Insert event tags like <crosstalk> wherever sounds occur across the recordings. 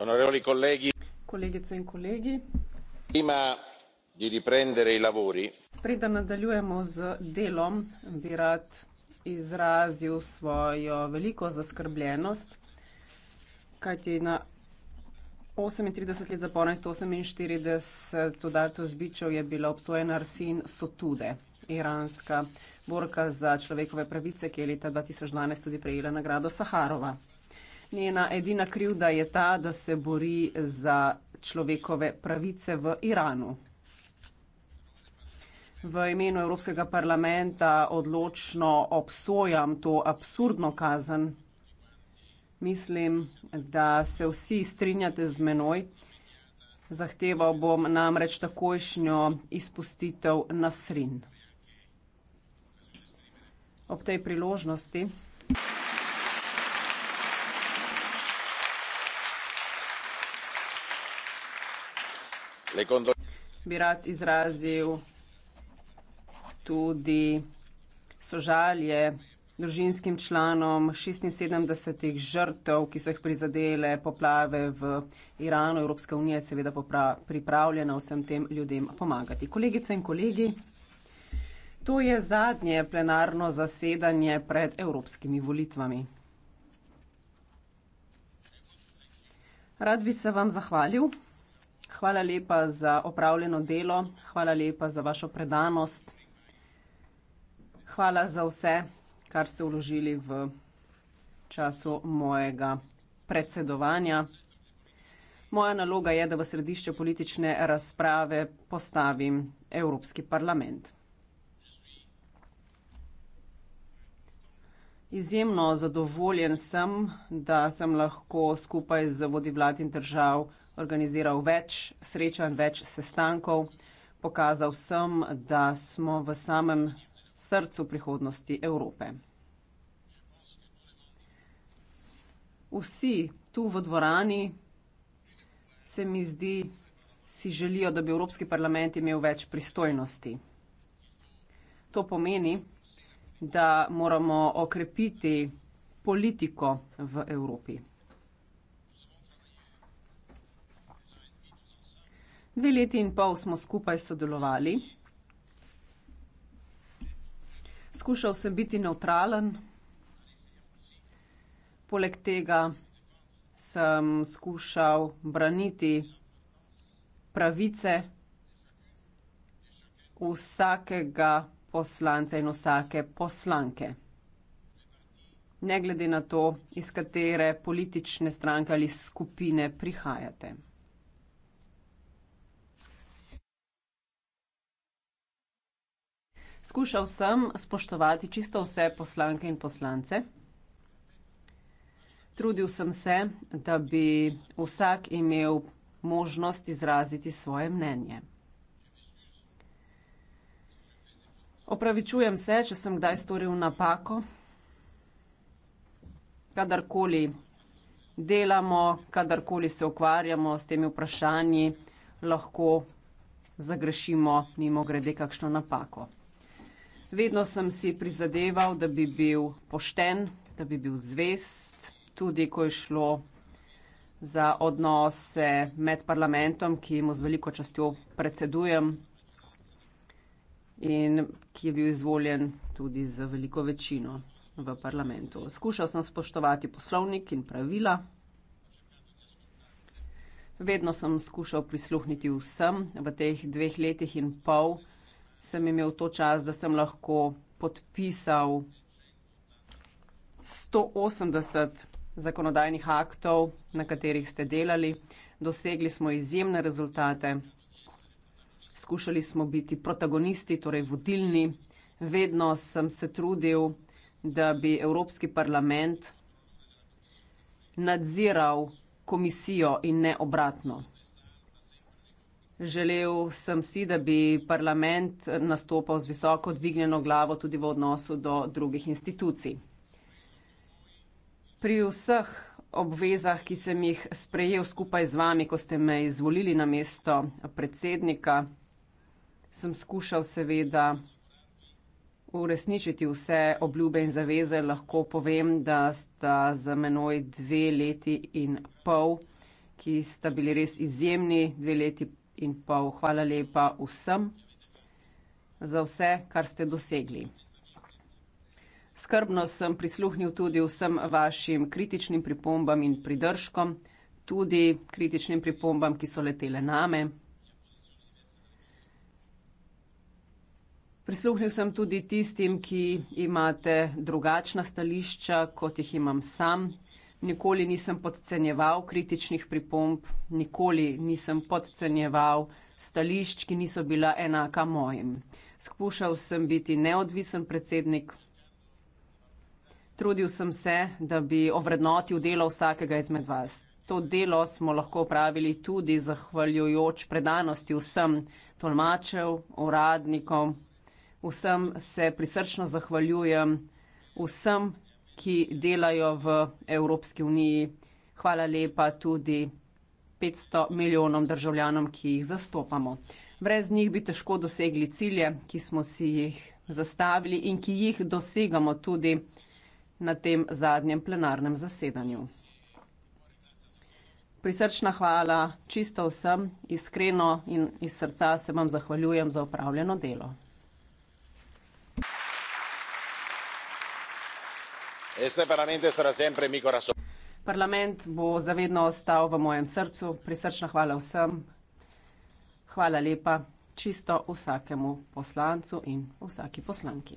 onorevoli colleghi kolegice in kolegi prima di riprendere i lavori preden nadaljujemo z delom bi rad izrazil svojo veliko zaskrbljenost kajti na osemintrideset let zapora in sto oseminštirideset udarcev z bičo je bila obsojena arsin sotude iranska borka za človekove pravice ki je leta dva tisoč dvanajst tudi prejela nagrado saharova Njena edina krivda je ta, da se bori za človekove pravice v Iranu. V imenu Evropskega parlamenta odločno obsojam to absurdno kazen. Mislim, da se vsi strinjate z menoj. Zahteval bom namreč takojšnjo izpustitev nasrin. Ob tej priložnosti. bi rad izrazil tudi sožalje družinskim članom 76 žrtev, ki so jih prizadele poplave v Iranu. Evropska unija je seveda pripravljena vsem tem ljudem pomagati. Kolegice in kolegi, to je zadnje plenarno zasedanje pred evropskimi volitvami. Rad bi se vam zahvalil. Hvala lepa za opravljeno delo, hvala lepa za vašo predanost. Hvala za vse, kar ste vložili v času mojega predsedovanja. Moja naloga je, da v središče politične razprave postavim Evropski parlament. Izjemno zadovoljen sem, da sem lahko skupaj z vodji vlad in držav organiziral več srečanj, več sestankov, pokazal sem, da smo v samem srcu prihodnosti Evrope. Vsi tu v dvorani se mi zdi, si želijo, da bi Evropski parlament imel več pristojnosti. To pomeni, da moramo okrepiti politiko v Evropi. Dve leti in pol smo skupaj sodelovali. Skušal sem biti neutralen. Poleg tega sem skušal braniti pravice vsakega poslanca in vsake poslanke. Ne glede na to, iz katere politične stranke ali skupine prihajate. Skušal sem spoštovati čisto vse poslanke in poslance. Trudil sem se, da bi vsak imel možnost izraziti svoje mnenje. Opravičujem se, če sem kdaj storil napako. Kadarkoli delamo, kadarkoli se ukvarjamo s temi vprašanji, lahko zagrešimo mimo grede kakšno napako. Vedno sem si prizadeval, da bi bil pošten, da bi bil zvest, tudi ko je šlo za odnose med parlamentom, ki mu z veliko častjo predsedujem in ki je bil izvoljen tudi za veliko večino v parlamentu. Skušal sem spoštovati poslovnik in pravila. Vedno sem skušal prisluhniti vsem v teh dveh letih in pol sem imel to čas, da sem lahko podpisal 180 zakonodajnih aktov, na katerih ste delali. Dosegli smo izjemne rezultate, skušali smo biti protagonisti, torej vodilni. Vedno sem se trudil, da bi Evropski parlament nadziral komisijo in ne obratno. Želel sem si, da bi parlament nastopal z visoko dvignjeno glavo tudi v odnosu do drugih institucij. Pri vseh obvezah, ki sem jih sprejel skupaj z vami, ko ste me izvolili na mesto predsednika, sem skušal seveda uresničiti vse obljube in zaveze. Lahko povem, da sta za menoj dve leti in pol, ki sta bili res izjemni, dve leti in pol. Hvala lepa vsem za vse, kar ste dosegli. Skrbno sem prisluhnil tudi vsem vašim kritičnim pripombam in pridržkom, tudi kritičnim pripombam, ki so letele name. Prisluhnil sem tudi tistim, ki imate drugačna stališča, kot jih imam sam. Nikoli nisem podcenjeval kritičnih pripomb, nikoli nisem podcenjeval stališč, ki niso bila enaka mojim. Skušal sem biti neodvisen predsednik. Trudil sem se, da bi ovrednotil delo vsakega izmed vas. To delo smo lahko pravili tudi zahvaljujoč predanosti vsem tolmačev, uradnikom. Vsem se prisrčno zahvaljujem, vsem ki delajo v Evropski uniji. Hvala lepa tudi 500 milijonom državljanom, ki jih zastopamo. Brez njih bi težko dosegli cilje, ki smo si jih zastavili in ki jih dosegamo tudi na tem zadnjem plenarnem zasedanju. Prisrčna hvala čisto vsem, iskreno in iz srca se vam zahvaljujem za upravljeno delo. parlament bo za vedno ostal v mojem srcu prisrčna hvala vsem hvala lepa čisto vsakemu poslancu in vsaki poslanki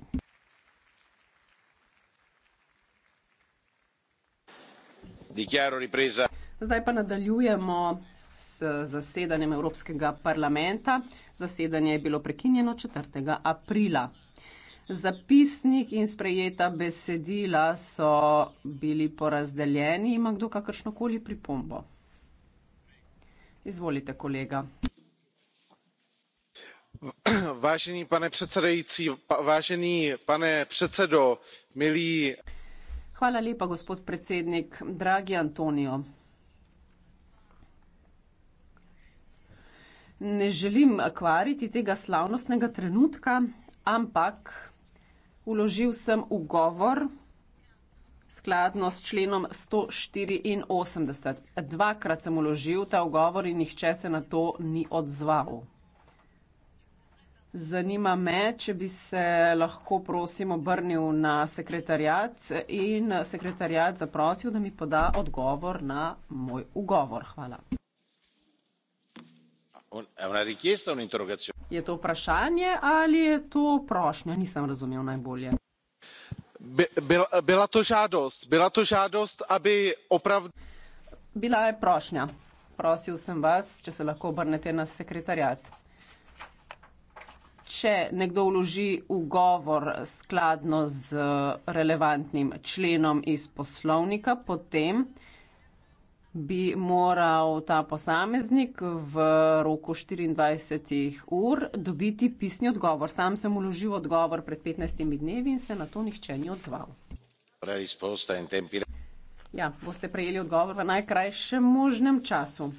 zdaj pa nadaljujemo s zasedanjem evropskega parlamenta zasedanje je bilo prekinjeno četrtega aprila Zapisnik in sprejeta besedila so bili porazdeljeni. Ima kdo kakršnokoli pripombo? Izvolite, kolega. Vážený pane predsedajúci, vážený pane predsedo, milí... Hvala lepa, gospod predsednik. Dragi Antonio. Ne želim kvariti tega slavnostnega trenutka, ampak Uložil sem ugovor skladno s členom 184. Dvakrat sem uložil ta ugovor in nihče se na to ni odzval. Zanima me, če bi se lahko prosim obrnil na sekretarjat in sekretarjat zaprosil, da mi poda odgovor na moj ugovor. Hvala. Je to vprašanje ali je to prošnja? Nisem razumel najbolje. Bila to žadost, bila to žadost, aby oprav... Bila je prošnja. Prosil sem vas, če se lahko obrnete na sekretarjat. Če nekdo vloži ugovor skladno z relevantnim členom iz poslovnika, potem bi moral ta posameznik v roku 24 ur dobiti pisni odgovor. Sam sem uložil odgovor pred 15 dnevi in se na to nihče ni odzval. Ja, boste prejeli odgovor v najkrajšem možnem času.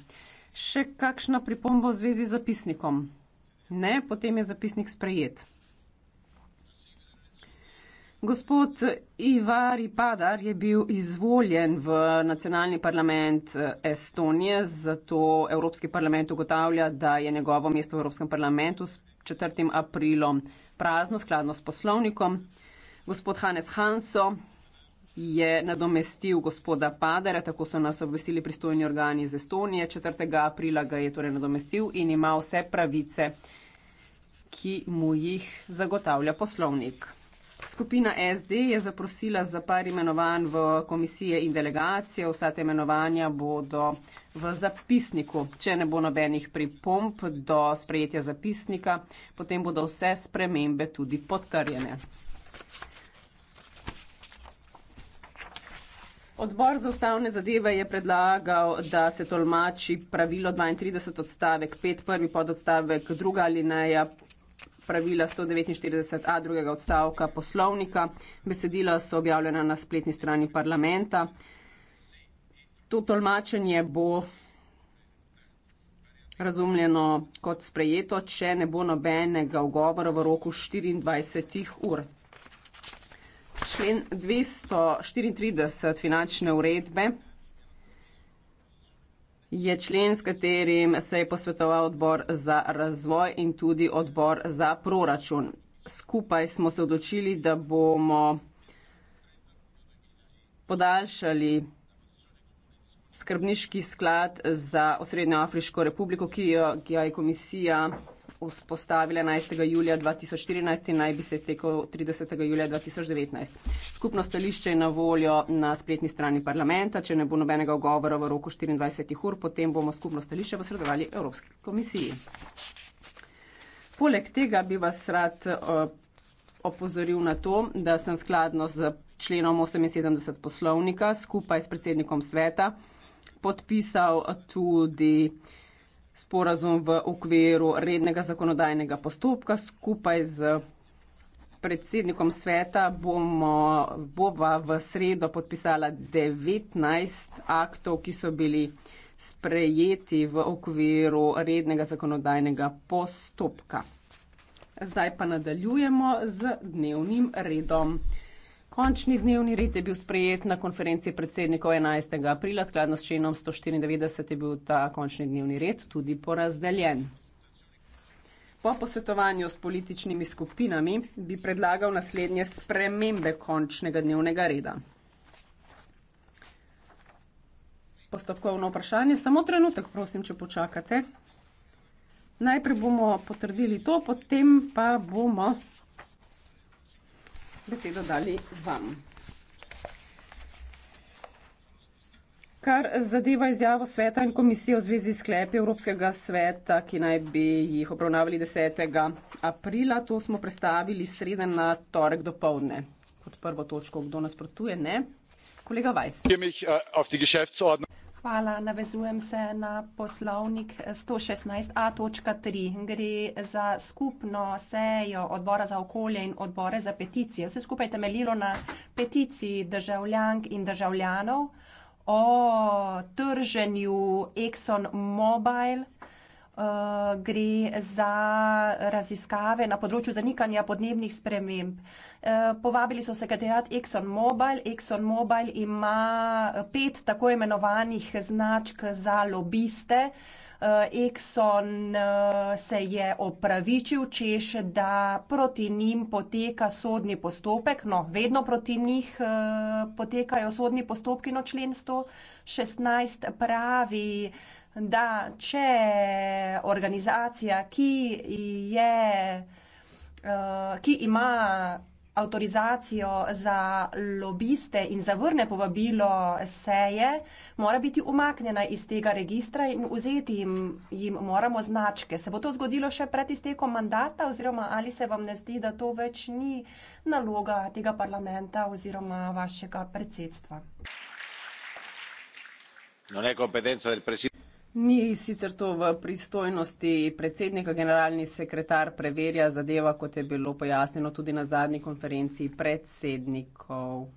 Še kakšna pripomba v zvezi z zapisnikom? Ne, potem je zapisnik sprejet. Gospod Ivari Padar je bil izvoljen v nacionalni parlament eh, Estonije, zato Evropski parlament ugotavlja, da je njegovo mesto v Evropskem parlamentu s 4. aprilom prazno, skladno s poslovnikom. Gospod Hannes Hanso je nadomestil gospoda Padara, tako so nas obvestili pristojni organi iz Estonije. 4. aprila ga je torej nadomestil in ima vse pravice, ki mu jih zagotavlja poslovnik. Skupina SD je zaprosila za par imenovanj v komisije in delegacije. Vsa te imenovanja bodo v zapisniku. Če ne bo nobenih pripomp do sprejetja zapisnika, potem bodo vse spremembe tudi potrjene. Odbor za ustavne zadeve je predlagal, da se tolmači pravilo 32 odstavek 5, prvi pod odstavek 2 ali neja pravila 149a drugega odstavka poslovnika. Besedila so objavljena na spletni strani parlamenta. To tolmačenje bo razumljeno kot sprejeto, če ne bo nobenega ogovora v roku 24 ur. Člen 234 finančne uredbe je člen, s katerim se je posvetoval odbor za razvoj in tudi odbor za proračun. Skupaj smo se odločili, da bomo podaljšali skrbniški sklad za Osrednjo Afriško republiko, ki jo, ki jo je komisija vzpostavile 11. julija 2014 in naj bi se iztekel 30. julija 2019. Skupno stališče je na voljo na spletni strani parlamenta. Če ne bo nobenega ogovora v roku 24 ur, potem bomo skupno stališče posredovali Evropski komisiji. Poleg tega bi vas rad opozoril na to, da sem skladno z členom 78 poslovnika skupaj s predsednikom sveta podpisal tudi uh, sporazum v okviru rednega zakonodajnega postopka skupaj z predsednikom sveta bomo, bova v sredo podpisala 19 aktov, ki so bili sprejeti v okviru rednega zakonodajnega postopka. Zdaj pa nadaljujemo z dnevnim redom. Končni dnevni red je bil sprejet na konferenci predsednikov 11. aprila, skladno s členom 194 je bil ta končni dnevni red tudi porazdeljen. Po posvetovanju s političnimi skupinami bi predlagal naslednje spremembe končnega dnevnega reda. Postopkovno vprašanje, samo trenutek, prosim, če počakate. Najprej bomo potrdili to, potem pa bomo besedo dali vam. Kar zadeva izjavo sveta in komisije v zvezi s sklepi Evropskega sveta, ki naj bi jih obravnavali 10. aprila, to smo predstavili sreden na torek do povdne. Kot prvo točko, kdo nasprotuje, ne? Kolega Vajs. Hvala. Navezujem se na poslovnik 116a točka 3. Gre za skupno sejo odbora za okolje in odbore za peticije. Vse skupaj temeljilo na peticiji državljank in državljanov o trženju Exxon Mobile. Eh, gre za raziskave na področju zanikanja podnebnih sprememb. Eh, povabili so sekretariat ExxonMobil. ExxonMobil ima eh, pet tako imenovanih značk za lobiste. Eh, Exxon se je opravičil, češ, da proti njim poteka sodni postopek, no, vedno proti njih potekajo sodni postopki, no, člen 116 pravi, da če organizacija, ki je, ki ima avtorizacijo za lobiste in zavrne povabilo seje, mora biti umaknjena iz tega registra in vzeti jim, jim moramo značke. Se bo to zgodilo še pred iztekom mandata oziroma ali se vam ne zdi, da to več ni naloga tega parlamenta oziroma vašega predsedstva? Non è competenza del presidente. Ni sicer to v pristojnosti predsednika, generalni sekretar preverja zadeva, kot je bilo pojasnjeno tudi na zadnji konferenci predsednikov.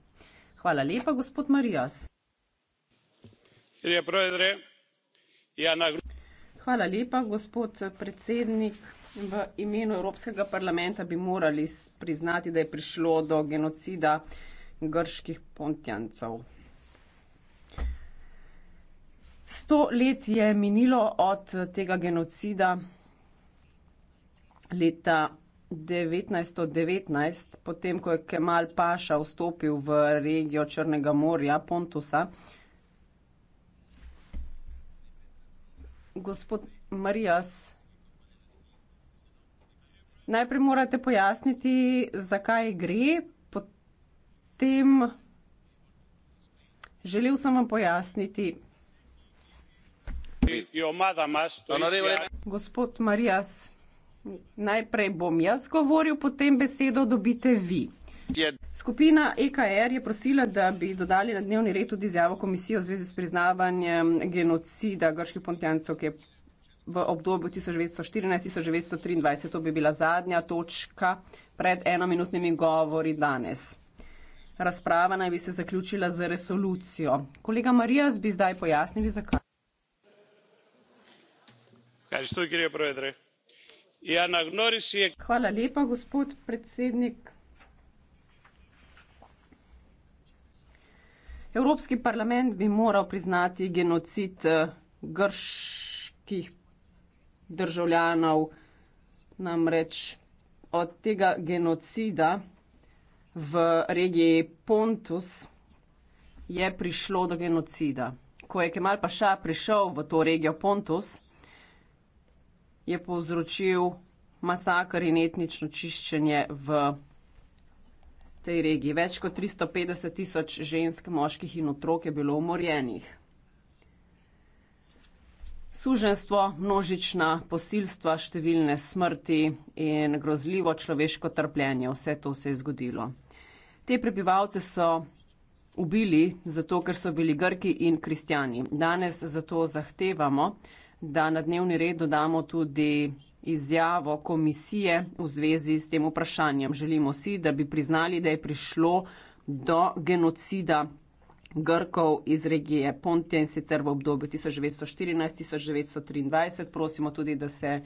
Hvala lepa, gospod Marijas. Hvala lepa, gospod predsednik. V imenu Evropskega parlamenta bi morali priznati, da je prišlo do genocida grških pontjancov. Sto let je minilo od tega genocida leta 1919, potem ko je Kemal Paša vstopil v regijo Črnega morja Pontusa. Gospod Marijas, najprej morate pojasniti, zakaj gre, potem želel sem vam pojasniti, Gospod Marijas, najprej bom jaz govoril, potem besedo dobite vi. Skupina EKR je prosila, da bi dodali na dnevni red tudi izjavo komisije v zvezi s priznavanjem genocida grških pontjancov, ki je v obdobju 1914-1923, to bi bila zadnja točka pred enominutnimi govori danes. Razprava naj bi se zaključila z resolucijo. Kolega Marijas bi zdaj pojasnili, zakaj hvala lepa gospod predsednik evropski parlament bi moral priznati genocid eh, grških državljanov namreč od tega genocida v regiji pontus je prišlo do genocida ko je kemal paša prišel v to regijo pontus je povzročil masakr in etnično čiščenje v tej regiji. Več kot 350 tisoč žensk, moških in otrok je bilo umorjenih. Suženstvo, množična posilstva, številne smrti in grozljivo človeško trpljenje, vse to se je zgodilo. Te prebivalce so ubili zato, ker so bili Grki in kristjani. Danes zato zahtevamo, da na dnevni red dodamo tudi izjavo komisije v zvezi s tem vprašanjem. Želimo si, da bi priznali, da je prišlo do genocida Grkov iz regije Pontje in sicer v obdobju 1914-1923. Prosimo tudi, da se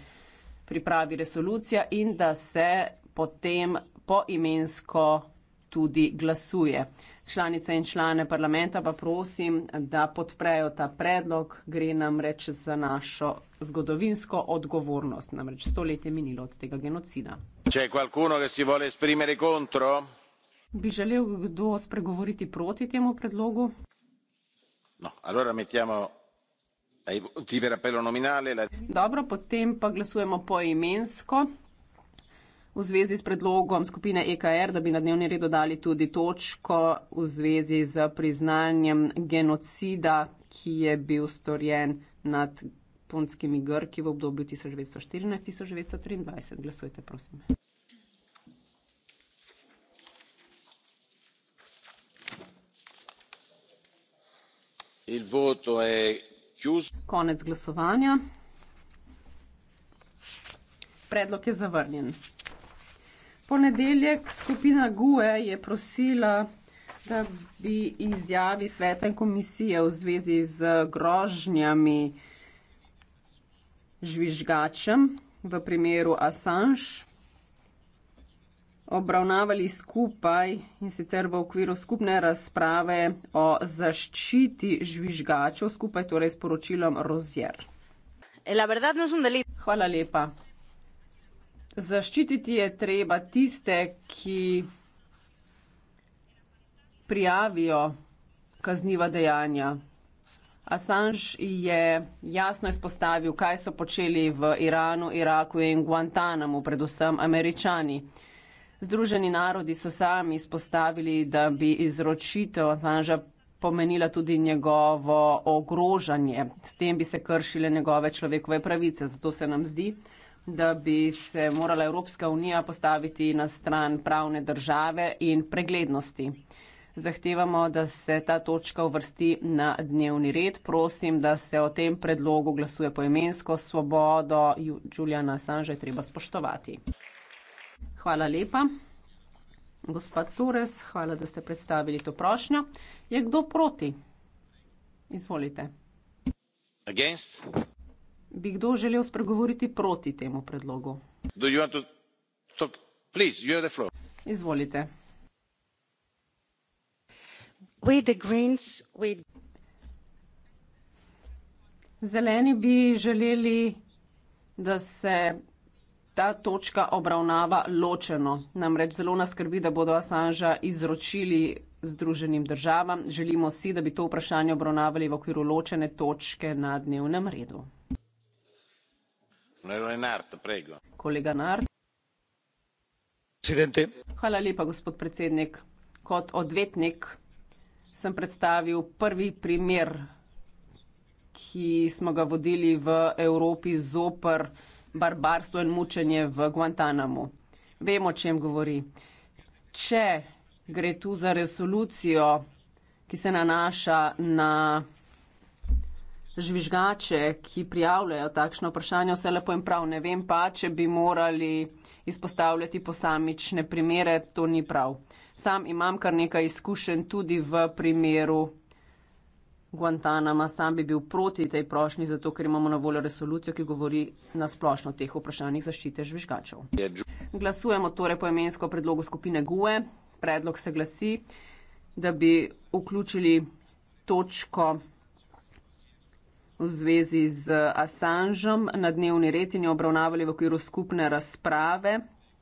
pripravi resolucija in da se potem poimensko tudi glasuje članice in člane parlamenta pa prosim, da podprejo ta predlog. Gre nam reč za našo zgodovinsko odgovornost. Namreč stoletje minilo od tega genocida. Bi želel kdo spregovoriti proti temu predlogu? No, allora mettiamo ai voti per appello nominale la... Dobro, potem pa glasujemo poimensko v zvezi s predlogom skupine EKR, da bi na dnevni red dodali tudi točko v zvezi z priznanjem genocida, ki je bil storjen nad punskimi Grki v obdobju 1914-1923. Glasujte, prosim. Il voto è Konec glasovanja. Predlog je zavrnjen ponedeljek skupina GUE je prosila, da bi izjavi sveta in komisije v zvezi z grožnjami žvižgačem v primeru Assange obravnavali skupaj in sicer v okviru skupne razprave o zaščiti žvižgačev skupaj torej s poročilom Rozier. Eh, la verdad no es un delito. Hvala lepa zaščititi je treba tiste, ki prijavijo kazniva dejanja. Assange je jasno izpostavil, kaj so počeli v Iranu, Iraku in Guantanamu, predvsem američani. Združeni narodi so sami izpostavili, da bi izročitev Assangea pomenila tudi njegovo ogrožanje. S tem bi se kršile njegove človekove pravice. Zato se nam zdi, da bi se morala Evropska unija postaviti na stran pravne države in preglednosti. Zahtevamo, da se ta točka uvrsti na dnevni red. Prosim, da se o tem predlogu glasuje poemensko svobodo. Julijana Sanže treba spoštovati. Hvala lepa. Gospod Tures, hvala, da ste predstavili to prošnjo. Je kdo proti? Izvolite. Against bi kdo želel spregovoriti proti temu predlogu? Izvolite. Zeleni bi želeli, da se ta točka obravnava ločeno. Namreč zelo nas skrbi, da bodo Assangea izročili Združenim državam. Želimo si, da bi to vprašanje obravnavali v okviru ločene točke na dnevnem redu hvala lepa gospod predsednik kot odvetnik sem predstavil prvi primer ki smo ga vodili v evropi zoper barbarstvo in mučenje v guantanamu vem o čem govori če gre tu za resolucijo ki se nanaša na žvižgače, ki prijavljajo takšno vprašanje, vse lepo in prav. Ne vem pa, če bi morali izpostavljati posamične primere, to ni prav. Sam imam kar nekaj izkušenj tudi v primeru Guantanama. Sam bi bil proti tej prošnji, zato ker imamo na voljo resolucijo, ki govori na splošno o teh vprašanjih zaščite žvižgačev. Glasujemo torej po imensko predlogu skupine GUE. Predlog se glasi, da bi vključili točko v zvezi z Assangem na dnevni red in jo obravnavali v okviru skupne razprave,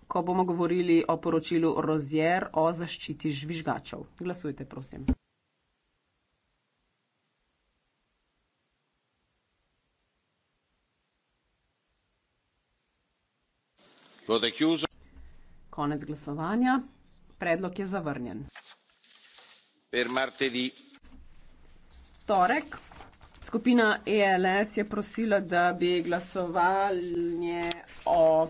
ko bomo govorili o poročilu Rozier o zaščiti žvižgačev. Glasujte, prosim. Konec glasovanja. Predlog je zavrnjen. Per martedì. Torek. Skupina ELS je prosila, da bi glasovanje o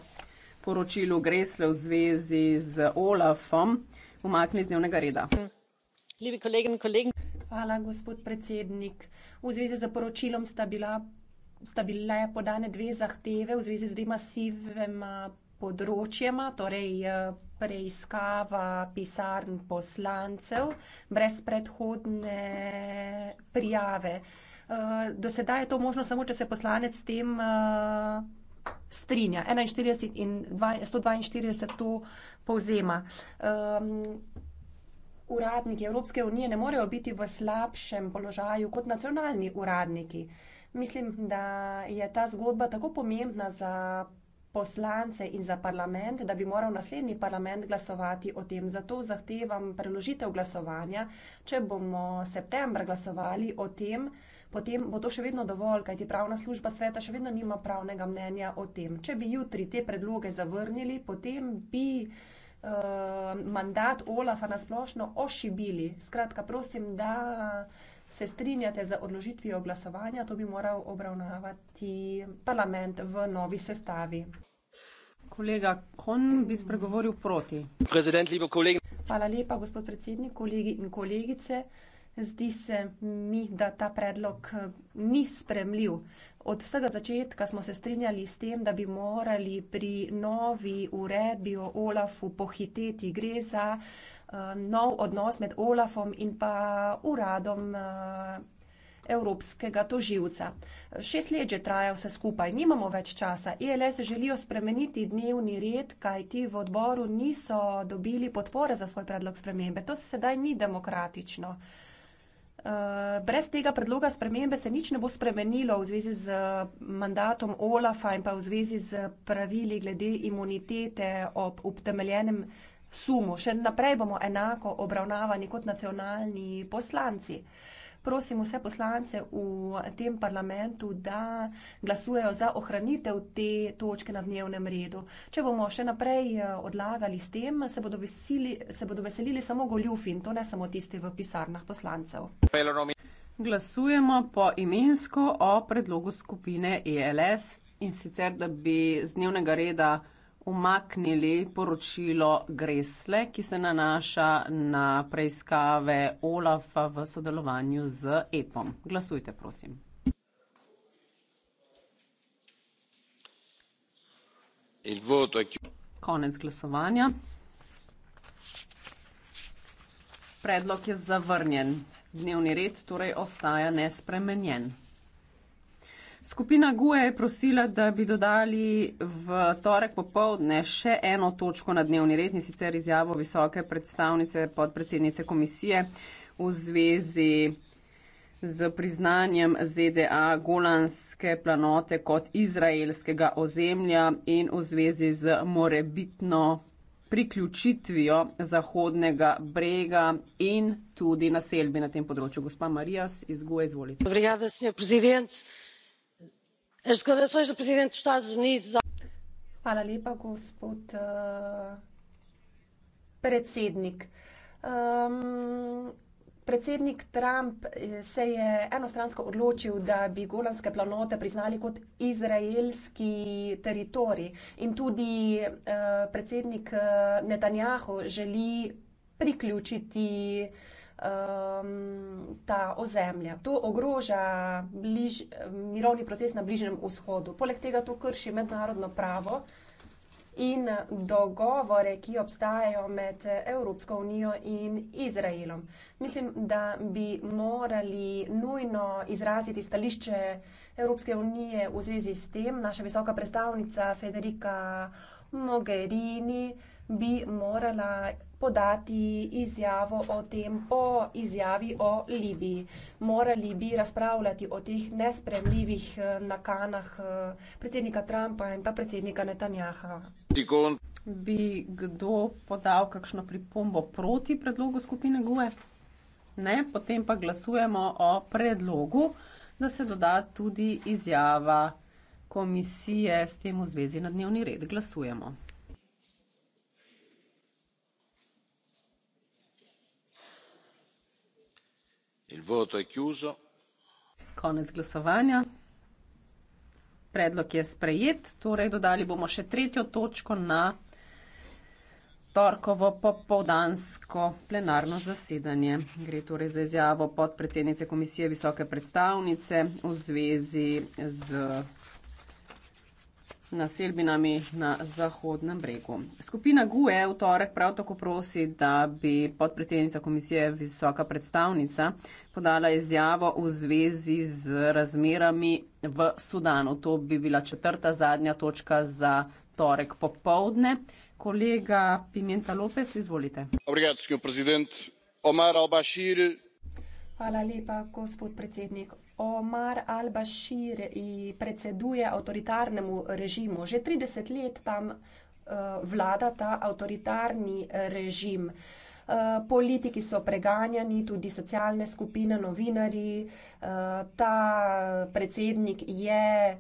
poročilu Gresle v zvezi z OLAF-om umaknili z dnevnega reda. Hvala, gospod predsednik. V zvezi z poročilom sta, bila, sta bile podane dve zahteve v zvezi z dvema sivema področjema, torej eh, preiskava pisarn poslancev brez predhodne prijave. Eh, do sedaj je to možno samo, če se poslanec s tem eh, strinja. 41 in 142 to povzema. Uradniki Evropske unije ne morejo biti v slabšem položaju kot nacionalni uradniki. Mislim, da je ta zgodba tako pomembna za poslance in za parlament, da bi moral naslednji parlament glasovati o tem. Zato zahtevam preložitev glasovanja, če bomo septembra glasovali o tem, uh, potem bo to še vedno dovolj, kajti pravna služba sveta še vedno nima pravnega mnenja o tem. Če bi jutri te predloge zavrnili, potem bi uh, mandat Olafa nasplošno ošibili. Skratka, prosim, da se strinjate za odložitvijo glasovanja, to bi moral obravnavati parlament v novi sestavi. Kolega Kon bi spregovoril proti. Hvala lepa, gospod predsednik, kolegi in kolegice. Zdi se mi, da ta predlog eh, ni spremljiv. Od vsega začetka smo se strinjali s tem, da bi morali pri novi uredbi o Olafu pohiteti. Gre za eh, nov odnos med Olafom in pa uradom eh, evropskega toživca. Šest let že traja vse skupaj, nimamo več časa. ELS želijo spremeniti dnevni red, kaj ti v odboru niso dobili podpore za svoj predlog spremembe. To sedaj ni demokratično. Eh, brez tega predloga spremembe se nič ne bo spremenilo v zvezi z eh, mandatom OLAFA in pa v zvezi z pravili glede imunitete ob utemeljenem sumu. Še naprej bomo enako obravnavani kot nacionalni poslanci. Uh, prosim vse poslance v tem parlamentu, da glasujejo za ohranitev te točke na dnevnem redu. Če bomo še naprej eh, odlagali s tem, se bodo, veseli, se bodo veselili samo goljufi in to ne samo tisti v pisarnah poslancev. Glasujemo po imensko o predlogu skupine ELS in sicer, da bi z dnevnega reda umaknili poročilo Gresle, ki se nanaša na preiskave OLAF-a v sodelovanju z EPOM. Glasujte, prosim. Konec glasovanja. Predlog je zavrnjen. Dnevni red torej ostaja nespremenjen. Skupina GUE je prosila, da bi dodali v torek popovdne še eno točko na dnevni red, in sicer izjavo visoke predstavnice podpredsednice komisije v zvezi z priznanjem ZDA Golanske planote kot izraelskega ozemlja in v zvezi z morebitno priključitvijo Zahodnega brega in tudi naselbi na tem področju. Gospa Marijas iz GUE, izvolite. Dobrega, as declarações do presidente dos Estados Unidos. Hvala lepa, gospod uh, predsednik. Um, predsednik Trump eh, se je enostransko odločil, da bi golanske planote priznali kot izraelski teritorij. In tudi uh, predsednik Netanjahu želi priključiti uh, um, ta ozemlja. To ogroža bliž, mirovni proces na Bližnjem vzhodu. Poleg tega to krši mednarodno pravo in dogovore, ki obstajajo med Evropsko unijo in Izraelom. Mislim, da bi morali nujno izraziti stališče Evropske unije v zvezi s tem. Naša visoka predstavnica Federica Mogherini bi morala podati izjavo o tem po izjavi o Libiji. Morali bi razpravljati o teh nespremljivih eh, nakanah eh, predsednika Trumpa in pa predsednika Netanjaha. Bi kdo podal kakšno pripombo proti predlogu skupine GUE? Ne, potem pa glasujemo o predlogu, da se doda tudi izjava komisije s tem v zvezi na dnevni red. Glasujemo. konec glasovanja predlog je sprejet torej dodali bomo še tretjo točko na torkovo popoldansko plenarno zasedanje gre torej za izjavo podpredsednice komisije visoke predstavnice v zvezi z naselbinami na Zahodnem bregu. Skupina GUE v torek prav tako prosi, da bi podpredsednica komisije visoka predstavnica podala izjavo v zvezi z razmerami v Sudanu. To bi bila četrta zadnja točka za torek popovdne. Kolega Pimenta Lopes, izvolite. Obrigado, Hvala lepa, gospod predsednik. Omar al-Bashir predseduje avtoritarnemu režimu. Že 30 let tam eh, vlada ta avtoritarni režim. Eh, politiki so preganjani, tudi socialne skupine, novinari. Eh, ta predsednik je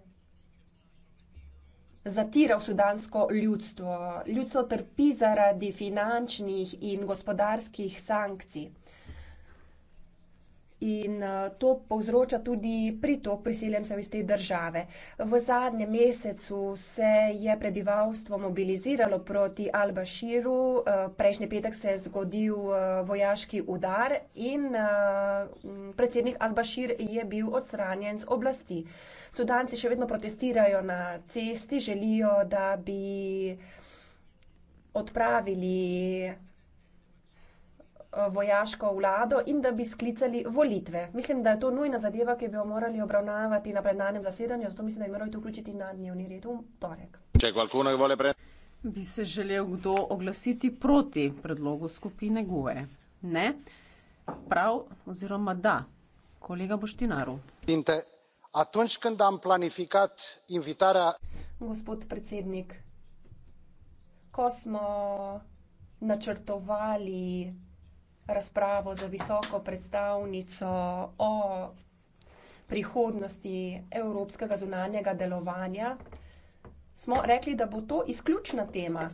zatiral sudansko ljudstvo. Ljudstvo trpi zaradi finančnih in gospodarskih sankcij in eh, to povzroča tudi pritok priseljencev iz te države. V zadnjem mesecu se je prebivalstvo mobiliziralo proti Al-Bashiru, eh, prejšnji petek se je zgodil eh, vojaški udar in predsednik Al-Bashir je bil odstranjen z oblasti. Sudanci še vedno protestirajo na cesti, želijo, da bi odpravili Eh, vojaško vlado in da bi sklicali volitve. Mislim, da je to nujna zadeva, ki bi jo morali obravnavati na plenarnem zasedanju, zato mislim, da bi morali to vključiti na dnevni red v torek. Če kvalkuna vole pre. Bi se želel kdo oglasiti proti predlogu skupine GUE? Ne? Prav oziroma da. Kolega Boštinaru. Gospod predsednik, ko smo načrtovali razpravo za visoko predstavnico o prihodnosti evropskega zunanjega delovanja, smo rekli, da bo to izključna tema.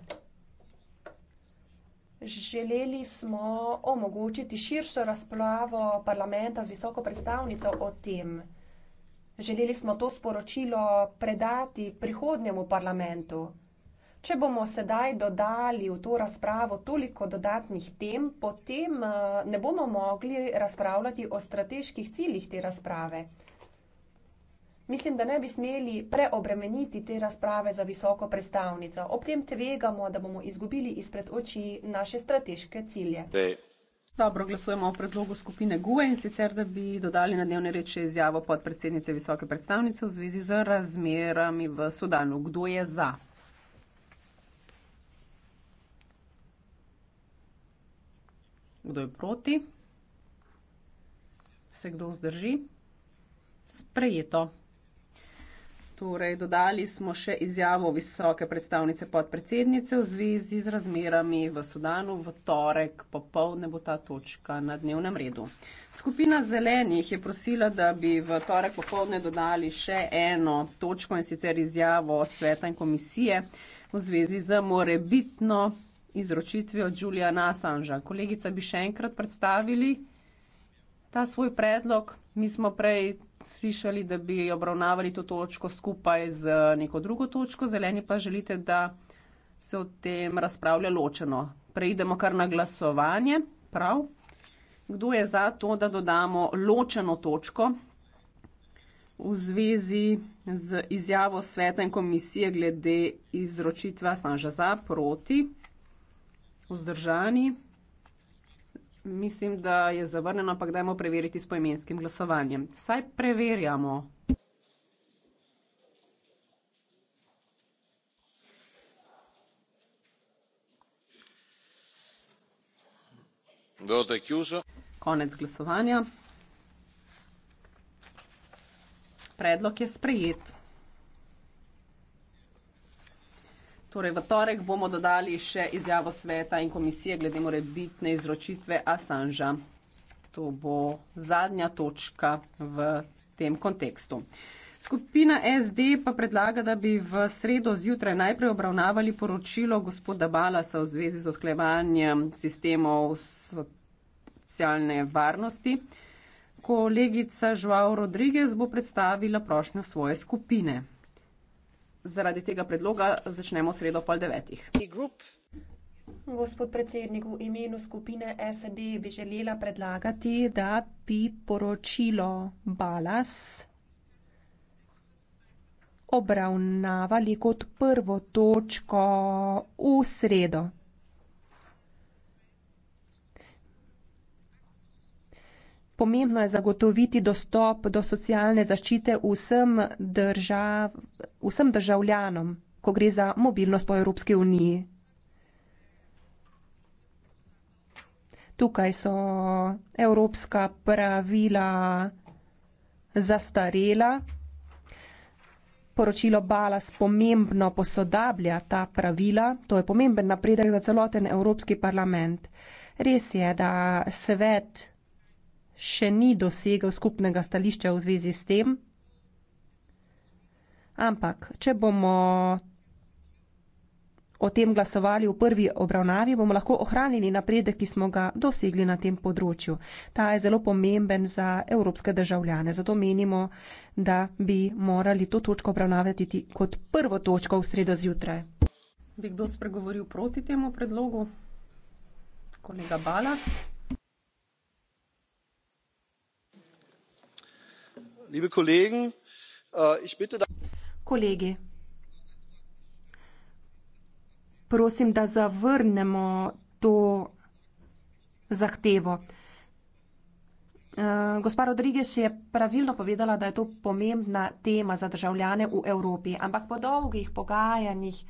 Želeli smo omogočiti širšo razpravo parlamenta z visoko predstavnico o tem. Želeli smo to sporočilo predati prihodnjemu parlamentu. Če bomo sedaj dodali v to razpravo toliko dodatnih tem, potem eh, ne bomo mogli razpravljati o strateških ciljih te razprave. Mislim, da ne bi smeli preobremeniti te razprave za visoko predstavnico. Ob tem tvegamo, da bomo izgubili izpred oči naše strateške cilje. Dobro, glasujemo o predlogu skupine GUE in sicer, da bi dodali na dnevne reče izjavo podpredsednice visoke predstavnice v zvezi z razmerami v Sudanu. Kdo je za? kdo je proti, se kdo vzdrži. Sprejeto. Torej, dodali smo še izjavo visoke predstavnice podpredsednice v zvezi z razmerami v Sudanu. V torek popovdne bo ta točka na dnevnem redu. Skupina zelenih je prosila, da bi v torek popovdne dodali še eno točko in sicer izjavo sveta in komisije v zvezi z morebitno izročitvijo Juliana Assangea. Kolegica bi še enkrat predstavili ta svoj predlog. Mi smo prej slišali, da bi obravnavali to točko skupaj z neko drugo točko, zeleni pa želite, da se o tem razpravlja ločeno. Preidemo kar na glasovanje. Prav. Kdo je za to, da dodamo ločeno točko v zvezi z izjavo sveta in komisije glede izročitva Sanžaza proti? vzdržani. Mislim, da je zavrnjeno, ampak dajmo preveriti s poimenskim glasovanjem. Saj preverjamo. Konec glasovanja. Predlog je sprejet. Torej, v torek bomo dodali še izjavo sveta in komisije glede morebitne izročitve Assanža. To bo zadnja točka v tem kontekstu. Skupina SD pa predlaga, da bi v sredo zjutraj najprej obravnavali poročilo gospoda Balasa v zvezi z osklevanjem sistemov socialne varnosti. Kolegica Žuao Rodriguez bo predstavila prošnjo svoje skupine zaradi tega predloga začnemo sredo pol devetih. Gospod predsednik, v imenu skupine SD bi želela predlagati, da bi poročilo Balas obravnavali kot prvo točko v sredo. Pomembno je zagotoviti dostop do socialne zaščite vsem, držav, vsem državljanom, ko gre za mobilnost po Evropski uniji. Tukaj so evropska pravila zastarela. Poročilo Balas pomembno posodablja ta pravila. To je pomemben napredek za celoten Evropski parlament. Res je, da svet še ni dosegel skupnega stališča v zvezi s tem, ampak če bomo o tem glasovali v prvi obravnavi, bomo lahko ohranili napredek, ki smo ga dosegli na tem področju. Ta je zelo pomemben za evropske državljane, zato menimo, da bi morali to točko obravnavati kot prvo točko v sredo zjutraj. Bi kdo spregovoril proti temu predlogu? Kolega Balas. liebe kollegen äh, ich bitte kollege prosim da zavrnemo to zahtevo äh, Gospa Rodriguez je pravilno povedala, da je to pomembna tema za državljane v Evropi, ampak po dolgih pogajanjih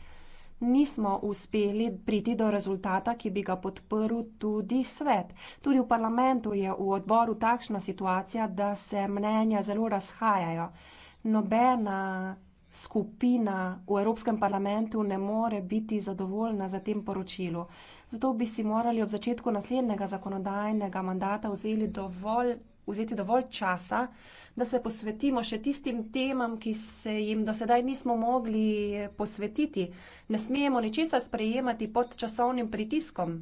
nismo uspeli priti do rezultata, ki bi ga podprl tudi svet. Tudi v parlamentu je v odboru takšna situacija, da se mnenja zelo razhajajo. Nobena skupina v Evropskem parlamentu ne more biti zadovoljna za tem poročilu. Zato bi si morali ob začetku naslednjega zakonodajnega mandata dovolj, vzeti dovolj časa, da se posvetimo še tistim temam, ki se jim do sedaj nismo mogli posvetiti. Ne smemo ničesar sprejemati pod časovnim pritiskom.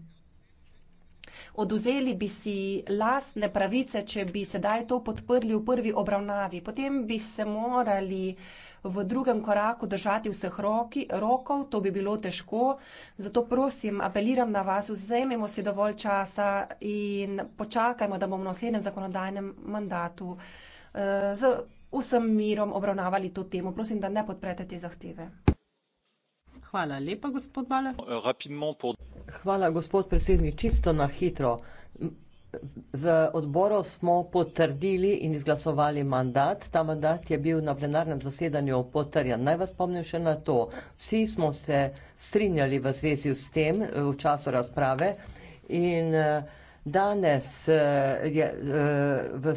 Oduzeli bi si lastne pravice, če bi sedaj to podprli v prvi obravnavi. Potem bi se morali v drugem koraku držati vseh roki, rokov, to bi bilo težko. Zato prosim, apeliram na vas, vzemimo si dovolj časa in počakajmo, da bomo v naslednjem zakonodajnem mandatu z vsem mirom obravnavali to temo. Prosim, da ne podprete te zahteve. Hvala lepa, gospod Balas. Euh, Hvala, gospod predsednik. Čisto na hitro. V odboru smo potrdili in izglasovali mandat. Ta mandat je bil na plenarnem zasedanju potrjen. Naj vas spomnim še na to. Vsi smo se strinjali v zvezi s tem v času razprave in uh, danes eh, je eh, v,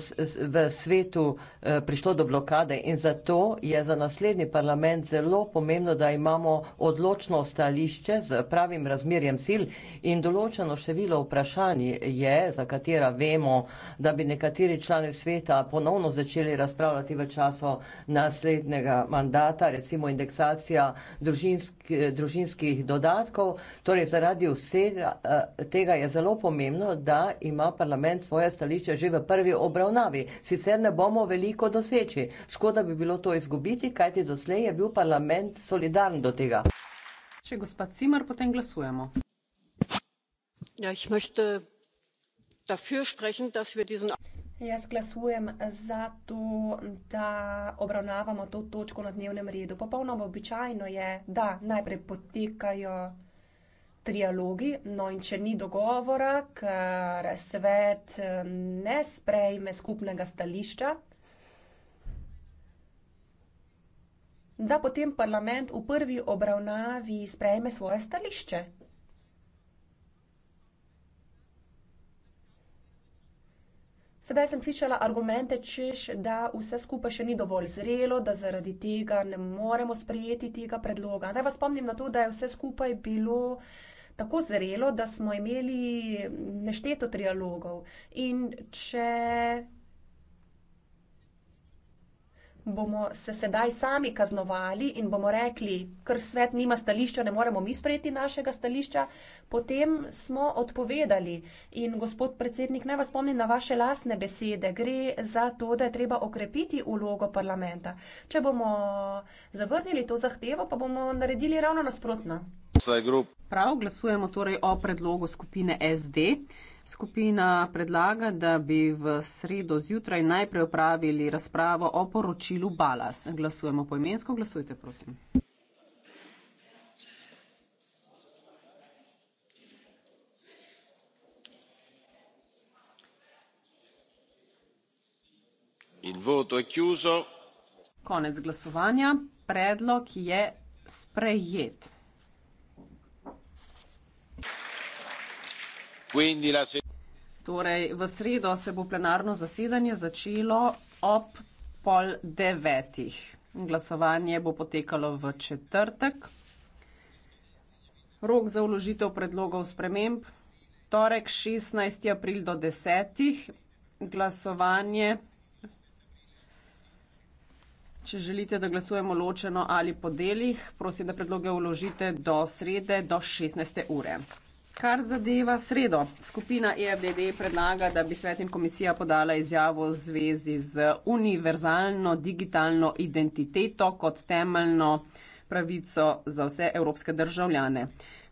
v svetu eh, prišlo do blokade in zato je za naslednji parlament zelo pomembno, da imamo odločno stališče z pravim razmerjem sil in določeno število vprašanj je, za katera vemo, da bi nekateri člani sveta ponovno začeli razpravljati v času naslednjega mandata, recimo indeksacija družinski, družinskih dodatkov. Torej, zaradi vsega tega je zelo pomembno, da ima parlament svoje stališče že v prvi obravnavi. Sicer ne bomo veliko doseči. Škoda bi bilo to izgubiti, kajti doslej je bil parlament solidaren do tega. Če gospod Cimer, potem glasujemo. Ja, ich möchte dafür sprechen, dass wir diesen. Jaz glasujem za to, da obravnavamo to točko na dnevnem redu. Popolnoma običajno je, da najprej potekajo trialogi, no in če ni dogovora, ker svet eh, ne sprejme skupnega stališča, da potem parlament v prvi obravnavi sprejme svoje stališče. Sedaj sem slišala argumente, češ, da vse skupaj še ni dovolj zrelo, da zaradi tega ne moremo sprejeti tega predloga. Naj vas spomnim na to, da je vse skupaj bilo uh, tako zrelo, da smo imeli nešteto trialogov. In če bomo se sedaj sami kaznovali in bomo rekli, ker svet nima stališča, ne moremo mi sprejeti našega stališča, potem smo odpovedali. In gospod predsednik, naj vas spomnim na vaše lastne besede. Gre za to, da je treba okrepiti ulogo parlamenta. Če bomo zavrnili to zahtevo, pa bomo naredili ravno nasprotno. Prav glasujemo torej o predlogu skupine SD. Skupina predlaga, da bi v sredo zjutraj najprej opravili razpravo o poročilu Balas. Glasujemo poimensko, glasujte prosim. In voto je kjuzo. Konec glasovanja. Predlog je sprejet. Torej, v sredo se bo plenarno zasedanje začelo ob pol devetih. Glasovanje bo potekalo v četrtek. Rok za uložitev predlogov sprememb torek 16. april do desetih. Glasovanje, če želite, da glasujemo ločeno ali po delih, prosim, da predloge uložite do srede do 16. ure. Kar zadeva sredo, skupina EFDD predlaga, da bi svet in komisija podala izjavo v zvezi z univerzalno digitalno identiteto kot temeljno pravico za vse evropske državljane.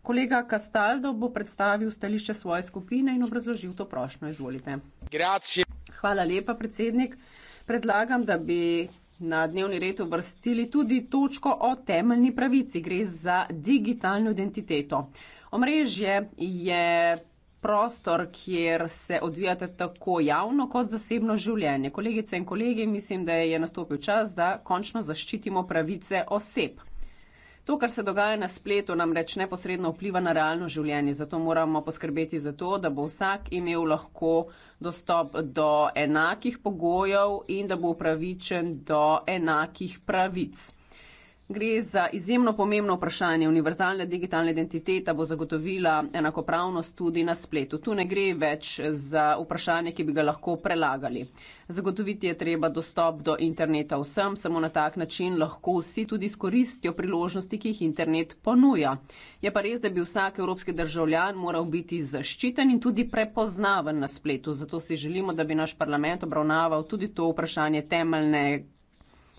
Kolega Kastaldo bo predstavil stališče svoje skupine in obrazložil to prošnjo. Izvolite. Grazie. Hvala lepa, predsednik. Predlagam, da bi na dnevni red uvrstili tudi točko o temeljni pravici. Gre za digitalno identiteto. Omrežje je prostor, kjer se odvijate tako javno kot zasebno življenje. Kolegice in kolegi, mislim, da je nastopil čas, da končno zaščitimo pravice oseb. To, kar se dogaja na spletu, namreč neposredno vpliva na realno življenje, zato moramo poskrbeti za to, da bo vsak imel lahko dostop do enakih pogojev in da bo upravičen do enakih pravic. Gre za izjemno pomembno vprašanje. Univerzalna digitalna identiteta bo zagotovila enakopravnost tudi na spletu. Tu ne gre več za vprašanje, ki bi ga lahko prelagali. Zagotoviti je treba dostop do interneta vsem, samo na tak način lahko vsi tudi izkoristijo priložnosti, ki jih internet ponuja. Je pa res, da bi vsak evropski državljan moral biti zaščiten in tudi prepoznaven na spletu. Zato si želimo, da bi naš parlament obravnaval tudi to vprašanje temeljne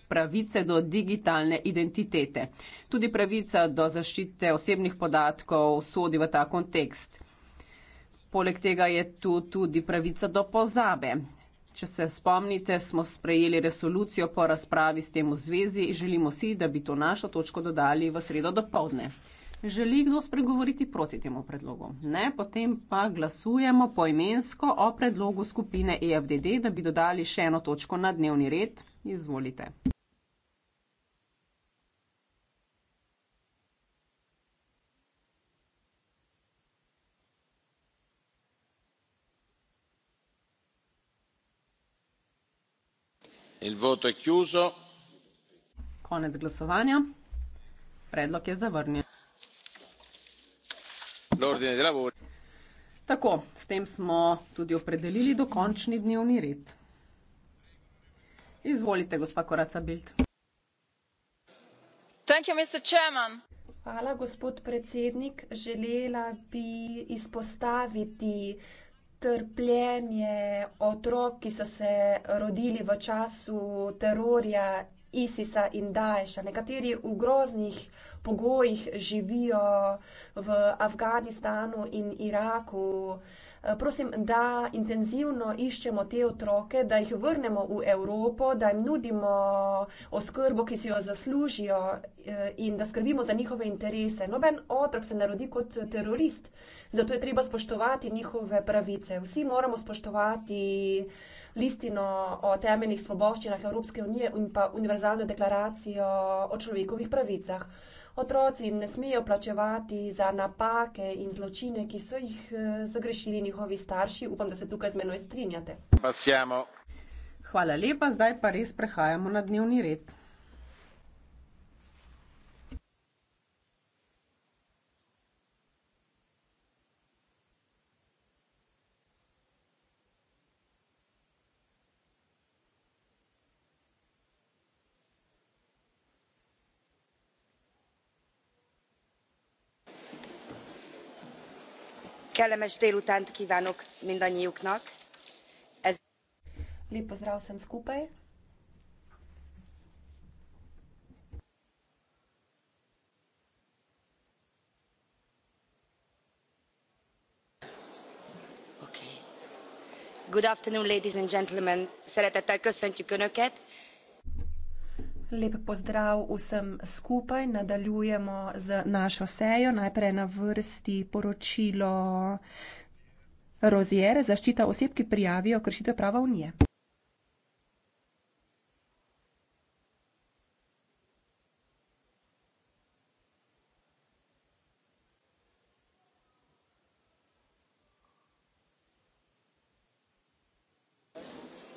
pravice do digitalne identitete. Tudi pravica do zaščite osebnih podatkov sodi v ta kontekst. Poleg tega je tu tudi pravica do pozabe. Če se spomnite, smo sprejeli resolucijo po razpravi s tem v zvezi. Želimo si, da bi to našo točko dodali v sredo do povdne. Želi kdo spregovoriti proti temu predlogu? Ne, potem pa glasujemo poimensko o predlogu skupine EFDD, da bi dodali še eno točko na dnevni red. Izvolite. il voto è chiuso konec glasovanja predlog je zavrnjen l'ordine dei lavori Tako, s tem smo tudi opredelili dokončni dnevni red. Izvolite, gospa Koraca Bild. Hvala, gospod predsednik. Želela bi izpostaviti trpljenje otrok, ki so se rodili v času terorja ISIS-a in Daesha. Nekateri v groznih pogojih živijo v Afganistanu in Iraku. Eh, prosim, da intenzivno iščemo te otroke, da jih vrnemo v Evropo, da jim nudimo oskrbo, ki si jo zaslužijo eh, in da skrbimo za njihove interese. Noben otrok se narodi kot terorist, zato je treba spoštovati njihove pravice. Vsi moramo spoštovati listino o temeljnih svoboščinah Evropske unije in pa univerzalno deklaracijo o človekovih pravicah. Otroci ne smejo plačevati za napake in zločine, ki so jih eh, zagrešili njihovi starši. Upam, da se tukaj z menoj strinjate. Hvala lepa, zdaj pa res prehajamo na dnevni red. kellemes délutánt kívánok mindannyiuknak. Ez... Lep pozdrav sem skupaj. Good afternoon, ladies and gentlemen. Szeretettel köszöntjük Önöket. Lep pozdrav vsem skupaj. Nadaljujemo z našo sejo. Najprej na vrsti poročilo Roziere, zaščita oseb, ki prijavijo kršitev prava unije.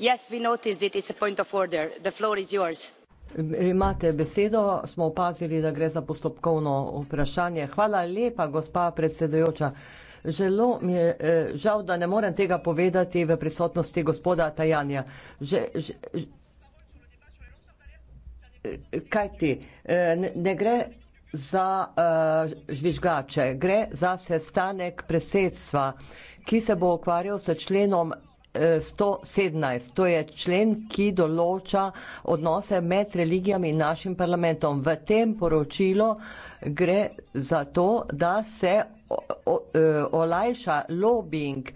Yes, we noticed it. It's a point of order. The floor is yours. Imate besedo, smo opazili, da gre za postopkovno vprašanje. Hvala lepa, gospa predsedojoča. Želo mi je eh, žal, da ne morem tega povedati v prisotnosti gospoda Tajanja. Že, že, eh, kaj ti? Eh, ne, ne gre za uh, žvižgače, gre za sestanek predsedstva, ki se bo ukvarjal s členom 117. To je člen, ki določa odnose med religijami in našim parlamentom. V tem poročilu gre za to, da se e, olajša lobbying e,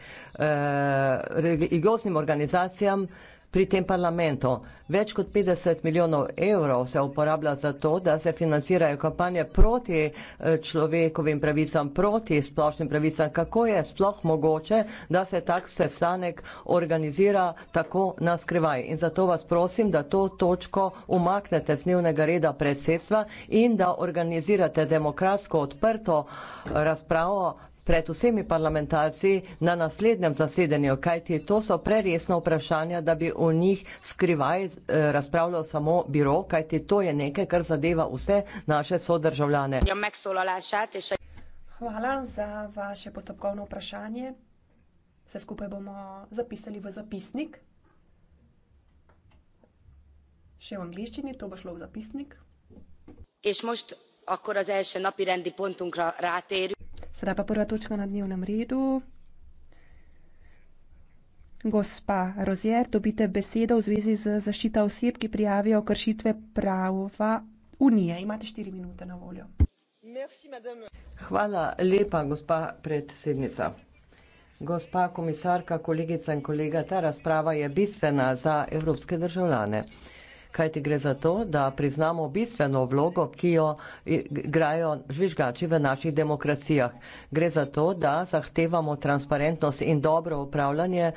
religijosnim organizacijam pri tem parlamentu. Več kot 50 milijonov evrov se uporablja za to, da se financirajo kampanje proti eh, človekovim pravicam, proti splošnim pravicam. Kako je sploh mogoče, da se tak sestanek organizira tako na skrivaj? In zato vas prosim, da to točko umaknete z dnevnega reda predsedstva in da organizirate demokratsko odprto eh, razpravo pred vsemi parlamentarci na naslednjem zasedanju, kajti to so preresna vprašanja, da bi o njih skrivaj eh, razpravljal samo biro, kajti to je nekaj, kar zadeva vse naše sodržavljane. Ja, Hvala za vaše postopkovno vprašanje. Vse skupaj bomo zapisali v zapisnik. Še v angliščini, to bo šlo v zapisnik. In zdaj, ko razrešimo napirendi pontunkra, rateri. Sedaj pa prva točka na dnevnem redu. Gospa Rozier, dobite besedo v zvezi z zaščito oseb, ki prijavijo kršitve prava Unije. Imate štiri minute na voljo. Hvala lepa, gospa predsednica. Gospa komisarka, kolegica in kolega, ta razprava je bistvena za evropske državljane kajti gre za to, da priznamo bistveno vlogo, ki jo igrajo žvižgači v naših demokracijah. Gre za to, da zahtevamo transparentnost in dobro upravljanje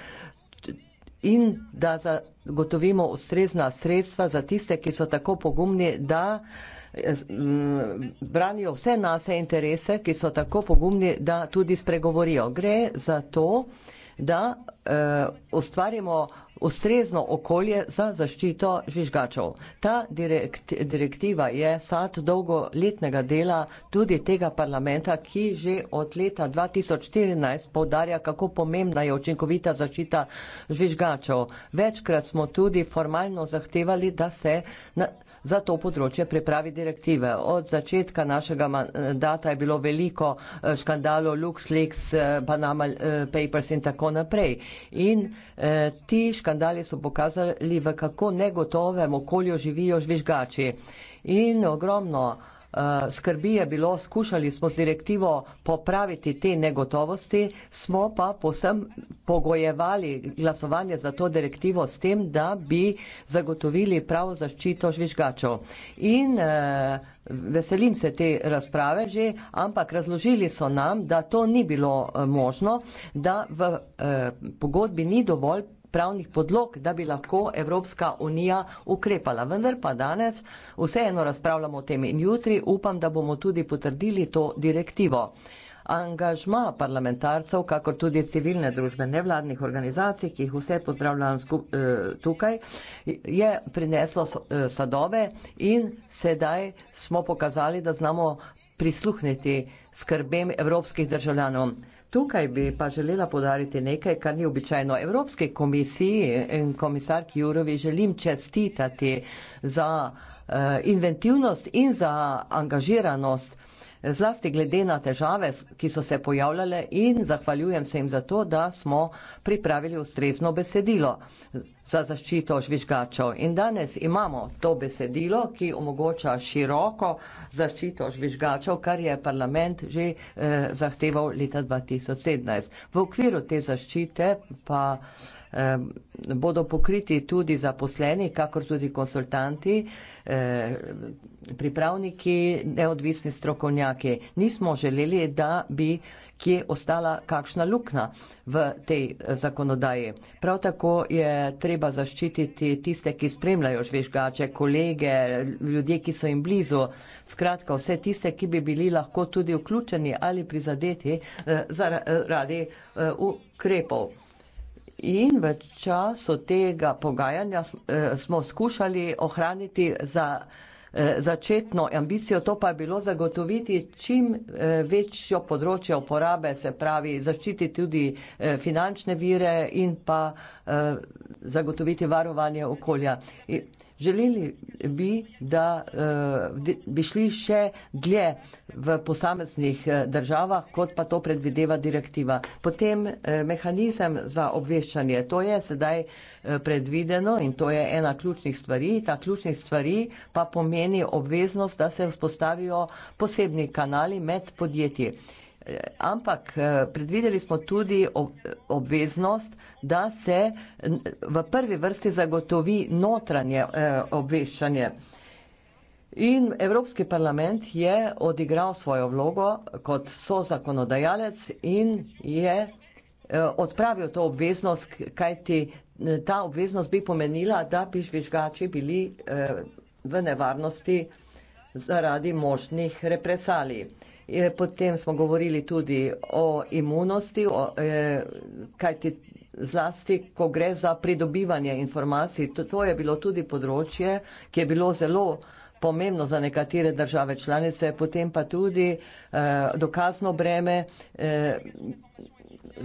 in da zagotovimo ustrezna sredstva za tiste, ki so tako pogumni, da mm, branijo vse nase interese, ki so tako pogumni, da tudi spregovorijo. Gre za to, da da uh, ustvarimo ustrezno okolje za zaščito žvižgačev. Ta direkt, direktiva je sad dolgoletnega dela tudi tega parlamenta, ki že od leta 2014 povdarja, kako pomembna je učinkovita zaščita žvižgačev. Večkrat smo tudi formalno zahtevali, da se na, za to področje pripravi direktive. Od začetka našega mandata je bilo veliko eh, škandalov, LuxLeaks, eh, Panama eh, Papers in tako naprej. In ti škandali so pokazali, v kako negotovem okolju živijo žvižgači. In ogromno Eh, skrbi je bilo, skušali smo z direktivo popraviti te negotovosti, smo pa posem pogojevali glasovanje za to direktivo s tem, da bi zagotovili pravo zaščito žvižgačev. In eh, veselim se te razprave že, ampak razložili so nam, da to ni bilo eh, možno, da v pogodbi ni dovolj pravnih podlog, da bi lahko Evropska unija ukrepala. Vendar pa danes vseeno razpravljamo o tem in jutri upam, da bomo tudi potrdili to direktivo. Angažma parlamentarcev, kakor tudi civilne družbe nevladnih organizacij, ki jih vse pozdravljam skup, eh, tukaj, je prineslo eh, sadove in sedaj smo pokazali, da znamo prisluhniti skrbem evropskih državljanov. Tukaj bi pa želela podariti nekaj, kar ni običajno. Evropske komisiji in komisarki Jurovi želim čestitati za eh, inventivnost in za angažiranost zlasti glede na težave, ki so se pojavljale in zahvaljujem se jim za to, da smo pripravili ustrezno besedilo za zaščito žvižgačev. In danes imamo to besedilo, ki omogoča široko zaščito žvižgačev, kar je parlament že eh, zahteval leta 2017. V okviru te zaščite pa eh, bodo pokriti tudi zaposleni, kakor tudi konsultanti, eh, pripravniki, neodvisni strokovnjaki. Nismo želeli, da bi eh, kje ostala kakšna luknja v tej eh, zakonodaji. Prav tako je treba zaščititi tiste, ki spremljajo žvižgače, kolege, ljudje, ki so jim blizu, skratka vse tiste, ki bi bili lahko tudi vključeni ali prizadeti eh, zaradi eh, ukrepov. In v času tega pogajanja smo skušali ohraniti za Eh, začetno ambicijo, to pa je bilo zagotoviti čim eh, večjo področje uporabe, se pravi zaščiti tudi eh, finančne vire in pa zagotoviti varovanje okolja. Želeli bi, da bi šli še dlje v posameznih državah, kot pa to predvideva direktiva. Potem mehanizem za obveščanje, to je sedaj Eh, predvideno in to je ena ključnih stvari. Ta ključnih stvari pa pomeni obveznost, da se vzpostavijo posebni kanali med podjetji. Eh, ampak eh, predvideli smo tudi obveznost, da se v prvi vrsti zagotovi notranje obveščanje. In Evropski parlament je odigral svojo vlogo kot so zakonodajalec in je odpravil to obveznost, kajti ta obveznost bi pomenila, da bi žvižgači bili eh, v nevarnosti zaradi možnih represalij. Potem smo govorili tudi o imunosti, o, eh, kajti zlasti, ko gre za pridobivanje informacij, to, to je bilo tudi področje, ki je bilo zelo pomembno za nekatere države članice, potem pa tudi eh, dokazno breme. Eh,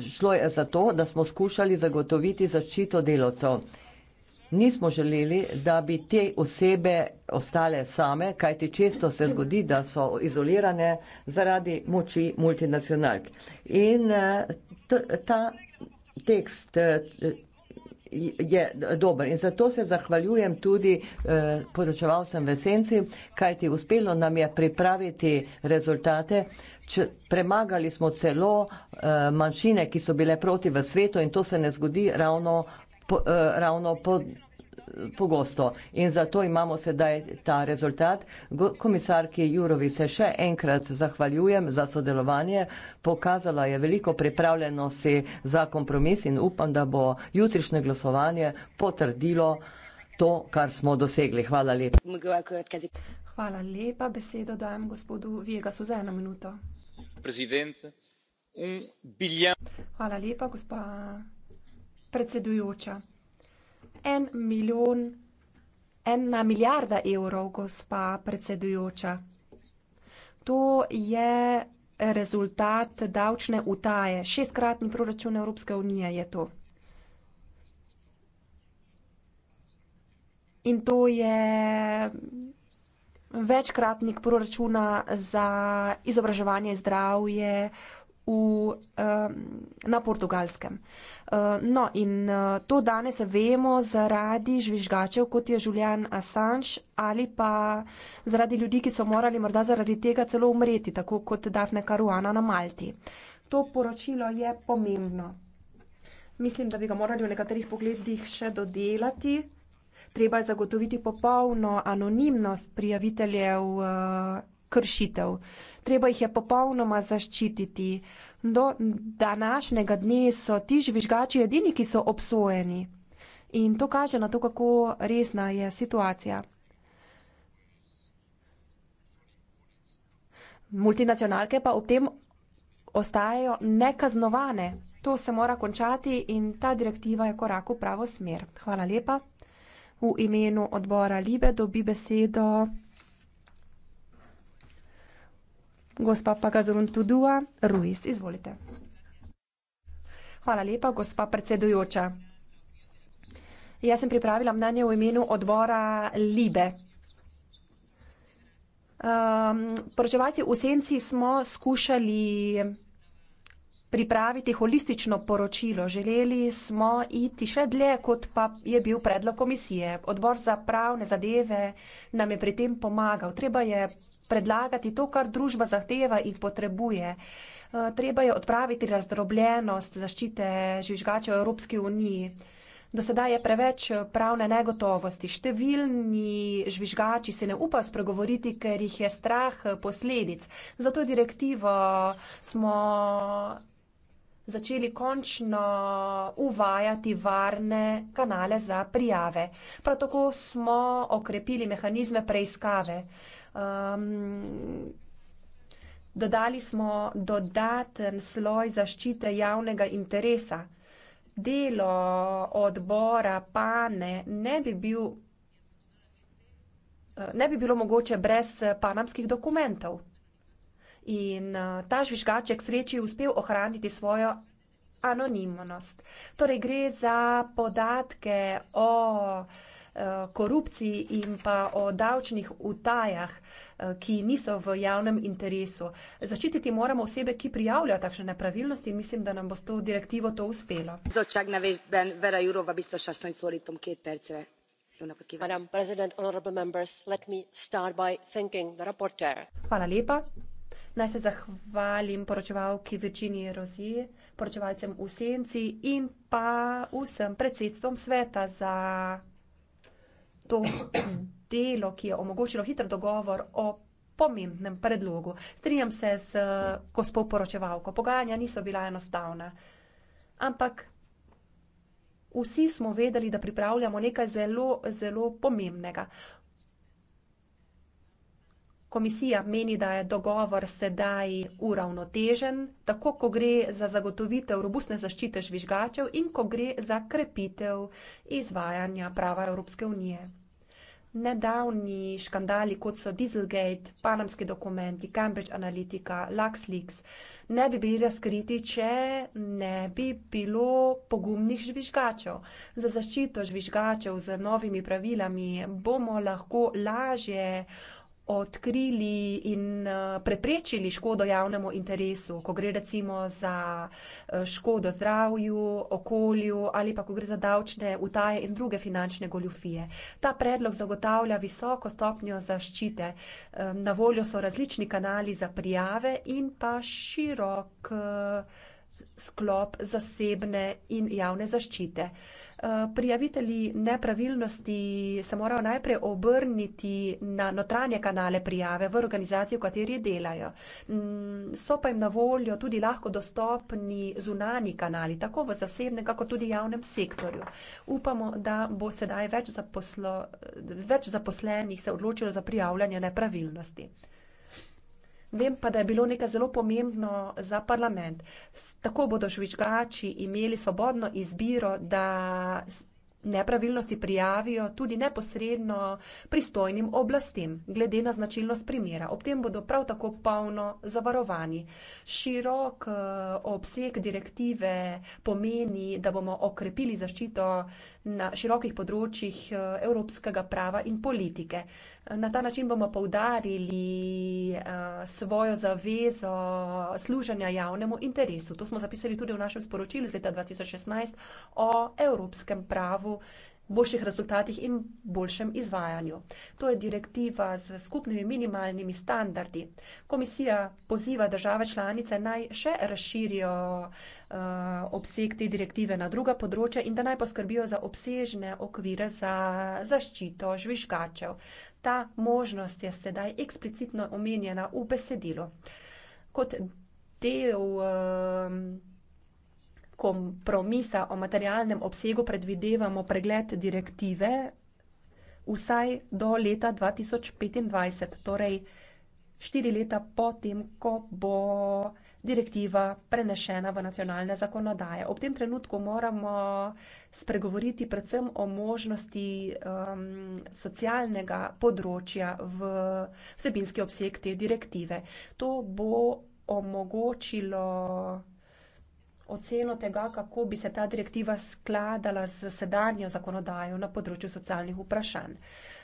šlo je za to, da smo skušali zagotoviti zaščito delavcev. Nismo želeli, da bi te osebe ostale same, kajti često se zgodi, da so izolirane zaradi moči multinacionalk. In eh, ta tekst eh, je dober. In zato se zahvaljujem tudi eh, podočevalcem Vesenci, kajti uspelo nam je pripraviti rezultate. Če, premagali smo celo eh, manjšine, ki so bile proti v svetu in to se ne zgodi ravno, po, eh, ravno pod pogosto in zato imamo sedaj ta rezultat. Komisarki Jurovi se še enkrat zahvaljujem za sodelovanje. Pokazala je veliko pripravljenosti za kompromis in upam, da bo jutrišnje glasovanje potrdilo to, kar smo dosegli. Hvala lepa. Hvala lepa. Besedo dajem gospodu Vegasu za eno minuto. Hvala lepa, gospa predsedujoča en milijon, ena milijarda evrov, gospa predsedujoča. To je rezultat davčne utaje. Šestkratni proračun Evropske unije je to. In to je večkratnik proračuna za izobraževanje, zdravje, v, na portugalskem. Eh, no, in eh, to danes vemo zaradi žvižgačev, kot je Julian Assange, ali pa zaradi ljudi, ki so morali morda zaradi tega celo umreti, tako kot Dafne Karuana na Malti. To poročilo je pomembno. Mislim, da bi ga morali v nekaterih pogledih še dodelati. Treba je zagotoviti popolno anonimnost prijaviteljev eh, kršitev treba jih je popolnoma zaščititi. Do današnjega dne so ti žvižgači edini, ki so obsojeni. In to kaže na to, kako resna je situacija. Multinacionalke pa ob tem ostajajo nekaznovane. To se mora končati in ta direktiva je korak v pravo smer. Hvala lepa. V imenu odbora Libe dobi besedo. Gospa Pakazurun Tudua Ruiz, izvolite. Hvala lepa, gospa predsedujoča. Jaz sem pripravila mnenje v imenu odbora Libe. Ehm, poročevalci v senci smo skušali pripraviti holistično poročilo. Želeli smo iti še dlje, kot pa je bil predlog komisije. Odbor za pravne zadeve nam je pri tem pomagal. Treba je predlagati to, kar družba zahteva in potrebuje. Eh, treba je odpraviti razdrobljenost zaščite žvižgače v Evropski uniji. Do sedaj je preveč pravne negotovosti. Številni žvižgači se ne upajo spregovoriti, ker jih je strah posledic. Zato direktivo smo začeli končno uvajati varne kanale za prijave. Prav tako smo okrepili mehanizme preiskave. Um, dodali smo dodaten sloj zaščite javnega interesa. Delo odbora pa ne, ne bi bil. Eh, ne bi bilo mogoče brez eh, panamskih dokumentov. In eh, ta žvižgaček sreči uspel ohraniti svojo anonimnost. Torej gre za podatke o uh, Eh, korupciji in pa o davčnih utajah, eh, ki niso v javnem interesu. Začititi moramo osebe, ki prijavljajo takšne nepravilnosti in mislim, da nam bo s to direktivo to uspelo. Hvala lepa. Naj se zahvalim poročevalki Virginiji Rozije, poročevalcem v Senci in pa vsem predsedstvom sveta za to <clears throat> delo, ki je omogočilo hiter dogovor o pomembnem predlogu. Strinjam se s eh, gospod poročevalko. Pogajanja niso bila enostavna. Ampak vsi smo vedeli, da pripravljamo nekaj zelo, zelo pomembnega. Komisija meni, da je dogovor sedaj uravnotežen, tako ko gre za zagotovitev robustne zaščite žvižgačev in ko gre za krepitev izvajanja prava Evropske unije nedavni škandali, kot so Dieselgate, panamski dokumenti, Cambridge Analytica, LuxLeaks, ne bi bili razkriti, če ne bi bilo pogumnih žvižgačev. Za zaščito žvižgačev z novimi pravilami bomo lahko lažje odkrili in eh, preprečili škodo javnemu interesu, ko gre recimo za eh, škodo zdravju, okolju ali pa ko gre za davčne utaje in druge finančne goljufije. Ta predlog zagotavlja visoko stopnjo zaščite. Na voljo so različni kanali za prijave in pa širok eh, sklop zasebne in javne zaščite. Eh, prijavitelji nepravilnosti se morajo najprej obrniti na notranje kanale prijave v organizaciji, v kateri delajo. Mm, so pa jim na voljo tudi lahko dostopni zunani kanali, tako v zasebnem, kako tudi javnem sektorju. Upamo, da bo sedaj več, zaposlo, več zaposlenih se odločilo za prijavljanje nepravilnosti. Vem pa, da je bilo nekaj zelo pomembno za parlament. Tako bodo žvižgači imeli svobodno izbiro, da nepravilnosti prijavijo tudi neposredno pristojnim oblastem, glede na značilnost primera. Ob tem bodo prav tako polno zavarovani. Širok eh, obseg direktive pomeni, da bomo okrepili zaščito na širokih področjih eh, evropskega prava in politike. Na ta način bomo povdarili eh, svojo zavezo služenja javnemu interesu. To smo zapisali tudi v našem sporočilu iz leta 2016 o evropskem pravu, boljših rezultatih in boljšem izvajanju. To je direktiva z skupnimi minimalnimi standardi. Komisija poziva države članice naj še razširijo eh, obseg te direktive na druga področja in da naj poskrbijo za obsežne okvire za zaščito žvižgačev. Ta možnost je sedaj eksplicitno omenjena v besedilu. Kot del um, kompromisa o materialnem obsegu predvidevamo pregled direktive vsaj do leta 2025, torej štiri leta potem, ko bo direktiva prenešena v nacionalne zakonodaje. Ob tem trenutku moramo spregovoriti predvsem o možnosti um, socialnega področja v vsebinski obseg te direktive. To bo omogočilo oceno tega, kako bi se ta direktiva skladala z sedanjo zakonodajo na področju socialnih vprašanj.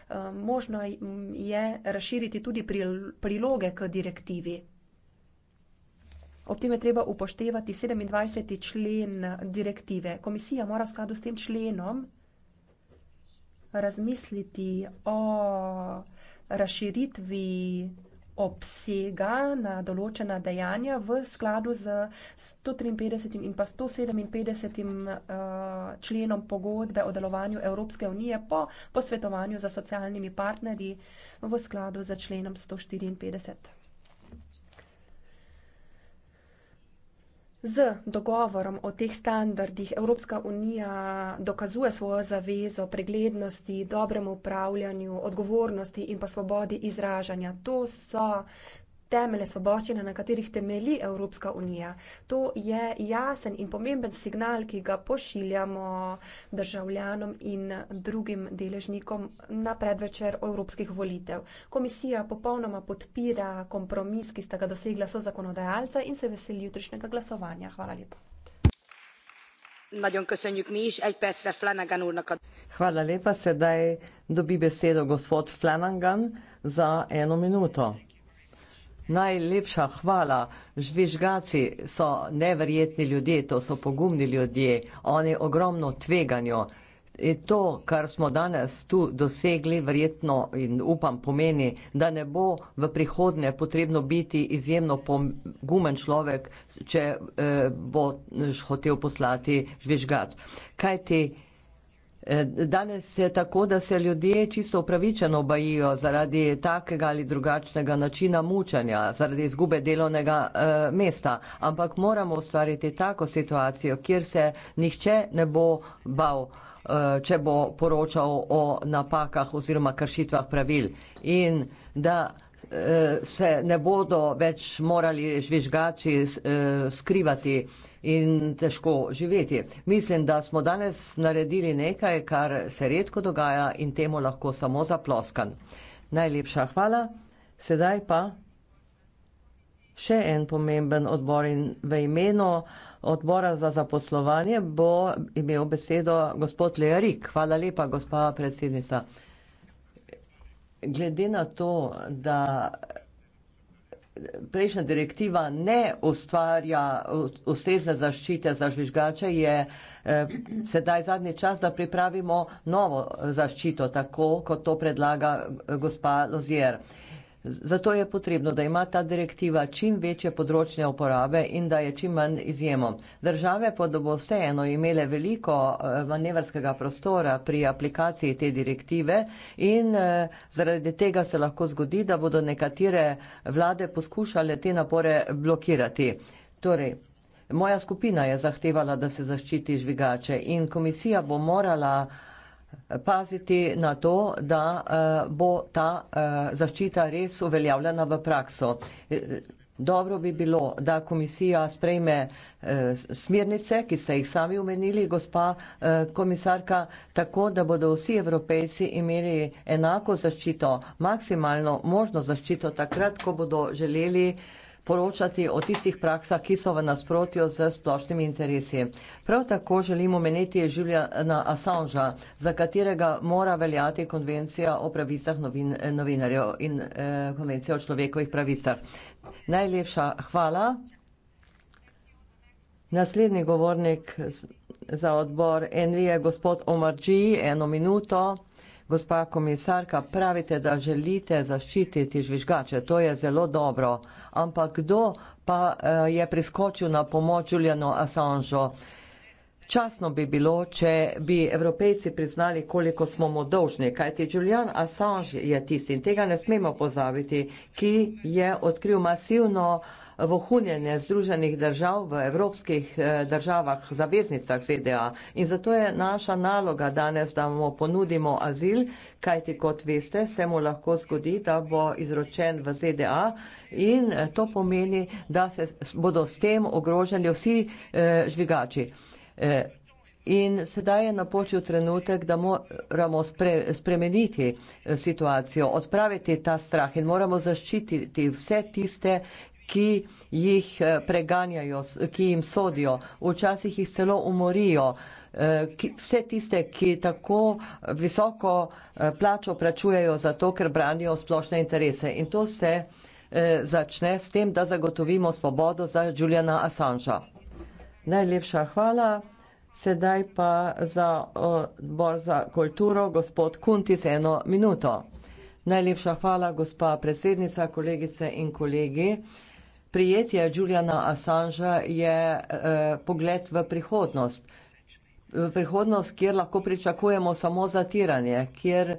Um, možno je razširiti tudi priloge k direktivi. Ob tem je treba upoštevati 27. člen direktive. Komisija mora v skladu s tem členom razmisliti o razširitvi obsega na določena dejanja v skladu z 153. in pa 157. Eh, členom pogodbe o delovanju Evropske unije po posvetovanju za socialnimi partnerji v skladu z členom 154. Z dogovorom o teh standardih Evropska unija dokazuje svojo zavezo preglednosti, dobremu upravljanju, odgovornosti in pa svobodi izražanja. To so temele svoboščine, na katerih temeli Evropska unija. To je jasen in pomemben signal, ki ga pošiljamo državljanom in drugim deležnikom na predvečer evropskih volitev. Komisija popolnoma podpira kompromis, ki sta ga dosegla so zakonodajalca in se veseli jutrišnjega glasovanja. Hvala lepa. Hvala lepa, sedaj dobi besedo gospod Flanagan za eno minuto. Najlepša hvala. Žvižgaci so neverjetni ljudje, to so pogumni ljudje, oni ogromno tveganjo. In to, kar smo danes tu dosegli, verjetno in upam pomeni, da ne bo v prihodnje potrebno biti izjemno pogumen človek, če eh, bo hotel poslati žvižgač. Kaj ti? Danes je tako, da se ljudje čisto upravičeno bojijo zaradi takega ali drugačnega načina mučanja, zaradi izgube delovnega eh, mesta. Ampak moramo ustvariti tako situacijo, kjer se nihče ne bo bal, eh, če bo poročal o napakah oziroma kršitvah pravil. In da eh, se ne bodo več morali žvižgači skrivati in težko živeti. Mislim, da smo danes naredili nekaj, kar se redko dogaja in temu lahko samo zaploskan. Najlepša hvala. Sedaj pa še en pomemben odbor in v imenu odbora za zaposlovanje bo imel besedo gospod Learik. Hvala lepa, gospa predsednica. Glede na to, da prejšnja direktiva ne ustvarja ustrezne zaščite za žvižgače, je eh, sedaj zadnji čas, da pripravimo novo zaščito, tako kot to predlaga eh, gospa Lozier. Eh, Zato je potrebno, da ima ta direktiva čim večje področje uporabe in da je čim manj izjemom. Države pa bodo vseeno imele veliko eh, manevrskega prostora pri aplikaciji te direktive in eh, zaradi tega se lahko zgodi, da bodo nekatere vlade poskušale te napore blokirati. Torej, moja skupina je zahtevala, da se zaščiti žvigače in komisija bo morala paziti na to, da eh, bo ta eh, zaščita res uveljavljena v prakso. Dobro bi bilo, da komisija sprejme eh, smernice, ki ste jih sami umenili, gospa komisarka, tako, da bodo vsi evropejci imeli enako zaščito, maksimalno možno zaščito, takrat, ko bodo želeli poročati o tistih praksah, ki so v nasprotju z splošnimi interesi. Prav tako želim omeniti Žuljana Assangea, za katerega mora veljati konvencija o pravicah novin, novinarjev in eh, konvencija o človekovih pravicah. Najlepša hvala. Naslednji govornik za odbor NVE je gospod Omar G. Eno minuto. Gospa komisarka, pravite, da želite zaščititi žvižgače, to je zelo dobro, ampak kdo pa eh, je priskočil na pomoč Julianu Assangeu? Časno bi bilo, če bi evropejci priznali, koliko smo mu dolžni, kajti Julian Assange je tisti in tega ne smemo pozabiti, ki je odkril masivno vohunjenje Združenih držav v evropskih eh, državah, zaveznicah ZDA. In zato je naša naloga danes, da mu ponudimo azil, kajti kot veste, se mu lahko zgodi, da bo izročen v ZDA in eh, to pomeni, da se bodo s tem ogrožali vsi eh, žvigači. In sedaj je napočil trenutek, da moramo spre, spremeniti situacijo, odpraviti ta strah in moramo zaščititi vse tiste, ki jih eh, preganjajo, ki jim sodijo, včasih jih celo umorijo. Eh, vse tiste, ki tako visoko eh, plačo plačujejo za to, ker branijo splošne interese. In to se začne s tem, da zagotovimo svobodo za Juliana Assangea. Najlepša hvala. Sedaj pa za odbor za kulturo, gospod Kuntis, eno minuto. Najlepša hvala, gospa predsednica, kolegice in kolegi. Prijetje Juliana Assangea je eh, pogled v prihodnost. V prihodnost, kjer lahko pričakujemo samo zatiranje, kjer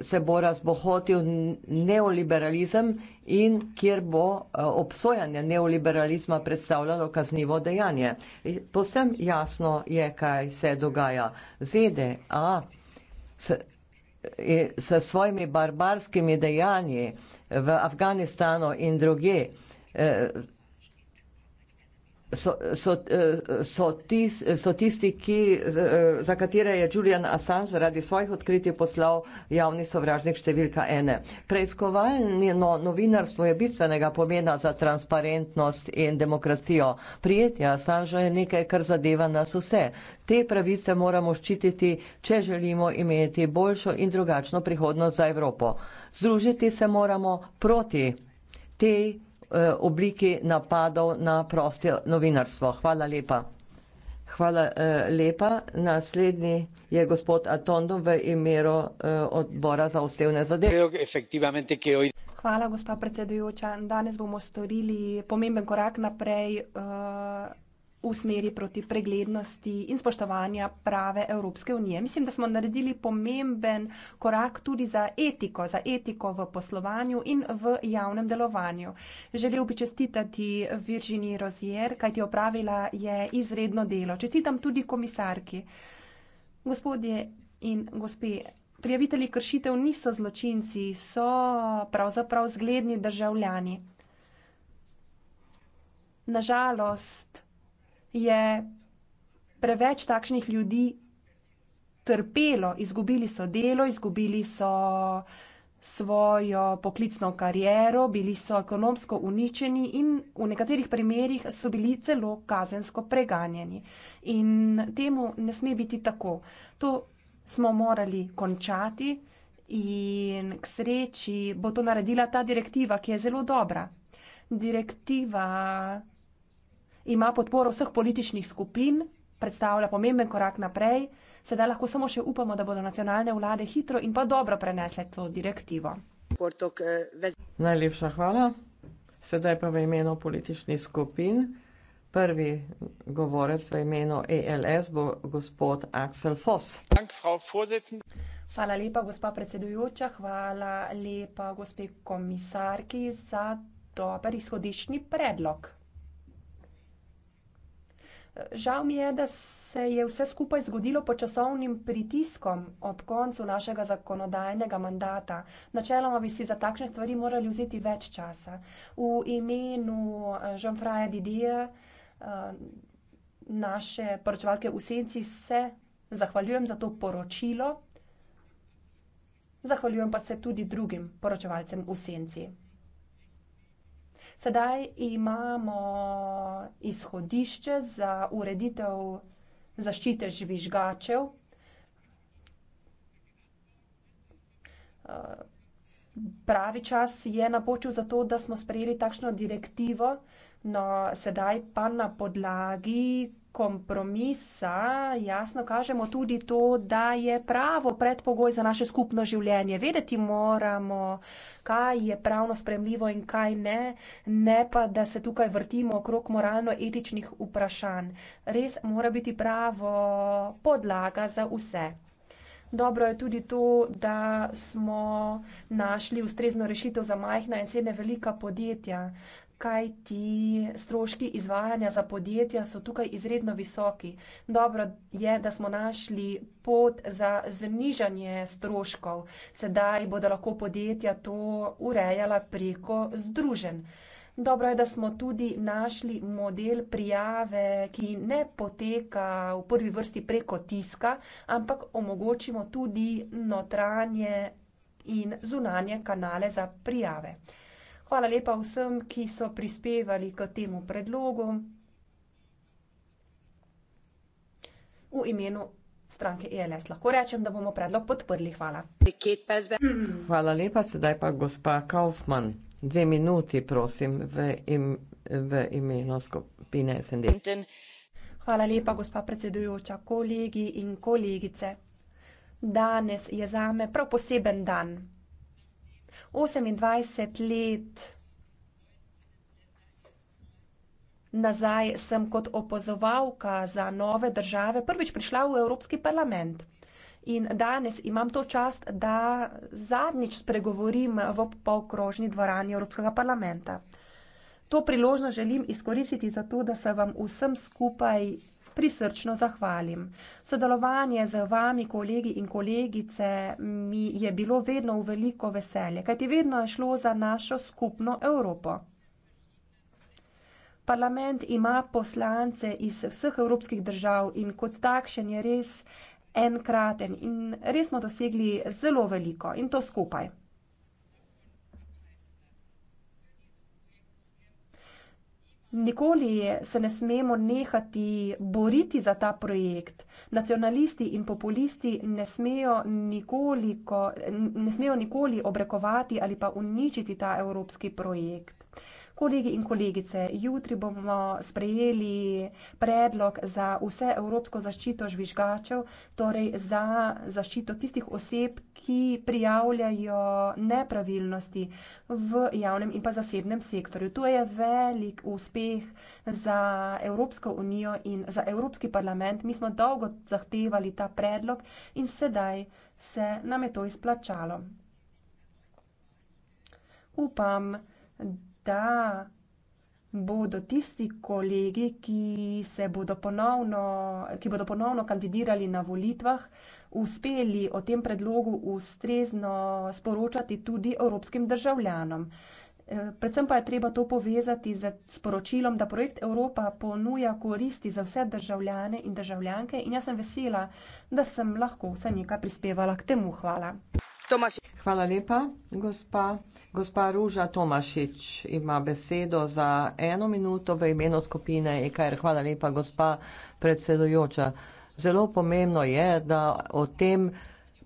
se bo razbohotil neoliberalizem in kjer bo eh, obsojanje neoliberalizma predstavljalo kaznivo dejanje. Eh, Povsem jasno je, kaj se dogaja. ZDA eh, s svojimi barbarskimi dejanji v Afganistanu in druge Eh, so, so, eh, so tisti, ki, eh, za katere je Julian Assange zaradi svojih odkritij poslal javni sovražnik številka ene. Preiskovalno novinarstvo je bistvenega pomena za transparentnost in demokracijo. Prijetje Assange je nekaj, kar zadeva nas vse. Te pravice moramo ščititi, če želimo imeti boljšo in drugačno prihodnost za Evropo. Združiti se moramo proti tej Eh, obliki napadov na prosti novinarstvo. Hvala lepa. Hvala eh, lepa. Naslednji je gospod Atondo v imenu eh, odbora za ustavne zadeve. Hvala, gospa predsedujoča. Danes bomo storili pomemben korak naprej v smeri proti preglednosti in spoštovanja prave Evropske unije. Mislim, da smo naredili pomemben korak tudi za etiko, za etiko v poslovanju in v javnem delovanju. Želel bi čestitati Virginiji Rozier, kajti opravila je izredno delo. Čestitam tudi komisarki. Gospodje in gospe, prijavitelji kršitev niso zločinci, so pravzaprav zgledni državljani. Nažalost, je preveč takšnih ljudi trpelo, izgubili so delo, izgubili so svojo poklicno kariero, bili so ekonomsko uničeni in v nekaterih primerjih so bili celo kazensko preganjeni. In temu ne sme biti tako. To smo morali končati in k sreči bo to naredila ta direktiva, ki je zelo dobra. Direktiva ima podporo vseh političnih skupin, predstavlja pomemben korak naprej, sedaj lahko samo še upamo, da bodo nacionalne vlade hitro in pa dobro prenesle to direktivo. Najlepša hvala. Sedaj pa v imenu političnih skupin. Prvi govorec v imenu ELS bo gospod Axel Foss. Dank, hvala lepa, gospa predsedujoča, hvala lepa, gospe komisarki, za dober izhodišni predlog. Žal mi je, da se je vse skupaj zgodilo pod časovnim pritiskom ob koncu našega zakonodajnega mandata. Načeloma bi si za takšne stvari morali vzeti več časa. V imenu Žanfraja eh, Didija, eh, naše poročevalke v senci, se zahvaljujem za to poročilo. Zahvaljujem pa se tudi drugim poročevalcem v senci. Sedaj imamo izhodišče za ureditev zaščite žvižgačev. Pravi čas je napočil za to, da smo sprejeli takšno direktivo, no, sedaj pa na podlagi kompromisa jasno kažemo tudi to, da je pravo predpogoj za naše skupno življenje. Vedeti moramo, kaj je pravno spremljivo in kaj ne, ne pa, da se tukaj vrtimo okrog moralno-etičnih vprašanj. Res mora biti pravo podlaga za vse. Dobro je tudi to, da smo našli ustrezno rešitev za majhna in srednje velika podjetja kaj ti stroški izvajanja za podjetja so tukaj izredno visoki. Dobro je, da smo našli pot za znižanje stroškov. Sedaj bodo lahko podjetja to urejala preko združen. Dobro je, da smo tudi našli model prijave, ki ne poteka v prvi vrsti preko tiska, ampak omogočimo tudi notranje in zunanje kanale za prijave. Hvala lepa vsem, ki so prispevali k temu predlogu. V imenu stranke ELS lahko rečem, da bomo predlog podprli. Hvala. Hvala lepa, sedaj pa gospa Kaufmann. Dve minuti, prosim, v, im, v imenu skupine SND. Hvala lepa, gospa predsedujoča, kolegi in kolegice. Danes je zame prav poseben dan. 28 let nazaj sem kot opozovalka za nove države prvič prišla v Evropski parlament. In danes imam to čast, da zadnjič spregovorim v polkrožni dvorani Evropskega parlamenta. To priložnost želim izkoristiti zato, da se vam vsem skupaj prisrčno zahvalim. Sodelovanje z vami, kolegi in kolegice, mi je bilo vedno v veliko veselje, kajti vedno je šlo za našo skupno Evropo. Parlament ima poslance iz vseh evropskih držav in kot takšen je res enkraten in res smo dosegli zelo veliko in to skupaj. Nikoli se ne smemo nehati boriti za ta projekt. Nacionalisti in populisti ne smejo, nikoliko, ne smejo nikoli obrekovati ali pa uničiti ta evropski projekt. Kolegi in kolegice, jutri bomo sprejeli predlog za vse evropsko zaščito žvižgačev, torej za zaščito tistih oseb, ki prijavljajo nepravilnosti v javnem in pa zasebnem sektorju. To je velik uspeh za Evropsko unijo in za Evropski parlament. Mi smo dolgo zahtevali ta predlog in sedaj se nam je to izplačalo. Upam, da bodo tisti kolegi, ki, bodo ponovno, ki bodo ponovno kandidirali na volitvah, uspeli o tem predlogu ustrezno sporočati tudi evropskim državljanom. Eh, predvsem pa je treba to povezati z sporočilom, da projekt Evropa ponuja koristi za vse državljane in državljanke in jaz sem vesela, da sem lahko vsaj nekaj prispevala k temu. Hvala. Hvala lepa, gospa. Gospa Ruža Tomašič ima besedo za eno minuto v imenu skupine EKR. Hvala lepa, gospa predsedujoča. Zelo pomembno je, da o tem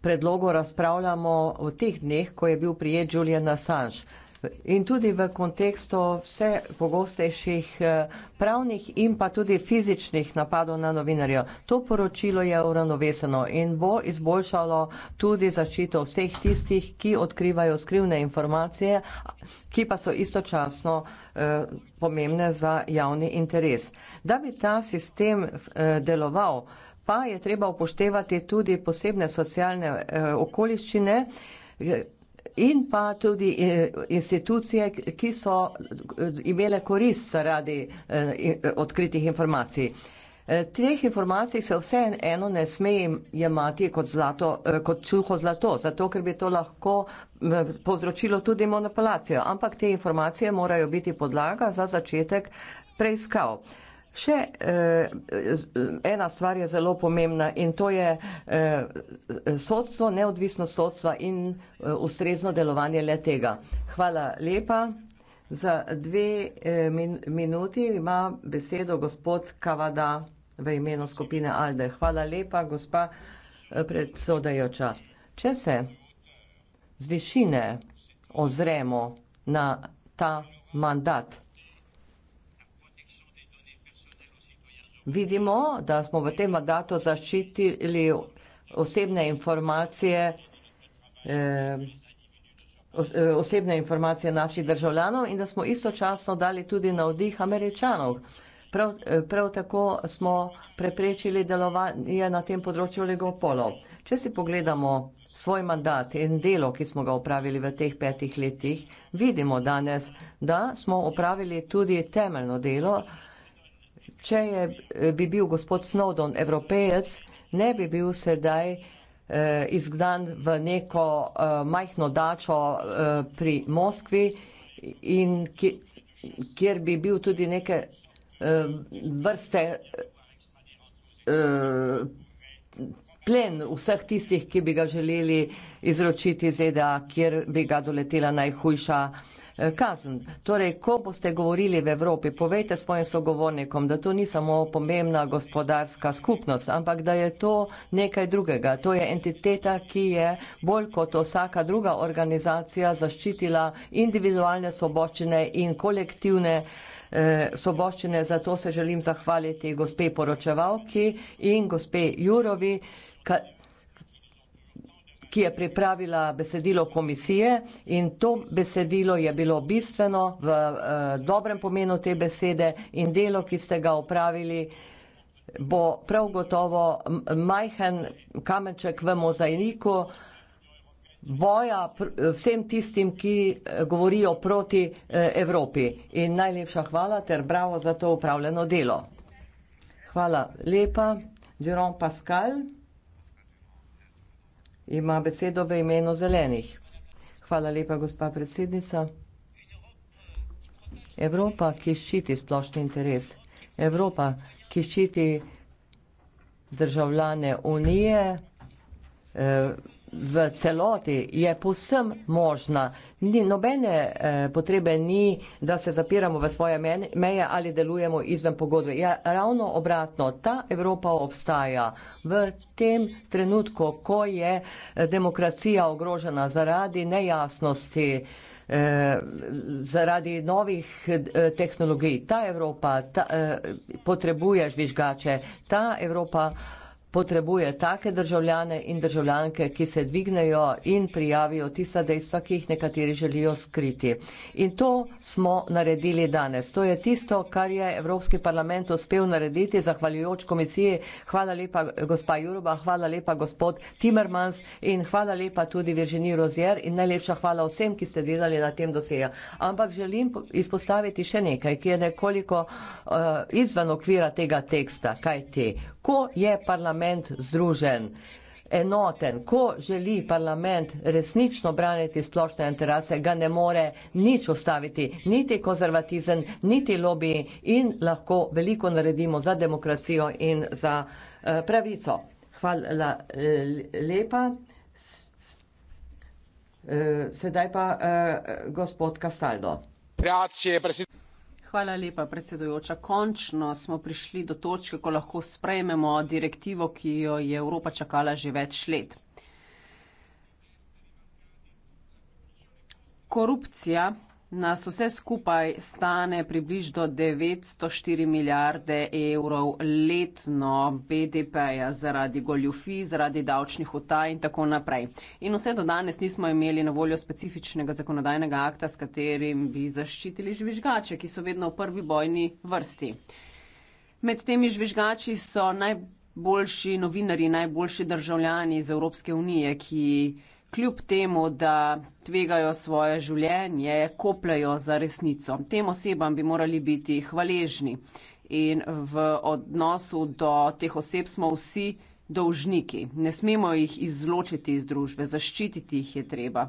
predlogu razpravljamo v teh dneh, ko je bil prijet Julian Assange in tudi v kontekstu vse pogostejših eh, pravnih in pa tudi fizičnih napadov na novinarja. To poročilo je uravnoveseno in bo izboljšalo tudi zaščito vseh tistih, ki odkrivajo skrivne informacije, ki pa so istočasno eh, pomembne za javni interes. Da bi ta sistem eh, deloval, pa je treba upoštevati tudi posebne socialne okoliščine, in pa tudi eh, institucije, ki so eh, imele korist zaradi eh, odkritih informacij. Teh informacij se vse eno ne sme jemati kot, zlato, kot čuho zlato, zato ker bi to lahko povzročilo tudi manipulacijo. Ampak te informacije morajo biti podlaga za začetek preiskav. Še eh, ena stvar je zelo pomembna in to je eh, sodstvo, neodvisnost sodstva in eh, ustrezno delovanje le tega. Hvala lepa. Za dve eh, min minuti ima besedo gospod Kavada v imenu skupine Alde. Hvala lepa, gospa eh, predsodajoča. Če se z višine ozremo na ta mandat, Vidimo, da smo v tem mandatu zaščitili osebne informacije, eh, eh, osebne informacije naših državljanov in da smo istočasno dali tudi na vdih američanov. Prav, eh, prav tako smo preprečili delovanje na tem področju legopolov. Če si pogledamo svoj mandat in delo, ki smo ga upravili v teh petih letih, vidimo danes, da smo upravili tudi temeljno delo, eh, če je, eh, bi bil gospod Snowden evropejec, ne bi bil sedaj eh, izgnan v neko eh, majhno dačo eh, pri Moskvi in ki, kjer bi bil tudi neke eh, vrste eh, plen vseh tistih, ki bi ga želeli izročiti ZDA, kjer bi ga doletela najhujša eh, Eh, kazen. Torej, ko boste govorili v Evropi, povejte svojim sogovornikom, da to ni samo pomembna gospodarska skupnost, ampak da je to nekaj drugega. To je entiteta, ki je bolj kot vsaka druga organizacija zaščitila individualne soboščine in kolektivne eh, soboščine. Zato se želim zahvaliti gospe poročevalki in gospe Jurovi, ki je pripravila besedilo komisije in to besedilo je bilo bistveno v eh, dobrem pomenu te besede in delo, ki ste ga upravili, bo prav gotovo majhen kamenček v mozaiku boja pr vsem tistim, ki eh, govorijo proti eh, Evropi. In najlepša hvala ter bravo za to upravljeno delo. Hvala lepa. Jerome Pascal ima besedo v imenu zelenih. Hvala lepa, gospa predsednica. Evropa, ki ščiti splošni interes, Evropa, ki ščiti državljane Unije, eh, v celoti, je povsem možna. Ni, nobene eh, potrebe ni, da se zapiramo v svoje meje ali delujemo izven pogodbe. Ja, ravno obratno, ta Evropa obstaja v tem trenutku, ko je eh, demokracija ogrožena zaradi nejasnosti, eh, zaradi novih eh, tehnologij. Ta Evropa ta, eh, potrebuje žvižgače, ta Evropa. Eh, potrebuje take državljane in državljanke, ki se dvignejo in prijavijo tista dejstva, ki jih nekateri želijo skriti. In to smo naredili danes. To je tisto, kar je Evropski parlament uspel narediti zahvaljujoč komisiji. Hvala lepa gospa Juroba, hvala lepa gospod Timmermans in hvala lepa tudi Virženi Rozier in najlepša hvala vsem, ki ste delali na tem doseju. Ampak želim izpostaviti še nekaj, ki je nekoliko uh, izven okvira tega teksta. Kaj ti? Ko je parlament parlament združen, enoten. Ko želi parlament resnično braniti splošne interese, ga ne more nič ustaviti, niti konzervatizem, niti lobiji in lahko veliko naredimo za demokracijo in za eh, pravico. Hvala eh, lepa. Eh, sedaj pa gospod Kastaldo. Grazie, presidente. Hvala lepa, predsedujoča. Končno smo prišli do točke, ko lahko sprejmemo direktivo, ki jo je Evropa čakala že več let. Korupcija nas vse skupaj stane približno 904 milijarde evrov letno BDP-ja zaradi goljufi, zaradi davčnih utaj in tako naprej. In vse do danes nismo imeli na voljo specifičnega zakonodajnega akta, s katerim bi zaščitili žvižgače, ki so vedno v prvi bojni vrsti. Med temi žvižgači so najboljši novinari, najboljši državljani iz Evropske unije, ki kljub temu, da tvegajo svoje življenje, kopljajo za resnico. Tem osebam bi morali biti hvaležni in v odnosu do teh oseb smo vsi dolžniki. Ne smemo jih izločiti iz družbe, zaščititi jih je treba.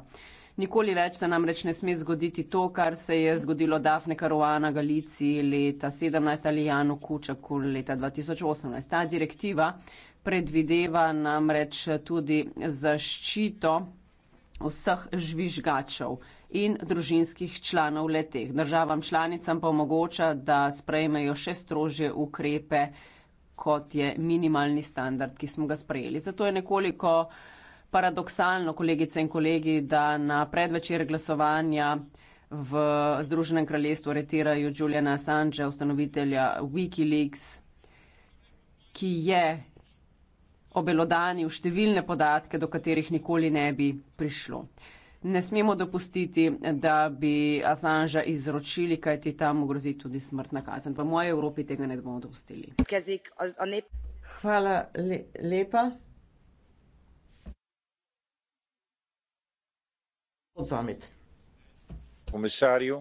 Nikoli več se namreč ne sme zgoditi to, kar se je zgodilo Dafne Karuana Galici leta 17 ali Janu Kučaku leta 2018. Ta direktiva predvideva namreč tudi zaščito vseh žvižgačev in družinskih članov leteh. Državam članicam pa omogoča, da sprejmejo še strožje ukrepe, kot je minimalni standard, ki smo ga sprejeli. Zato je nekoliko paradoksalno, kolegice in kolegi, da na predvečer glasovanja v Združenem kraljestvu aretirajo Juliana Assangea, ustanovitelja Wikileaks, ki je obelodanil številne podatke, do katerih nikoli ne bi prišlo. Ne smemo dopustiti, da bi Assangea izročili, kajti tam grozi tudi smrtna kazen. V moji Evropi tega ne bomo dopustili. Hvala le lepa. Odzamit. Komisarju.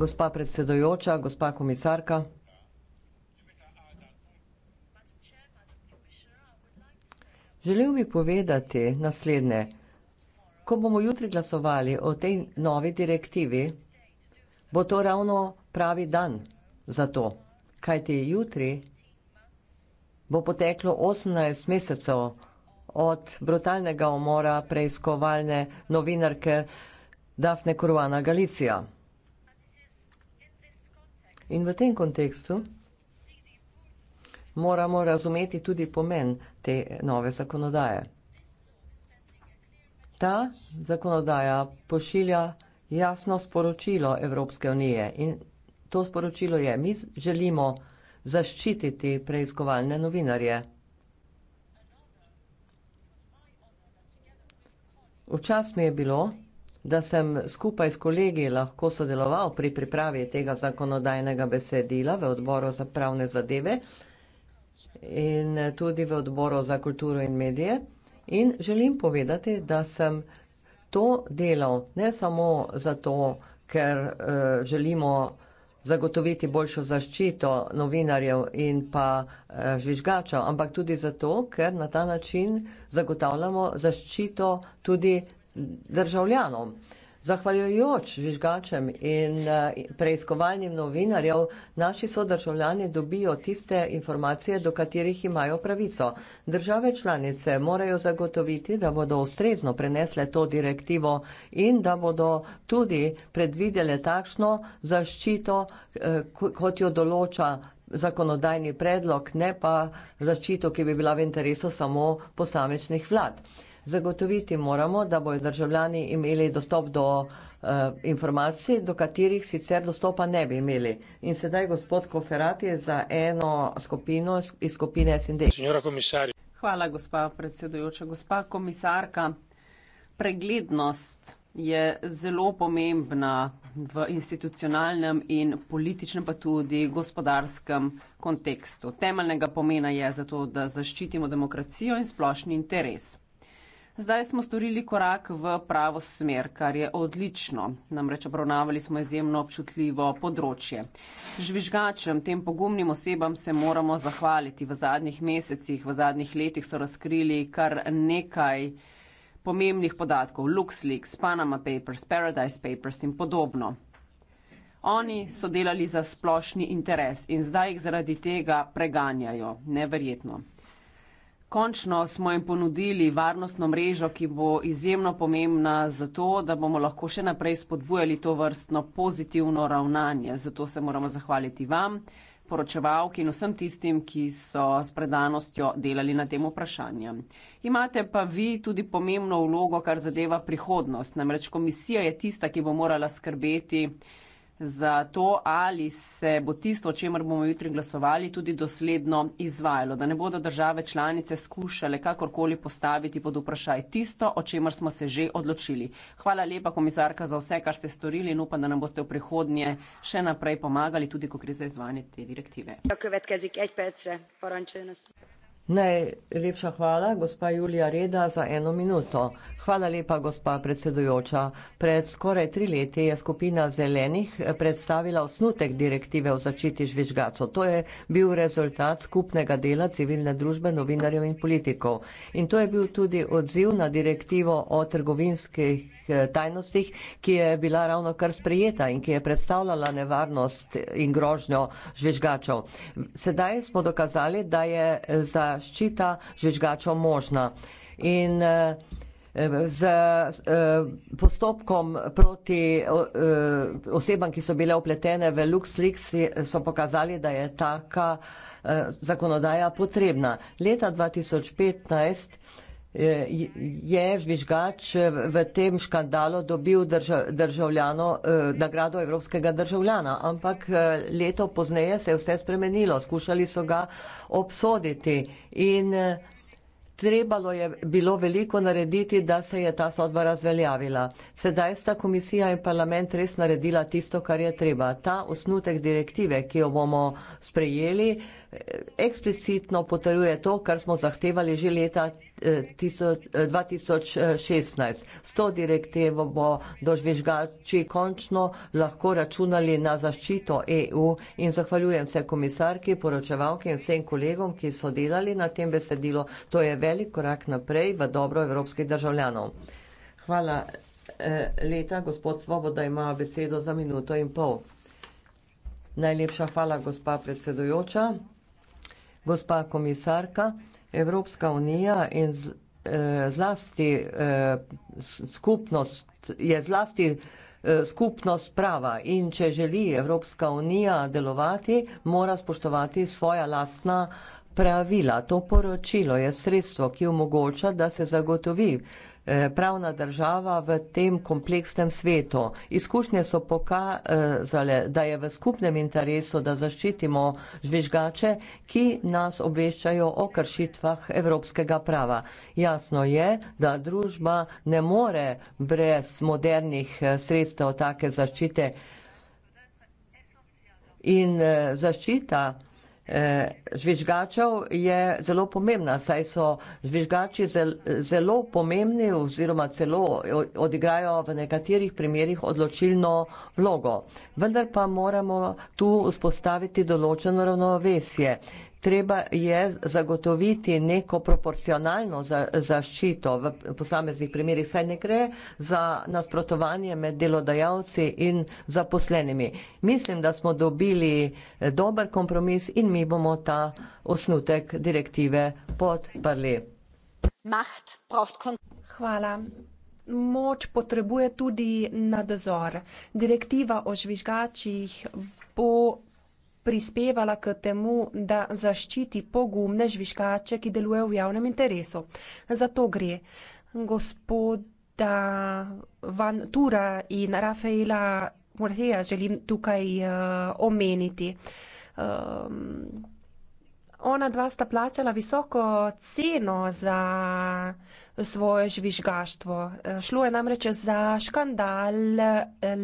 Gospa predsedojoča, gospa komisarka. Želel bi povedati naslednje. Ko bomo jutri glasovali o tej novi direktivi, bo to ravno pravi dan za to, kajti jutri bo poteklo 18 mesecev od brutalnega umora preiskovalne novinarke Dafne Kuruana Galicija. In v tem kontekstu moramo razumeti tudi pomen te nove zakonodaje. Ta zakonodaja pošilja jasno sporočilo Evropske unije in to sporočilo je, mi želimo zaščititi preiskovalne novinarje. Včasih mi je bilo, da sem skupaj s kolegi lahko sodeloval pri pripravi tega zakonodajnega besedila v odboru za pravne zadeve, in eh, tudi v odboru za kulturo in medije. In želim povedati, da sem to delal ne samo zato, ker uh, želimo zagotoviti boljšo zaščito novinarjev in pa uh, žvižgačev, ampak tudi zato, ker na ta način zagotavljamo zaščito tudi državljanom. Uh, Zahvaljujoč žvižgačem in eh, preiskovalnim novinarjev naši sodržavljani dobijo tiste informacije, do katerih imajo pravico. Države članice morajo zagotoviti, da bodo ustrezno prenesle to direktivo in da bodo tudi predvidele takšno zaščito, eh, kot jo določa zakonodajni predlog, ne pa zaščito, ki bi bila v interesu samo posamečnih vlad zagotoviti moramo, da bojo državljani imeli dostop do eh, informacij, do katerih sicer dostopa ne bi imeli. In sedaj gospod Koferat je za eno skupino iz skupine SND. Hvala, gospa predsedujoča. Gospa komisarka, preglednost je zelo pomembna v institucionalnem in političnem, pa tudi gospodarskem kontekstu. Temeljnega pomena je zato, da zaščitimo demokracijo in splošni interes. Zdaj smo storili korak v pravo smer, kar je odlično. Namreč obravnavali smo izjemno občutljivo področje. Žvižgačem, tem pogumnim osebam se moramo zahvaliti. V zadnjih mesecih, v zadnjih letih so razkrili kar nekaj pomembnih podatkov. LuxLeaks, Panama Papers, Paradise Papers in podobno. Oni so delali za splošni interes in zdaj jih zaradi tega preganjajo. Neverjetno. Končno smo jim ponudili varnostno mrežo, ki bo izjemno pomembna za to, da bomo lahko še naprej spodbujali to vrstno pozitivno ravnanje. Zato se moramo zahvaliti vam, poročevalki in vsem tistim, ki so s predanostjo delali na tem vprašanju. Imate pa vi tudi pomembno vlogo, kar zadeva prihodnost. Namreč komisija je tista, ki bo morala skrbeti za to, ali se bo tisto, o čemer bomo jutri glasovali, tudi dosledno izvajalo, da ne bodo države članice skušale kakorkoli postaviti pod vprašaj tisto, o čemer smo se že odločili. Hvala lepa, komisarka, za vse, kar ste storili in upam, da nam boste v prihodnje še naprej pomagali, tudi ko gre za izvajanje te direktive. Tako, vedke, zik, Najlepša hvala, gospa Julija Reda, za eno minuto. Hvala lepa, gospa predsedujoča. Pred skoraj tri leti je skupina zelenih predstavila osnutek direktive o začiti žvižgačo. To je bil rezultat skupnega dela civilne družbe, novinarjev in politikov. In to je bil tudi odziv na direktivo o trgovinskih eh, tajnostih, ki je bila ravno kar sprejeta in ki je predstavljala nevarnost in grožnjo žvižgačov. Sedaj smo dokazali, da je za ščita žvečgača možna. In eh, z eh, postopkom proti eh, osebam, ki so bile upletene v LuxLeaks, so pokazali, da je taka zakonodaja potrebna. Leta 2015 je žvižgač v tem škandalu dobil državljano, eh, nagrado evropskega državljana, ampak eh, leto pozneje se je vse spremenilo, skušali so ga obsoditi in eh, trebalo je bilo veliko narediti, da se je ta sodba razveljavila. Sedaj sta komisija in parlament res naredila tisto, kar je treba. Ta osnutek direktive, ki jo bomo sprejeli, eksplicitno potrjuje to, kar smo zahtevali že leta 2016. Eh, eh, S to direktivo bo dožvižgači končno lahko računali na zaščito EU in zahvaljujem se komisarki, poročevalki in vsem kolegom, ki so delali na tem besedilu. To je velik korak naprej v dobro evropskih državljanov. Hvala eh, leta, gospod Svoboda ima besedo za minuto in pol. Najlepša hvala, gospa predsedujoča. Gospa komisarka, Evropska unija in z, eh, zlasti eh, skupnost je zlasti eh, skupnost prava in če želi Evropska unija delovati, mora spoštovati svoja lastna pravila. To poročilo je sredstvo, ki omogoča, da se zagotovi Eh, pravna država v tem kompleksnem svetu. Izkušnje so pokazale, da je v skupnem interesu, da zaščitimo žvižgače, ki nas obveščajo o kršitvah evropskega prava. Jasno je, da družba ne more brez modernih eh, sredstev take zaščite in eh, zaščita Eh, žvižgačev je zelo pomembna, saj so žvižgači zel, zelo pomembni oziroma celo odigrajo v nekaterih primerjih odločilno vlogo. Vendar pa moramo tu vzpostaviti določeno ravnovesje treba je zagotoviti neko proporcionalno za, zaščito v posameznih primerjih, saj ne gre za nasprotovanje med delodajalci in zaposlenimi. Mislim, da smo dobili eh, dober kompromis in mi bomo ta osnutek direktive podprli. Hvala. Moč potrebuje tudi nadzor. Direktiva o žvižgačih bo prispevala k temu, da zaščiti pogumne žviškače, ki delujejo v javnem interesu. Zato gre gospoda Van Tura in Rafaela Morteja, želim tukaj uh, omeniti. Um, ona dva sta plačala visoko ceno za svoje žvižgaštvo. Eh, šlo je namreč za škandal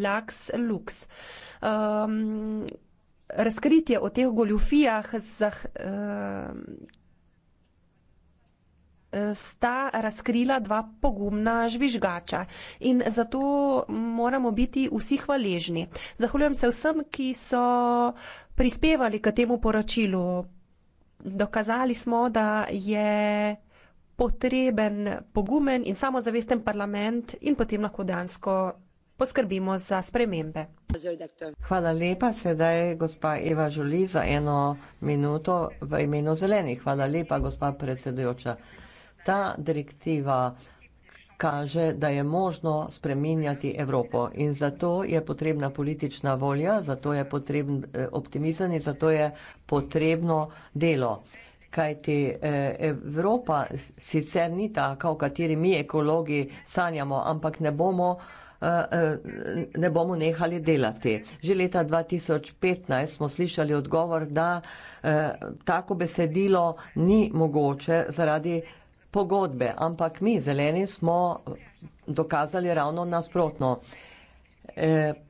Lux Lux. Um, razkritje o teh goljufijah zah, eh, eh, sta razkrila dva pogumna žvižgača in zato moramo biti vsi hvaležni. Zahvaljujem se vsem, ki so prispevali k temu poročilu. Dokazali smo, da je potreben pogumen in samozavesten parlament in potem lahko dansko poskrbimo za spremembe. Hvala lepa, sedaj gospa Eva Žuli za eno minuto v imenu zelenih. Hvala lepa, gospa predsedujoča. Ta direktiva kaže, da je možno spreminjati Evropo in zato je potrebna politična volja, zato je potreben eh, optimizem in zato je potrebno delo. Kajti eh, Evropa sicer ni taka, o kateri mi ekologi sanjamo, ampak ne bomo Eh, eh, ne bomo nehali delati. Že leta 2015 smo slišali odgovor, da eh, tako besedilo ni mogoče zaradi pogodbe, ampak mi, zeleni, smo dokazali ravno nasprotno.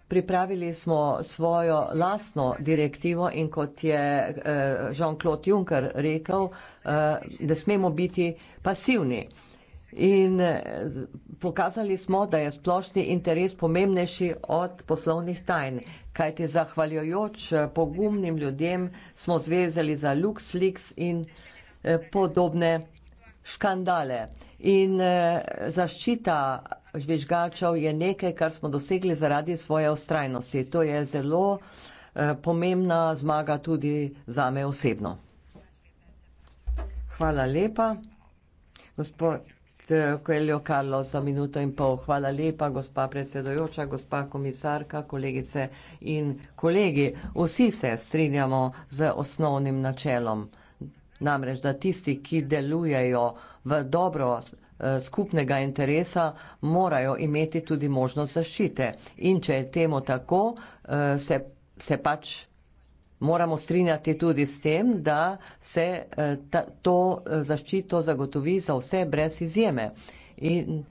Pripravili smo svojo lastno direktivo in kot je Jean-Claude Juncker rekel, da smemo biti pasivni. In eh, pokazali smo, da je splošni interes pomembnejši od poslovnih tajn, kajti zahvaljujoč eh, pogumnim ljudem smo zvezali za LuxLeaks in eh, podobne škandale. In zaščita žvižgačev je nekaj, kar smo dosegli zaradi svoje ostrajnosti. To je zelo pomembna zmaga tudi za me osebno. Hvala lepa. Gospod. Koeljo eh, Karlo za minuto in pol. Hvala lepa, gospa predsedojoča, gospa komisarka, kolegice in kolegi. Vsi se strinjamo z osnovnim načelom, namreč da tisti, ki delujejo v dobro eh, skupnega interesa, morajo imeti tudi možnost zaščite. In če je temu tako, eh, se, se pač moramo strinjati tudi s tem, da se eh, ta, to eh, zaščito zagotovi za vse brez izjeme. In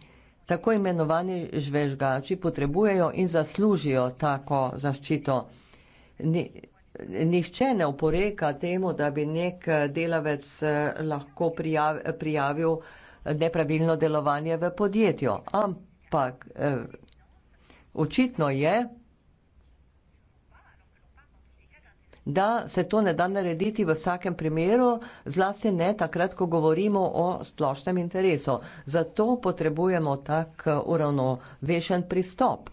tako imenovani žvežgači potrebujejo in zaslužijo tako zaščito. Ni, Nihče ne oporeka temu, da bi nek eh, delavec lahko prijavil nepravilno delovanje v podjetju. Ampak očitno je, da se to ne da narediti v vsakem primeru, zlasti ne takrat, ko govorimo o splošnem interesu. Zato potrebujemo tak eh, uravnovešen pristop.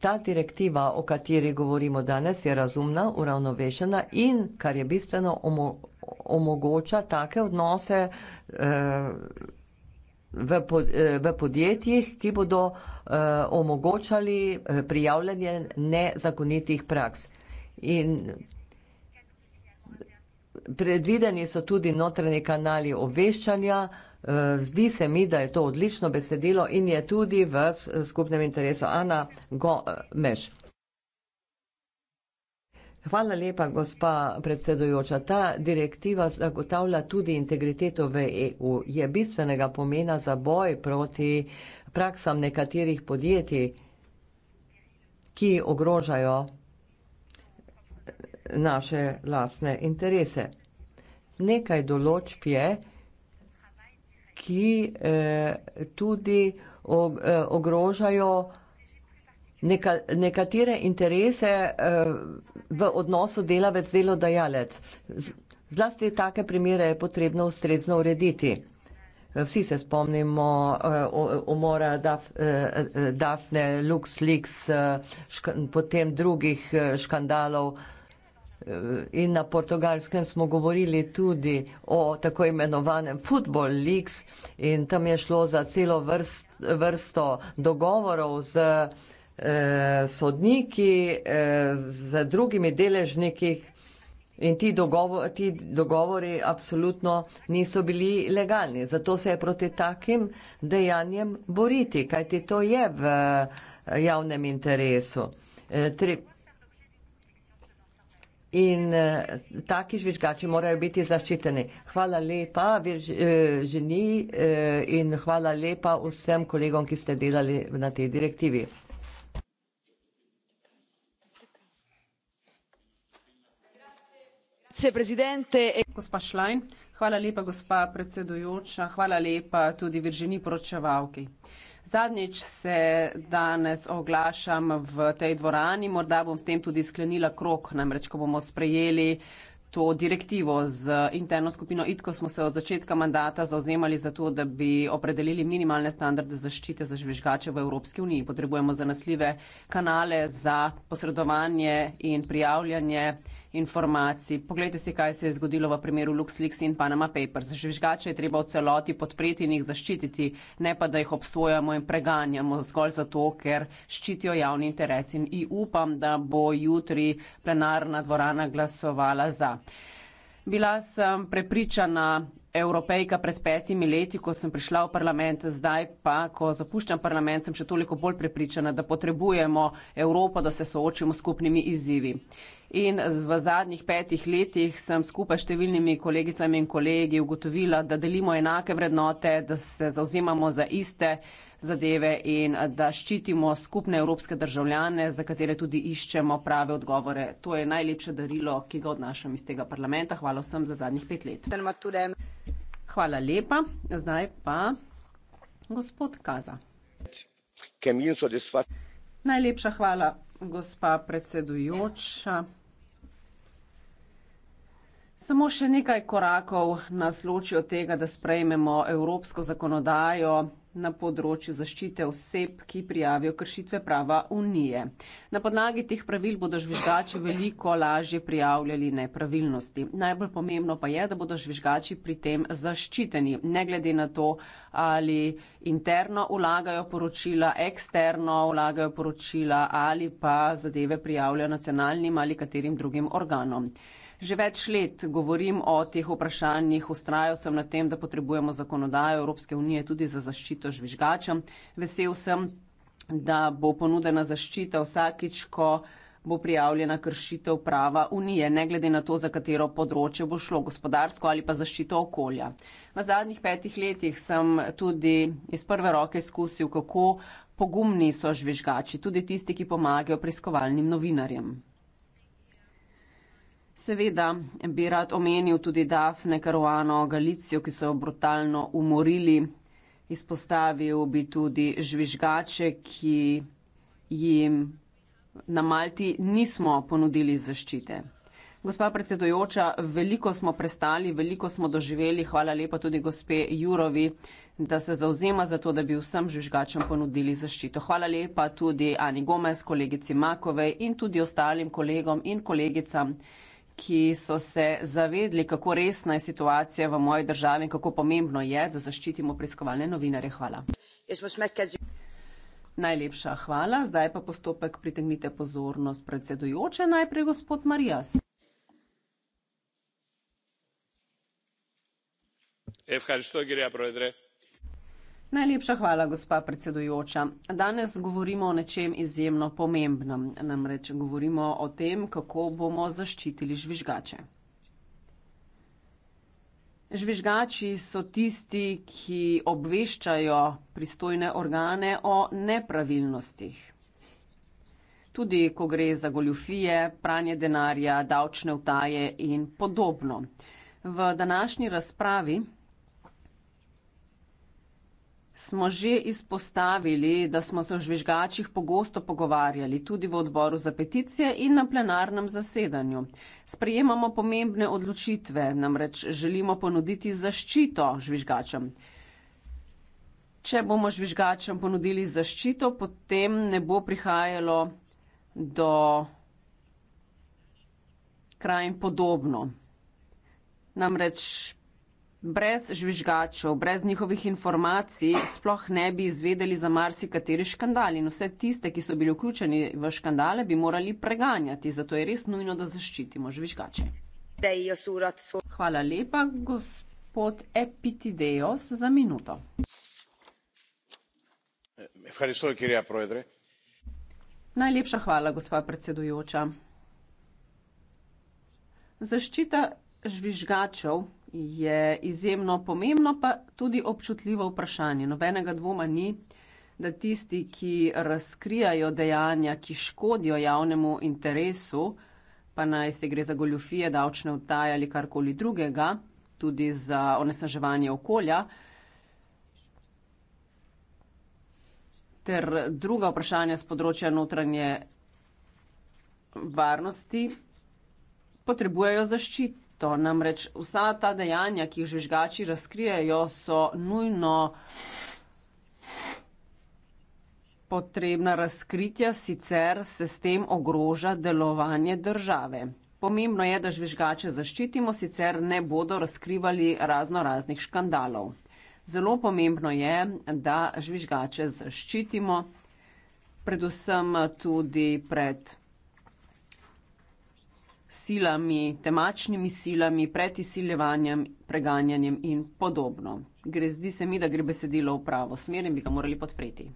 Ta direktiva, o kateri govorimo danes, je razumna, uravnovešena in, kar je bistveno, omogoča take odnose eh, eh, v podjetjih, ki bodo omogočali prijavljanje nezakonitih praks. In predvideni so tudi notranji kanali obveščanja, eh, zdi se mi, da je to odlično besedilo in je tudi v skupnem interesu. Ana Gomeš. Hvala lepa, gospa predsedujoča. Ta direktiva zagotavlja tudi integriteto v EU. Je bistvenega pomena za boj proti praksam nekaterih podjetij, ki ogrožajo naše lastne interese. Nekaj določb je, ki eh, tudi og, eh, ogrožajo neka, nekatere interese eh, v odnosu delavec-delodajalec. Zlasti take primere je potrebno ustrezno urediti. Eh, vsi se spomnimo eh, umora Daf, eh, Dafne, LuxLeaks, potem drugih škandalov, in na portugalskem smo govorili tudi o tako imenovanem Football Leaks in tam je šlo za celo vrst, vrsto dogovorov z eh, sodniki, eh, z drugimi deležniki in ti, dogovor, ti dogovori absolutno niso bili legalni. Zato se je proti takim dejanjem boriti, kajti to je v eh, javnem interesu. Eh, tre, in uh, taki žvižgači morajo biti zaščiteni. Hvala lepa, eh, ženi, uh, in hvala lepa vsem kolegom, ki ste delali na tej direktivi. E- gospa Šlajn, hvala lepa, gospa predsedujoča, hvala lepa tudi Virženi poročevalki. Zadnjič se danes oglašam v tej dvorani, morda bom s tem tudi sklenila krok, namreč, ko bomo sprejeli to direktivo z interno skupino ITKO, smo se od začetka mandata zauzemali za to, da bi opredelili minimalne standarde zaščite za žvižgače v Evropski uniji. Potrebujemo zanesljive kanale za posredovanje in prijavljanje informacij. Poglejte si, kaj se je zgodilo v primeru LuxLeaks in Panama Papers. Žvižgače je treba v celoti podpreti in jih zaščititi, ne pa da jih obsojamo in preganjamo zgolj zato, ker ščitijo javni interes. In upam, da bo jutri plenarna dvorana glasovala za. Bila sem prepričana, evropejka pred petimi leti, ko sem prišla v parlament, zdaj pa, ko zapuščam parlament, sem še toliko bolj prepričana, da potrebujemo Evropo, da se soočimo skupnimi izzivi. In v zadnjih petih letih sem skupaj s številnimi kolegicami in kolegi ugotovila, da delimo enake vrednote, da se zauzemamo za iste zadeve in da ščitimo skupne evropske državljane, za katere tudi iščemo prave odgovore. To je najlepše darilo, ki ga odnašam iz tega parlamenta. Hvala vsem za zadnjih pet let. Hvala lepa. Zdaj pa gospod Kaza. Najlepša hvala, gospa predsedujoča. Samo še nekaj korakov nas loči od tega, da sprejmemo evropsko zakonodajo na področju zaščite oseb, ki prijavijo kršitve prava unije. Na podlagi teh pravil bodo žvižgači veliko lažje prijavljali nepravilnosti. Najbolj pomembno pa je, da bodo žvižgači pri tem zaščiteni, ne glede na to, ali interno vlagajo poročila, eksterno vlagajo poročila ali pa zadeve prijavljajo nacionalnim ali katerim drugim organom. Že več let govorim o teh vprašanjih, ustrajal sem na tem, da potrebujemo zakonodajo Evropske unije tudi za zaščito žvižgačem. Vesel sem, da bo ponudena zaščita vsakič, ko bo prijavljena kršitev prava Unije, ne glede na to, za katero področje bo šlo, gospodarsko ali pa zaščito okolja. V zadnjih petih letih sem tudi iz prve roke izkusil, kako pogumni so žvižgači, tudi tisti, ki pomagajo preiskovalnim novinarjem. Seveda bi rad omenil tudi Dafne Karuano Galicijo, ki so jo brutalno umorili. Izpostavil bi tudi žvižgače, ki jim na Malti nismo ponudili zaščite. Gospa predsedujoča, veliko smo prestali, veliko smo doživeli. Hvala lepa tudi gospe Jurovi, da se zauzema za to, da bi vsem žvižgačem ponudili zaščito. Hvala lepa tudi Ani Gomez, kolegici Makovej in tudi ostalim kolegom in kolegicam, ki so se zavedli, kako resna je situacija v moji državi in kako pomembno je, da zaščitimo preiskovalne novinare. Hvala. Najlepša hvala. Zdaj pa postopek pritegnite pozornost predsedujoče, najprej gospod Marijas. Najlepša hvala, gospa predsedujoča. Danes govorimo o nečem izjemno pomembnem, namreč govorimo o tem, kako bomo zaščitili žvižgače. Žvižgači so tisti, ki obveščajo pristojne organe o nepravilnostih. Tudi ko gre za goljufije, pranje denarja, davčne utaje in podobno. V današnji razpravi smo že izpostavili, da smo se o žvižgačih pogosto pogovarjali tudi v odboru za peticije in na plenarnem zasedanju. Sprejemamo pomembne odločitve, namreč želimo ponuditi zaščito žvižgačem. Če bomo žvižgačem ponudili zaščito, potem ne bo prihajalo do kraj in podobno. Namreč brez žvižgačev, brez njihovih informacij, sploh ne bi izvedeli za marsikateri škandal in vse tiste, ki so bili vključeni v škandale, bi morali preganjati. Zato je res nujno, da zaščitimo žvižgače. Hvala lepa, gospod Epitideos, za minuto. Najlepša hvala, gospa predsedujoča. Zaščita žvižgačev je izjemno pomembno, pa tudi občutljivo vprašanje. Nobenega dvoma ni, da tisti, ki razkrijajo dejanja, ki škodijo javnemu interesu, pa naj se gre za goljofije, davčne vtaje ali karkoli drugega, tudi za onesnaževanje okolja. Ter druga vprašanja z področja notranje varnosti potrebujejo zaščito. To namreč vsa ta dejanja, ki jih žvižgači razkrijejo, so nujno potrebna razkritja, sicer se s tem ogroža delovanje države. Pomembno je, da žvižgače zaščitimo, sicer ne bodo razkrivali razno raznih škandalov. Zelo pomembno je, da žvižgače zaščitimo, predvsem tudi pred silami, temačnimi silami, predisiljevanjem, preganjanjem in podobno. Gre, zdi se mi, da gre besedilo v pravo smer in bi ga morali podpreti.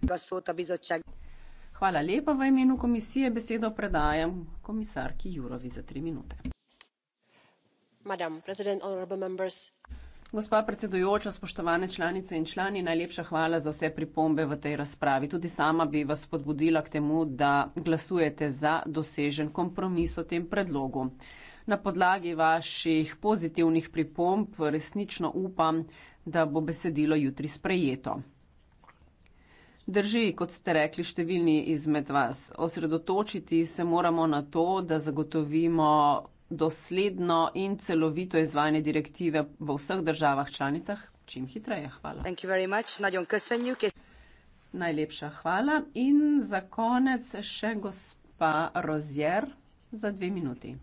Hvala lepa v imenu komisije. Besedo predajam komisarki Jurovi za tri minute. Madam, Gospa predsedujoča, spoštovane članice in člani, najlepša hvala za vse pripombe v tej razpravi. Tudi sama bi vas spodbudila k temu, da glasujete za dosežen kompromis o tem predlogu. Na podlagi vaših pozitivnih pripomb resnično upam, da bo besedilo jutri sprejeto. Drži, kot ste rekli številni izmed vas, osredotočiti se moramo na to, da zagotovimo dosledno in celovito izvajanje direktive v vseh državah članicah čim hitreje. Hvala. Najlepša hvala. In za konec še gospa Rozier za dve minuti.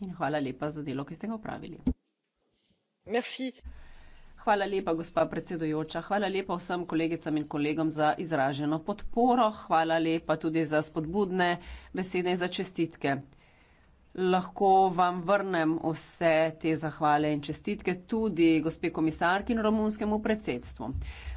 In hvala lepa za delo, ki ste ga upravili. Merci. Hvala lepa, gospa predsedujoča. Hvala lepa vsem kolegicam in kolegom za izraženo podporo. Hvala lepa tudi za spodbudne besede in za čestitke lahko vam vrnem vse te zahvale in čestitke tudi gospe komisarki in romunskemu predsedstvu.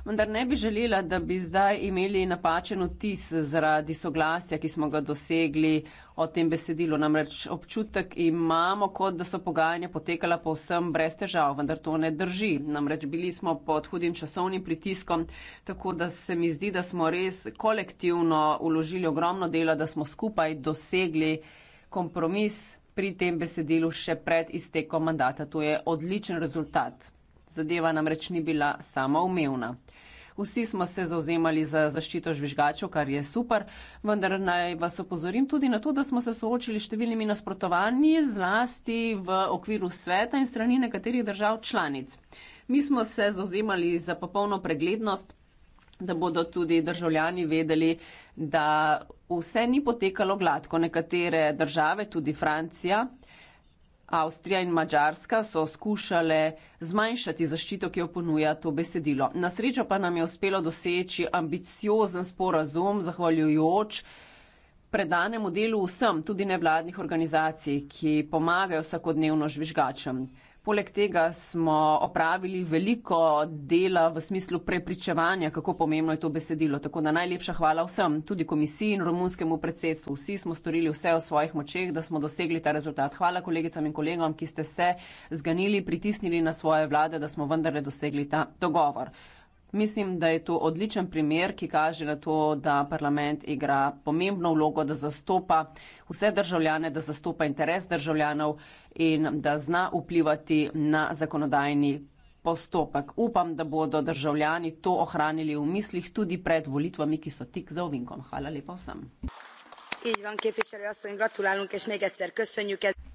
Vendar ne bi želela, da bi zdaj imeli napačen vtis zaradi soglasja, ki smo ga dosegli o tem besedilu. Namreč občutek imamo, kot da so pogajanja potekala povsem brez težav, vendar to ne drži. Namreč bili smo pod hudim časovnim pritiskom, tako da se mi zdi, da smo res kolektivno uložili ogromno dela, da smo skupaj dosegli kompromis pri tem besedilu še pred iztekom mandata. To je odličen rezultat. Zadeva namreč ni bila sama umevna. Vsi smo se zauzemali za zaščito žvižgačev, kar je super, vendar naj vas opozorim tudi na to, da smo se soočili številnimi nasprotovanji, zlasti v okviru sveta in strani nekaterih držav članic. Mi smo se zauzemali za popolno preglednost, da bodo tudi državljani vedeli, da vse ni potekalo gladko. Nekatere države, tudi Francija, Avstrija in Mačarska, so skušale zmanjšati zaščito, ki jo ponuja to besedilo. Na srečo pa nam je uspelo doseči ambiciozen sporazum, zahvaljujoč uh, predanemu delu vsem, tudi nevladnih organizacij, ki pomagajo vsakodnevno žvižgačem. Poleg tega smo opravili veliko dela v smislu prepričevanja, kako pomembno je to besedilo. Tako da najlepša hvala vsem, tudi komisiji in romunskemu predsedstvu. Vsi smo storili vse v svojih močeh, da smo dosegli ta rezultat. Hvala kolegicam in kolegom, ki ste se zganili, pritisnili na svoje vlade, da smo vendarle dosegli ta dogovor. Mislim, da je to odličen primer, ki kaže na to, da parlament igra pomembno vlogo, da zastopa vse državljane, da zastopa interes državljanov in da zna vplivati na zakonodajni postopek. Upam, da bodo državljani to ohranili v mislih tudi pred volitvami, ki so tik za ovinkom. Hvala lepa vsem. Így van, képviselő asszony, gratulálunk, és még egyszer köszönjük ezt.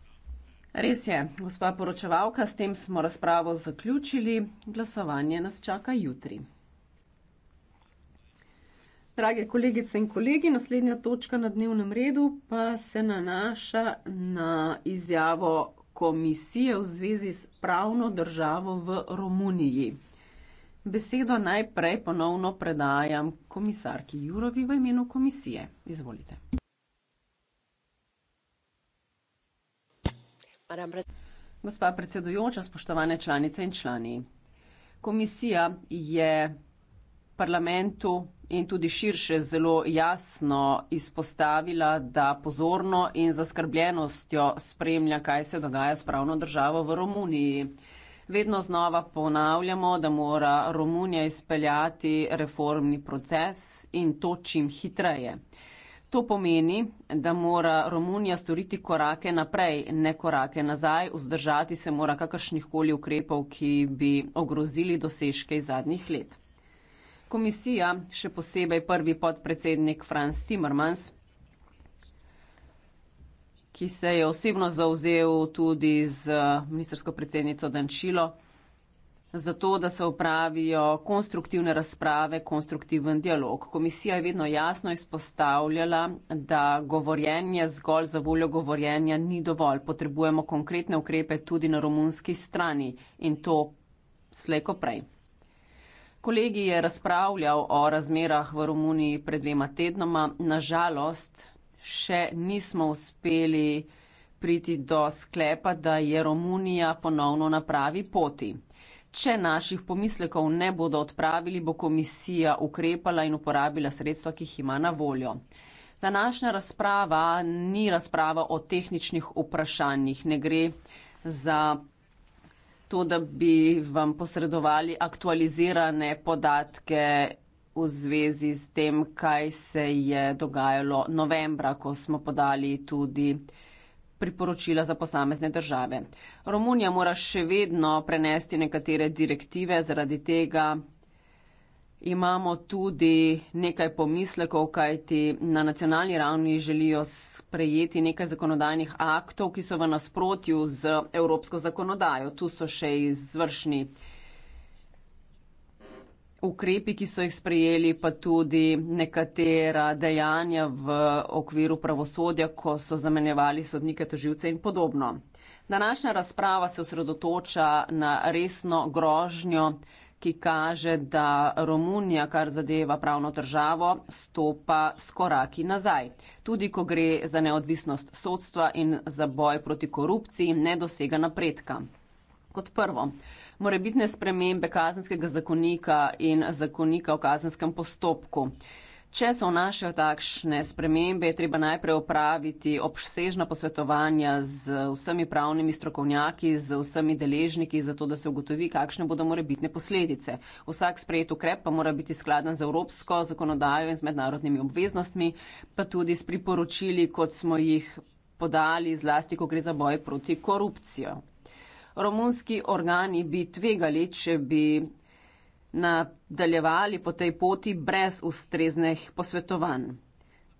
Res je, gospa poročevalka, s tem smo razpravo zaključili. Glasovanje nas čaka jutri. Drage kolegice in kolegi, naslednja točka na dnevnem redu pa se nanaša na izjavo komisije v zvezi s pravno državo v Romuniji. Besedo najprej ponovno predajam komisarki Jurovi v imenu komisije. Izvolite. Gospa predsedujoča, spoštovane članice in člani. Komisija je parlamentu in tudi širše zelo jasno izpostavila, da pozorno in zaskrbljenostjo spremlja, kaj se dogaja s pravno državo v Romuniji. Vedno znova ponavljamo, da mora Romunija izpeljati reformni proces in to čim hitreje. To pomeni, da mora Romunija storiti korake naprej, ne korake nazaj, vzdržati se mora kakršnih koli ukrepov, ki bi ogrozili dosežke iz zadnjih let. Komisija, še posebej prvi podpredsednik Franz Timmermans, ki se je osebno zauzel tudi z ministersko predsednico Dančilo, za to, da se upravijo konstruktivne razprave, konstruktiven dialog. Komisija je vedno jasno izpostavljala, da govorjenje zgolj za voljo govorjenja ni dovolj. Potrebujemo konkretne ukrepe tudi na romunski strani in to slejko prej. Kolegi je razpravljal o razmerah v Romuniji pred dvema tednoma. Nažalost, še nismo uspeli priti do sklepa, da je Romunija ponovno na pravi poti. Če naših pomislekov ne bodo odpravili, bo komisija ukrepala in uporabila sredstva, ki jih ima na voljo. Današnja razprava ni razprava o tehničnih vprašanjih. Ne gre za to, da bi vam posredovali aktualizirane podatke v zvezi s tem, kaj se je dogajalo novembra, ko smo podali tudi priporočila za posamezne države. Romunija mora še vedno prenesti nekatere direktive, zaradi tega imamo tudi nekaj pomislekov, kajti na nacionalni ravni želijo sprejeti nekaj zakonodajnih aktov, ki so v nasprotju z evropsko zakonodajo. Tu so še izvršni. Iz ukrepi, ki so jih sprejeli, pa tudi nekatera dejanja v okviru pravosodja, ko so zamenjevali sodnike, toživce in podobno. Današnja razprava se osredotoča na resno grožnjo, ki kaže, da Romunija, kar zadeva pravno državo, stopa s koraki nazaj. Tudi, ko gre za neodvisnost sodstva in za boj proti korupciji, ne dosega napredka. Kot prvo, morebitne spremembe kazenskega zakonika in zakonika o kazenskem postopku. Če se vnašajo takšne spremembe, je treba najprej opraviti obsežna posvetovanja z vsemi pravnimi strokovnjaki, z vsemi deležniki, zato da se ugotovi, kakšne bodo morebitne posledice. Vsak sprejet ukrep pa mora biti skladen z evropsko zakonodajo in z mednarodnimi obveznostmi, pa tudi s priporočili, kot smo jih podali, zlasti, ko gre za boj proti korupcijo romunski organi bi tvegali, če bi nadaljevali po tej poti brez ustreznih posvetovanj.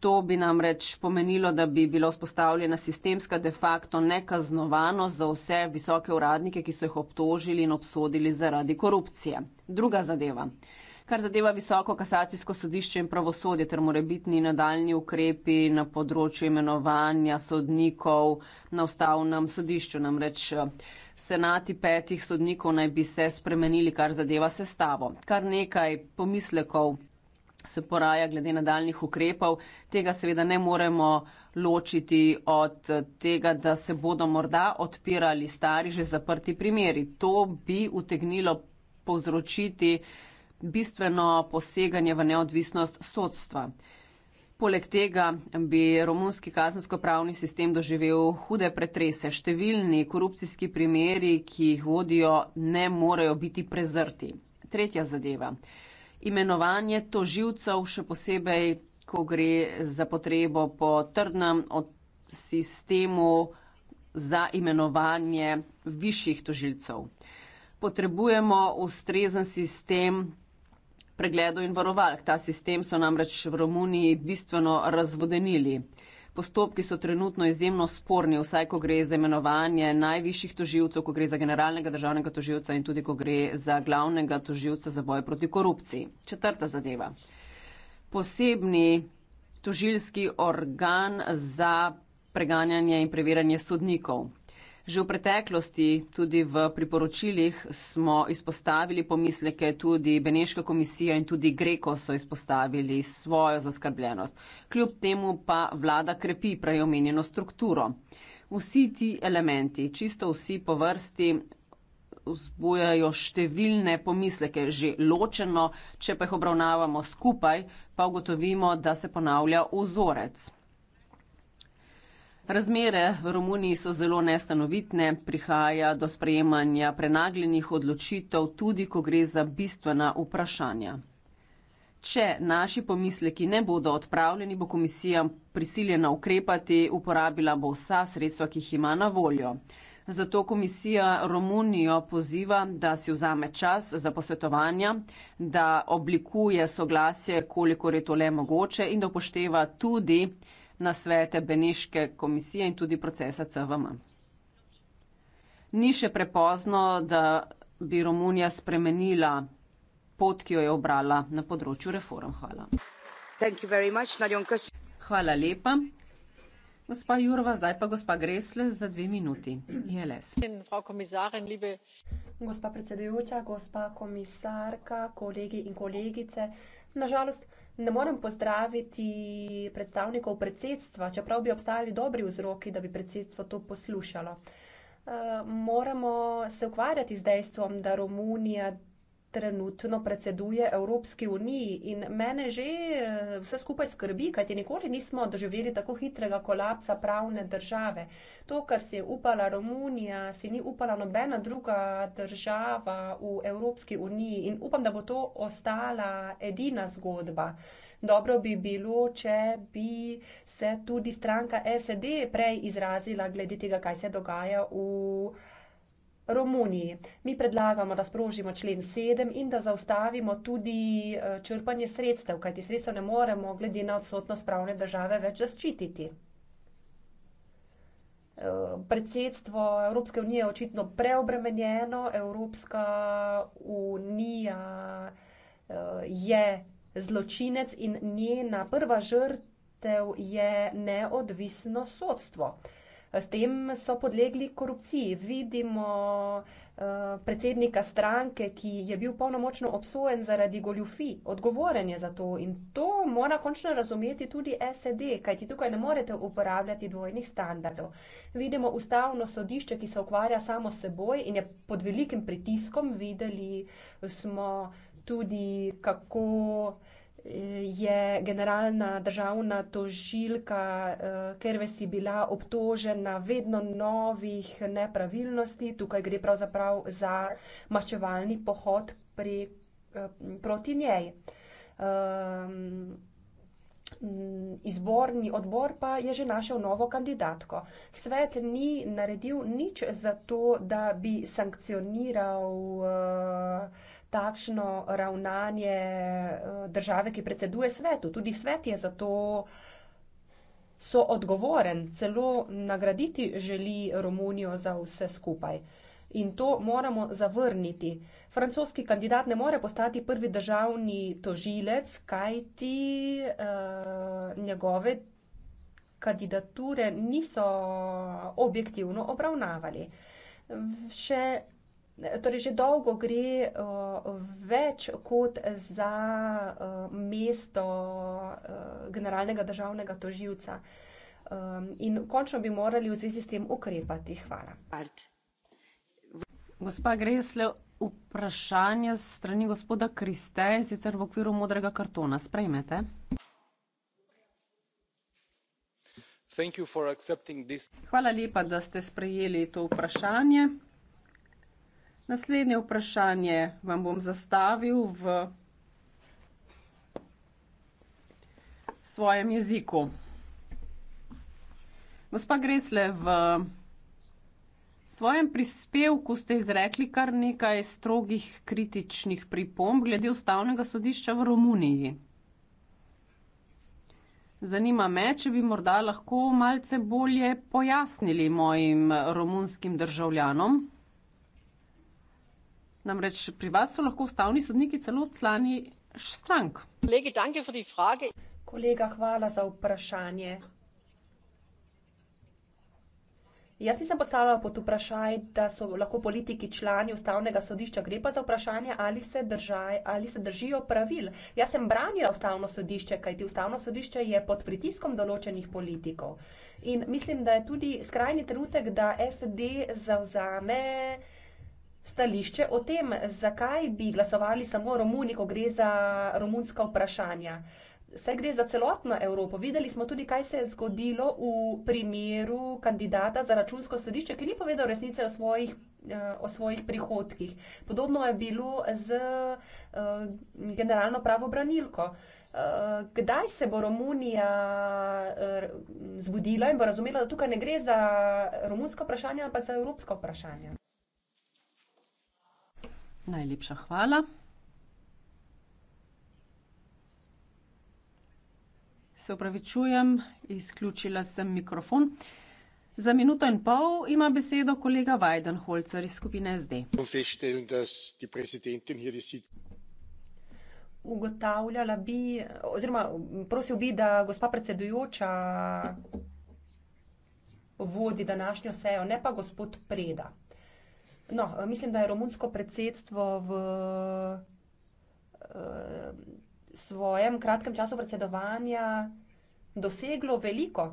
To bi namreč pomenilo, da bi bila vzpostavljena sistemska de facto nekaznovanost za vse visoke uradnike, ki so jih obtožili in obsodili zaradi korupcije. Druga zadeva. Kar zadeva visoko kasacijsko sodišče in pravosodje ter morebitni nadaljni ukrepi na področju imenovanja sodnikov na ustavnem sodišču, namreč senati petih sodnikov naj bi se spremenili, kar zadeva sestavo. Kar nekaj pomislekov se poraja glede nadaljnih ukrepov. Tega seveda ne moremo ločiti od tega, da se bodo morda odpirali stari že zaprti primeri. To bi utegnilo povzročiti bistveno poseganje v neodvisnost sodstva. Poleg tega bi romunski kazensko-pravni sistem doživel hude pretrese. Številni korupcijski primeri, ki jih vodijo, ne morejo biti prezrti. Tretja zadeva. Imenovanje toživcev, še posebej, ko gre za potrebo po trdnem sistemu za imenovanje višjih tožilcev. Potrebujemo ustrezen sistem pregledov in varovalk. Ta sistem so namreč v Romuniji bistveno razvodenili. Postopki so trenutno izjemno sporni, vsaj ko gre za imenovanje najvišjih toživcev, ko gre za generalnega državnega toživca in tudi ko gre za glavnega toživca za boj proti korupciji. Četrta zadeva. Posebni tožilski organ za preganjanje in preverjanje sodnikov. Že v preteklosti, tudi v priporočilih, smo izpostavili pomisleke, tudi Beneška komisija in tudi Greko so izpostavili svojo zaskrbljenost. Kljub temu pa vlada krepi prej omenjeno strukturo. Vsi ti elementi, čisto vsi po vrsti, vzbujajo številne pomisleke že ločeno, če pa jih obravnavamo skupaj, pa ugotovimo, da se ponavlja vzorec. Razmere v Romuniji so zelo nestanovitne, prihaja do sprejemanja prenagljenih odločitev, tudi ko gre za bistvena vprašanja. Če naši pomisleki ne bodo odpravljeni, bo komisija prisiljena ukrepati, uporabila bo vsa sredstva, ki jih ima na voljo. Zato komisija Romunijo poziva, da si vzame čas za posvetovanja, da oblikuje soglasje, kolikor je to le mogoče in da upošteva tudi na svete Beneške komisije in tudi procesa CVM. Ni še prepozno, da bi Romunija spremenila pot, ki jo je obrala na področju reform. Hvala. Hvala lepa. Gospa Jurova, zdaj pa gospa Gresle za dve minuti. Je les. Gospa predsedujoča, gospa komisarka, kolegi in kolegice, nažalost, ne morem pozdraviti predstavnikov predsedstva, čeprav bi obstajali dobri vzroki, da bi predsedstvo to poslušalo. Eh, moramo se ukvarjati z dejstvom, da Romunija trenutno predseduje Evropski uniji in mene že eh, vse skupaj skrbi, kajti nikoli nismo doživeli tako hitrega kolapsa pravne države. To, kar si je upala Romunija, si ni upala nobena druga država v Evropski uniji in upam, da bo to ostala edina zgodba. Dobro bi bilo, če bi se tudi stranka SED prej izrazila glede tega, kaj se dogaja v Romuniji. Mi predlagamo, da sprožimo člen 7 in da zaustavimo tudi eh, črpanje sredstev, kajti sredstev ne moremo glede na odsotnost pravne države več zaščititi. Eh, predsedstvo Evropske unije je očitno preobremenjeno, Evropska unija eh, je zločinec in njena prva žrtev je neodvisno sodstvo. S tem so podlegli korupciji. Vidimo uh, predsednika stranke, ki je bil polnomočno obsojen zaradi goljufij, odgovoren je za to in to mora končno razumeti tudi SED, kajti tukaj ne morete uporabljati dvojnih standardov. Vidimo ustavno sodišče, ki se ukvarja samo s seboj in je pod velikim pritiskom. Videli smo tudi, kako je generalna državna tožilka eh, Kervesi bila obtožena vedno novih nepravilnosti, tukaj gre pravzaprav za maščevalni pohod pri, eh, proti njej. Ehm, izborni odbor pa je že našel novo kandidatko. Svet ni naredil nič za to, da bi sankcioniral, eh, takšno ravnanje eh, države, ki predseduje svetu. Tudi svet je zato so odgovoren, celo nagraditi želi Romunijo za vse skupaj. In to moramo zavrniti. Francoski kandidat ne more postati prvi državni tožilec, kajti uh, njegove kandidature niso objektivno obravnavali. Še Torej, že dolgo gre več kot za mesto generalnega državnega toživca. In končno bi morali v zvezi s tem ukrepati. Hvala. Gospa Greslev, vprašanje strani gospoda Kristeja, sicer v okviru modrega kartona. Sprejmete? Hvala lepa, da ste sprejeli to vprašanje. Naslednje vprašanje vam bom zastavil v svojem jeziku. Gospa Gresle, v svojem prispevku ste izrekli kar nekaj strogih kritičnih pripomb glede ustavnega sodišča v Romuniji. Zanima me, če bi morda lahko malce bolje pojasnili mojim romunskim državljanom. Namreč pri vas so lahko ustavni sodniki celo člani strank. Kolegi, danke za vprašanje. Kolega, hvala za vprašanje. Jaz nisem postavljala pod vprašanje, da so lahko politiki člani ustavnega sodišča. Gre pa za vprašanje, ali se, držaj, ali se držijo pravil. Jaz sem branila ustavno sodišče, kajti ustavno sodišče je pod pritiskom določenih politikov. In mislim, da je tudi skrajni trenutek, da SD zauzame stališče o tem, zakaj bi glasovali samo Romuni, ko gre za romunska vprašanja. Saj gre za celotno Evropo. Videli smo tudi, kaj se je zgodilo v primeru kandidata za računsko sodišče, ki ni povedal resnice o svojih, eh, o svojih prihodkih. Podobno je bilo z, eh, generalno pravobranilko. Eh, kdaj se bo Romunija, zbudila in bo razumela, da tukaj ne gre za romunska vprašanja, ampak za evropska vprašanja? Najlepša hvala. Se upravičujem, izključila sem mikrofon. Za minuto in pol ima besedo kolega Weidenholzer iz skupine SD. Ugotavljala bi, oziroma prosil bi, da gospa predsedujoča vodi današnjo sejo, ne pa gospod Preda. No, eh, mislim, da je romunsko predsedstvo v uh, svojem kratkem času predsedovanja doseglo veliko.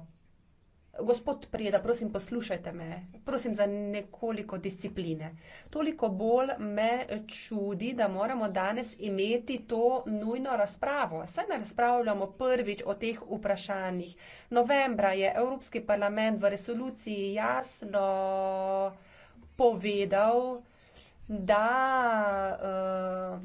Gospod Preda, prosim, poslušajte me, prosim za nekoliko discipline. Toliko bolj me čudi, da moramo danes imeti to nujno razpravo. Saj ne razpravljamo prvič o teh vprašanjih. Novembra je Evropski parlament v resoluciji jasno povedal, da uh,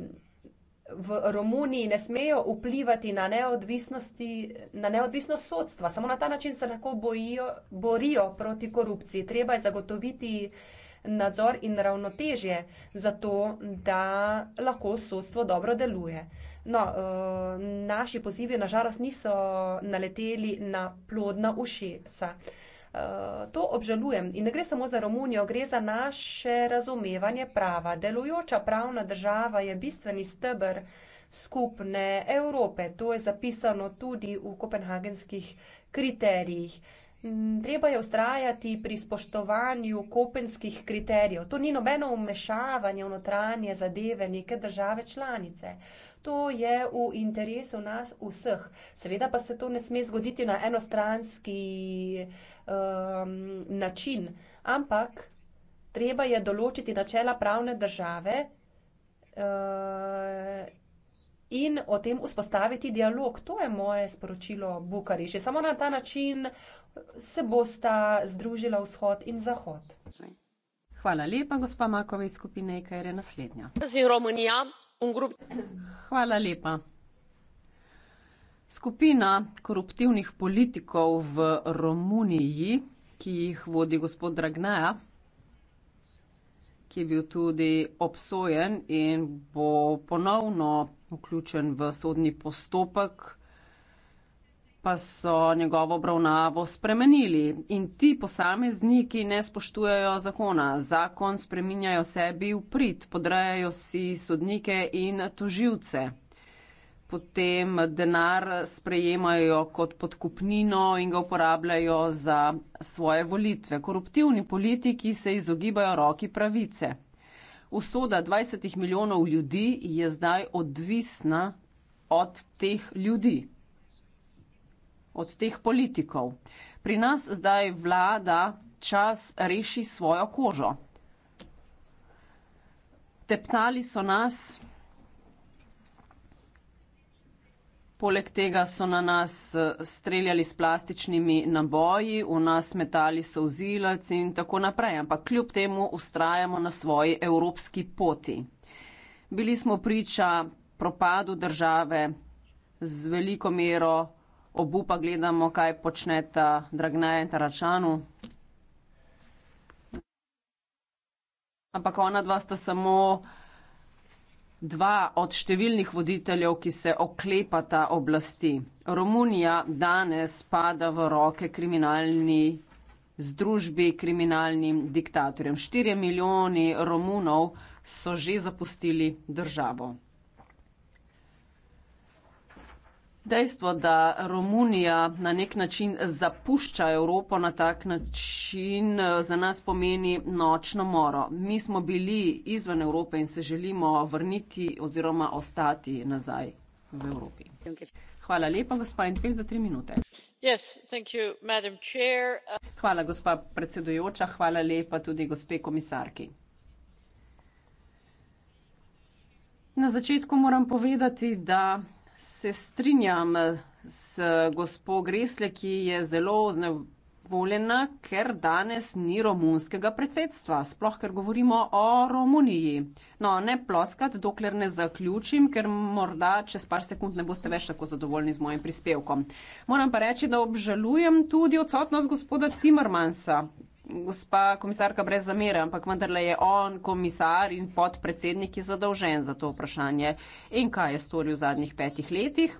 v Romuniji ne smejo vplivati na, na neodvisnost sodstva. Samo na ta način se lahko bojijo, borijo proti korupciji. Treba je zagotoviti nadzor in ravnotežje za to, da lahko sodstvo dobro deluje. No, uh, naši pozivi nažalost niso naleteli na plodna ušesa. Uh, Eh, to obžalujem. In ne gre samo za Romunijo, gre za naše razumevanje prava. Delujoča pravna država je bistveni stebr skupne Evrope. To je zapisano tudi v kopenhagenskih kriterijih. Mm, treba je ustrajati pri spoštovanju kopenskih kriterijev. To ni nobeno umešavanje v notranje zadeve neke države članice. To je v interesu nas vseh. Seveda pa se to ne sme zgoditi na enostranski način um, način, ampak treba je določiti načela pravne države uh, in o tem vzpostaviti dialog. To je moje sporočilo Bukareši. Samo na ta način se bosta združila vzhod in zahod. Hvala lepa, gospa Makovej skupine, e kaj je naslednja. Hvala lepa. Skupina koruptivnih politikov v Romuniji, ki jih vodi gospod Dragneja, ki je bil tudi obsojen in bo ponovno vključen v sodni postopek, pa so njegovo obravnavo spremenili. In ti posamezniki ne spoštujejo zakona. Zakon spreminjajo sebi v prid, podrejajo si sodnike in toživce potem denar sprejemajo kot podkupnino in ga uporabljajo za svoje volitve. Koruptivni politiki se izogibajo roki pravice. Usoda 20 milijonov ljudi je zdaj odvisna od teh ljudi, od teh politikov. Pri nas zdaj vlada čas reši svojo kožo. Teptali so nas. Poleg tega so na nas eh, streljali s plastičnimi naboji, v nas metali solzilac in tako naprej, ampak kljub temu ustrajamo na svoji evropski poti. Bili smo priča propadu države, z veliko mero obupa gledamo, kaj počneta Dragneja in Taračanu. Ampak ona dva sta samo dva od številnih voditeljev, ki se oklepata oblasti. Romunija danes pada v roke kriminalni združbi, kriminalnim diktatorjem. Štirje milijoni Romunov so že zapustili državo. dejstvo, da Romunija na nek način zapušča Evropo na tak način, eh, za nas pomeni nočno moro. Mi smo bili izven Evrope in se želimo vrniti oziroma ostati nazaj v Evropi. Hvala lepa, gospa Enfeld, za tri minute. Yes, you, uh... Hvala, gospa predsedujoča, hvala lepa tudi gospe komisarki. Na začetku moram povedati, da se strinjam z gospo Gresle, ki je zelo znevoljena, ker danes ni romunskega predsedstva, sploh ker govorimo o Romuniji. No, ne ploskat, dokler ne zaključim, ker morda čez par sekund ne boste več tako zadovoljni z mojim prispevkom. Moram pa reči, da obžalujem tudi odsotnost gospoda Timmermansa, gospa komisarka, brez zamere, ampak vendarle je on komisar in podpredsednik je zadolžen za to vprašanje in kaj je storil v zadnjih petih letih.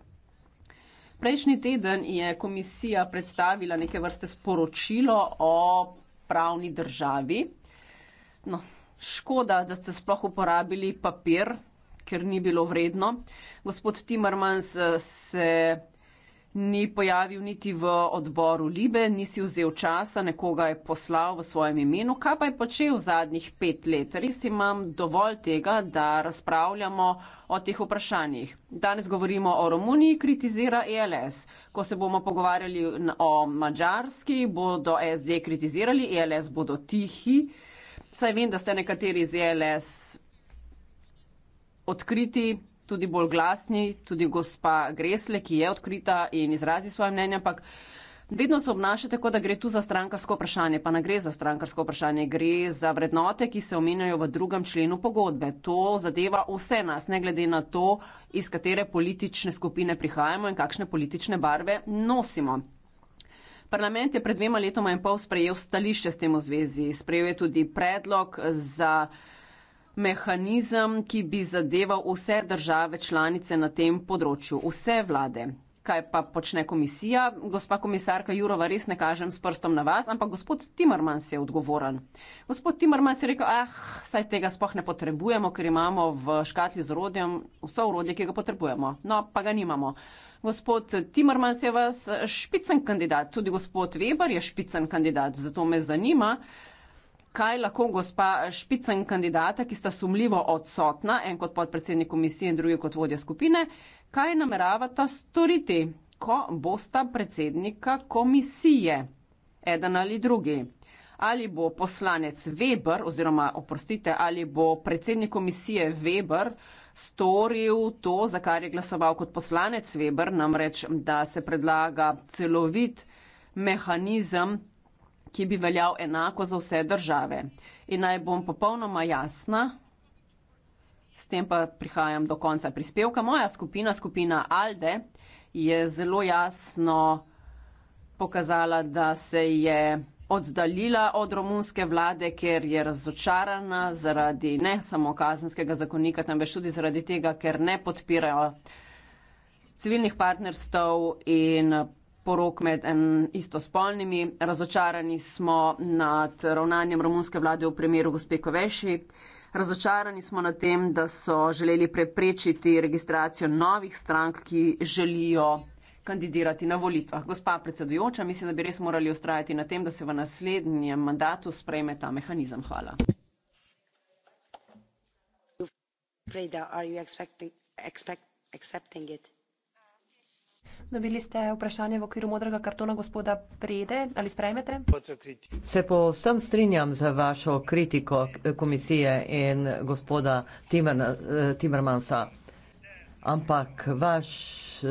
Prejšnji teden je komisija predstavila neke vrste sporočilo o pravni državi. No, škoda, da ste sploh uporabili papir, ker ni bilo vredno. Gospod Timmermans eh, se ni pojavil niti v odboru Libe, nisi vzel časa, nekoga je poslal v svojem imenu. Kaj pa je počel v zadnjih pet let? Res imam dovolj tega, da razpravljamo o teh vprašanjih. Danes govorimo o Romuniji, kritizira ELS. Ko se bomo pogovarjali o Mačarski, bodo SD kritizirali, ELS bodo tihi. Saj vem, da ste nekateri iz ELS odkriti, tudi bolj glasni, tudi gospa Gresle, ki je odkrita in izrazi svoje mnenje, ampak vedno se obnaša tako, da gre tu za strankarsko vprašanje, pa ne gre za strankarsko vprašanje, gre za vrednote, ki se omenjajo v drugem členu pogodbe. To zadeva vse nas, ne glede na to, iz katere politične skupine prihajamo in kakšne politične barve nosimo. Parlament je pred dvema letoma in pol sprejel stališče s tem v zvezi. Sprejel je tudi predlog za mehanizem, ki bi zadeval vse države članice na tem področju, vse vlade. Kaj pa počne komisija? Gospa komisarka Jurova, res ne kažem s prstom na vas, ampak gospod Timmermans je odgovoren. Gospod Timmermans je rekel, ah, saj tega spoh ne potrebujemo, ker imamo v škatli z orodjem vso orodje, ki ga potrebujemo. No, pa ga nimamo. Gospod Timmermans je vas špicen kandidat, tudi gospod Weber je špicen kandidat, zato me zanima, kaj lahko gospa Špica in kandidata, ki sta sumljivo odsotna, en kot podpredsednik komisije in drugi kot vodja skupine, kaj nameravata storiti, ko bosta predsednika komisije, eden ali drugi. Ali bo poslanec Weber oziroma, oprostite, ali bo predsednik komisije Weber storil to, za kar je glasoval kot poslanec Weber, namreč, da se predlaga celovit mehanizem ki bi veljal enako za vse države. In naj bom popolnoma jasna, s tem pa prihajam do konca prispevka. Moja skupina, skupina Alde, je zelo jasno pokazala, da se je oddaljila od romunske vlade, ker je razočarana zaradi ne samo kazenskega zakonika, temveč tudi zaradi tega, ker ne podpirajo civilnih partnerstv in porok med istospolnimi. Razočarani smo nad ravnanjem romunske vlade v primeru gospe Koveši. Razočarani smo nad tem, da so želeli preprečiti registracijo novih strank, ki želijo kandidirati na volitvah. Gospa predsedujoča, mislim, da bi res morali ustrajati na tem, da se v naslednjem mandatu sprejme ta mehanizem. Hvala. Preda, are you expecting, expect, accepting it? Dobili ste vprašanje v okviru modrega kartona gospoda Prede. Ali sprejmete? Se povsem strinjam za vašo kritiko komisije in gospoda eh, Timmermansa. Ampak vaš eh,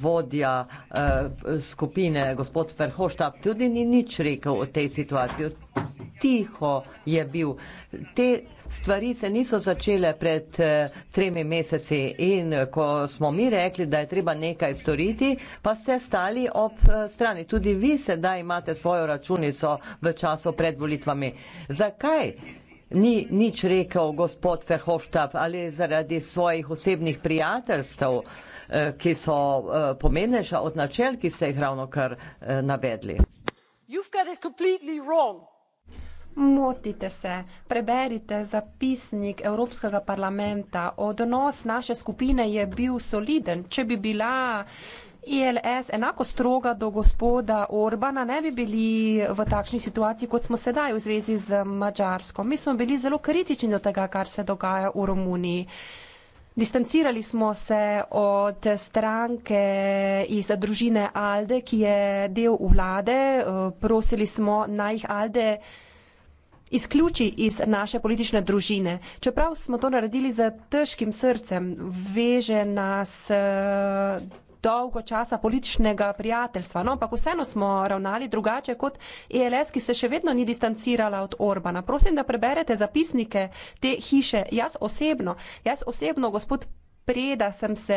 vodja eh, skupine, gospod Ferhoštab, tudi ni nič rekel o tej situaciji. Tiho je bil. Te situacije stvari se niso začele pred eh, tremi meseci in eh, ko smo mi rekli, da je treba nekaj storiti, pa ste stali ob eh, strani. Tudi vi sedaj imate svojo računico v času pred volitvami. Zakaj? Ni nič rekel gospod Verhofstadt ali zaradi svojih osebnih prijateljstv, ki so pomenejša od načel, ki ste jih ravno kar navedli. Motite se, preberite zapisnik Evropskega parlamenta. Odnos naše skupine je bil soliden. Če bi bila ILS e enako stroga do gospoda Orbana, ne bi bili v takšni situaciji, kot smo sedaj v zvezi z Mačarsko. Mi smo bili zelo kritični do tega, kar se dogaja v Romuniji. Distancirali smo se od stranke iz družine Alde, ki je del vlade. Prosili smo naj jih Alde izključi iz naše politične družine. Čeprav smo to naredili z težkim srcem, veže nas eh, dolgo časa političnega prijateljstva. No, ampak vseeno smo ravnali drugače kot ELS, ki se še vedno ni distancirala od Orbana. Prosim, da preberete zapisnike te hiše. Jaz osebno, jaz osebno, gospod Preda, sem se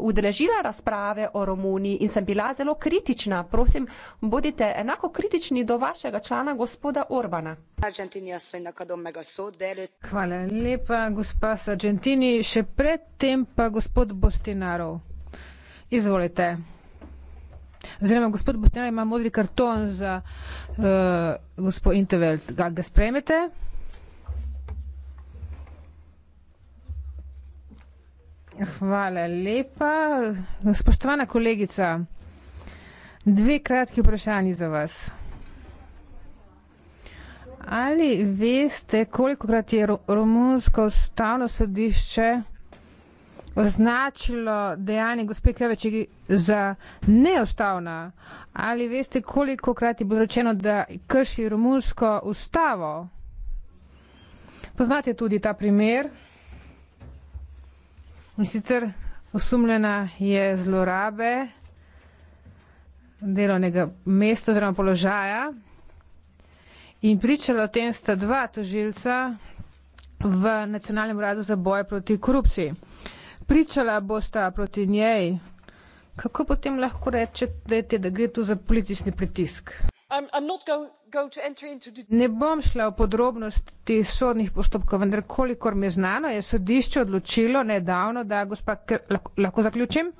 udeležila razprave o Romuniji in sem bila zelo kritična. Prosim, bodite enako kritični do vašega člana, gospoda Orbana. Hvala lepa, gospa Sargentini. Še predtem pa gospod Bostinarov. Izvolite. Oziroma, gospod Bostinarov ima modri karton za uh, eh, gospod Intervelt. Ga, ga sprejmete? Hvala lepa. Spoštovana kolegica, dve kratki vprašanji za vas. Ali veste, kolikokrat je romunsko ustavno sodišče označilo dejanje gospe Kjaveči za neustavna? Ali veste, kolikokrat je bilo rečeno, da krši romunsko ustavo? Poznate tudi ta primer. In sicer osumljena je zlorabe delovnega mesta oziroma položaja. In pričala o tem sta dva tožilca v Nacionalnem uradu za boje proti korupciji. Pričala bosta proti njej. Kako potem lahko rečete, da gre tu za politični pritisk? I'm, I'm not going ne bom šla v podrobnosti sodnih postopkov, vendar kolikor mi je znano, je sodišče odločilo nedavno, da gospa, lahko zaključim?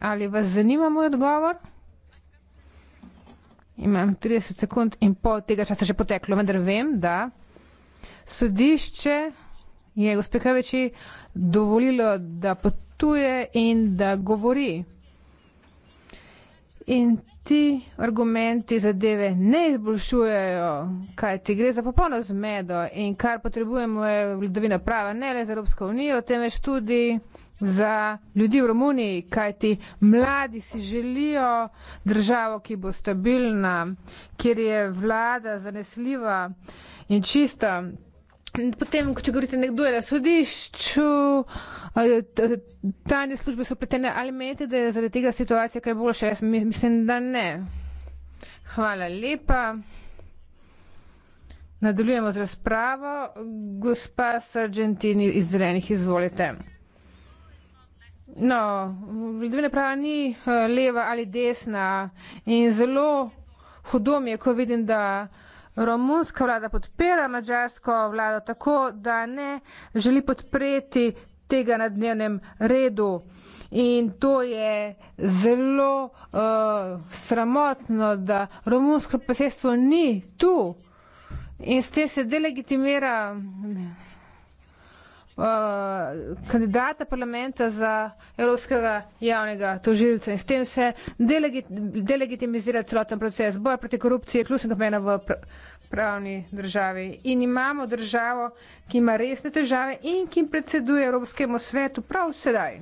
Ali vas zanima moj odgovor? Imam 30 sekund in pol tega časa že poteklo, vendar vem, da sodišče je gospe Kaveči dovolilo, da potuje in da govori in ti argumenti zadeve ne izboljšujejo, kaj ti gre za popolno zmedo in kar potrebujemo je vladavina prava, ne le za Evropsko unijo, temveč tudi za ljudi v Romuniji, kaj ti mladi si želijo državo, ki bo stabilna, kjer je vlada zanesljiva in čista. Potem, če govorite, nekdo je na sodišču, tajne službe so pletene, ali menite, da je zaradi tega situacija kaj boljša? Jaz mislim, da ne. Hvala lepa. Nadaljujemo z razpravo. Gospa Sargentini iz Zrenih, izvolite. No, vladavina prava ni eh, leva ali desna in zelo hudo mi je, ko vidim, da. Romunska vlada podpira mađarsko vlado tako, da ne želi podpreti tega na dnevnem redu. In to je zelo uh, sramotno, da romunsko posestvo ni tu in s tem se delegitimira Uh, kandidata parlamenta za evropskega javnega tožilca in s tem se delegit, delegitimizira celoten proces. Boj proti korupciji je ključnega pomena v pr pravni državi. In imamo državo, ki ima resne težave in ki predseduje Evropskemu svetu prav sedaj.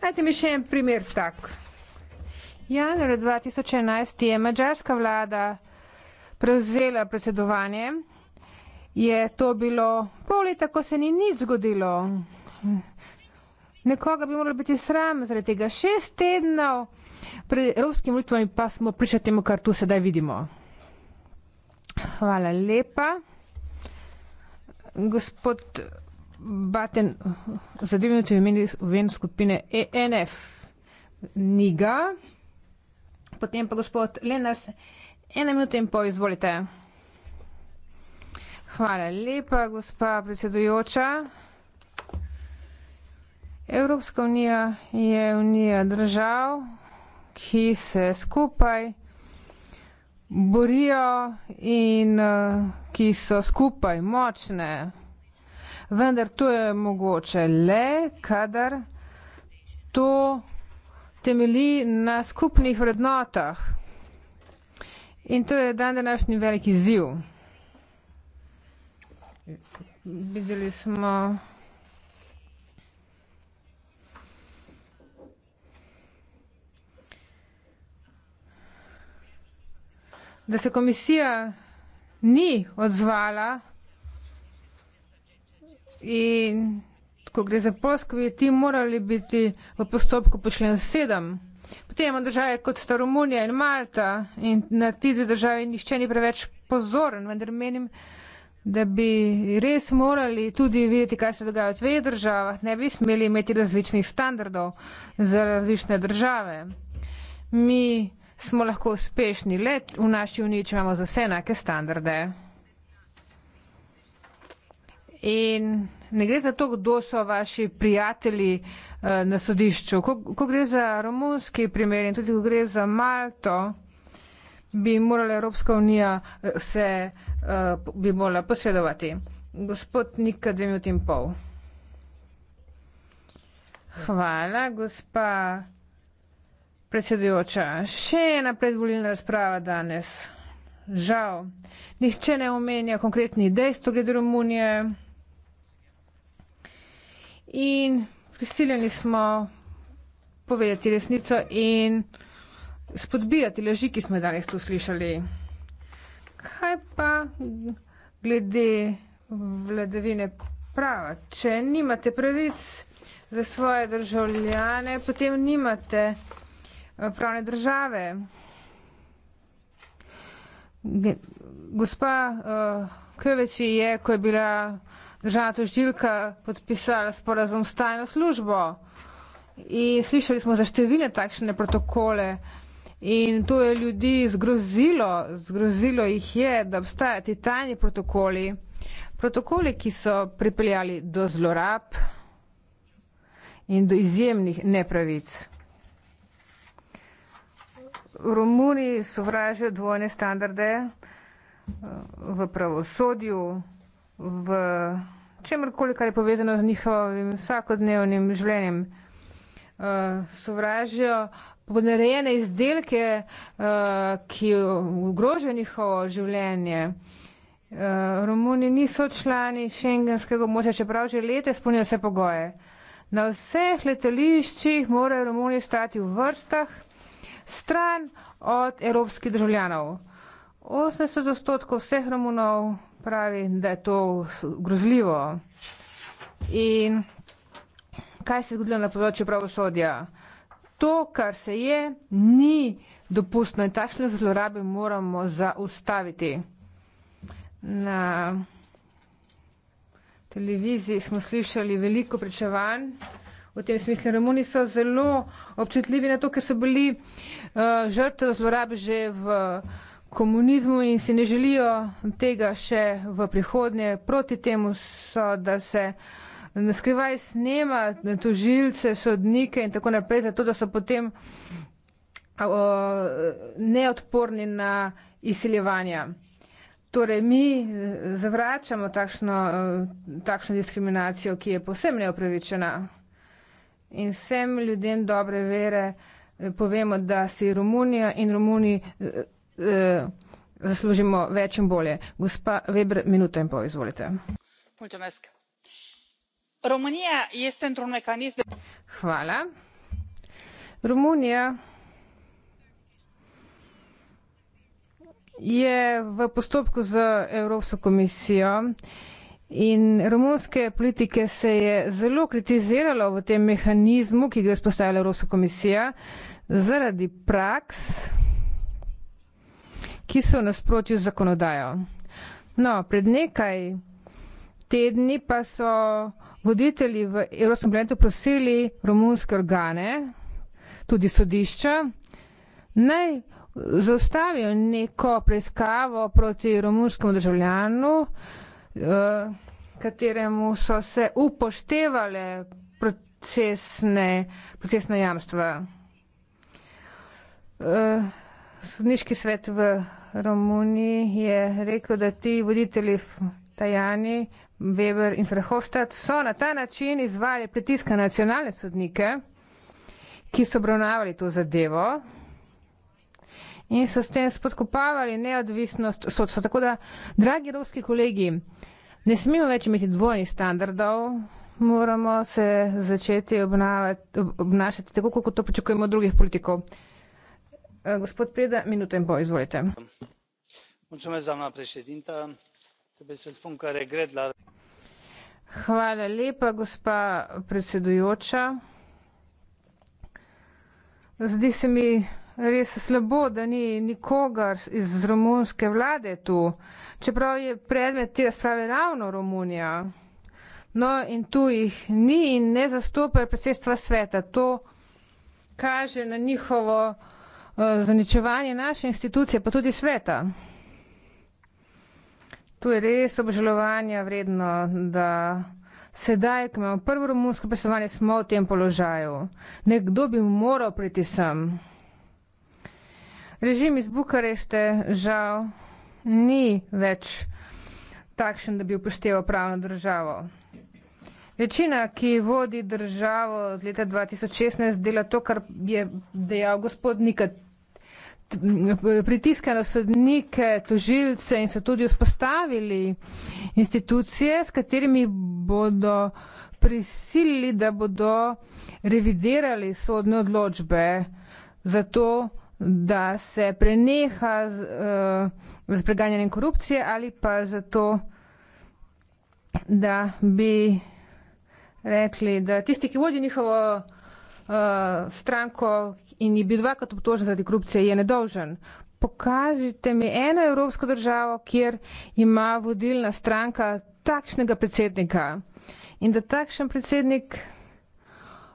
Dajte mi še en primer tak. Januar 2011 je mađarska vlada prevzela predsedovanje je to bilo pol leta, ko se ni nič zgodilo. Nekoga bi moralo biti sram zaradi tega. Šest tednov pred ruskim volitvami pa smo pričali temu, kar tu sedaj vidimo. Hvala lepa. Gospod Baten, za dve minuti v imeni v eno skupine ENF. Niga. Potem pa gospod Lenars, ena minuta in pol izvolite. Hvala lepa, gospa predsedujoča. Evropska unija je unija držav, ki se skupaj borijo in uh, ki so skupaj močne. Vendar to je mogoče le, kadar to temelji na skupnih vrednotah. In to je dan današnji veliki ziv. Videli smo da se komisija ni odzvala in ko gre za poskvi, ti morali biti v postopku po členu sedem. Potem imamo države kot sta Romunija in Malta in na ti dve državi nišče ni preveč pozoren, vendar menim, da da bi res morali tudi videti, kaj se dogaja v svojih državah, ne bi smeli imeti različnih standardov za različne države. Mi smo lahko uspešni le v naši uniji, če imamo za vse enake standarde. In ne gre za to, kdo so vaši prijatelji uh, na sodišču. Ko, ko gre za romunski primer in tudi ko gre za Malto, bi morala Evropska unija eh, se, eh, bi morala posredovati. Gospod Nika, dve minuti in pol. Hvala, gospa predsedujoča. Še ena predvolilna razprava danes. Žal, nihče ne omenja konkretnih dejstv glede Romunije. In prisiljeni smo povedati resnico in spodbijati leži, ki smo danes tu slišali. Kaj pa glede vladavine prava? Če nimate pravic za svoje državljane, potem nimate eh, pravne države. Gospa uh, eh, Kjoveči je, ko je bila državna tožilka, podpisala sporazum s tajno službo. In slišali smo za številne takšne protokole, uh, In to je ljudi zgrozilo, zgrozilo jih je, da obstajajo tajni protokoli, protokoli, ki so pripeljali do zlorab in do izjemnih nepravic. Romuni sovražijo dvojne standarde eh, v pravosodju, v čemkoli, kar je povezano z njihovim vsakodnevnim življenjem. Uh, sovražijo ponarejene izdelke, eh, ki ogrožajo njihovo življenje. Eh, Romuni niso člani šengenskega območja, čeprav že leta izpolnijo vse pogoje. Na vseh letališčih morajo Romuni stati v vrstah stran od evropskih državljanov. 80 odstotkov vseh Romunov pravi, da je to grozljivo. In kaj se je zgodilo na področju pravosodja? to, kar se je, ni dopustno in takšne zlorabe moramo zaustaviti. Na televiziji smo slišali veliko pričevanj v tem smislu. Romuni so zelo občutljivi na to, ker so bili uh, eh, žrtve zlorabe že v komunizmu in si ne želijo tega še v prihodnje. Proti temu so, da se na skrivaj snema tožilce, sodnike in tako naprej, zato da so potem o, neodporni na izsiljevanja. Torej, mi eh, zavračamo takšno, eh, takšno diskriminacijo, ki je posem neopravičena. In vsem ljudem dobre vere eh, povemo, da si Romunija in Romuniji zaslužimo več in bolje. Gospa Weber, minuto in pol, izvolite. Mulčemesk românia este într un mecanism românia je v postopku z evropsko komisijo in romunske politike se je zelo kritiziralo v tem mehanizmu ki ga je vzpostavila evropska komisija zaradi praks ki so v nasprotju z zakonodajo no pred nekaj tedni pa so voditelji v Evropskem parlamentu prosili romunske organe, tudi sodišča, naj zaustavijo neko preiskavo proti romunskemu državljanu, eh, kateremu so se upoštevale procesne, procesna jamstva. Eh, sodniški svet v Romuniji je rekel, da ti voditelji Tajani Weber in Verhofstadt so na ta način izvali pritiska na nacionalne sodnike, ki so obravnavali to zadevo in so s tem spodkopavali neodvisnost sodstva. Tako da, dragi evropski kolegi, ne smemo več imeti dvojnih standardov, moramo se začeti obnašati tako, kot to pričakujemo od drugih politikov. Eh, gospod Preda, minuto in bo, izvolite. Hvala, predsednica trebuie să spun că regret la... Hvala lepa, gospa predsedujoča. Zdi se mi res slabo, da ni nikogar iz romunske vlade tu, čeprav je predmet te razprave ravno Romunija. No in tu jih ni in ne zastopajo predsedstva sveta. To kaže na njihovo uh, zaničevanje naše institucije, pa tudi sveta. To je res obžalovanja vredno, da sedaj, ko imamo prvo romunsko predstavljanje, smo v tem položaju. Nekdo bi moral priti sem. Režim iz Bukarešte žal ni več takšen, da bi upošteval pravno državo. Večina, ki vodi državo od leta 2016, dela to, kar je dejal gospod Nikat pritiska na sodnike, tožilce in so tudi vzpostavili institucije, s katerimi bodo prisilili, da bodo revidirali sodne odločbe za to, da se preneha z, eh, z preganjanjem korupcije ali pa za to, da bi rekli, da tisti, ki vodi njihovo Eh, stranko in je bil dvakrat obtožen zaradi korupcije, je nedolžen. Pokažite mi eno evropsko državo, kjer ima vodilna stranka takšnega predsednika in da takšen predsednik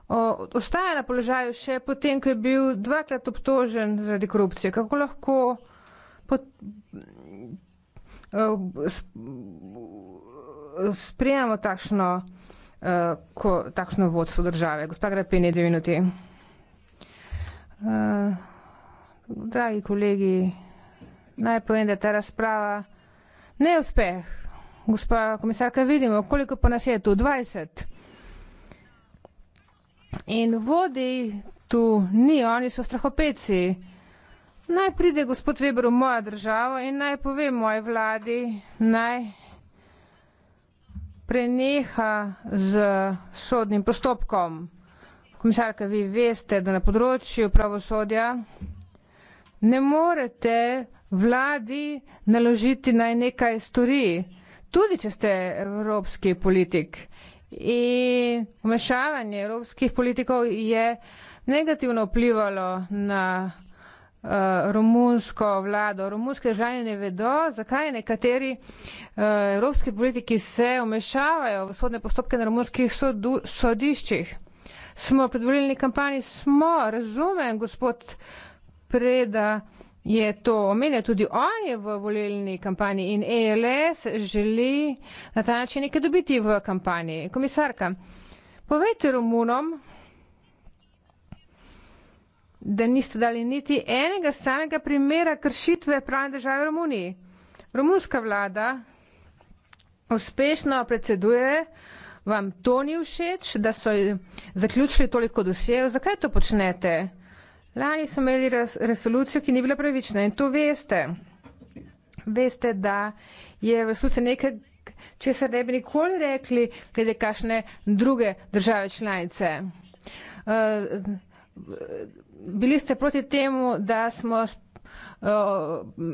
o, ostaja na položaju še potem, ko je bil dvakrat obtožen zaradi korupcije. Kako lahko pot, o, eh, sp, o, sprejemo takšno? Eh, ko takšno vodstvo države. Gospa Grapeni, dve minuti. Uh, dragi kolegi, naj povem, da ta razprava ne je uspeh. Gospa komisarka, vidimo, koliko pa nas je tu, 20. In vodi tu ni, oni so strahopeci. Naj pride gospod Weber v mojo državo in naj pove moji vladi, naj preneha z sodnim postopkom. Komisarka, vi veste, da na področju pravosodja ne morete vladi naložiti naj nekaj stori, tudi če ste evropski politik. In vmešavanje evropskih politikov je negativno vplivalo na Eh, romunsko vlado. Romunske državljani ne vedo, zakaj nekateri eh, evropski politiki se omešavajo v sodne postopke na romunskih sodiščih. Smo predvoljeni kampanji, smo, razumem, gospod Preda je to omenil, tudi on je v volilni kampanji in ELS želi na ta način nekaj dobiti v kampanji. Komisarka, povejte Romunom, da niste dali niti enega samega primera kršitve pravne države v Romuniji. Romunska vlada uspešno predseduje, vam to ni všeč, da so zaključili toliko dosjev, zakaj to počnete? Lani smo imeli resolucijo, ki ni bila pravična in to veste. Veste, da je v resnici nekaj, česar ne bi nikoli rekli, glede kakšne druge države članice bili ste proti temu, da smo eh,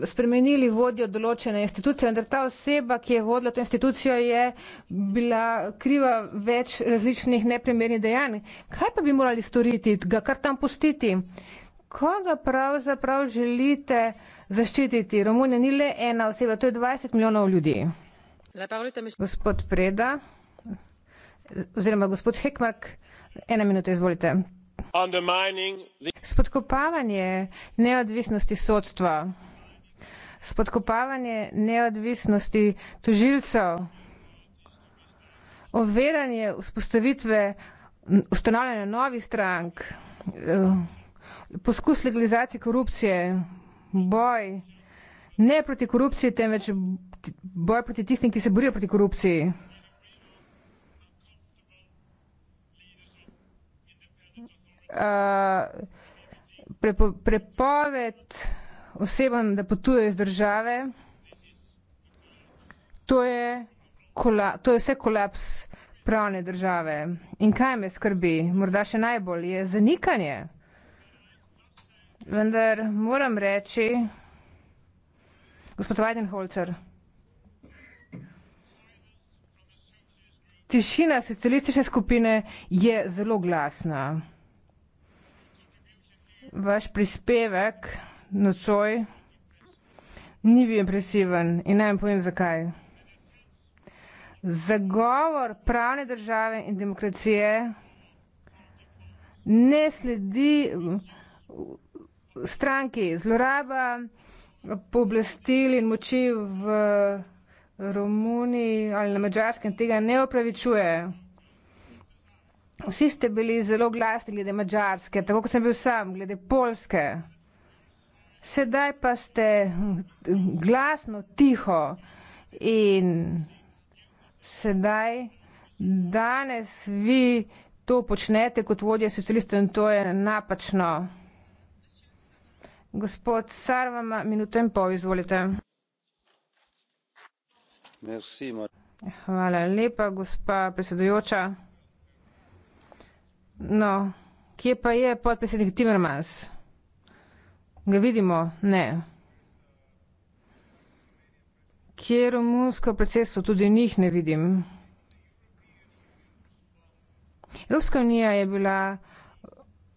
spremenili vodjo določene institucije, vendar ta oseba, ki je vodila to institucijo, je bila kriva več različnih neprimernih dejanj. Kaj pa bi morali storiti, ga kar tam pustiti? Koga pravzaprav želite zaščititi? Romunija ni le ena oseba, to je 20 milijonov ljudi. Gospod Preda, oziroma gospod Hekmark, ena minuta izvolite spodkopavanje neodvisnosti sodstva spodkopavanje neodvisnosti tožilcev oviranje vzpostavitve ustanavljanja novih strank eh, poskus legalizacije korupcije boj ne proti korupciji temveč boj proti tistim ki se borijo proti korupciji Eh, prepo, prepoved osebam, da potujejo iz države, to je, kola, to je vse kolaps pravne države. In kaj me skrbi, morda še najbolj, je zanikanje. Vendar moram reči, gospod Weidenholzer, tišina socialistične skupine je zelo glasna vaš prispevek nocoj ni bil impresiven in naj vam povem zakaj. Zagovor pravne države in demokracije ne sledi stranki zloraba pooblastil in moči v Romuniji ali na Mačarskem tega ne opravičuje. Vsi ste bili zelo glasni glede Mačarske, tako kot sem bil sam, glede Polske. Sedaj pa ste hm, glasno, tiho in sedaj, danes vi to počnete kot vodja socialistov in to je napačno. Gospod Sarvama, minuto in pol, izvolite. Merci, Hvala lepa, gospa predsedujoča. No, kje pa je podpredsednik Timmermans? Ga vidimo? Ne. Kje je romunsko predsedstvo? Tudi njih ne vidim. Evropska unija je bila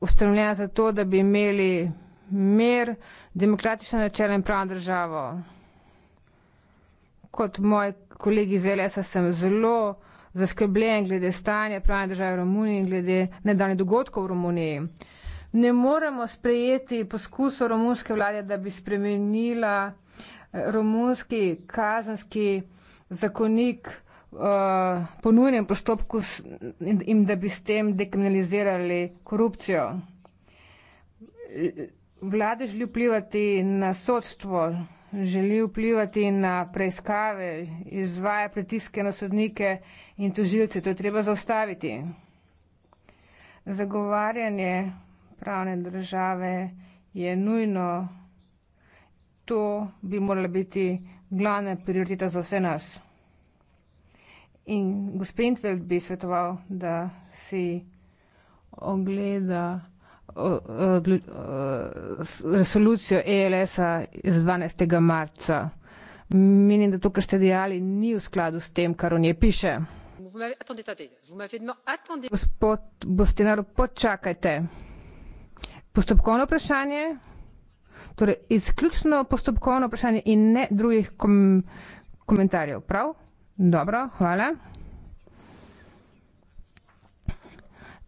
ustanovljena zato, da bi imeli mer, demokratično načelo in pravno državo. Kot moji kolegi iz LS-a sem zelo zaskrbljen glede stanja pravne države v Romuniji in glede nedavnih dogodkov v Romuniji. Ne moremo sprejeti poskusov romunske vlade, da bi spremenila eh, romunski kazanski zakonik uh, po nujnem postopku in, in da bi s tem dekriminalizirali korupcijo. Vlade želi vplivati na sodstvo želi vplivati na preiskave, izvaja pritiske na sodnike in tožilce. To je treba zaustaviti. Zagovarjanje pravne države je nujno. To bi morala biti glavna prioriteta za vse nas. In gospod Intveld bi svetoval, da si ogleda resolucijo ELS-a iz 12. marca. Menim, da to, kar ste dejali, ni v skladu s tem, kar v njej piše. Gospod Bostinar, počakajte. Postopkovno vprašanje, torej izključno postopkovno vprašanje in ne drugih kom komentarjev. Prav? Dobro, hvala.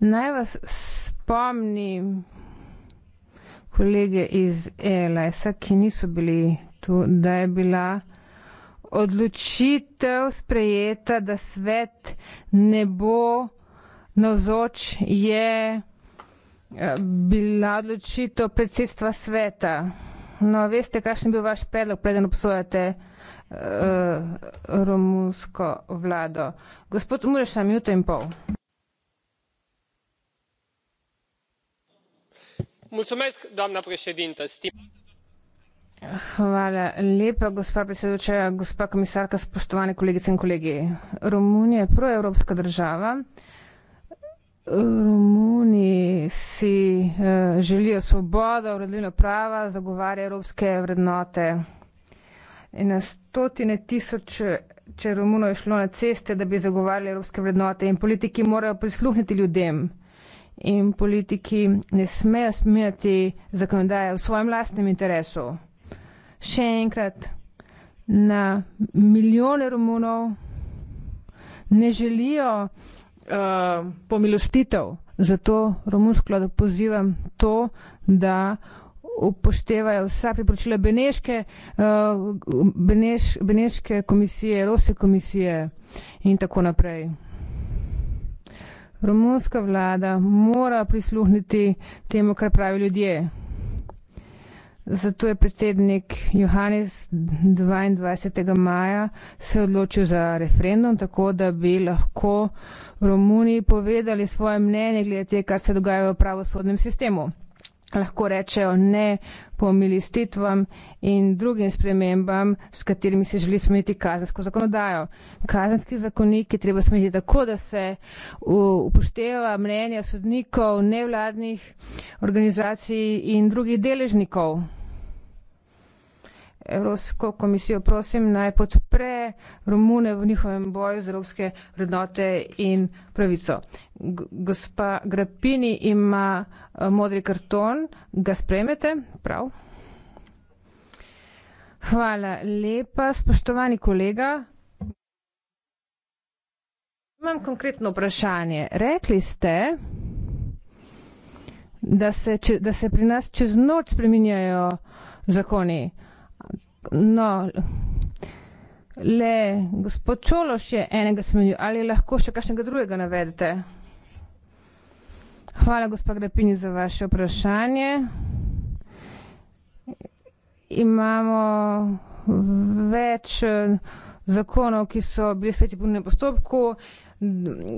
Naj vas spomnim, kolege iz ELS-a, ki niso bili tu, da je bila odločitev sprejeta, da svet ne bo navzoč, je eh, bila odločitev predsedstva sveta. No, veste, kakšen je bil vaš predlog, preden obsojate uh, romunsko vlado. Gospod Mureša, minuto in pol. doamnă președintă Hvala lepa, gospa predsedujoča, gospa komisarka, spoštovane kolegice in kolegi. Romunija je proevropska država. Romuni si eh, želijo svobodo, vladavino prava, zagovarja evropske vrednote. In na stotine tisoče Romunov je šlo na ceste, da bi zagovarjali evropske vrednote in politiki morajo prisluhniti ljudem in politiki ne smejo spremljati zakonodaje v svojem lastnem interesu. Še enkrat, na milijone Romunov ne želijo uh, pomilostitev, zato Romunsko da pozivam to, da upoštevajo vsa priporočila Beneške, uh, Beneš, Beneške komisije, Rose komisije in tako naprej. Romunska vlada mora prisluhniti temu, kar pravijo ljudje. Zato je predsednik Johannes 22. maja se odločil za referendum, tako da bi lahko Romuniji povedali svoje mnenje glede tega, kar se dogaja v pravosodnem sistemu lahko rečejo ne pomilistitvam in drugim spremembam, s katerimi se želi spremeniti kazensko zakonodajo. Kazenski zakonik je treba spremeniti tako, da se upošteva mnenja sodnikov, nevladnih organizacij in drugih deležnikov. Evropsko komisijo prosim naj podpre Romune v njihovem boju z evropske vrednote in pravico. G gospa Grapini ima eh, modri karton, ga sprejmete? Prav. Hvala lepa, spoštovani kolega. Imam konkretno vprašanje. Rekli ste, da se, če, da se pri nas čez noč spreminjajo zakoni. No, le gospod Čološ je enega smenil. Ali lahko še kakšnega drugega navedete? Hvala, gospa Grapini, za vaše vprašanje. Imamo več eh, zakonov, ki so bili sveti v postopku. Uh,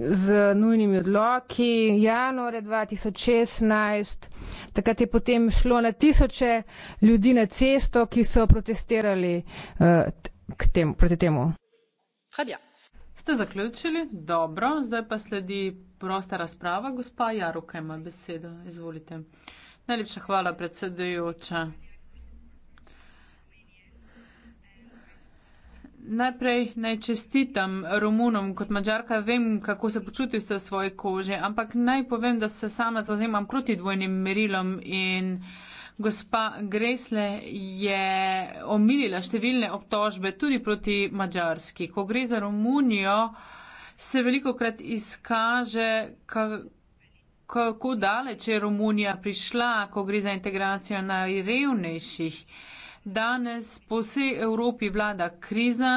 z nujnimi odloki januarja 2016. Takrat je potem šlo na tisoče ljudi na cesto, ki so protestirali uh, eh, tem, proti temu. Hadja. Ste zaključili? Dobro, zdaj pa sledi prosta razprava. Gospa Jaruka ima besedo. Izvolite. Najlepša hvala predsedujoča. Najprej naj čestitam Romunom kot mačarka, vem, kako se počutijo v svoji koži, ampak naj povem, da se sama zauzemam proti dvojnim merilom in gospa Gresle je omilila številne obtožbe tudi proti mačarski. Ko gre za Romunijo, se veliko krat izkaže, kako daleč je Romunija prišla, ko gre za integracijo najrevnejših. Danes po vsej Evropi vlada kriza,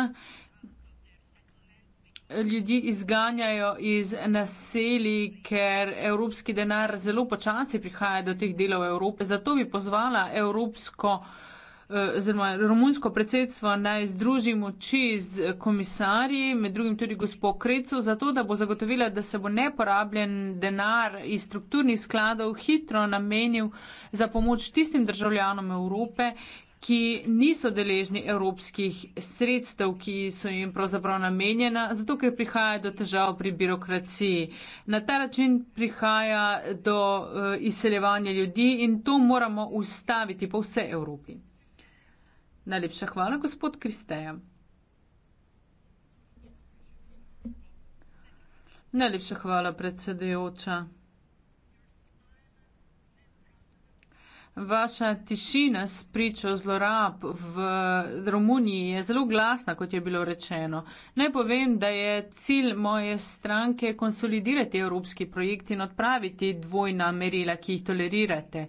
ljudi izganjajo iz naseli, ker evropski denar zelo počasi prihaja do teh delov Evrope. Zato bi pozvala evropsko eh, oziroma romunsko predsedstvo naj združi moči z komisarji, med drugim tudi gospod Krecu, zato da bo zagotovila, da se bo neporabljen denar iz strukturnih skladov hitro namenil za pomoč tistim državljanom Evrope, ki niso deležni evropskih sredstev, ki so jim pravzaprav namenjena, zato ker prihaja do težav pri birokraciji. Na ta način prihaja do uh, izseljevanja ljudi in to moramo ustaviti po vsej Evropi. Najlepša hvala, gospod Kristeja. Najlepša hvala, predsedujoča. Vaša tišina s pričo zlorab v Romuniji je zelo glasna, kot je bilo rečeno. Naj povem, da je cilj moje stranke konsolidirati evropski projekt in odpraviti dvojna merila, ki jih tolerirate.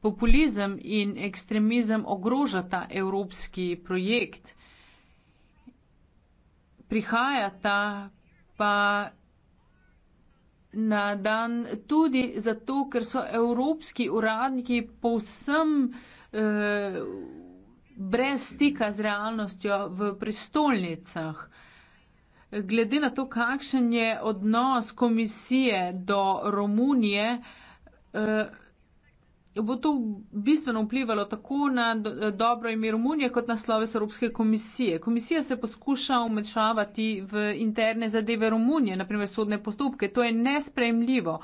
Populizem in ekstremizem ogrožata evropski projekt. Prihajata pa na dan tudi zato, ker so evropski uradniki povsem eh, brez stika z realnostjo v prestolnicah. Glede na to, kakšen je odnos komisije do Romunije, eh, bo to bistveno vplivalo tako na do, dobro ime Romunije kot na sloves Evropske komisije. Komisija se poskuša umečavati v interne zadeve Romunije, naprimer sodne postopke. To je nespremljivo.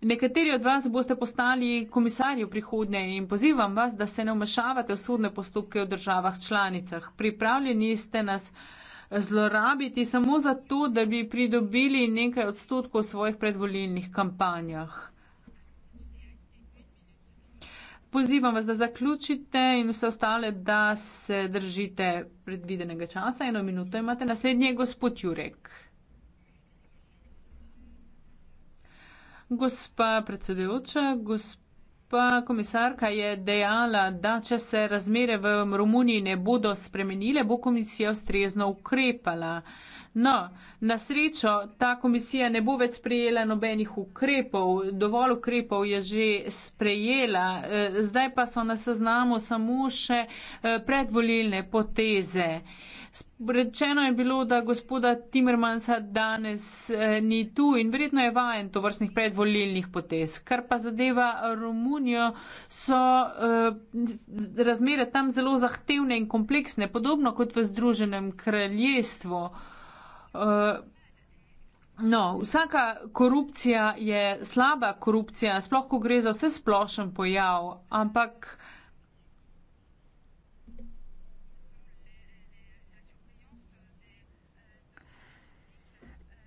Nekateri od vas boste postali komisarji v prihodnje in pozivam vas, da se ne umešavate v sodne postopke v državah članicah. Pripravljeni ste nas eh, zlorabiti samo zato, da bi pridobili nekaj odstotkov v svojih predvolilnih kampanjah pozivam vas, da zaključite in vse ostale, da se držite predvidenega časa. Eno minuto imate. Naslednji je gospod Jurek. Gospa predsedujoča, gospa komisarka je dejala, da če se razmere v Romuniji ne bodo spremenile, bo komisija ustrezno ukrepala. Uh, No, na srečo ta komisija ne bo več sprejela nobenih ukrepov, dovolj ukrepov je že sprejela, eh, zdaj pa so na seznamu samo še eh, predvolilne poteze. Rečeno je bilo, da gospoda Timmermansa danes eh, ni tu in verjetno je vajen to vrstnih predvolilnih potez. Kar pa zadeva Romunijo, so eh, razmere tam zelo zahtevne in kompleksne, podobno kot v Združenem kraljestvu. Eh, Eh, no, vsaka korupcija je slaba korupcija, sploh ko gre za vse splošen pojav, ampak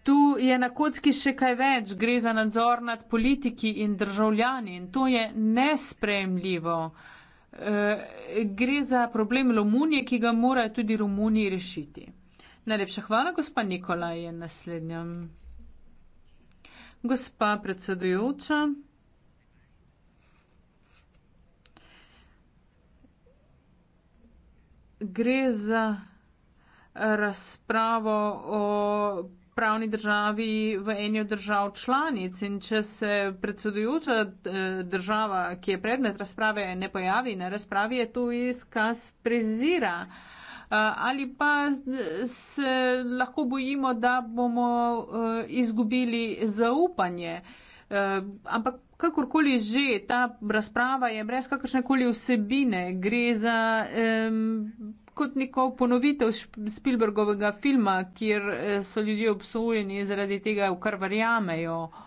tu je na kocki še kaj več, gre za nadzor nad politiki in državljani in to je nespremljivo. Eh, gre za problem Romunije, ki ga morajo tudi Romuniji rešiti. Najlepša hvala, gospa Nikola je naslednja. Gospa predsedujoča, gre za razpravo o pravni državi v eni od držav članic in če se predsedujoča eh, država, ki je predmet razprave, ne pojavi na razpravi, je to izkaz prezira ali pa se lahko bojimo, da bomo eh, izgubili zaupanje. Eh, ampak kakorkoli že, ta razprava je brez kakršnekoli vsebine, gre za. Um, Kot neko ponovitev Spielbergovega filma, kjer eh, so ljudje obsojeni zaradi tega, v kar verjamejo. Uh,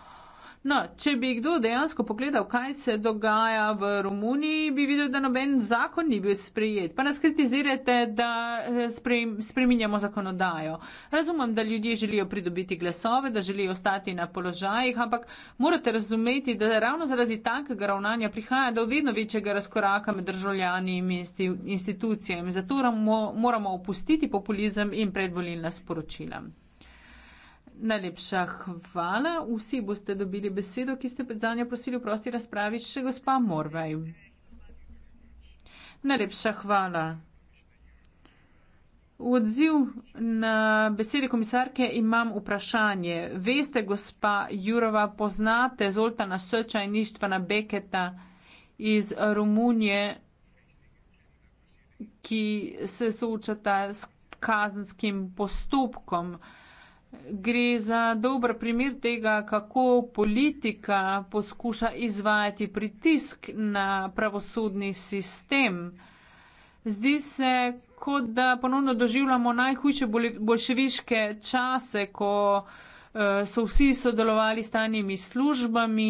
No, če bi kdo dejansko pogledal, kaj se dogaja v Romuniji, bi videl, da noben zakon ni bil sprejet. Pa nas kritizirate, da eh, spreminjamo zakonodajo. Razumem, da ljudje želijo pridobiti glasove, da želijo ostati na položajih, ampak morate razumeti, da ravno zaradi takega ravnanja prihaja do vedno večjega razkoraka med državljani in institucijami. Zato moramo opustiti populizem in predvolilna sporočila. Najlepša hvala. Vsi boste dobili besedo, ki ste za njo prosili v prosti razpravi, še gospa Morvej. Najlepša hvala. V odziv na besede komisarke imam vprašanje. Veste, gospa Jurova, poznate Zoltana Srča in Ištvana Beketa iz Romunije, ki se soočata s kazenskim postopkom gre za dober primer tega, kako politika poskuša izvajati pritisk na pravosodni sistem. Zdi se, kot da ponovno doživljamo najhujše bolševiške čase, ko eh, so vsi sodelovali s tajnimi službami,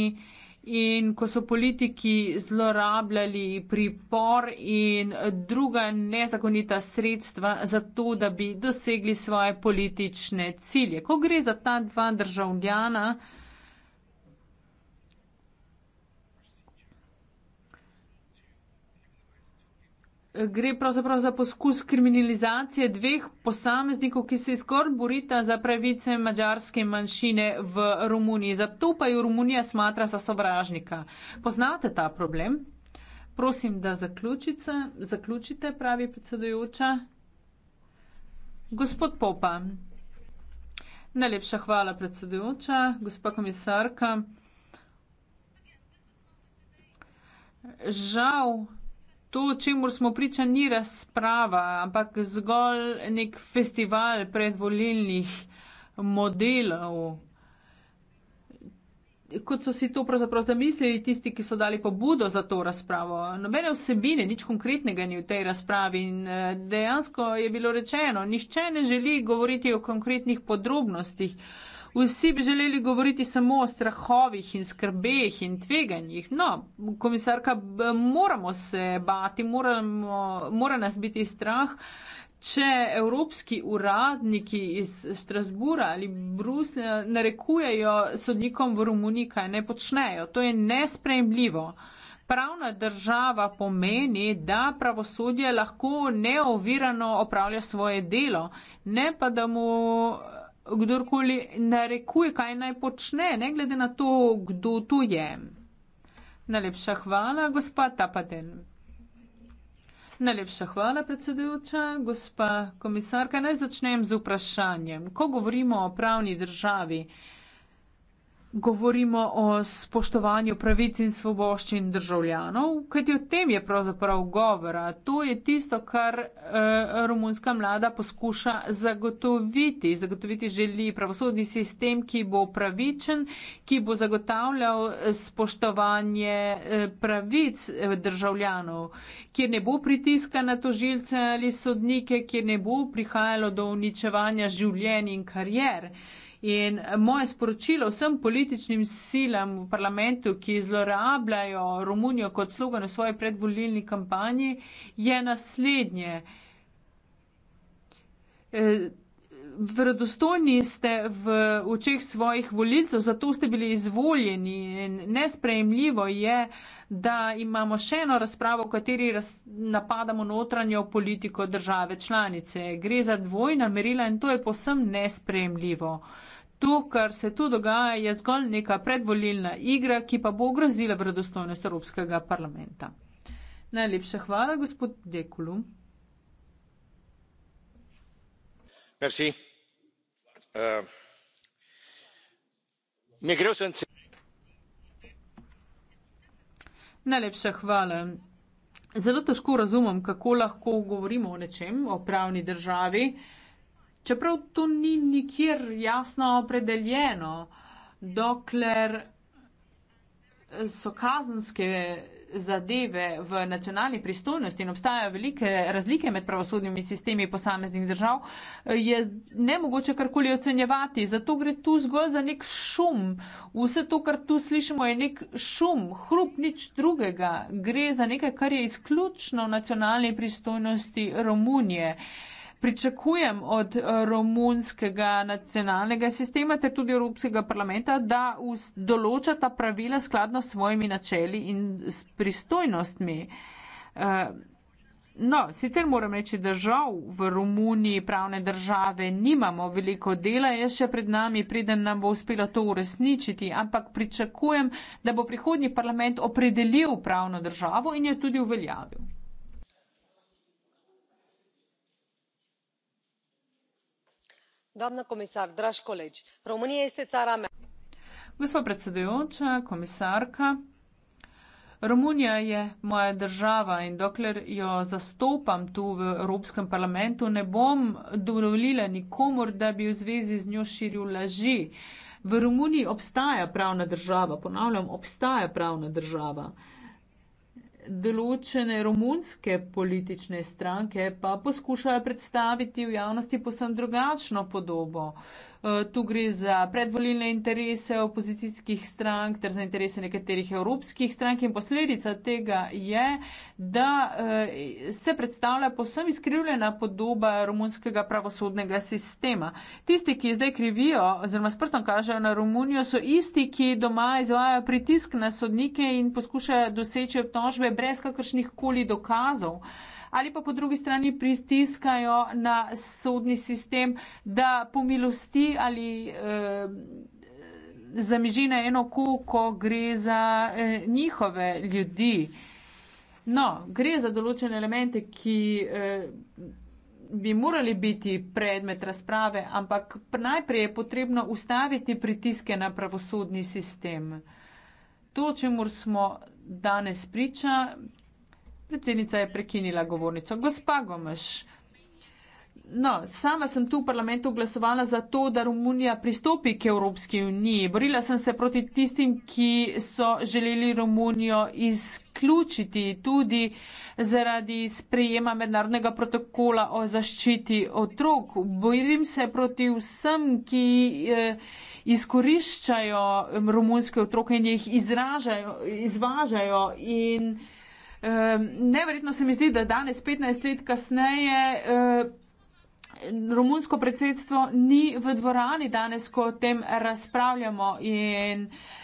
In ko so politiki zlorabljali pripor in druga nezakonita sredstva za to, da bi dosegli svoje politične cilje. Ko gre za ta dva državljana, gre pravzaprav za poskus kriminalizacije dveh posameznikov, ki se skor borita za pravice mađarske manjšine v Romuniji. Zato pa jo Romunija smatra za sovražnika. Poznate ta problem? Prosim, da zaključite, zaključite pravi predsedujoča. Gospod Popa. Najlepša hvala, predsedujoča, gospa komisarka. Žal, To, čemu smo priča, ni razprava, ampak zgolj nek festival predvolilnih modelov. Kot so si to pravzaprav zamislili tisti, ki so dali pobudo za to razpravo. Nobene vsebine, nič konkretnega ni v tej razpravi in eh, dejansko je bilo rečeno, nihče ne želi govoriti o konkretnih podrobnostih. Vsi bi želeli govoriti samo o strahovih in skrbeh in tveganjih. No, komisarka, moramo se bati, moramo, mora nas biti strah. Če evropski uradniki iz Strasbura ali Bruslja narekujejo sodnikom v Romuniji, kaj ne počnejo, to je nespremljivo. Pravna država pomeni, da pravosodje lahko neovirano opravlja svoje delo, ne pa da mu kdorkoli narekuje, kaj naj počne, ne glede na to, kdo to je. Najlepša hvala, gospa Tapaden. Najlepša hvala, predsedujoča, gospa komisarka. Naj začnem z vprašanjem. Ko govorimo o pravni državi, govorimo o spoštovanju pravic in svoboščin državljanov, kajti o tem je pravzaprav govora. To je tisto, kar eh, romunska mlada poskuša zagotoviti. Zagotoviti želi pravosodni sistem, ki bo pravičen, ki bo zagotavljal eh, spoštovanje eh, pravic eh, državljanov, kjer ne bo pritiska na tožilce ali sodnike, kjer ne bo prihajalo do uničevanja življenj in karjer. In moje sporočilo vsem političnim silam v parlamentu, ki zlorabljajo Romunijo kot slogan v svoji predvolilni kampanji, je naslednje. E, Vredostojni ste v očeh svojih volilcev, zato ste bili izvoljeni in nesprejemljivo je, da imamo še eno razpravo, v kateri napadamo notranjo politiko države članice. Gre za dvojna merila in to je posem nesprejemljivo. To, kar se tu dogaja, je zgolj neka predvolilna igra, ki pa bo ogrozila vredostojnost Evropskega parlamenta. Najlepša hvala, gospod Dekulu. Merci. Uh, Najlepša hvala. Zelo težko razumem, kako lahko govorimo o nečem, o pravni državi. Uh, čeprav to ni nikjer jasno opredeljeno, dokler so kazenske zadeve v nacionalni pristojnosti in obstajajo velike razlike med pravosodnimi sistemi posameznih držav, je nemogoče karkoli ocenjevati. Zato gre tu zgolj za nek šum. Vse to, kar tu slišimo, je nek šum, hrup, nič drugega. Gre za nekaj, kar je izključno v nacionalni pristojnosti Romunije. Uh, pričakujem od eh, romunskega nacionalnega sistema ter tudi Evropskega parlamenta, da določa ta pravila skladno s svojimi načeli in s pristojnostmi. Eh, no, sicer moram reči, da žal v Romuniji pravne države nimamo veliko dela, je še pred nami, preden nam bo uspelo to uresničiti, ampak pričakujem, da bo prihodnji parlament opredelil pravno državo in jo tudi uveljavil. doamnă comisar, dragi colegi, România este țara mea. Gospa predsedujoča, komisarka, Romunija je moja država in dokler jo zastopam tu v Evropskem parlamentu, ne bom dovolila nikomor, da bi v zvezi z njo širil laži. V Romuniji obstaja pravna država, ponavljam, obstaja pravna država določene romunske politične stranke pa poskušajo predstaviti v javnosti povsem drugačno podobo. Eh, tu gre za predvolilne interese opozicijskih strank ter za interese nekaterih evropskih strank in posledica tega je, da eh, se predstavlja posem izkrivljena podoba romunskega pravosodnega sistema. Tisti, ki zdaj krivijo oziroma s prstom kažejo na Romunijo, so isti, ki doma izvajajo pritisk na sodnike in poskušajo doseči obtožbe brez kakršnih koli dokazov ali pa po drugi strani pristiskajo na sodni sistem, da pomilosti ali eh, zamiži na eno koko, gre za eh, njihove ljudi. No, gre za določene elemente, ki. Eh, bi morali biti predmet razprave, ampak najprej je potrebno ustaviti pritiske na pravosodni sistem. To, čemu smo danes priča, Predsednica je prekinila govornico. Gospa Gomeš. No, sama sem tu v parlamentu glasovala za to, da Romunija pristopi k Evropski uniji. Borila sem se proti tistim, ki so želeli Romunijo izključiti tudi zaradi sprejema mednarodnega protokola o zaščiti otrok. Borim se proti vsem, ki eh, izkoriščajo romunske otroke in jih izražajo, izvažajo. In Neverjetno se mi zdi, da danes, 15 let kasneje, romunsko predsedstvo ni v dvorani danes, ko o tem razpravljamo in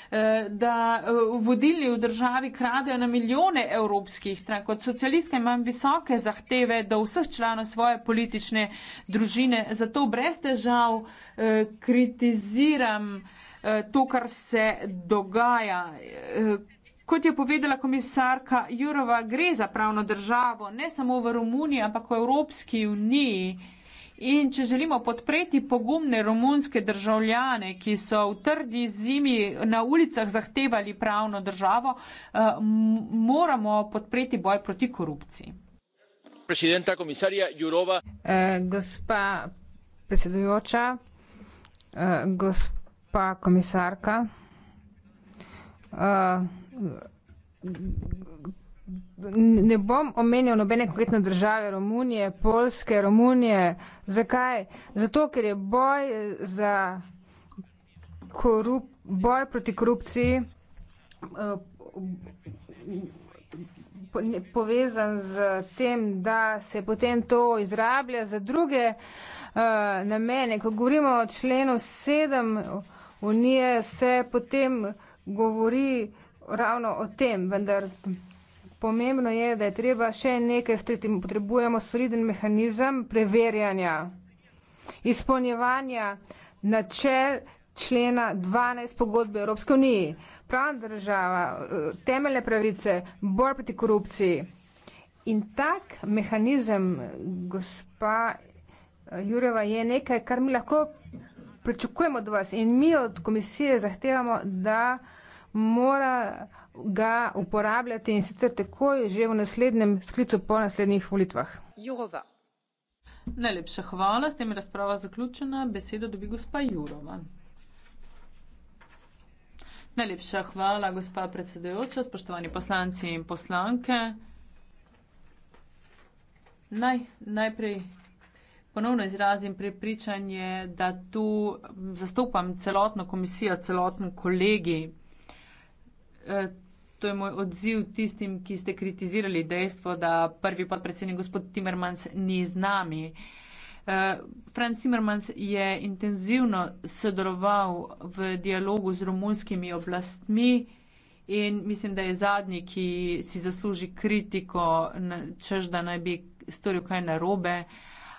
eh, da eh, vodilni v državi kradejo na milijone evropskih strank. Kot socialistka imam visoke zahteve do vseh članov svoje politične družine, zato brez težav eh, kritiziram to, kar se dogaja. Kot je povedala komisarka Jurova, gre za pravno državo, ne samo v Romuniji, ampak v Evropski uniji. In če želimo podpreti pogumne romunske državljane, ki so v trdi zimi na ulicah zahtevali pravno državo, eh, moramo podpreti boj proti korupciji. Presidenta, komisarja Jurova. E, gospa predsedujoča, e, gospa komisarka, e, ne bom omenjal nobene konkretne države Romunije, Polske, Romunije. Zakaj? Zato, ker je boj za korup, boj proti korupciji eh, povezan z tem, da se potem to izrablja za druge eh, namene. Ko govorimo o členu sedem unije, se potem govori o ravno o tem, vendar pomembno je, da je treba še nekaj vstreti. Potrebujemo soliden mehanizem preverjanja, izpolnjevanja načel člena 12 pogodbe Evropske unije. Pravna država, temeljne pravice, bor proti korupciji. In tak mehanizem, gospa Jureva, je nekaj, kar mi lahko pričakujemo od vas. In mi od komisije zahtevamo, da mora ga uporabljati in sicer takoj že v naslednjem sklicu po naslednjih volitvah. Jurova. Najlepša hvala, s tem je razprava zaključena. Besedo dobi gospa Jurova. Najlepša hvala, gospa predsedujoča, spoštovani poslanci in poslanke. Naj, najprej ponovno izrazim prepričanje, da tu zastopam celotno komisijo, celotno kolegi. Eh, to je moj odziv tistim, ki ste kritizirali dejstvo, da prvi podpredsednik gospod Timmermans ni z nami. Eh, Franz Timmermans je intenzivno sodeloval v dialogu z romunskimi oblastmi in mislim, da je zadnji, ki si zasluži kritiko, čež da naj bi storil kaj narobe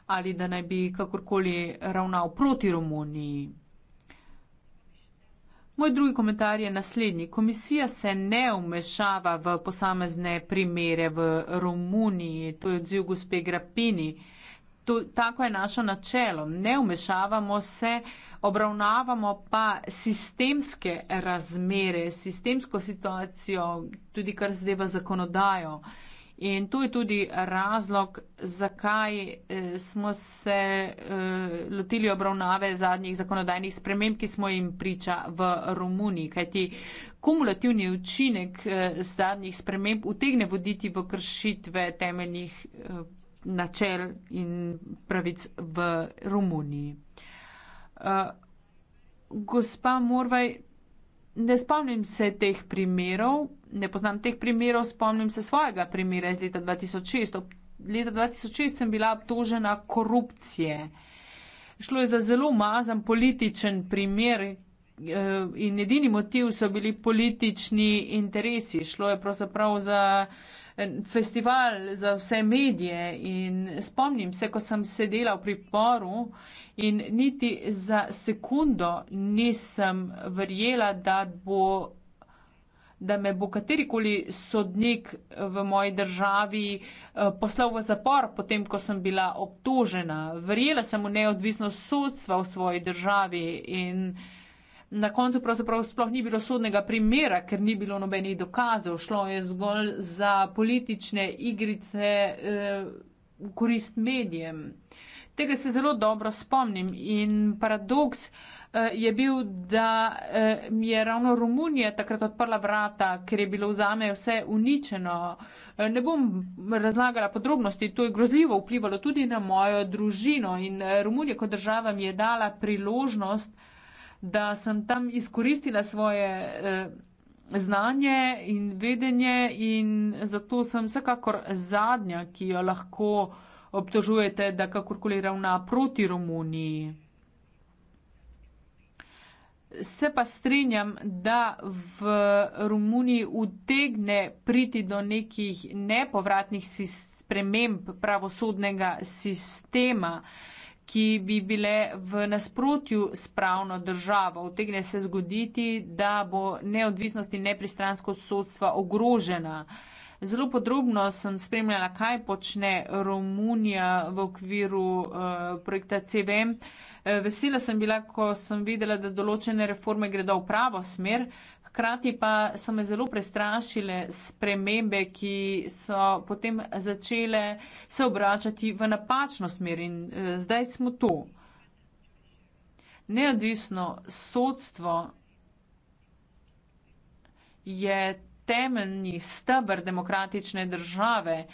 ali da naj bi kakorkoli ravnal proti Romuniji. Moj drugi komentar je naslednji. Komisija se ne umešava v posamezne primere v Romuniji, to je odziv gospe Grapini. To, tako je naše načelo. Ne umešavamo se, obravnavamo pa sistemske razmere, sistemsko situacijo, tudi kar zadeva zakonodajo. Uh, In to je tudi razlog, zakaj eh, smo se eh, lotili obravnave zadnjih zakonodajnih sprememb, ki smo jim priča v Romuniji. Kajti kumulativni učinek eh, zadnjih sprememb utegne voditi v kršitve temeljnih načel in pravic v Romuniji. Gospa Morvaj, ne spomnim se teh primerov, ne poznam teh primerov, spomnim se svojega primera iz leta 2006. Leta 2006 sem bila obtožena korupcije. Šlo je za zelo mazan političen primer eh, in edini motiv so bili politični interesi. Šlo je pravzaprav za festival za vse medije in spomnim se, ko sem sedela v priporu in niti za sekundo nisem verjela, da, bo, da me bo katerikoli sodnik v moji državi eh, poslal v zapor, potem ko sem bila obtožena. Verjela sem v neodvisnost sodstva v svoji državi in Na koncu pravzaprav sploh ni bilo sodnega primera, ker ni bilo nobenih dokazov. Šlo je zgolj za politične igrice eh, v eh, korist medijem. Tega se zelo dobro spomnim in paradoks eh, je bil, da eh, mi eh, je ravno Romunija takrat odprla vrata, ker je bilo zame vse uničeno. Eh, ne bom razlagala podrobnosti, to je grozljivo vplivalo tudi na mojo družino in eh, Romunija kot država mi je dala priložnost, eh, da sem tam izkoristila svoje eh, znanje in vedenje in zato sem vsekakor zadnja, ki jo lahko obtožujete, da kakorkoli ravna proti Romuniji. Se pa strinjam, da v Romuniji utegne priti do nekih nepovratnih sistemov, prav sodnega sistema. Uh, ki bi bile v nasprotju s pravno državo. Vtegne se zgoditi, da bo neodvisnost in nepristranskost sodstva ogrožena. Zelo podrobno sem spremljala, kaj počne Romunija v okviru uh, projekta CVM. Eh, vesela sem bila, ko sem videla, da določene reforme gredo v pravo smer, Hkrati pa so me zelo prestrašile spremembe, ki so potem začele se obračati v napačno smer in e, zdaj smo tu. Neodvisno sodstvo je temeljni stebr demokratične države. E,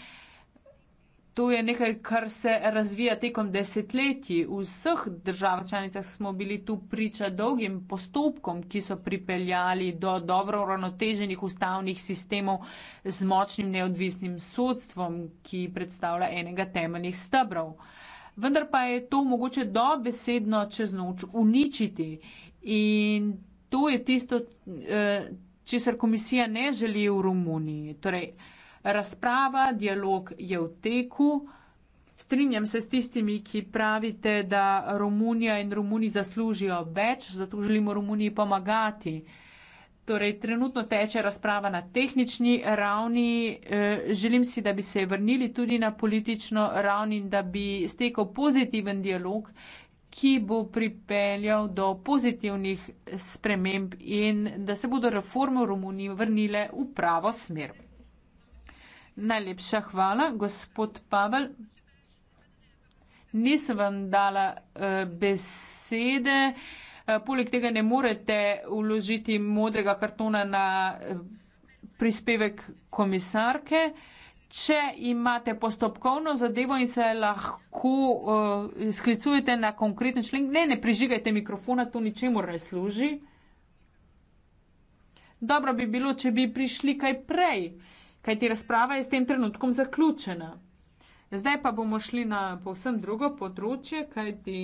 to je nekaj, kar se razvija tekom desetletji. V vseh državah članicah smo bili tu priča dolgim postopkom, ki so pripeljali do dobro uravnoteženih ustavnih sistemov z močnim neodvisnim sodstvom, ki predstavlja enega temeljnih stebrov. Vendar pa je to mogoče dobesedno čez noč uničiti in to je tisto, eh, česar komisija ne želi v Romuniji. Torej, razprava, dialog je v teku. Strinjam se s tistimi, ki pravite, da Romunija in Romuni zaslužijo več, zato želimo Romuniji pomagati. Torej, trenutno teče razprava na tehnični ravni. Eh, želim si, da bi se vrnili tudi na politično ravni in da bi stekel pozitiven dialog, ki bo pripeljal do pozitivnih sprememb in da se bodo reforme v Romuniji vrnile v pravo smer. Najlepša hvala, gospod Pavel. Nisem vam dala uh, besede. Uh, poleg tega ne morete uložiti modrega kartona na uh, prispevek komisarke. Če imate postopkovno zadevo in se lahko uh, sklicujete na konkreten člen, ne, ne prižigajte mikrofona, to ničemur ne služi. Dobro bi bilo, če bi prišli kaj prej. Uh, Kaj ti razprava je s tem trenutkom zaključena. Zdaj pa bomo šli na povsem drugo področje, kaj ti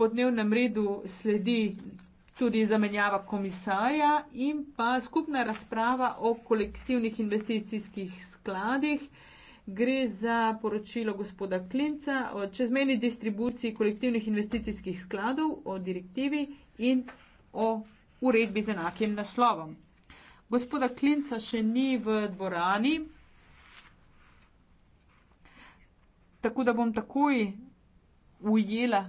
po dnevnem redu sledi tudi zamenjava komisarja in pa skupna razprava o kolektivnih investicijskih skladih. Gre za poročilo gospoda Klinca o čezmeni distribuciji kolektivnih investicijskih skladov, o direktivi in o uredbi z enakim naslovom. Gospoda Klinca še ni v dvorani, tako da bom takoj ujela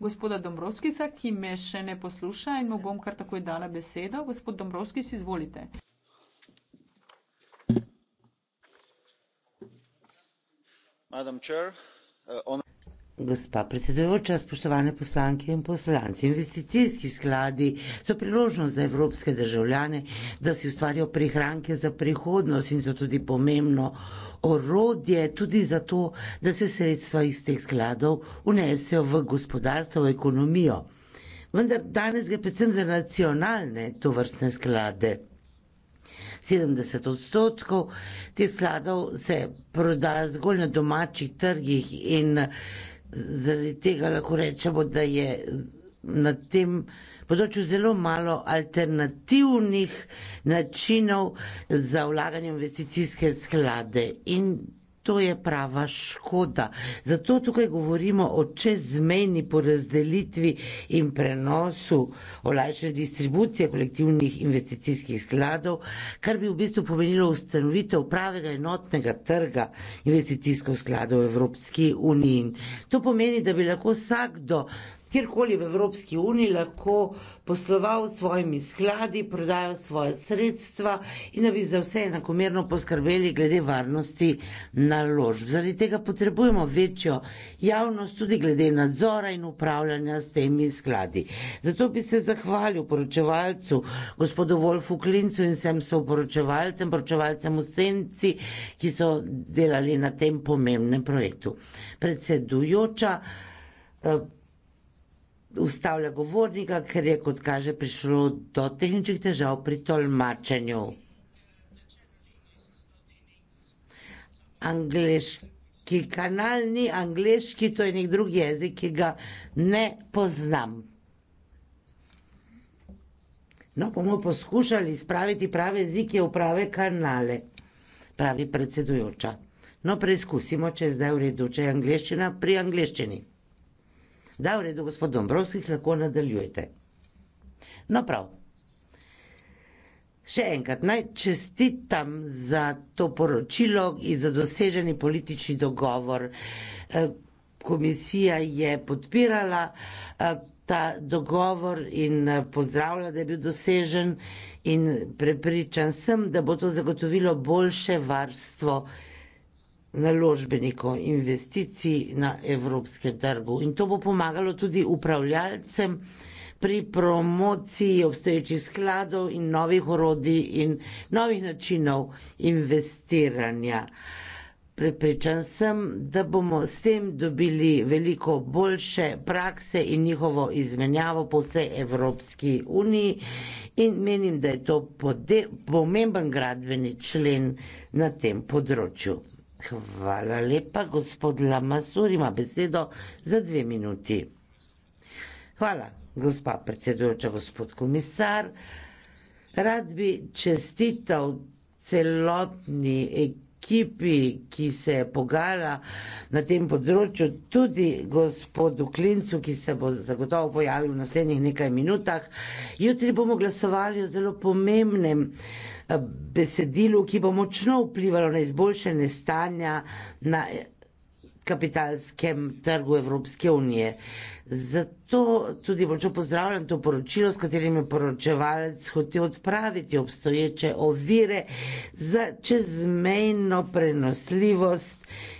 gospoda Dombrovskisa, ki me še ne posluša in mu bom kar takoj dala besedo. Gospod Dombrovskis, izvolite. Madam Chair, uh, on... Gospa predsedujoča, spoštovane poslanke in poslanci, investicijski skladi so priložnost za evropske državljane, da si ustvarijo prihranke za prihodnost in so tudi pomembno orodje tudi zato, da se sredstva iz teh skladov unesejo v gospodarstvo, v ekonomijo. Vendar danes gre predvsem za nacionalne to vrstne sklade. 70 odstotkov teh skladov se proda zgolj na domačih trgih in zaradi tega lahko rečemo, da je na tem področju zelo malo alternativnih načinov za vlaganje v investicijske sklade. In To je prava škoda. Zato tukaj govorimo o čezmejni porazdelitvi in prenosu olajšanja distribucije kolektivnih investicijskih skladov, kar bi v bistvu pomenilo ustanovitev pravega enotnega trga investicijskih skladov v Evropski uniji. To pomeni, da bi lahko vsakdo kjerkoli v Evropski uniji lahko posloval s svojimi skladi, prodajal svoje sredstva in da bi za vse enakomerno poskrbeli glede varnosti naložb. Zaradi tega potrebujemo večjo javnost tudi glede nadzora in upravljanja s temi skladi. Zato bi se zahvalil poročevalcu gospodu Wolfu Klincu in vsem soporočevalcem, poročevalcem v Senci, ki so delali na tem pomembnem projektu. Predsedujoča, eh, ustavlja govornika, ker je, kot kaže, prišlo do tehničnih težav pri tolmačenju. Angliški kanal ni angliški, to je nek drug jezik, ki ga ne poznam. No, bomo poskušali spraviti prave jezike v prave kanale, pravi predsedujoča. No, preizkusimo, če je zdaj v redu, če je angliščina pri angliščini. Da, v redu, gospod Dombrovski, lahko nadaljujete. No prav. Še enkrat naj čestitam za to poročilo in za doseženi politični dogovor. E, komisija je podpirala e, ta dogovor in e, pozdravlja, da je bil dosežen in prepričan sem, da bo to zagotovilo boljše varstvo naložbenikov, investicij na evropskem trgu. In to bo pomagalo tudi upravljalcem pri promociji obstoječih skladov in novih orodij in novih načinov investiranja. Prepričan sem, da bomo s tem dobili veliko boljše prakse in njihovo izmenjavo po vsej Evropski uniji in menim, da je to pomemben gradbeni člen na tem področju. Hvala lepa, gospod Lamasur ima besedo za dve minuti. Hvala, gospa predsedujoča, gospod komisar. Rad bi čestital celotni ekipi, ekipi, ki se je pogajala na tem področju, tudi gospodu Klincu, ki se bo zagotovo pojavil v naslednjih nekaj minutah. Jutri bomo glasovali o zelo pomembnem eh, besedilu, ki bo močno vplivalo na izboljšanje stanja na kapitalskem trgu Evropske unije. Zato tudi močno pozdravljam to poročilo, s katerim je poročevalec hotel odpraviti obstoječe ovire za čezmejno prenosljivost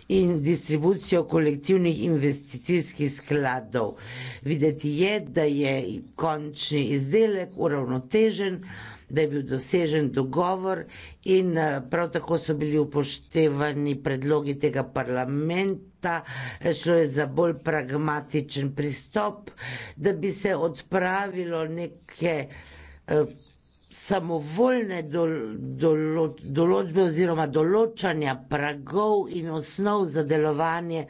in distribucijo kolektivnih investicijskih skladov. Videti je, da je končni izdelek uravnotežen, da je bil dosežen dogovor in prav tako so bili upoštevani predlogi tega parlamenta ta eh, šlo je za bolj pragmatičen pristop, da bi se odpravilo neke eh, samovoljne določbe oziroma določanja pragov in osnov za delovanje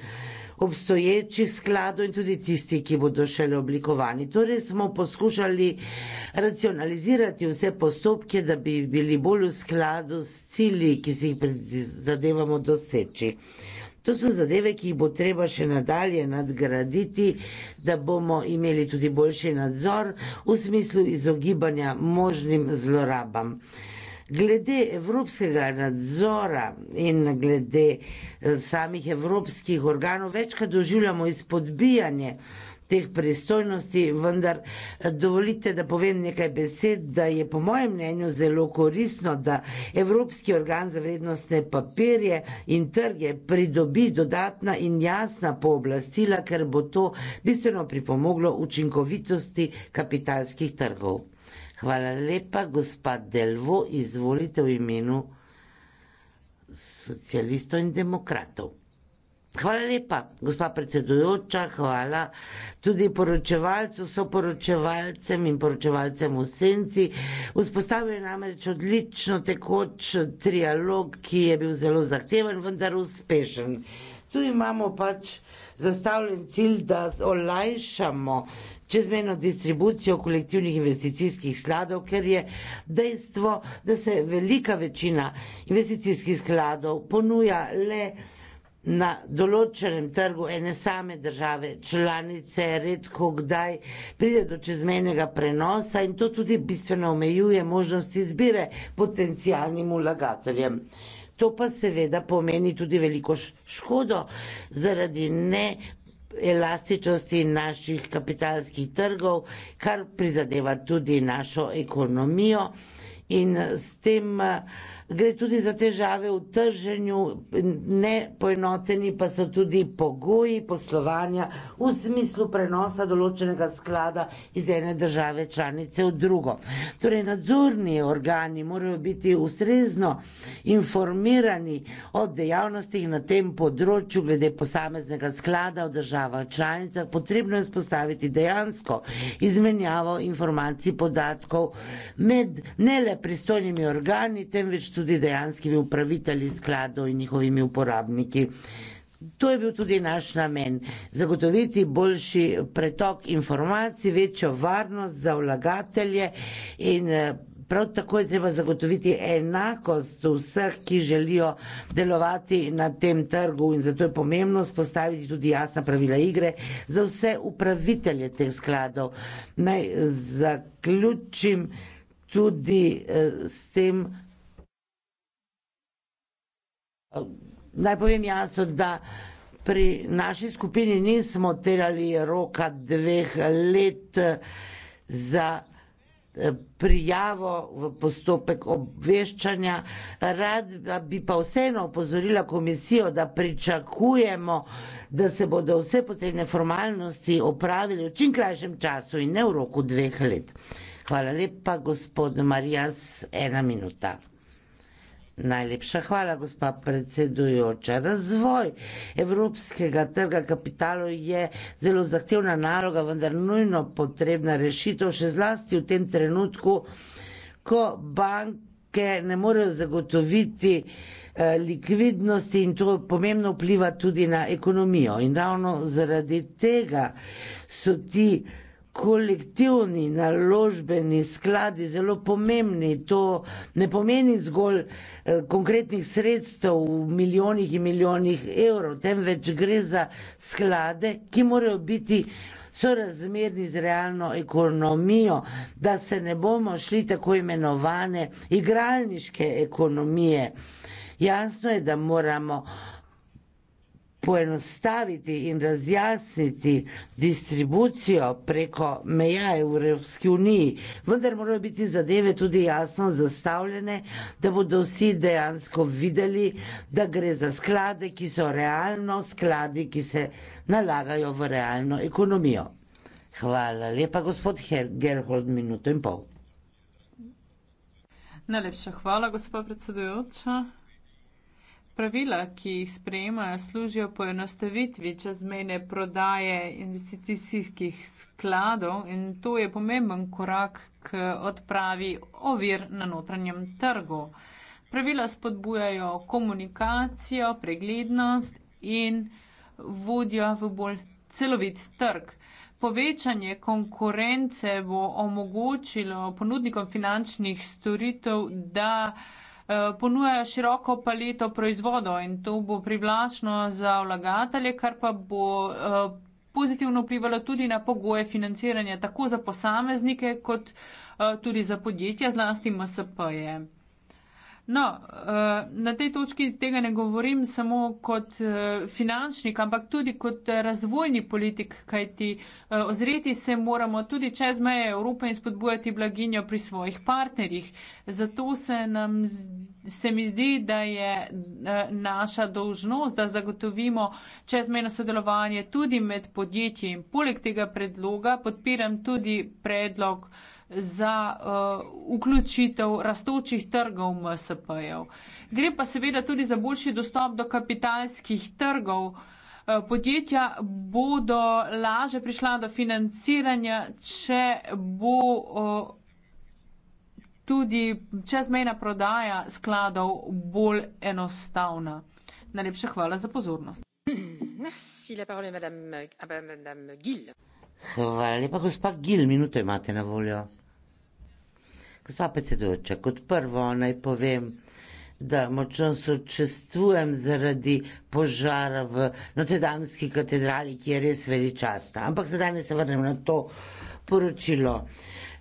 obstoječih skladov in tudi tistih, ki bodo šele oblikovani. Torej smo poskušali racionalizirati vse postopke, da bi bili bolj v skladu s cilji, ki si jih zadevamo doseči. To so zadeve, ki jih bo treba še nadalje nadgraditi, da bomo imeli tudi boljši nadzor v smislu izogibanja možnim zlorabam. Glede evropskega nadzora in glede eh, samih evropskih organov večkrat doživljamo izpodbijanje teh pristojnosti, vendar eh, dovolite, da povem nekaj besed, da je po mojem mnenju zelo korisno, da Evropski organ za vrednostne papirje in trge pridobi dodatna in jasna pooblastila, ker bo to bistveno pripomoglo učinkovitosti kapitalskih trgov. Hvala lepa, gospod Delvo, izvolite v imenu socialistov in demokratov. Hvala lepa, gospa predsedujoča, hvala tudi poročevalcu, soporočevalcem in poročevalcem v senci. Vzpostavil je namreč odlično tekoč trialog, ki je bil zelo zahteven, vendar uspešen. Tu imamo pač zastavljen cilj, da olajšamo čezmeno distribucijo kolektivnih investicijskih skladov, ker je dejstvo, da se velika večina investicijskih skladov ponuja le na določenem trgu ene same države članice, redko kdaj pride do čezmejnega prenosa in to tudi bistveno omejuje možnosti izbire potencijalnim ulagateljem. To pa seveda pomeni tudi veliko škodo zaradi ne elastičnosti naših kapitalskih trgov, kar prizadeva tudi našo ekonomijo in s tem gre tudi za težave v trženju, neenoteni pa so tudi pogoji poslovanja v smislu prenosa določenega sklada iz ene države članice v drugo. Torej, nadzorni organi morajo biti ustrezno informirani o dejavnostih na tem področju, glede posameznega sklada v državah članicah. Potrebno je spostaviti dejansko izmenjavo informacij, podatkov med ne le pristojnimi organi, temveč tudi tudi dejanskimi upravitelji skladov in njihovimi uporabniki. To je bil tudi naš namen: zagotoviti boljši pretok informacij, večjo varnost za vlagatelje in. Eh, prav tako je treba zagotoviti enakost vseh, ki želijo delovati na tem trgu in zato je pomembno spostaviti tudi jasna pravila igre za vse upravitelje teh skladov. Naj zaključim tudi eh, s tem, Naj povem jasno, da pri naši skupini nismo terali roka dveh let za eh, prijavo v postopek obveščanja. Rad bi pa vseeno opozorila komisijo, da pričakujemo, da se bodo vse potrebne formalnosti opravili v čim krajšem času in ne v roku dveh let. Hvala lepa, gospod Marijas, ena minuta. Najlepša hvala, gospa predsedujoča. Razvoj evropskega trga kapitalov je zelo zahtevna naloga, vendar nujno potrebna rešitev, še zlasti v tem trenutku, ko banke ne morejo zagotoviti eh, likvidnosti in to pomembno vpliva tudi na ekonomijo. In ravno zaradi tega so ti kolektivni naložbeni skladi zelo pomembni. To ne pomeni zgolj eh, konkretnih sredstev v milijonih in milijonih evrov, temveč gre za sklade, ki morajo biti sorazmerni z realno ekonomijo, da se ne bomo šli tako imenovane igralniške ekonomije. Jasno je, da moramo poenostaviti in razjasniti distribucijo preko meja Evropske unije, vendar morajo biti zadeve tudi jasno zastavljene, da bodo vsi dejansko videli, da gre za sklade, ki so realno skladi, ki se nalagajo v realno ekonomijo. Hvala lepa, gospod Her Gerhold, minuto in pol. Najlepša hvala, gospod predsedujoča. Pravila, ki jih sprejemajo, služijo poenostavitvi čezmene prodaje investicijskih skladov in to je pomemben korak k odpravi ovir na notranjem trgu. Pravila spodbujajo komunikacijo, preglednost in vodijo v bolj celovit trg. Povečanje konkurence bo omogočilo ponudnikom finančnih storitev, da Eh, ponujajo široko paleto proizvodov in to bo privlačno za vlagatelje, kar pa bo eh, pozitivno vplivalo tudi na pogoje financiranja tako za posameznike kot eh, tudi za podjetja, zlasti MSP-je. No, eh, na tej točki tega ne govorim samo kot eh, finančnik, ampak tudi kot eh, razvojni politik, kajti ozreti se moramo tudi čez meje Evrope in spodbujati blaginjo pri svojih partnerjih. Zato se, nam, se mi zdi, da je naša dolžnost, da zagotovimo čezmejno sodelovanje tudi med podjetji. Poleg tega predloga podpiram tudi predlog za uh, vključitev rastočih trgov MSP-jev. Gre pa seveda tudi za boljši dostop do kapitalskih trgov. Eh, podjetja bodo laže prišla do financiranja, če bo eh, tudi čezmejna prodaja skladov bolj enostavna. Najlepša hvala za pozornost. Merci, Hvala lepa, gospa Gil, minuto imate na voljo. Gospa predsedujoča, kot prvo naj povem, da močno sočestvujem zaradi požara v Notre Dameski katedrali, ki je res veličastna. Ampak zdaj ne se vrnem na to poročilo. Uh,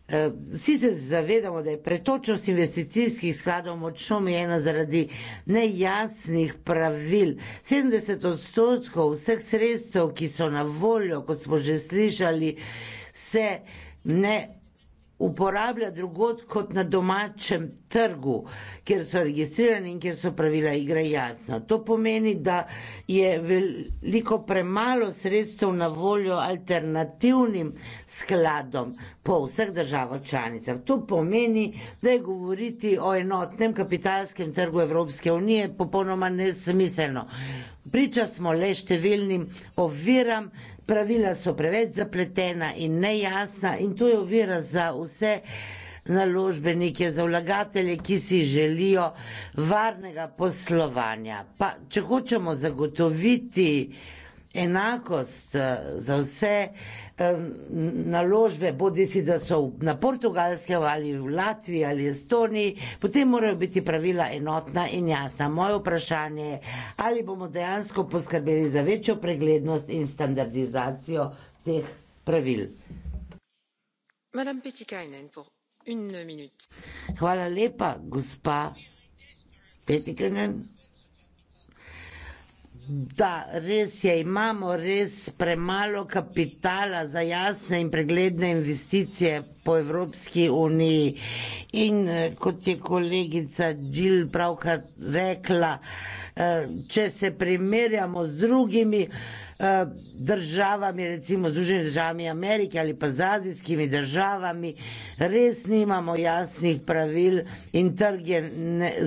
Eh, vsi se zavedamo, da je pretočnost investicijskih skladov močno omejena zaradi nejasnih pravil. 70 odstotkov vseh sredstev, ki so na voljo, kot smo že slišali, se ne uporablja drugot kot na domačem trgu, kjer so registrirani in kjer so pravila igre jasna. To pomeni, da je veliko premalo sredstev na voljo alternativnim skladom po vseh državah članicah. To pomeni, da je govoriti o enotnem kapitalskem trgu Evropske unije popolnoma nesmiselno. Priča smo le številnim oviram, pravila so preveč zapletena in nejasna in to je ovira za vse naložbenike, za vlagatelje, ki si želijo varnega poslovanja. Pa, če hočemo zagotoviti enakost eh, za vse naložbe, bodi si da so na Portugalskem ali v Latviji ali Estoniji, potem morajo biti pravila enotna in jasna. Moje vprašanje je, ali bomo dejansko poskrbeli za večjo preglednost in standardizacijo teh pravil. Hvala lepa, gospa Petikanen. Da, res je, imamo res premalo kapitala za jasne in pregledne investicije po Evropski uniji. In eh, kot je kolegica Džil pravkar rekla, eh, če se primerjamo z drugimi eh, državami, recimo Združenimi državami Amerike ali pa z azijskimi državami, res nimamo jasnih pravil in trg je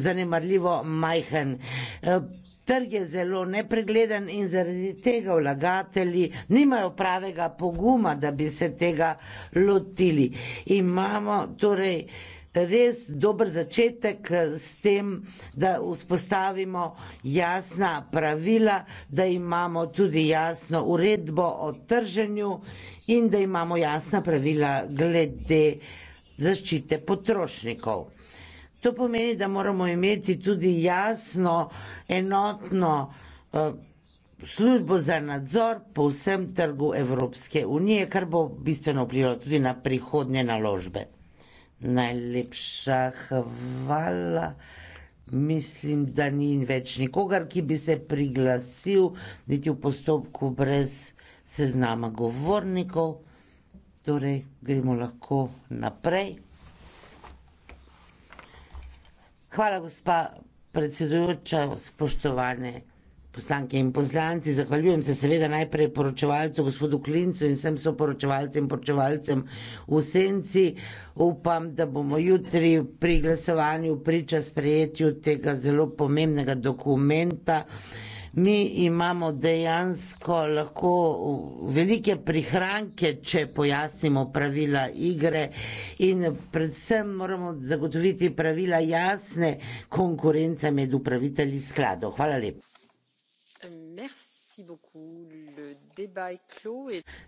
zanemarljivo majhen. Trg je zelo nepregleden in zaradi tega vlagatelji nimajo pravega poguma, da bi se tega lotili. Imamo torej res dober začetek s tem, da vzpostavimo jasna pravila, da imamo tudi jasno uredbo o trženju in da imamo jasna pravila glede zaščite potrošnikov. To pomeni, da moramo imeti tudi jasno, enotno eh, službo za nadzor po vsem trgu Evropske unije, kar bo bistveno vplivalo tudi na prihodnje naložbe. Najlepša hvala. Mislim, da ni več nikogar, ki bi se priglasil niti v postopku brez seznama govornikov. Torej, gremo lahko naprej. Hvala, gospa predsedujoča, spoštovane poslanke in poslanci. Zahvaljujem se seveda najprej poročevalcu, gospodu Klincu in vsem soporočevalcem in poročevalcem v senci. Upam, da bomo jutri pri glasovanju priča sprejetju tega zelo pomembnega dokumenta mi imamo dejansko lahko velike prihranke, če pojasnimo pravila igre in predvsem moramo zagotoviti pravila jasne konkurence med upravitelji skladov. Hvala lepa.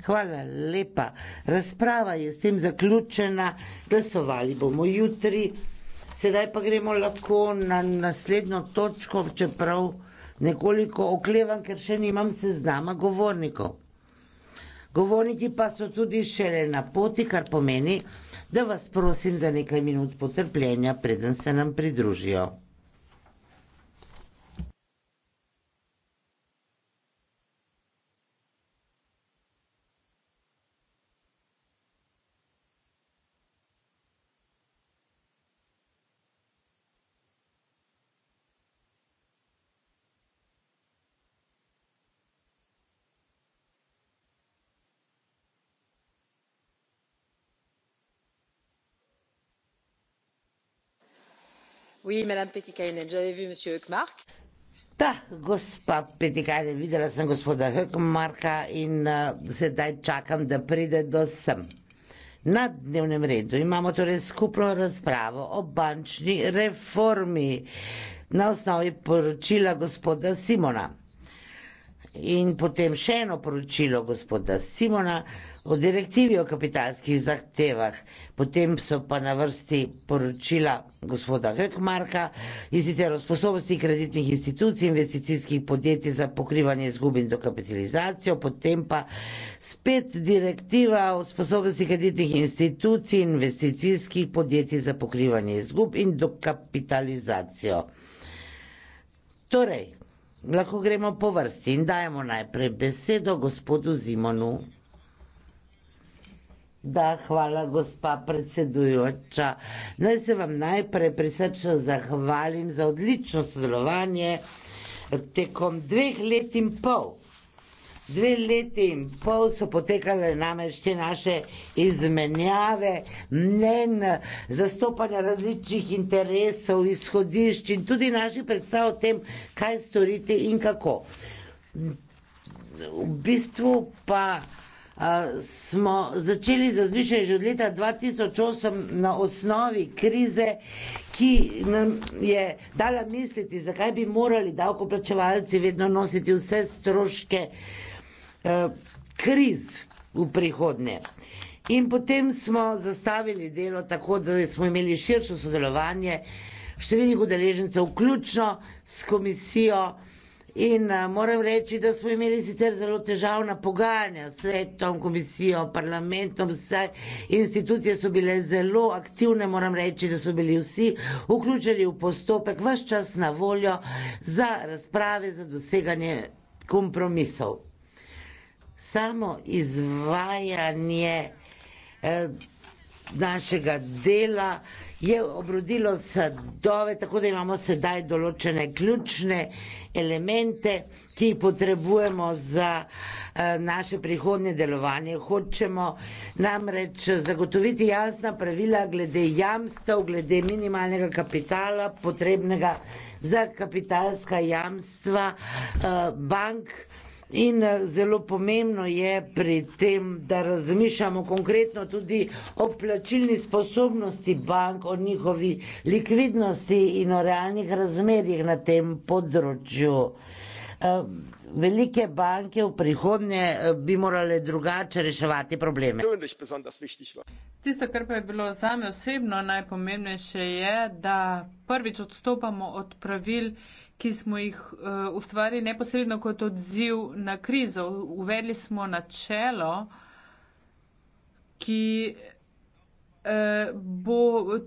Hvala lepa. Razprava je s tem zaključena. Glasovali bomo jutri. Sedaj pa gremo lahko na naslednjo točko, čeprav nekoliko oklevam, ker še nimam seznama govornikov. Govorniki pa so tudi šele na poti, kar pomeni, da vas prosim za nekaj minut potrpljenja, preden se nam pridružijo. Da, gospa Petikajne, videla sem gospoda Hökmarka in uh, sedaj čakam, da pride do sem. Na dnevnem redu imamo torej skupno razpravo o bančni reformi na osnovi poročila gospoda Simona. In potem še eno poročilo gospoda Simona. Uh, O direktivi o kapitalskih zahtevah, potem so pa na vrsti poročila gospoda Hökmarka in sicer o sposobnosti kreditnih institucij, investicijskih podjetij za pokrivanje izgub in dokapitalizacijo, potem pa spet direktiva o sposobnosti kreditnih institucij, investicijskih podjetij za pokrivanje izgub in dokapitalizacijo. Torej, lahko gremo po vrsti in dajemo najprej besedo gospodu Zimonu. Da, hvala, gospa predsedujoča. Naj se vam najprej prisrčno zahvalim za odlično sodelovanje tekom dveh let in pol. Dve leti in pol so potekale namreč te naše izmenjave mnen, zastopanja različnih interesov, izhodišč in tudi naših predstav o tem, kaj storiti in kako. V bistvu pa smo začeli z razmišljanjem že od leta 2008 na osnovi krize, ki nam je dala misliti, zakaj bi morali davkoplačevalci vedno nositi vse stroške a, e, kriz v prihodnje. In potem smo zastavili delo tako, da smo imeli širše sodelovanje številnih udeležencev, vključno s komisijo. In uh, moram reči, da smo imeli sicer zelo težavna pogajanja s svetom, komisijo, parlamentom, vse institucije so bile zelo aktivne, moram reči, da so bili vsi vključeni v postopek, vse čas na voljo za razprave, za doseganje kompromisov. Samo izvajanje eh, našega dela je obrodilo sadove, tako da imamo sedaj določene ključne elemente, ki jih potrebujemo za eh, naše prihodnje delovanje. Hočemo namreč zagotoviti jasna pravila glede jamstev, glede minimalnega kapitala, potrebnega za kapitalska jamstva eh, bank. In eh, zelo pomembno je pri tem, da razmišljamo konkretno tudi o plačilni sposobnosti bank, o njihovi likvidnosti in o realnih razmerjih na tem področju. Eh, velike banke v prihodnje eh, bi morale drugače reševati probleme. Tisto, kar pa je bilo zame osebno najpomembnejše, je, da prvič odstopamo od pravil, ki smo jih eh, ustvarili neposredno kot odziv na krizo. Uvedli smo načelo, ki eh, bo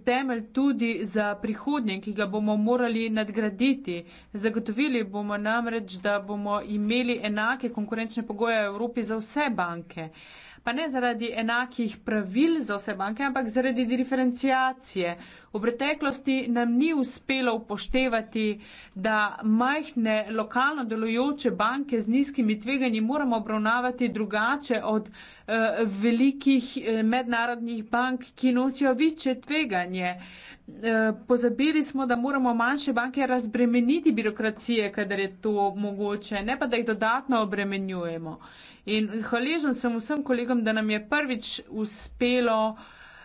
temelj tudi za prihodnje, ki ga bomo morali nadgraditi. Zagotovili bomo namreč, da bomo imeli enake konkurenčne pogoje v Evropi za vse banke pa ne zaradi enakih pravil za vse banke, ampak zaradi diferencijacije. V preteklosti nam ni uspelo upoštevati, da majhne lokalno delujoče banke z nizkimi tveganji moramo obravnavati drugače od eh, velikih eh, mednarodnih bank, ki nosijo više tveganje. Eh, pozabili smo, da moramo manjše banke razbremeniti birokracije, kadar je to mogoče, ne pa da jih dodatno obremenjujemo. Uh, In hvaležen sem vsem kolegom, da nam je prvič uspelo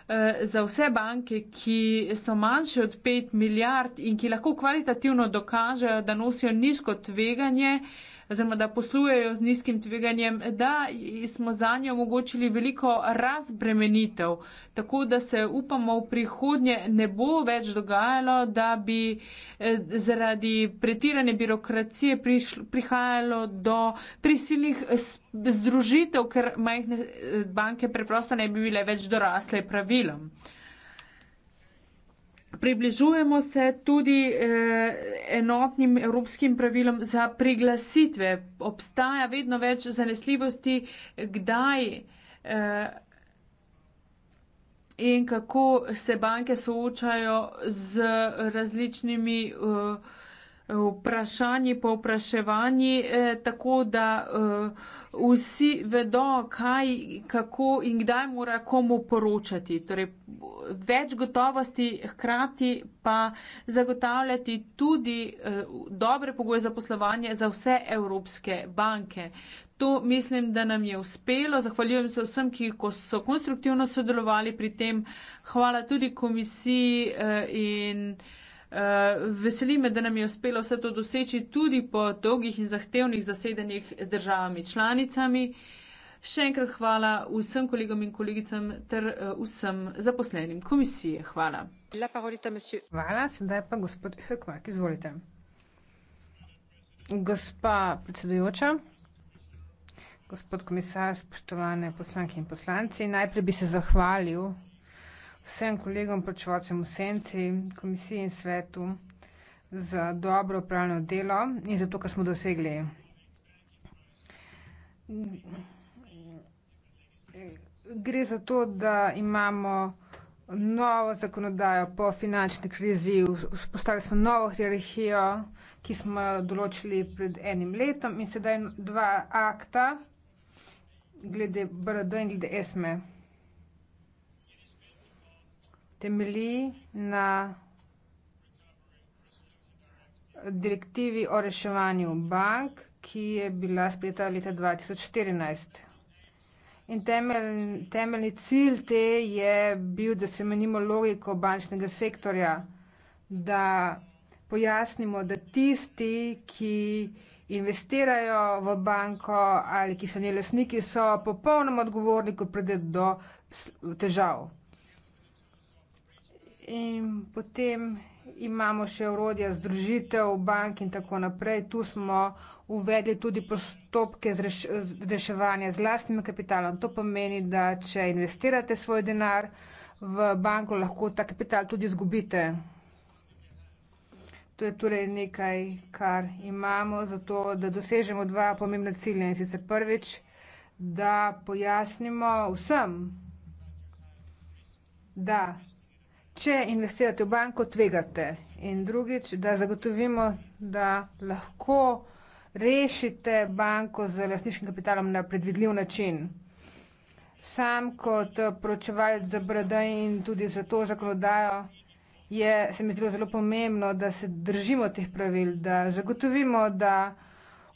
eh, za vse banke, ki so manjše od 5 milijard in ki lahko kvalitativno dokažejo, da nosijo nizko tveganje, eh, oziroma da poslujejo z nizkim tveganjem, da smo za njo omogočili veliko razbremenitev, tako da se upamo v prihodnje ne bo več dogajalo, da bi eh, zaradi pretirane birokracije prišlo, prihajalo do prisilnih združitev, ker majhne eh, banke preprosto ne bi bile več dorasle pravilom. Približujemo se tudi eh, enotnim evropskim pravilom za priglasitve. Obstaja vedno več zanesljivosti, kdaj eh, in kako se banke soočajo z različnimi. Eh, vprašanji, povpraševanji, eh, tako da eh, vsi vedo, kaj, kako in kdaj mora komu poročati. Torej, več gotovosti, hkrati pa zagotavljati tudi eh, dobre pogoje za poslovanje za vse evropske banke. To mislim, da nam je uspelo. Zahvaljujem se vsem, ki so konstruktivno sodelovali pri tem. Hvala tudi komisiji eh, in. Eh, veseli me, da nam je uspelo vse to doseči tudi po dolgih in zahtevnih zasedanjih z državami članicami. Še enkrat hvala vsem kolegom in kolegicam ter eh, vsem zaposlenim komisije. Hvala. Parolita, hvala, sedaj pa gospod Hökmark, izvolite. Gospa predsedujoča, gospod komisar, spoštovane poslanke in poslanci, najprej bi se zahvalil vsem kolegom, počevalcem v senci, komisiji in svetu za dobro upravljeno delo in za to, kar smo dosegli. Gre za to, da imamo novo zakonodajo po finančni krizi, vzpostavili smo novo hierarhijo, ki smo jo določili pred enim letom in sedaj dva akta glede BRD in glede ESME temelji na direktivi o reševanju bank, ki je bila sprejeta leta 2014. In temelj, temeljni cilj te je bil, da se menimo logiko bančnega sektorja, da pojasnimo, da tisti, ki investirajo v banko ali ki so njeni lasniki, so popolnoma odgovorni, ko pride do težav in potem imamo še urodja združitev bank in tako naprej. Tu smo uvedli tudi postopke reševanja z lastnim kapitalom. To pomeni, da če investirate svoj denar v banko, lahko ta kapital tudi izgubite. To je torej nekaj, kar imamo za to, da dosežemo dva pomembna cilja. In sicer prvič, da pojasnimo vsem, da če investirate v banko, tvegate. In drugič, da zagotovimo, da lahko rešite banko z lastniškim kapitalom na predvidljiv način. Sam kot pročevalec za BRD in tudi za to zakonodajo je se mi zdelo zelo pomembno, da se držimo teh pravil, da zagotovimo, da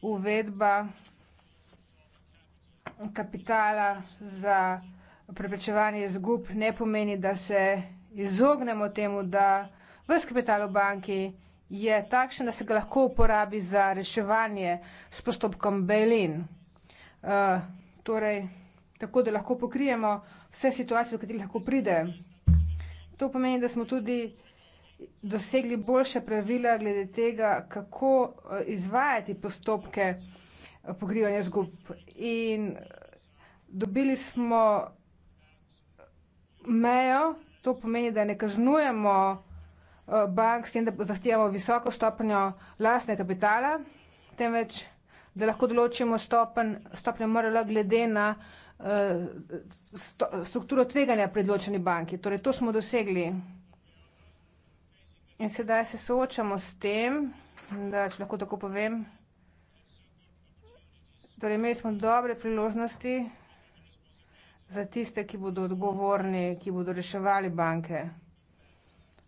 uvedba kapitala za preprečevanje izgub ne pomeni, da se izognemo temu, da vse kapital v banki je takšen, da se ga lahko uporabi za reševanje s postopkom Bejlin. Uh, eh, torej, tako da lahko pokrijemo vse situacije, v katerih lahko pride. To pomeni, da smo tudi dosegli boljše pravila glede tega, kako eh, izvajati postopke eh, pokrivanja zgub. In dobili smo mejo, To pomeni, da ne kažnujemo eh, bank s tem, da zahtevamo visoko stopnjo lastne kapitala, temveč, da lahko določimo stopen, stopnjo MRL glede na eh, sto, strukturo tveganja pri določeni banki. Torej, to smo dosegli. In sedaj se soočamo s tem, da če lahko tako povem, torej imeli smo dobre priložnosti, za tiste, ki bodo odgovorni, ki bodo reševali banke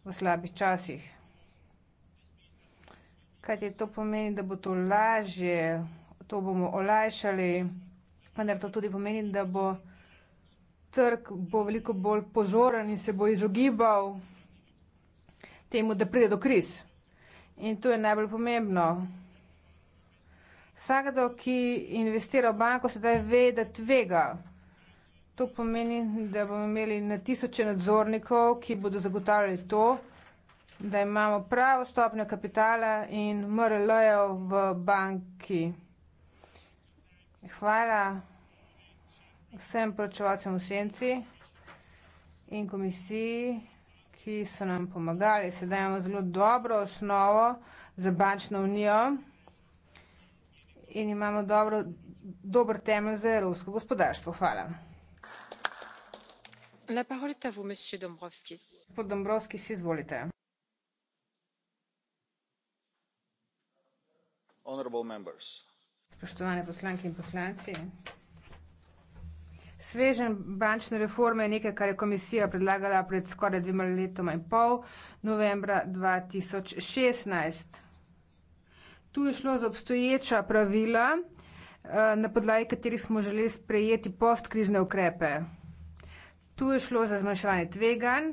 v slabih časih. Kaj ti to pomeni, da bo to lažje, to bomo olajšali, vendar to tudi pomeni, da bo trg bo veliko bolj pozoren in se bo izogibal temu, da pride do kriz. In to je najbolj pomembno. Vsakdo, ki investira v banko, sedaj ve, da tvega. To pomeni, da bomo imeli na tisoče nadzornikov, ki bodo zagotavljali to, da imamo pravo stopnjo kapitala in MRL-jev v banki. Hvala vsem poročevalcem v senci in komisiji, ki so nam pomagali. Sedaj imamo zelo dobro osnovo za bančno unijo in imamo dobro, dober temelj za evropsko gospodarstvo. Hvala gospod dombrovskis izvolite. spoštovane poslanke in poslanci sveženj bančne reforme je nekaj kar je komisija predlagala pred skoraj dvema letoma in pol novembra dva tisoč šestnajst tu je šlo za obstoječa pravila eh, na podlagi katerih smo želeli sprejeti postkrizne ukrepe Tu je šlo za zmanjševanje tveganj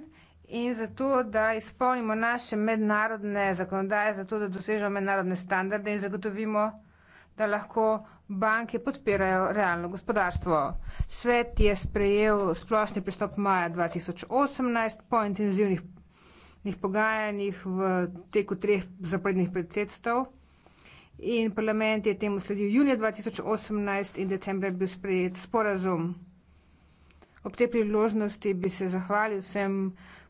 in za to, da izpolnimo naše mednarodne zakonodaje, za to, da dosežemo mednarodne standarde in zagotovimo, da lahko banke podpirajo realno gospodarstvo. Svet je sprejel splošni pristop maja 2018 po intenzivnih pogajanjih v teku treh zaprednih predsedstv in parlament je temu sledil junija 2018 in decembra je bil sprejet sporazum. Ob tej priložnosti bi se zahvalil vsem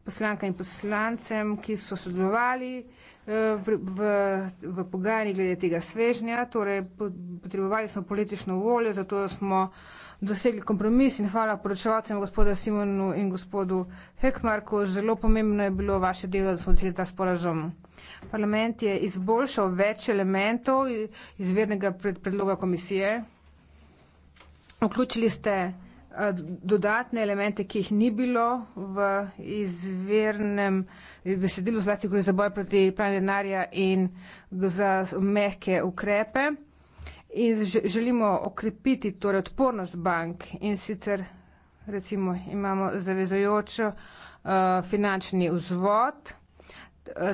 poslankam in poslancem, ki so sodelovali eh, v, v pogajanjih glede tega svežnja. Torej, potrebovali smo politično voljo, zato smo dosegli kompromis in hvala poročevalcem gospoda Simonu in gospodu Hekmarku. Zelo pomembno je bilo vaše delo, da smo dosegli ta sporažom. Parlament je izboljšal več elementov izvednega predloga komisije. Vključili ste dodatne elemente, ki jih ni bilo v izvirnem besedilu, zlasti gre za boj proti pranju denarja in za mehke ukrepe. In želimo okrepiti torej odpornost bank in sicer recimo imamo zavezajoč uh, finančni vzvod uh,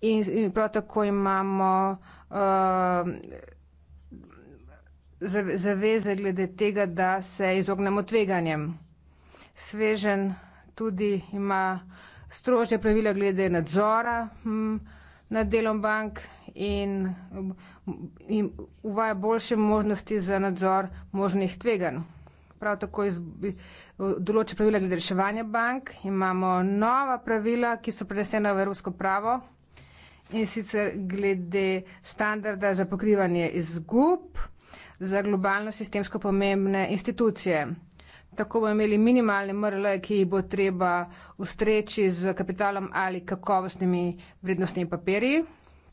in, in prav tako imamo uh, zaveze glede tega, da se izognemo tveganjem. Svežen tudi ima strožje pravila glede nadzora hm, nad delom bank in, in uvaja boljše možnosti za nadzor možnih tveganj. Prav tako določa pravila glede reševanja bank, imamo nova pravila, ki so prenesena v evropsko pravo in sicer glede standarda za pokrivanje izgub za globalno sistemsko pomembne institucije. Tako bomo imeli minimalne MRL, ki jih bo treba ustreči z kapitalom ali kakovostnimi vrednostnimi papiri.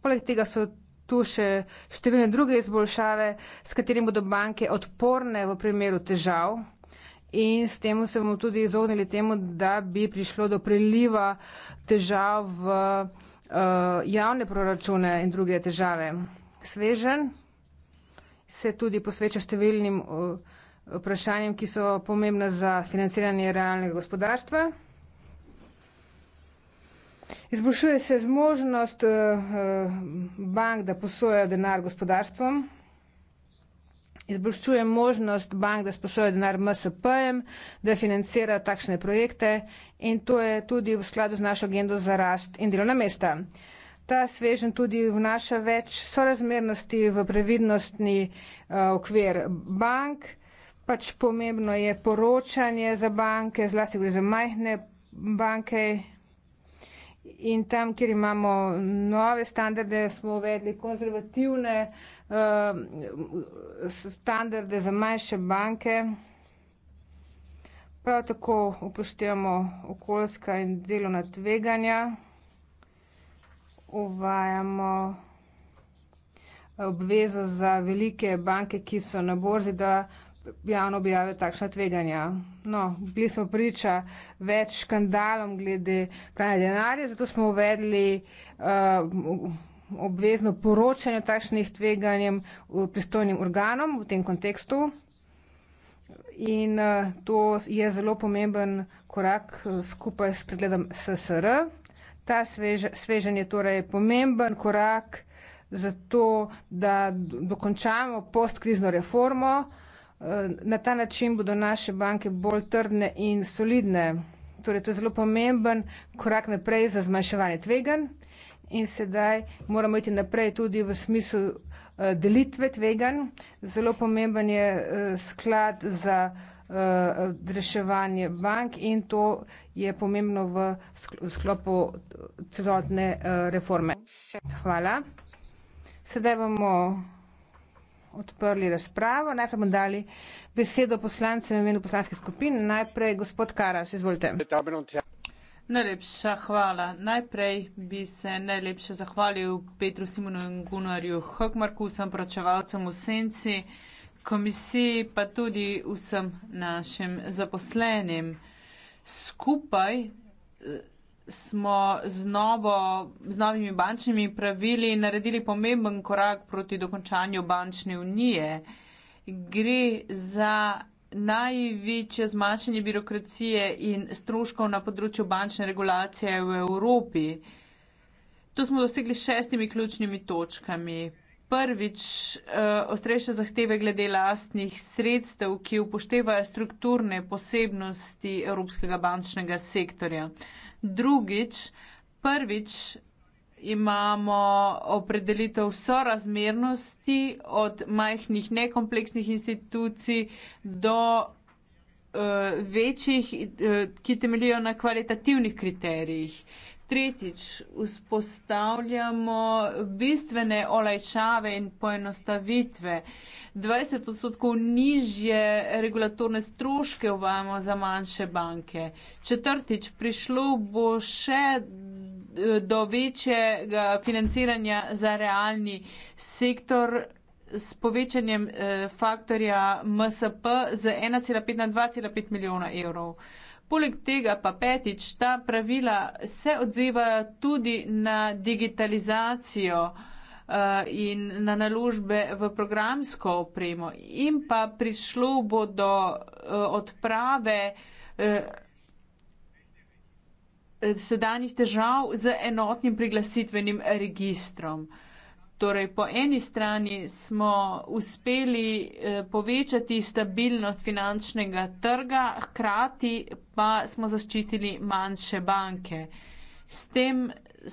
Poleg tega so tu še številne druge izboljšave, s katerimi bodo banke odporne v primeru težav in s tem se bomo tudi izognili temu, da bi prišlo do preliva težav v uh, javne proračune in druge težave. Svežen se tudi posveča številnim uh, vprašanjem, ki so pomembna za financiranje realnega gospodarstva. Izboljšuje se zmožnost uh, uh, bank, da posojajo denar gospodarstvom. Izboljšuje možnost bank, da sposojajo denar MSP-jem, da financirajo takšne projekte in to je tudi v skladu z našo agendo za rast in delovna mesta. Uh, Ta svežen tudi vnaša več sorazmernosti v previdnostni eh, okvir bank. Pač pomembno je poročanje za banke, zlasti gre za majhne banke. In tam, kjer imamo nove standarde, smo uvedli konzervativne eh, standarde za manjše banke. Prav tako upoštevamo okoljska in delovna tveganja uvajamo obvezo za velike banke, ki so na borzi, da javno objavijo takšna tveganja. No, bili smo priča več škandalom glede pranja denarja, zato smo uvedli uh, obvezno poročanje takšnih tveganjem pristojnim organom v tem kontekstu. In uh, to je zelo pomemben korak uh, skupaj s pregledom SSR. Ta svežen je torej pomemben korak za to, da dokončamo postkrizno reformo. Eh, na ta način bodo naše banke bolj trdne in solidne. Torej, to je zelo pomemben korak naprej za zmanjševanje tvegan in sedaj moramo iti naprej tudi v smislu eh, delitve tvegan. Zelo pomemben je eh, sklad za Eh, reševanje bank in to je pomembno v sklopu celotne eh, reforme. Hvala. Sedaj bomo odprli razpravo. Najprej bomo dali besedo poslancem v imenu poslanskih skupin. Najprej gospod Karas, izvolite. Najlepša hvala. Najprej bi se najlepše zahvalil Petru Simonu in Gunarju Hogmarku, sem pročevalcem v Senci komisiji, pa tudi vsem našim zaposlenim. Skupaj eh, smo z, novo, z novimi bančnimi pravili naredili pomemben korak proti dokončanju bančne unije. Gre za največje zmanjšanje birokracije in stroškov na področju bančne regulacije v Evropi. To smo dosegli šestimi ključnimi točkami prvič uh, ostrejše zahteve glede lastnih sredstev, ki upoštevajo strukturne posebnosti Evropskega bančnega sektorja. Drugič, prvič imamo opredelitev sorazmernosti od majhnih nekompleksnih institucij do uh, večjih, uh, ki temelijo na kvalitativnih kriterijih. Uh, Tretjič, vzpostavljamo bistvene olajšave in poenostavitve. 20 odstotkov nižje regulatorne stroške uvajamo za manjše banke. Četrtič, prišlo bo še eh, do večjega financiranja za realni sektor s povečanjem eh, faktorja MSP za 1,5 na 2,5 milijona evrov. Poleg tega pa petič, ta pravila se odzivajo tudi na digitalizacijo eh, in na naložbe v programsko opremo in pa prišlo bo do eh, odprave eh, sedanjih težav z enotnim priglasitvenim registrom. Torej, po eni strani smo uspeli eh, povečati stabilnost finančnega trga, hkrati pa smo zaščitili manjše banke. S tem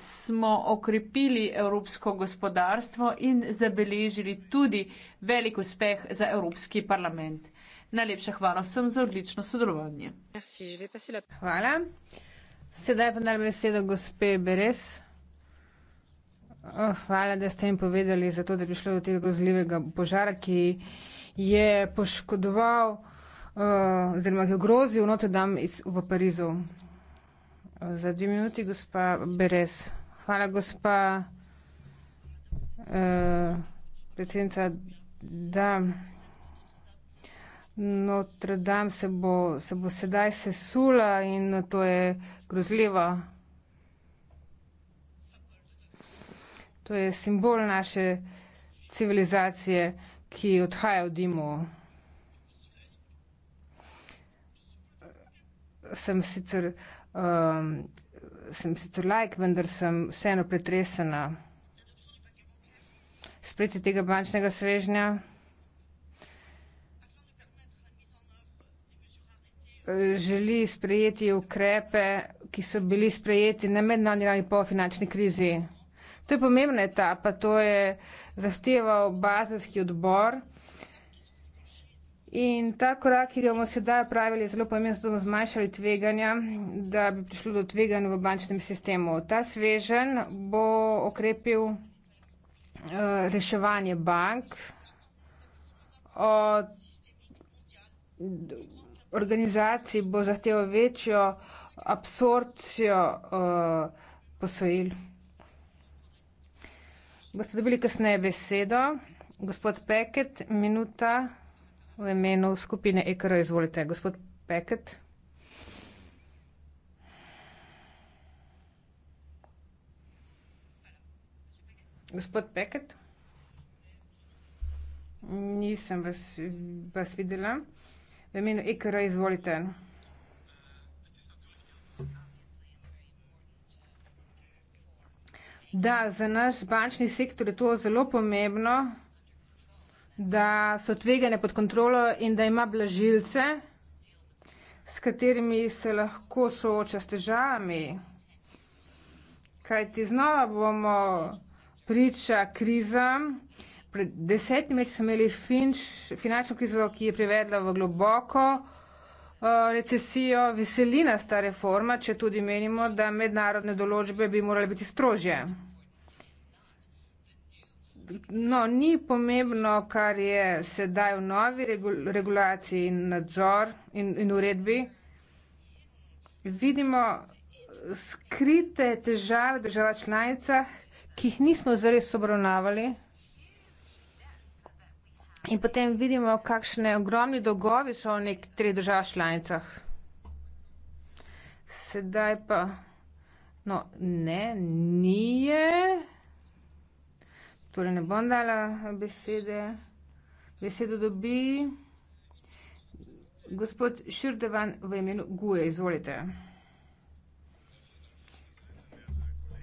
smo okrepili evropsko gospodarstvo in zabeležili tudi velik uspeh za Evropski parlament. Najlepša hvala vsem za odlično sodelovanje. Hvala. Sedaj pa naj besedo gospe Beres. Oh, hvala, da ste jim povedali za to, da je prišlo do tega grozljivega požara, ki je poškodoval eh, oziroma uh, je grozil Notre Dame iz, v Parizu. Uh, za dve minuti, gospa Beres. Hvala, gospa uh, predsednica, da Notre Dame se bo, se bo sedaj sesula in to je grozljivo. To je simbol naše civilizacije, ki odhaja v dimu. Sem sicer, um, sem sicer lajk, vendar sem vseeno pretresena. Spreti tega bančnega svežnja. Želi sprejeti ukrepe, ki so bili sprejeti na mednarodni ravni po finančni krizi. To je pomembna etapa, to je zahteval bazenski odbor. In ta korak, ki ga bomo sedaj opravili, je zelo pomemben, da bomo zmanjšali tveganja, da bi prišlo do tveganja v bančnem sistemu. Ta svežen bo okrepil uh, reševanje bank od organizacij, bo zahteval večjo absorpcijo uh, posojil. Boste dobili kasneje besedo. Gospod Peket, minuta v imenu skupine EKR, izvolite. Gospod Peket. Gospod Peket. Nisem vas, vas videla. V imenu EKR, izvolite. Da, za naš bančni sektor je to zelo pomembno, da so tvegane pod kontrolo in da ima blažilce, s katerimi se lahko sooča s težavami. Kaj ti znova bomo priča krizam. Pred desetimi leti smo imeli finč, finančno krizo, ki je privedla v globoko Eh, recesijo, veseli nas ta reforma, če tudi menimo, da mednarodne določbe bi morale biti strožje. No, ni pomembno, kar je sedaj v novi regulaciji in nadzor in, in uredbi. Vidimo skrite težave v državah članicah, ki jih nismo zares obravnavali. In potem vidimo, kakšne ogromni dolgovi so v nek treh držav članicah. Sedaj pa, no, ne, nije. Torej ne bom dala besede. Besedo dobi gospod Širdevan v imenu Guje. Izvolite.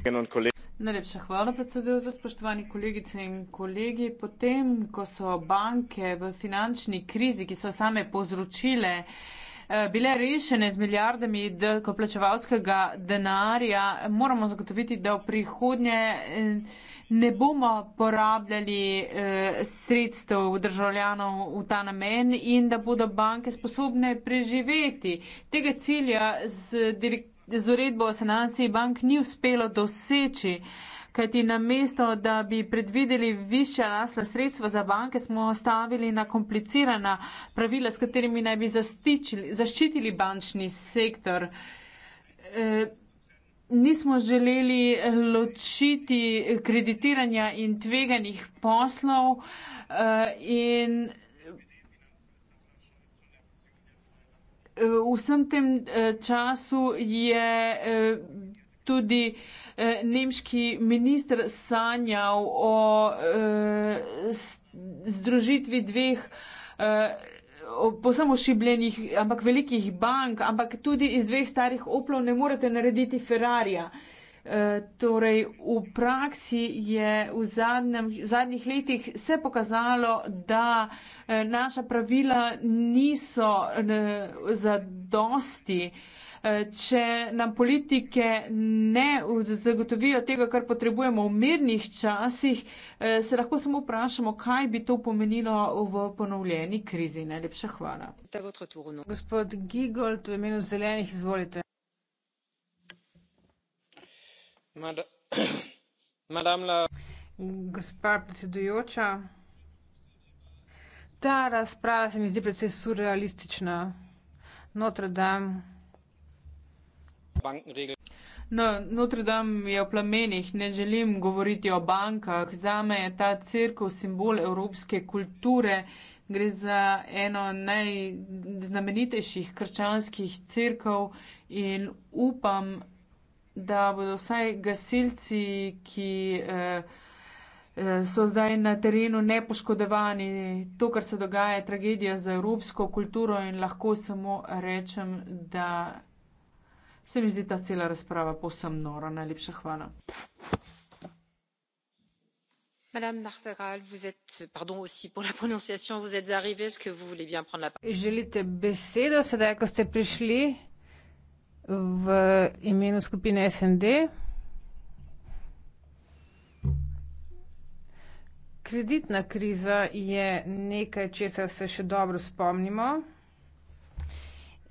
Gospod Širdevan v imenu Guje. Najlepša hvala, predsedujoča. Spoštovani kolegice in kolegi. Potem, ko so banke v finančni krizi, ki so same povzročile, eh, bile rešene z milijardami dokoplačevalskega denarja, moramo zagotoviti, da v prihodnje eh, ne bomo porabljali eh, sredstev državljanov v ta namen in da bodo banke sposobne preživeti. Tega cilja z direktivami z uredbo o sanaciji bank ni uspelo doseči. Kajti na mesto, da bi predvideli više lasna sredstva za banke, smo stavili na komplicirana pravila, s katerimi naj bi zaščitili bančni sektor. E, nismo želeli ločiti kreditiranja in tveganih poslov e, in v vsem tem eh, času je eh, tudi eh, nemški minister sanjal o združitvi dveh posebno šibljenih, ampak velikih bank, ampak tudi iz dveh starih oplov ne morete narediti Ferrarija. Eh, torej v praksi je v, zadnjem, v zadnjih letih se pokazalo, da eh, naša pravila niso zadosti. Eh, če nam politike ne zagotovijo tega, kar potrebujemo v mirnih časih, se lahko samo vprašamo, kaj bi to pomenilo v ponovljeni krizi. Najlepša hvala. Gospod Gigold, v imenu zelenih, izvolite. <coughs> Gospa predsedujoča, ta razprava se mi zdi precej surrealistična. Notre Dame. No, Notre Dame je v plamenih, ne želim govoriti o bankah, zame je ta cerkev simbol evropske kulture. Gre za eno znamenitejših krščanskih cerkev in upam, da bodo vsaj gasilci, ki eh, eh, so zdaj na terenu nepoškodovani, to, kar se dogaja, je tragedija za evropsko kulturo in lahko samo rečem, da se mi zdi ta cela razprava posem nora. Najlepša hvala. Želite besedo, sedaj, ko ste prišli? v imenu skupine SND. Kreditna kriza je nekaj, česar se še dobro spomnimo.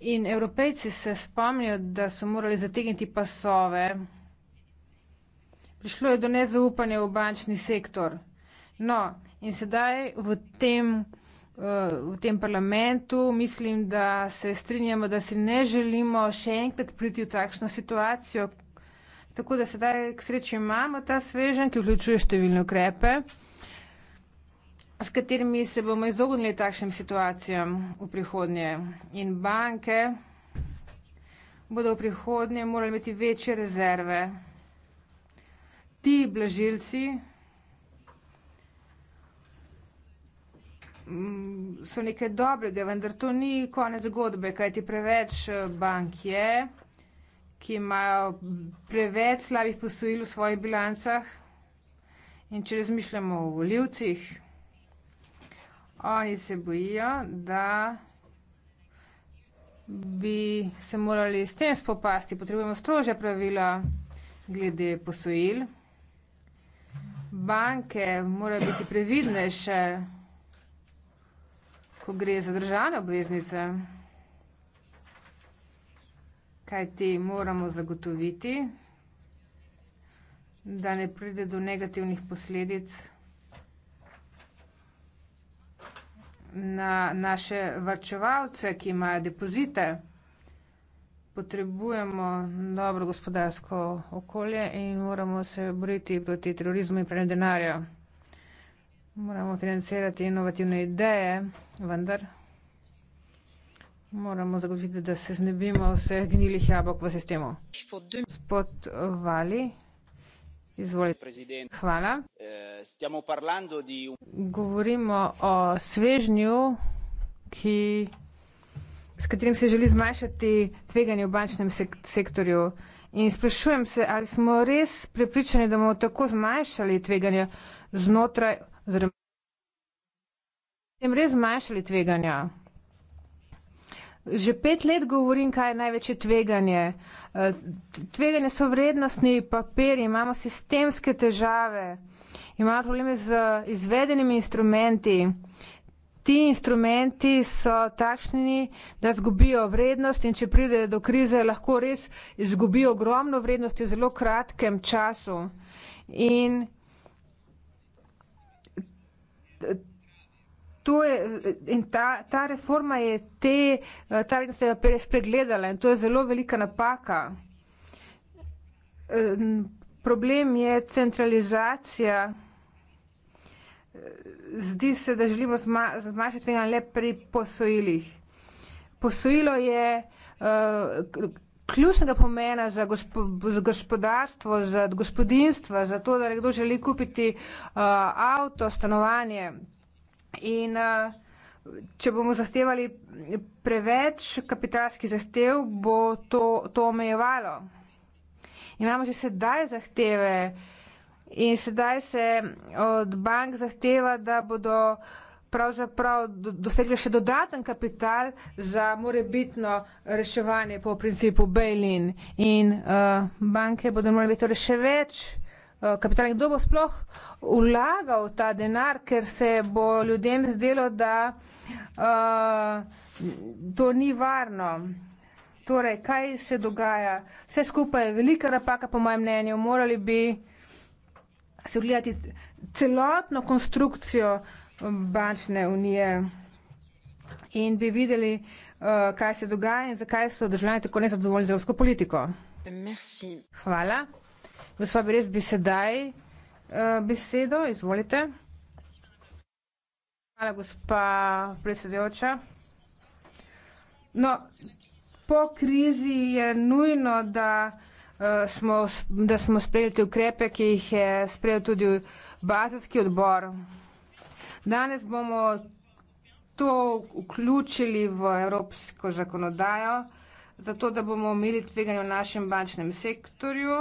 In evropejci se spomnijo, da so morali zategniti pasove. Prišlo je do nezaupanja v bančni sektor. No, in sedaj v tem v tem parlamentu. Mislim, da se strinjamo, da si ne želimo še enkrat priti v takšno situacijo. Tako da sedaj k sreči imamo ta svežen, ki vključuje številne ukrepe, s katerimi se bomo izognili takšnim situacijam v prihodnje. In banke bodo v prihodnje morali imeti večje rezerve. Ti blažilci, Mm, so nekaj dobrega, vendar to ni konec zgodbe, kajti preveč eh, bank je, ki imajo preveč slabih posojil v svojih bilancah. In če razmišljamo o voljivcih, oni se bojijo, da bi se morali s tem spopasti. Potrebujemo strožja pravila glede posojil. Banke morajo biti previdnejše ko gre za državne obveznice, kaj ti moramo zagotoviti, da ne pride do negativnih posledic na naše varčevalce, ki imajo depozite. Potrebujemo dobro gospodarsko okolje in moramo se boriti proti terorizmu in pranju denarja moramo financirati inovativne ideje, vendar moramo zagotoviti, da se znebimo vseh gnilih jabolk v sistemu. Gospod Vali, Hvala. Eh, Govorimo o svežnju, ki, s katerim se želi zmanjšati tveganje v bančnem sektorju. In sprašujem se, ali smo res prepričani, da bomo tako zmanjšali tveganje znotraj Tem res zmanjšali tveganja. Že pet let govorim, kaj je največje tveganje. Eh, tveganje so vrednostni papiri, imamo sistemske težave, imamo probleme z izvedenimi instrumenti. Ti instrumenti so takšni, da zgubijo vrednost in če pride do krize, lahko res izgubijo ogromno vrednosti v zelo kratkem času. In To je, in ta, ta reforma je te, ta vrednost je pa spregledala in to je zelo velika napaka. Problem je centralizacija. Zdi se, da želimo zma, zmanjšati tvega le pri posojilih. Posojilo je uh, ključnega pomena za, gospo, za gospodarstvo, za gospodinstva, za to, da nekdo želi kupiti uh, avto, stanovanje. In uh, če bomo zahtevali preveč kapitalskih zahtev, bo to, to omejevalo. Imamo že sedaj zahteve in sedaj se od bank zahteva, da bodo uh, pravzaprav dosegli še dodaten kapital za morebitno reševanje po principu Bejlin in uh, banke bodo morali biti torej še več. Eh, kapital, kdo bo sploh vlagal ta denar, ker se bo ljudem zdelo, da uh, to ni varno. Torej, kaj se dogaja? Vse skupaj je velika napaka, po mojem mnenju. Morali bi se ogledati celotno konstrukcijo uh, bančne unije in bi videli, eh, kaj se dogaja in zakaj so državljani tako nezadovoljni z evropsko politiko. Merci. Hvala. Gospa Brez, bi sedaj eh, besedo, izvolite. Hvala, gospa predsedujoča. No, po krizi je nujno, da eh, smo, da smo sprejeli te ukrepe, ki jih je sprejel tudi bazelski odbor. Danes bomo to vključili v evropsko zakonodajo, zato da bomo omejili tveganje v našem bančnem sektorju.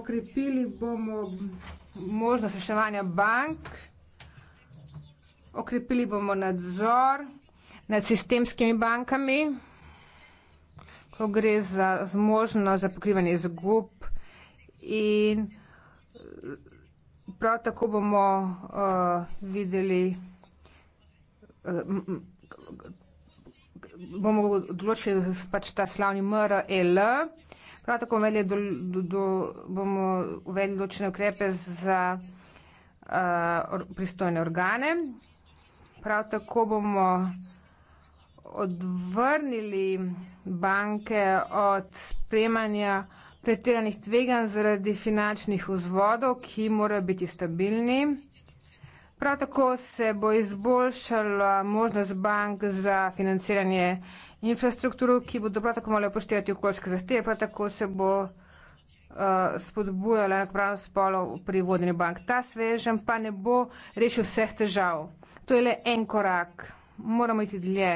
Okrepili bomo možnost reševanja bank, okrepili bomo nadzor nad sistemskimi bankami, ko gre za zmožnost za pokrivanje izgub in prav tako bomo uh, videli, uh, bomo odločili pač ta slavni MRL, e prav tako do, do, do, bomo uvedli določene ukrepe za uh, or, pristojne organe, prav tako bomo odvrnili banke od spremanja uh, pretiranih tveganj zaradi finančnih vzvodov, ki morajo biti stabilni. Prav tako se bo izboljšala možnost bank za financiranje infrastrukturo, ki bodo prav tako morali upoštevati okoljske zahteve, prav tako se bo uh, spodbujala enakopravnost spolov pri vodenju bank. Ta svežen pa ne bo rešil vseh težav. To je le en korak. Moramo iti dlje.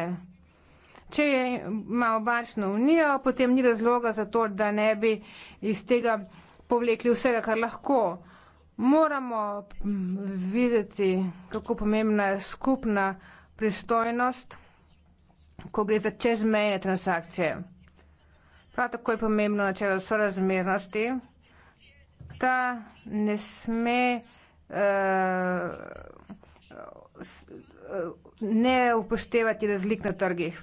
Če je, ima bančno unijo, potem ni razloga za to, da ne bi iz tega povlekli vsega, kar lahko. Moramo videti, kako pomembna je skupna pristojnost, ko gre za čezmejne transakcije. Prav tako je pomembno načelo sorazmernosti. Ta ne sme uh, ne upoštevati razlik na trgih.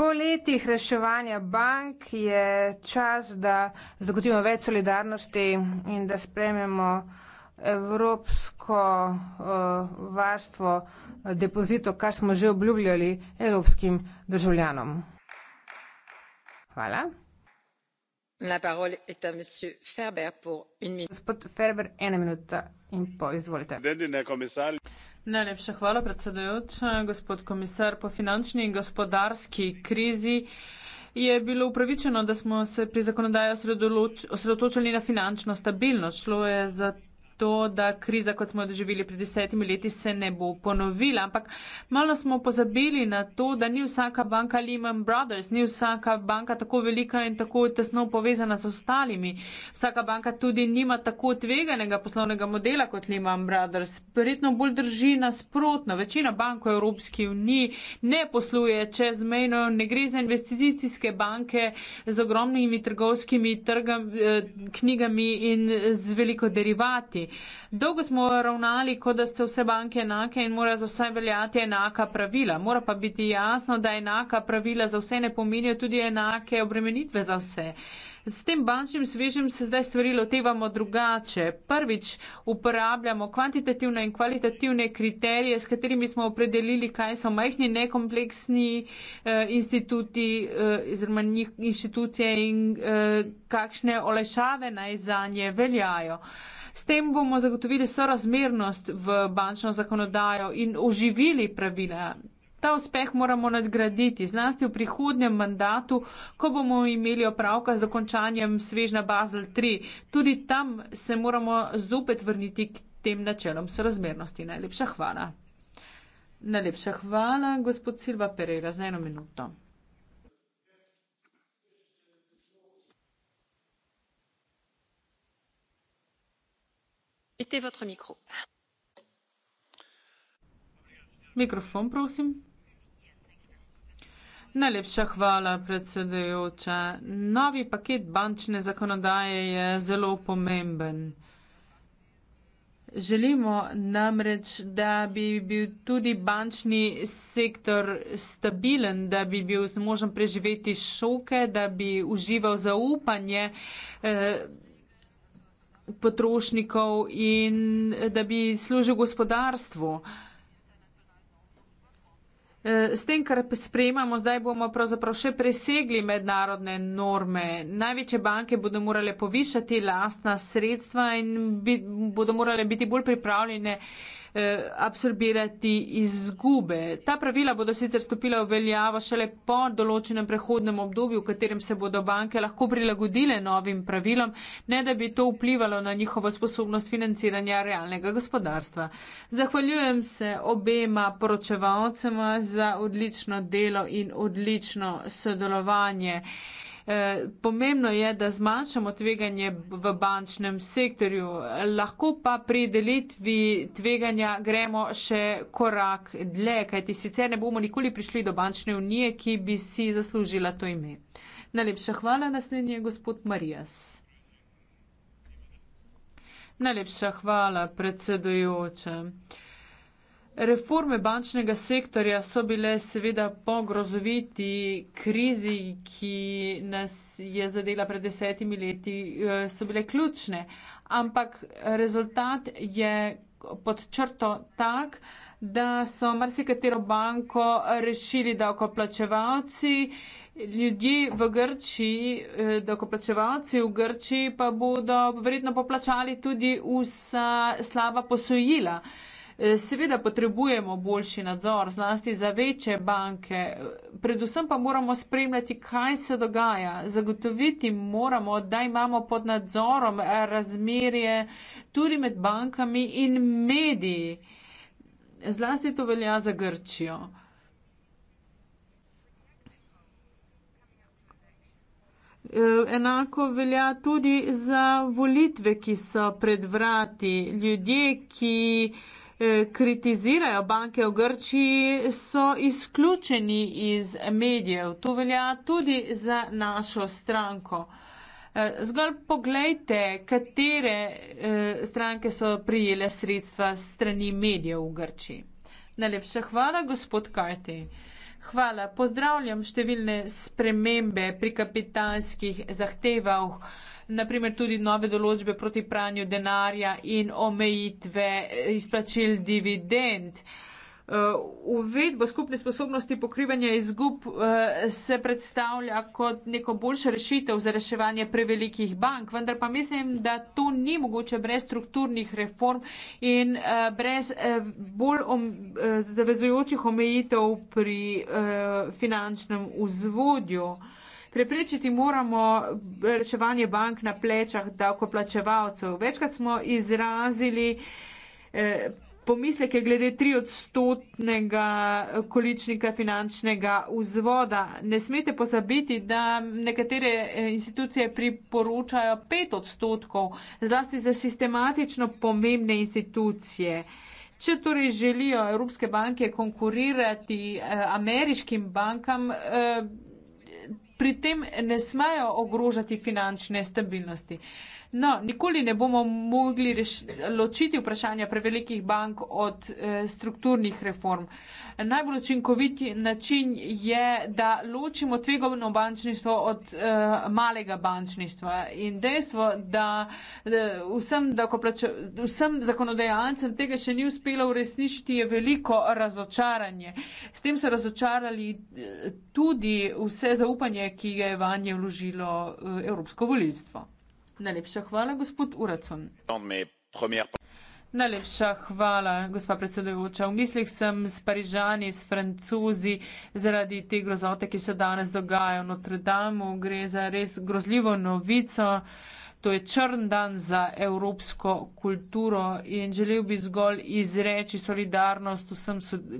Po letih reševanja bank je čas, da zagotovimo več solidarnosti in da sprememo evropsko uh, varstvo depozitov, kar smo že obljubljali evropskim državljanom. Hvala. Najlepša hvala, predsedujoča. Gospod komisar, po finančni in gospodarski krizi je bilo upravičeno, da smo se pri zakonodaji osredotočili na finančno stabilnost. Šlo je za to, da kriza, kot smo jo doživeli pred desetimi leti, se ne bo ponovila. Ampak malo smo pozabili na to, da ni vsaka banka Lehman Brothers, ni vsaka banka tako velika in tako tesno povezana z ostalimi. Vsaka banka tudi nima tako tveganega poslovnega modela kot Lehman Brothers. Verjetno bolj drži nasprotno. Večina bank v Evropski uniji ne posluje čezmejno, ne gre za investicijske banke z ogromnimi trgovskimi trgami, eh, knjigami in z veliko derivati. Dolgo smo ravnali, kot da so vse banke enake in mora za vse veljati enaka pravila. Mora pa biti jasno, da enaka pravila za vse ne pomenijo tudi enake obremenitve za vse. S tem bančnim svežim se zdaj stvari lotevamo drugače. Prvič uporabljamo kvantitativne in kvalitativne kriterije, s katerimi smo opredelili, kaj so majhni nekompleksni eh, instituti eh, oziroma eh, njih inštitucije in eh, kakšne olešave naj za nje veljajo. Eh, S tem bomo zagotovili sorazmernost v bančno zakonodajo in oživili pravila. Ta uspeh moramo nadgraditi, zlasti v prihodnjem mandatu, ko bomo imeli opravka z dokončanjem svežna Basel 3. Tudi tam se moramo zopet vrniti k tem načelom sorazmernosti. Najlepša hvala. Najlepša hvala, gospod Silva Pereira, za eno minuto. Mikrofon, prosim. Najlepša hvala, predsedujoča. Novi paket bančne zakonodaje je zelo pomemben. Želimo namreč, da bi bil tudi bančni sektor stabilen, da bi bil zmožen preživeti šoke, da bi užival zaupanje. Eh, potrošnikov in da bi služil gospodarstvu. E, s tem, kar sprejemamo, zdaj bomo pravzaprav še presegli mednarodne norme. Največje banke bodo morale povišati lastna sredstva in bi, bodo morale biti bolj pripravljene uh, Eh, absorbirati izgube. Ta pravila bodo sicer stopila v veljavo šele po določenem prehodnem obdobju, v katerem se bodo banke lahko prilagodile novim pravilom, ne da bi to vplivalo na njihovo sposobnost financiranja realnega gospodarstva. Zahvaljujem se obema poročevalcema za odlično delo in odlično sodelovanje. Eh, pomembno je, da zmanjšamo tveganje v bančnem sektorju. Lahko pa pri delitvi tveganja gremo še korak dlje, kajti sicer ne bomo nikoli prišli do bančne unije, ki bi si zaslužila to ime. Najlepša hvala, naslednji je gospod Marijas. Najlepša hvala, predsedujoča. Reforme bančnega sektorja so bile seveda po grozoviti krizi, ki nas je zadela pred desetimi leti, eh, so bile ključne, ampak rezultat je pod črto tak, da so marsikatero banko rešili davkoplačevalci, ljudje v Grčiji, eh, davkoplačevalci v Grčiji pa bodo verjetno poplačali tudi vsa slaba posojila. Seveda potrebujemo boljši nadzor, zlasti za večje banke, predvsem pa moramo spremljati, kaj se dogaja. Zagotoviti moramo, da imamo pod nadzorom razmerje tudi med bankami in mediji. Zlasti to velja za Grčijo. Eh, enako velja tudi za volitve, ki so pred vrati. Ljudje, ki uh, Eh, kritizirajo banke v Grčiji, so izključeni iz medijev. To velja tudi za našo stranko. Eh, zgolj poglejte, katere eh, stranke so prijele sredstva strani medijev v Grčiji. Najlepša hvala, gospod Kajti. Hvala. Pozdravljam številne spremembe pri kapitalskih zahtevah naprimer tudi nove določbe proti pranju denarja in omejitve izplačil dividend. Uh, Uvedba skupne sposobnosti pokrivanja izgub uh, se predstavlja kot neko boljša rešitev za reševanje prevelikih bank, vendar pa mislim, da to ni mogoče brez strukturnih reform in uh, brez bolj zavezujočih omejitev pri finančnem vzvodju. Preprečiti moramo reševanje bank na plečah davkoplačevalcev. Večkrat smo izrazili eh, pomisleke glede tri odstotnega količnika finančnega vzvoda. Ne smete pozabiti, da nekatere eh, institucije priporočajo pet odstotkov, zlasti za sistematično pomembne institucije. Če torej želijo evropske banke konkurirati eh, ameriškim bankam, eh, pri tem ne smejo ogrožati finančne stabilnosti. No, nikoli ne bomo mogli ločiti vprašanja prevelikih bank od e, strukturnih reform. Najbolj učinkovit način je, da ločimo tvegovno bančništvo od e, malega bančništva. In dejstvo, da, da eh, vsem, vsem zakonodajalcem tega še ni uspelo uresničiti, je veliko razočaranje. S tem so razočarali tudi vse zaupanje, ki je vanje vložilo e, Evropsko voljstvo. Najlepša hvala, gospod Uracon. Najlepša hvala, gospa predsedujoča. V mislih sem s Parižani, s Francozi zaradi te grozote, ki se danes dogaja v Notre Dame. Gre za res grozljivo novico to je črn dan za evropsko kulturo in želel bi zgolj izreči solidarnost vsem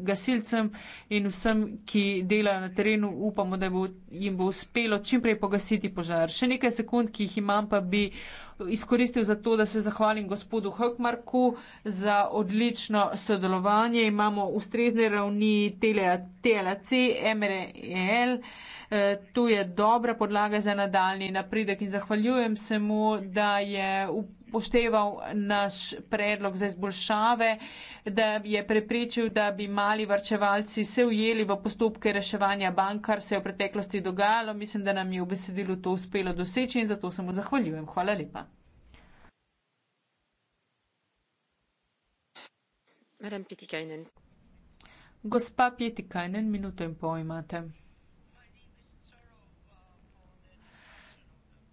gasilcem in vsem, ki delajo na terenu. Upamo, da bo, jim bo uspelo čimprej pogasiti požar. Še nekaj sekund, ki jih imam, pa bi izkoristil za to, da se zahvalim gospodu Hökmarku za odlično sodelovanje. Imamo ustrezne ravni TLAC, MRL. E Eh, to je dobra podlaga za nadaljni napredek in zahvaljujem se mu, da je upošteval naš predlog za izboljšave, da je preprečil, da bi mali varčevalci se ujeli v postopke reševanja bank, kar se je v preteklosti dogajalo. Mislim, da nam je v besedilu to uspelo doseči in zato se mu zahvaljujem. Hvala lepa. Gospa Pietikajnen, minuto in pol imate.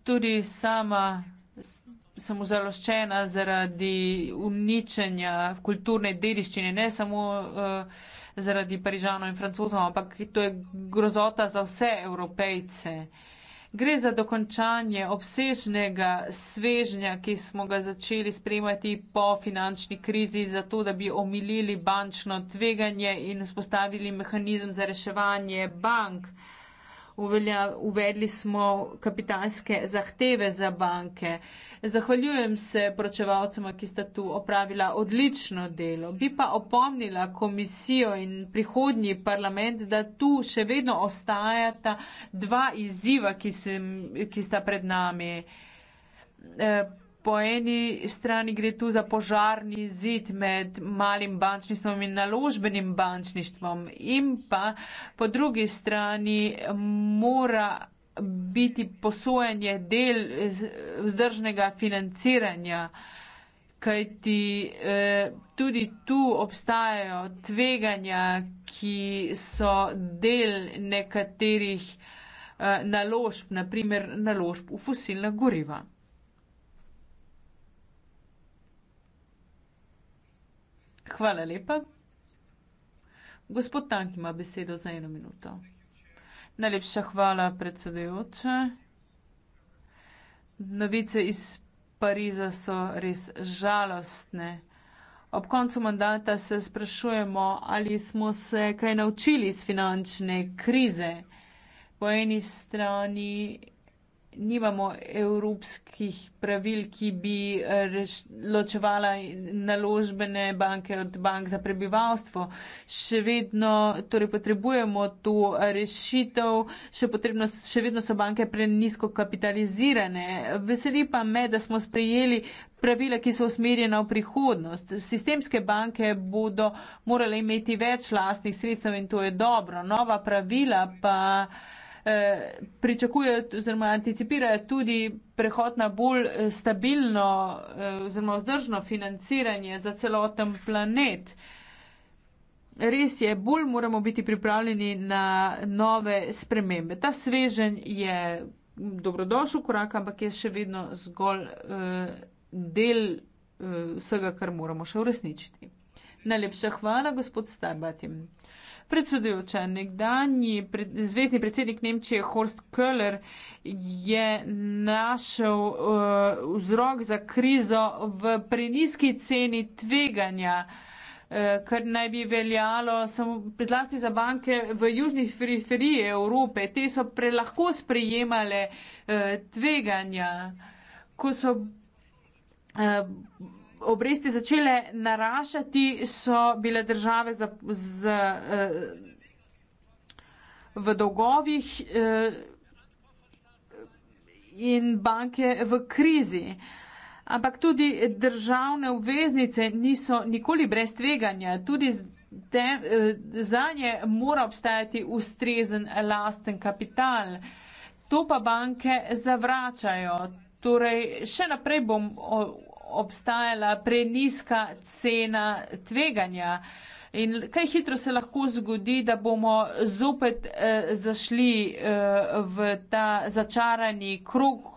tudi sama sem užaloščena zaradi uničenja kulturne dediščine, ne samo uh, zaradi Parižanov in Francozov, ampak to je grozota za vse evropejce. Gre za dokončanje obsežnega svežnja, ki smo ga začeli spremati po finančni krizi, zato da bi omilili bančno tveganje in vzpostavili mehanizem za reševanje bank uvelja, uvedli smo kapitalske zahteve za banke. Zahvaljujem se poročevalcema, ki sta tu opravila odlično delo. Bi pa opomnila komisijo in prihodnji parlament, da tu še vedno ostajata dva izziva, ki, sem, ki sta pred nami. E, po eni strani gre tu za požarni zid med malim bančništvom in naložbenim bančništvom in pa po drugi strani mora biti posojanje del eh, vzdržnega financiranja, kajti eh, tudi tu obstajajo tveganja, ki so del nekaterih eh, naložb, naprimer naložb v fosilna goriva. Hvala lepa. Gospod Tank ima besedo za eno minuto. Najlepša hvala, predsedujoče. Novice iz Pariza so res žalostne. Ob koncu mandata se sprašujemo, ali smo se kaj naučili iz finančne krize. Po eni strani nimamo evropskih pravil, ki bi reš, ločevala naložbene banke od bank za prebivalstvo. Še vedno torej potrebujemo to rešitev, še, potrebno, še vedno so banke prenisko kapitalizirane. Veseli pa me, da smo sprejeli pravila, ki so usmerjena v prihodnost. Sistemske banke bodo morale imeti več lastnih sredstev in to je dobro. Nova pravila pa. Eh, pričakujejo oziroma anticipirajo tudi prehod na bolj eh, stabilno eh, oziroma vzdržno financiranje za celoten planet. Res je, bolj moramo biti pripravljeni na nove spremembe. Ta svežen je dobrodošel korak, ampak je še vedno zgolj uh, del uh, vsega, kar moramo še uresničiti. Najlepša hvala, gospod Stabatim predsedujoča, nekdanji pred, zvezdni predsednik Nemčije Horst Köhler je našel uh, vzrok za krizo v preniski ceni tveganja, uh, kar naj bi veljalo samo zlasti za banke v južni periferiji Evrope. Te so prelahko sprejemale uh, tveganja, ko so. Uh, obresti začele naraščati, so bile države za, z, uh, v dolgovih uh, in banke v krizi. Ampak tudi državne obveznice niso nikoli brez tveganja. Tudi te, eh, za nje mora obstajati ustrezen lasten kapital. To pa banke zavračajo. Torej, še naprej bom obstajala preniska cena tveganja. In kaj hitro se lahko zgodi, da bomo zopet eh, zašli eh, v ta začarani krug,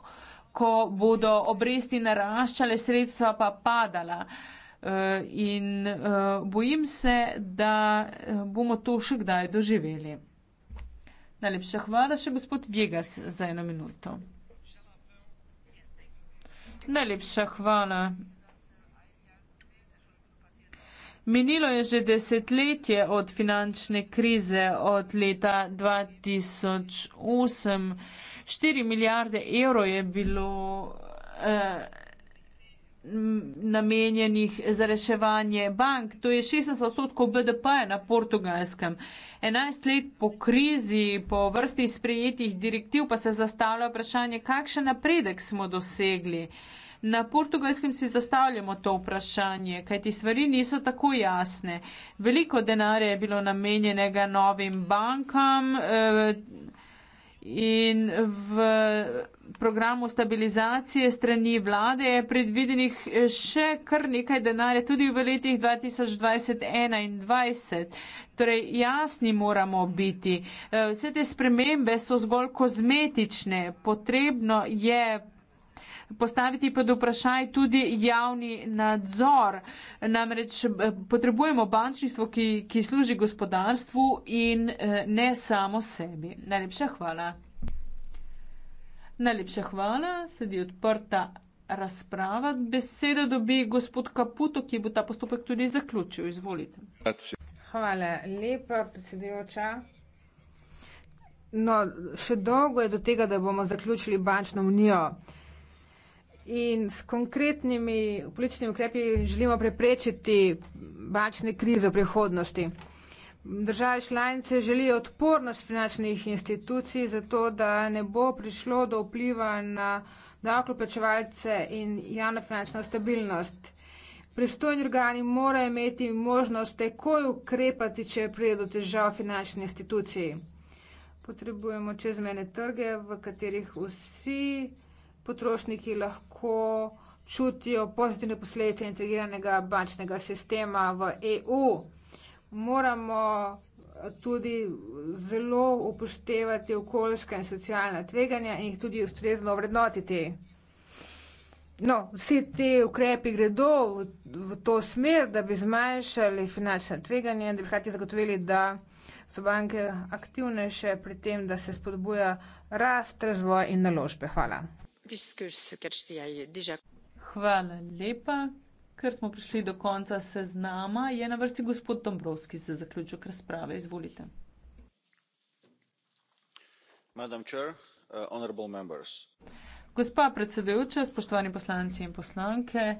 ko bodo obresti naraščale, sredstva pa padala. Eh, in eh, bojim se, da eh, bomo to še kdaj doživeli. Najlepša hvala še gospod Vegas za eno minuto. Najlepša hvala. Minilo je že desetletje od finančne krize, od leta 2008. 4 milijarde evrov je bilo. Eh, namenjenih za reševanje bank. To je 16 odstotkov BDP-ja na portugalskem. 11 let po krizi, po vrsti sprejetih direktiv pa se zastavlja vprašanje, kakšen napredek smo dosegli. Na portugalskem si zastavljamo to vprašanje, kajti stvari niso tako jasne. Veliko denarja je bilo namenjenega novim bankam eh, in v programu stabilizacije strani vlade je predvidenih eh, še kar nekaj denarja tudi v letih 2021-2022. Torej, jasni moramo biti. Eh, vse te spremembe so zgolj kozmetične. Potrebno je postaviti pod vprašaj tudi javni nadzor. Namreč eh, potrebujemo bančništvo, ki, ki služi gospodarstvu in ne samo sebi. Najlepša hvala. Najlepša hvala, sedi odprta razprava. Besedo dobi gospod Kaputo, ki bo ta postopek tudi zaključil. Izvolite. Hvala lepa, predsedujoča. No, še dolgo je do tega, da bomo zaključili bančno unijo. In s konkretnimi političnimi ukrepi želimo preprečiti bančne krize v prihodnosti države članice želijo odpornost finančnih institucij zato, da ne bo prišlo do vpliva na davkoplačevalce in javno finančno stabilnost. Pristojni organi morajo imeti možnost takoj ukrepati, če pride do težav finančnih institucij. Potrebujemo čezmene trge, v katerih vsi potrošniki lahko čutijo pozitivne posledice integriranega bančnega sistema v EU moramo eh, tudi zelo upoštevati okoljska in socialna tveganja in jih tudi ustrezno vrednotiti. No, vsi ti ukrepi gredo v, v to smer, da bi zmanjšali finančna tveganja in da bi hkrati zagotovili, da so banke aktivnejše pri tem, da se spodbuja rast, razvoj in naložbe. Hvala. Ja Hvala lepa, Ker smo prišli do konca seznama, je na vrsti gospod Dombrovski za zaključek razprave. Izvolite. Chair, uh, Gospa predsedujoča, spoštovani poslanci in poslanke,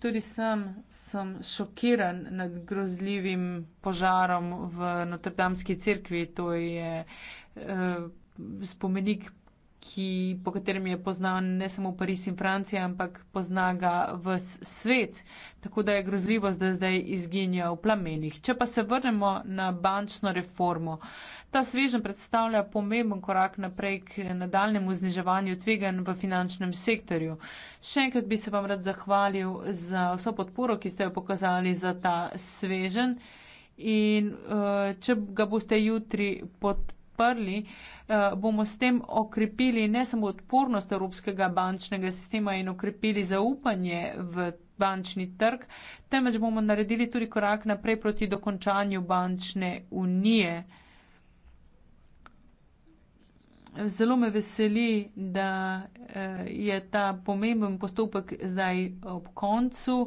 tudi sam sem šokiran nad grozljivim požarom v Notrdamski cerkvi. To je uh, spomenik ki, po katerem je poznan ne samo Pariz in Francija, ampak pozna ga v svet. Tako da je grozljivo, da zdaj izginja v plamenih. Če pa se vrnemo na bančno reformo, ta svežen predstavlja pomemben korak naprej k nadaljnemu zniževanju tvegan v finančnem sektorju. Še enkrat bi se vam rad zahvalil za vso podporo, ki ste jo pokazali za ta svežen. In uh, če ga boste jutri podprli, podprli, eh, bomo s tem okrepili ne samo odpornost evropskega bančnega sistema in okrepili zaupanje v bančni trg, temveč bomo naredili tudi korak naprej proti dokončanju bančne unije. Zelo me veseli, da eh, je ta pomemben postopek zdaj ob koncu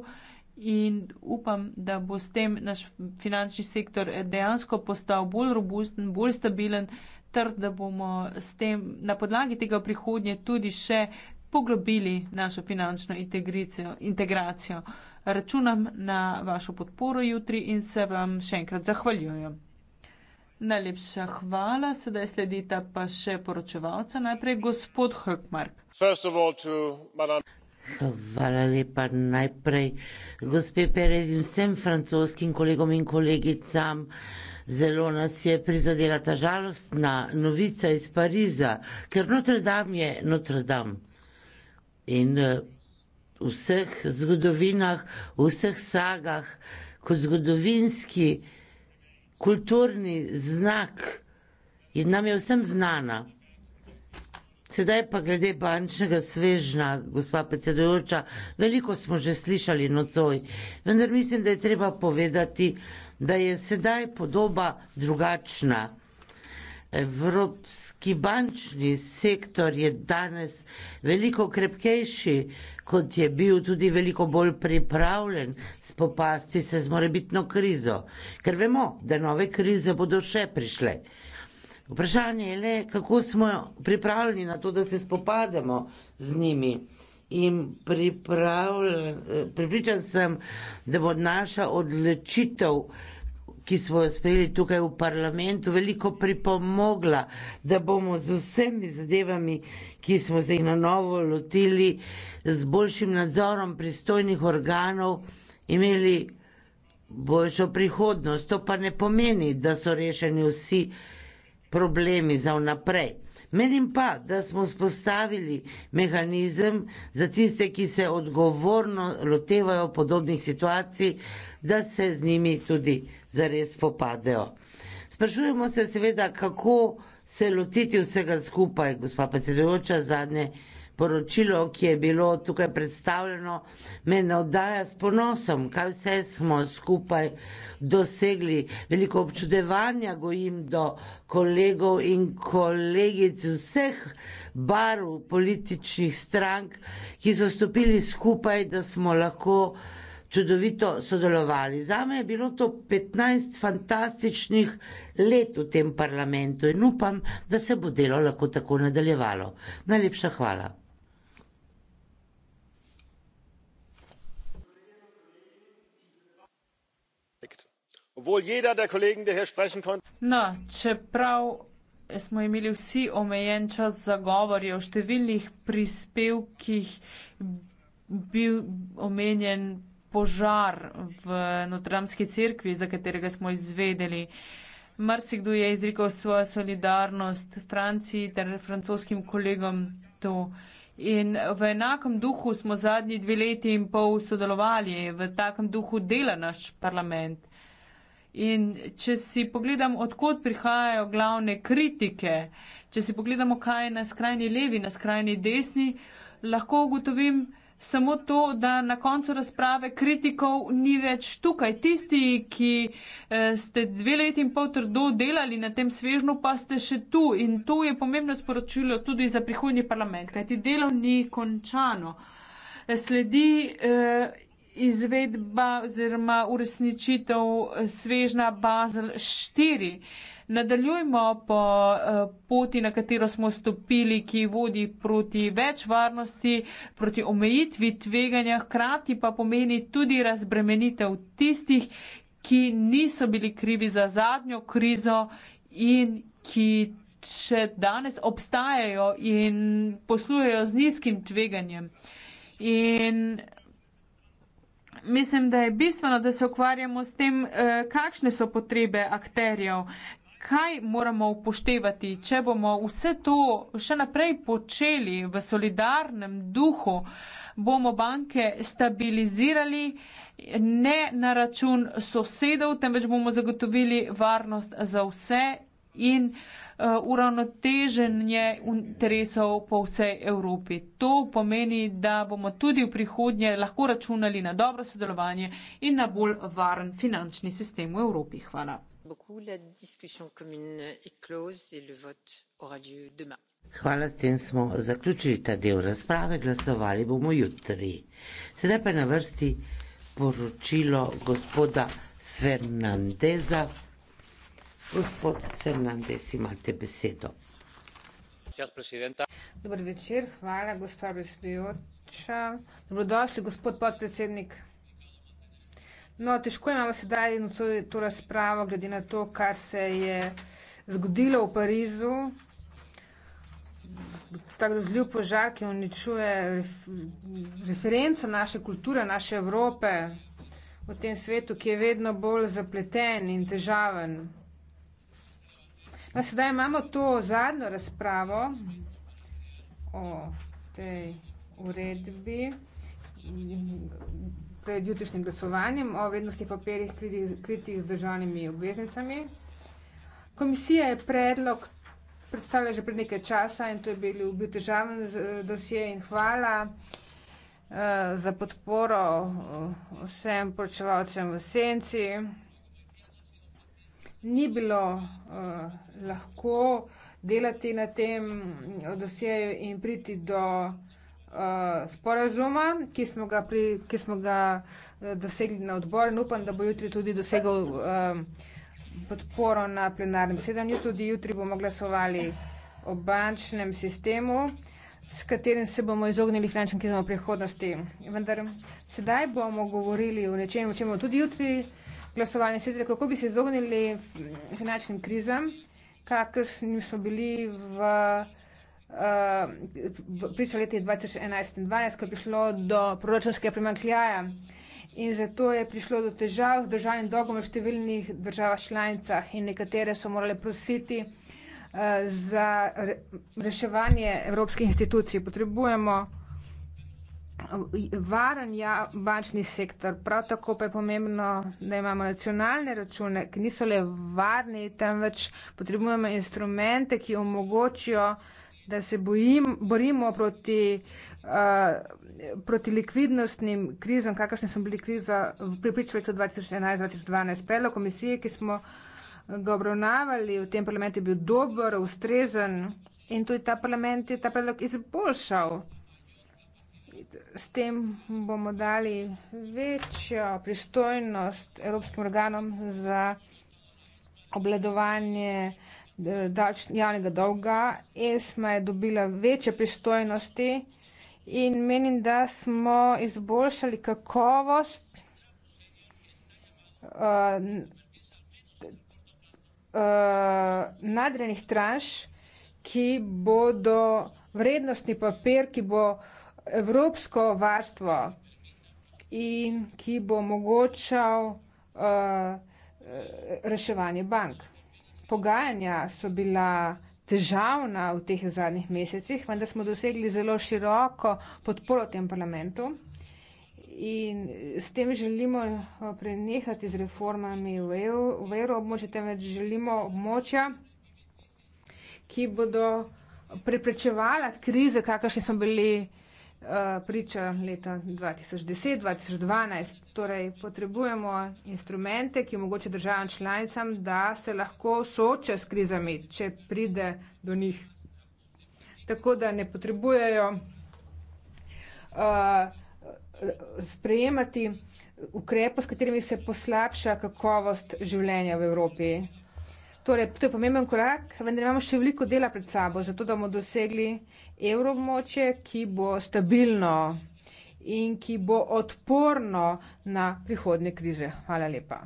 in upam, da bo s tem naš finančni sektor dejansko postal bolj robusten, bolj stabilen, ter da bomo s tem na podlagi tega v prihodnje tudi še poglobili našo finančno integracijo. Računam na vašo podporo jutri in se vam še enkrat zahvaljujem. Najlepša hvala. Sedaj sledita pa še poročevalca. Najprej gospod Höckmark. Hvala lepa najprej. Gospe Perez in vsem francoskim kolegom in kolegicam, zelo nas je prizadela ta žalostna novica iz Pariza, ker Notre Dame je Notre Dame. In eh, v vseh zgodovinah, v vseh sagah, kot zgodovinski, kulturni znak, je nam je vsem znana. Sedaj pa glede bančnega svežna, gospa predsedujoča, veliko smo že slišali nocoj, vendar mislim, da je treba povedati, da je sedaj podoba drugačna. Evropski bančni sektor je danes veliko krepkejši, kot je bil tudi veliko bolj pripravljen spopasti se z morebitno krizo, ker vemo, da nove krize bodo še prišle. Vprašanje je le, kako smo pripravljeni na to, da se spopademo z njimi. In pripričan sem, da bo naša odločitev, ki smo jo sprejeli tukaj v parlamentu, veliko pripomogla, da bomo z vsemi zadevami, ki smo se jih na novo lotili, z boljšim nadzorom pristojnih organov imeli boljšo prihodnost. To pa ne pomeni, da so rešeni vsi problemi za vnaprej. Menim pa, da smo spostavili mehanizem za tiste, ki se odgovorno lotevajo podobnih situacij, da se z njimi tudi zares popadejo. Sprašujemo se seveda, kako se lotiti vsega skupaj, gospa predsedujoča, zadnje poročilo, ki je bilo tukaj predstavljeno, me navdaja s ponosom, kaj vse smo skupaj dosegli. Veliko občudevanja gojim do kolegov in kolegic vseh barv političnih strank, ki so stopili skupaj, da smo lahko čudovito sodelovali. Za me je bilo to 15 fantastičnih let v tem parlamentu in upam, da se bo delo lahko tako nadaljevalo. Najlepša hvala. No, čeprav smo imeli vsi omejen čas za govor, je v številnih prispevkih bil omenjen požar v Notramski cerkvi, za katerega smo izvedeli. Marsikdo je izrekel svojo solidarnost Franciji ter francoskim kolegom tu. In v enakem duhu smo zadnji dve leti in pol sodelovali, v takem duhu dela naš parlament. In če si pogledam, odkot prihajajo glavne kritike, če si pogledamo, kaj je na skrajni levi, na skrajni desni, lahko ugotovim samo to, da na koncu razprave kritikov ni več tukaj. Tisti, ki eh, ste dve leti in pol trdo delali na tem svežnu, pa ste še tu. In to je pomembno sporočilo tudi za prihodnji parlament, kajti delo ni končano. Sledi eh, izvedba oziroma uresničitev svežna Basel 4. Nadaljujmo po eh, poti, na katero smo stopili, ki vodi proti več varnosti, proti omejitvi tveganja, hkrati pa pomeni tudi razbremenitev tistih, ki niso bili krivi za zadnjo krizo in ki še danes obstajajo in poslujejo z nizkim tveganjem. In mislim, da je bistveno, da se ukvarjamo s tem, eh, kakšne so potrebe akterjev, kaj moramo upoštevati, če bomo vse to še naprej počeli v solidarnem duhu, bomo banke stabilizirali ne na račun sosedov, temveč bomo zagotovili varnost za vse in uh, Eh, uravnoteženje interesov po vsej Evropi. To pomeni, da bomo tudi v prihodnje lahko računali na dobro sodelovanje in na bolj varen finančni sistem v Evropi. Hvala. Hvala, s tem smo zaključili ta del razprave, glasovali bomo jutri. Sedaj pa je na vrsti poročilo gospoda Fernandeza. Dober večer, hvala, gospa predsedujoča. Dobrodošli, gospod podpredsednik. No, težko imamo sedaj nocoj to razpravo glede na to, kar se je zgodilo v Parizu. Ta grozljiv požar, ki uničuje referenco naše kulture, naše Evrope v tem svetu, ki je vedno bolj zapleten in težaven. No, sedaj imamo to zadnjo razpravo o tej uredbi pred jutrišnjim glasovanjem o vrednostnih papirjih kritih z državnimi obveznicami. Komisija je predlog predstavlja že pred nekaj časa in to je bil, bil težaven dosje in hvala eh, za podporo eh, vsem poročevalcem v senci ni bilo uh, lahko delati na tem odosjeju in priti do uh, sporazuma, ki smo ga, pri, ki smo ga uh, dosegli na odbor in upam, da bo jutri tudi dosegel uh, podporo na plenarnem sedanju. Tudi jutri bomo glasovali o bančnem sistemu, s katerim se bomo izognili finančnim krizam v prihodnosti. Vendar sedaj bomo govorili o nečem, o čem bomo tudi jutri glasovalne sestre, kako bi se izognili finančnim krizam, kakor smo bili v, eh, v priča leti 2011 in 2012, ko je prišlo do proračunskega primankljaja. In zato je prišlo do težav z državnim dolgom v številnih državah članicah in nekatere so morale prositi uh, za re reševanje evropskih institucij. Potrebujemo varen ja, bančni sektor. Prav tako pa je pomembno, da imamo nacionalne račune, ki niso le varni, temveč potrebujemo instrumente, ki omogočijo, da se bojim, borimo proti, uh, proti likvidnostnim krizam, kakršne smo bili kriza v pripričvetu 2011-2012. Predlog komisije, ki smo ga obravnavali v tem parlamentu, je bil dober, ustrezen. In tudi ta parlament je ta predlog izboljšal s tem bomo dali večjo pristojnost evropskim organom za obledovanje eh, javnega dolga. ESMA je dobila večje pristojnosti in menim, da smo izboljšali kakovost eh, eh, nadrejenih tranš, ki bodo vrednostni papir, ki bo evropsko varstvo in ki bo omogočal uh, reševanje bank. Pogajanja so bila težavna v teh zadnjih mesecih, vendar smo dosegli zelo široko podporo tem parlamentu in s tem želimo eh, prenehati z reformami v, EU, v euroobmočju, temveč želimo območja, ki bodo preprečevala krize, kakršne smo bili. Eh, priča leta 2010, 2012. Torej, potrebujemo instrumente, ki omogoče državam članicam, da se lahko soočajo s krizami, če pride do njih. Tako da ne potrebujejo uh, sprejemati ukrepov, s katerimi se poslabša kakovost življenja v Evropi. Torej, to je pomemben korak, vendar imamo še veliko dela pred sabo, zato da bomo dosegli evromoče, ki bo stabilno in ki bo odporno na prihodne krize. Hvala lepa.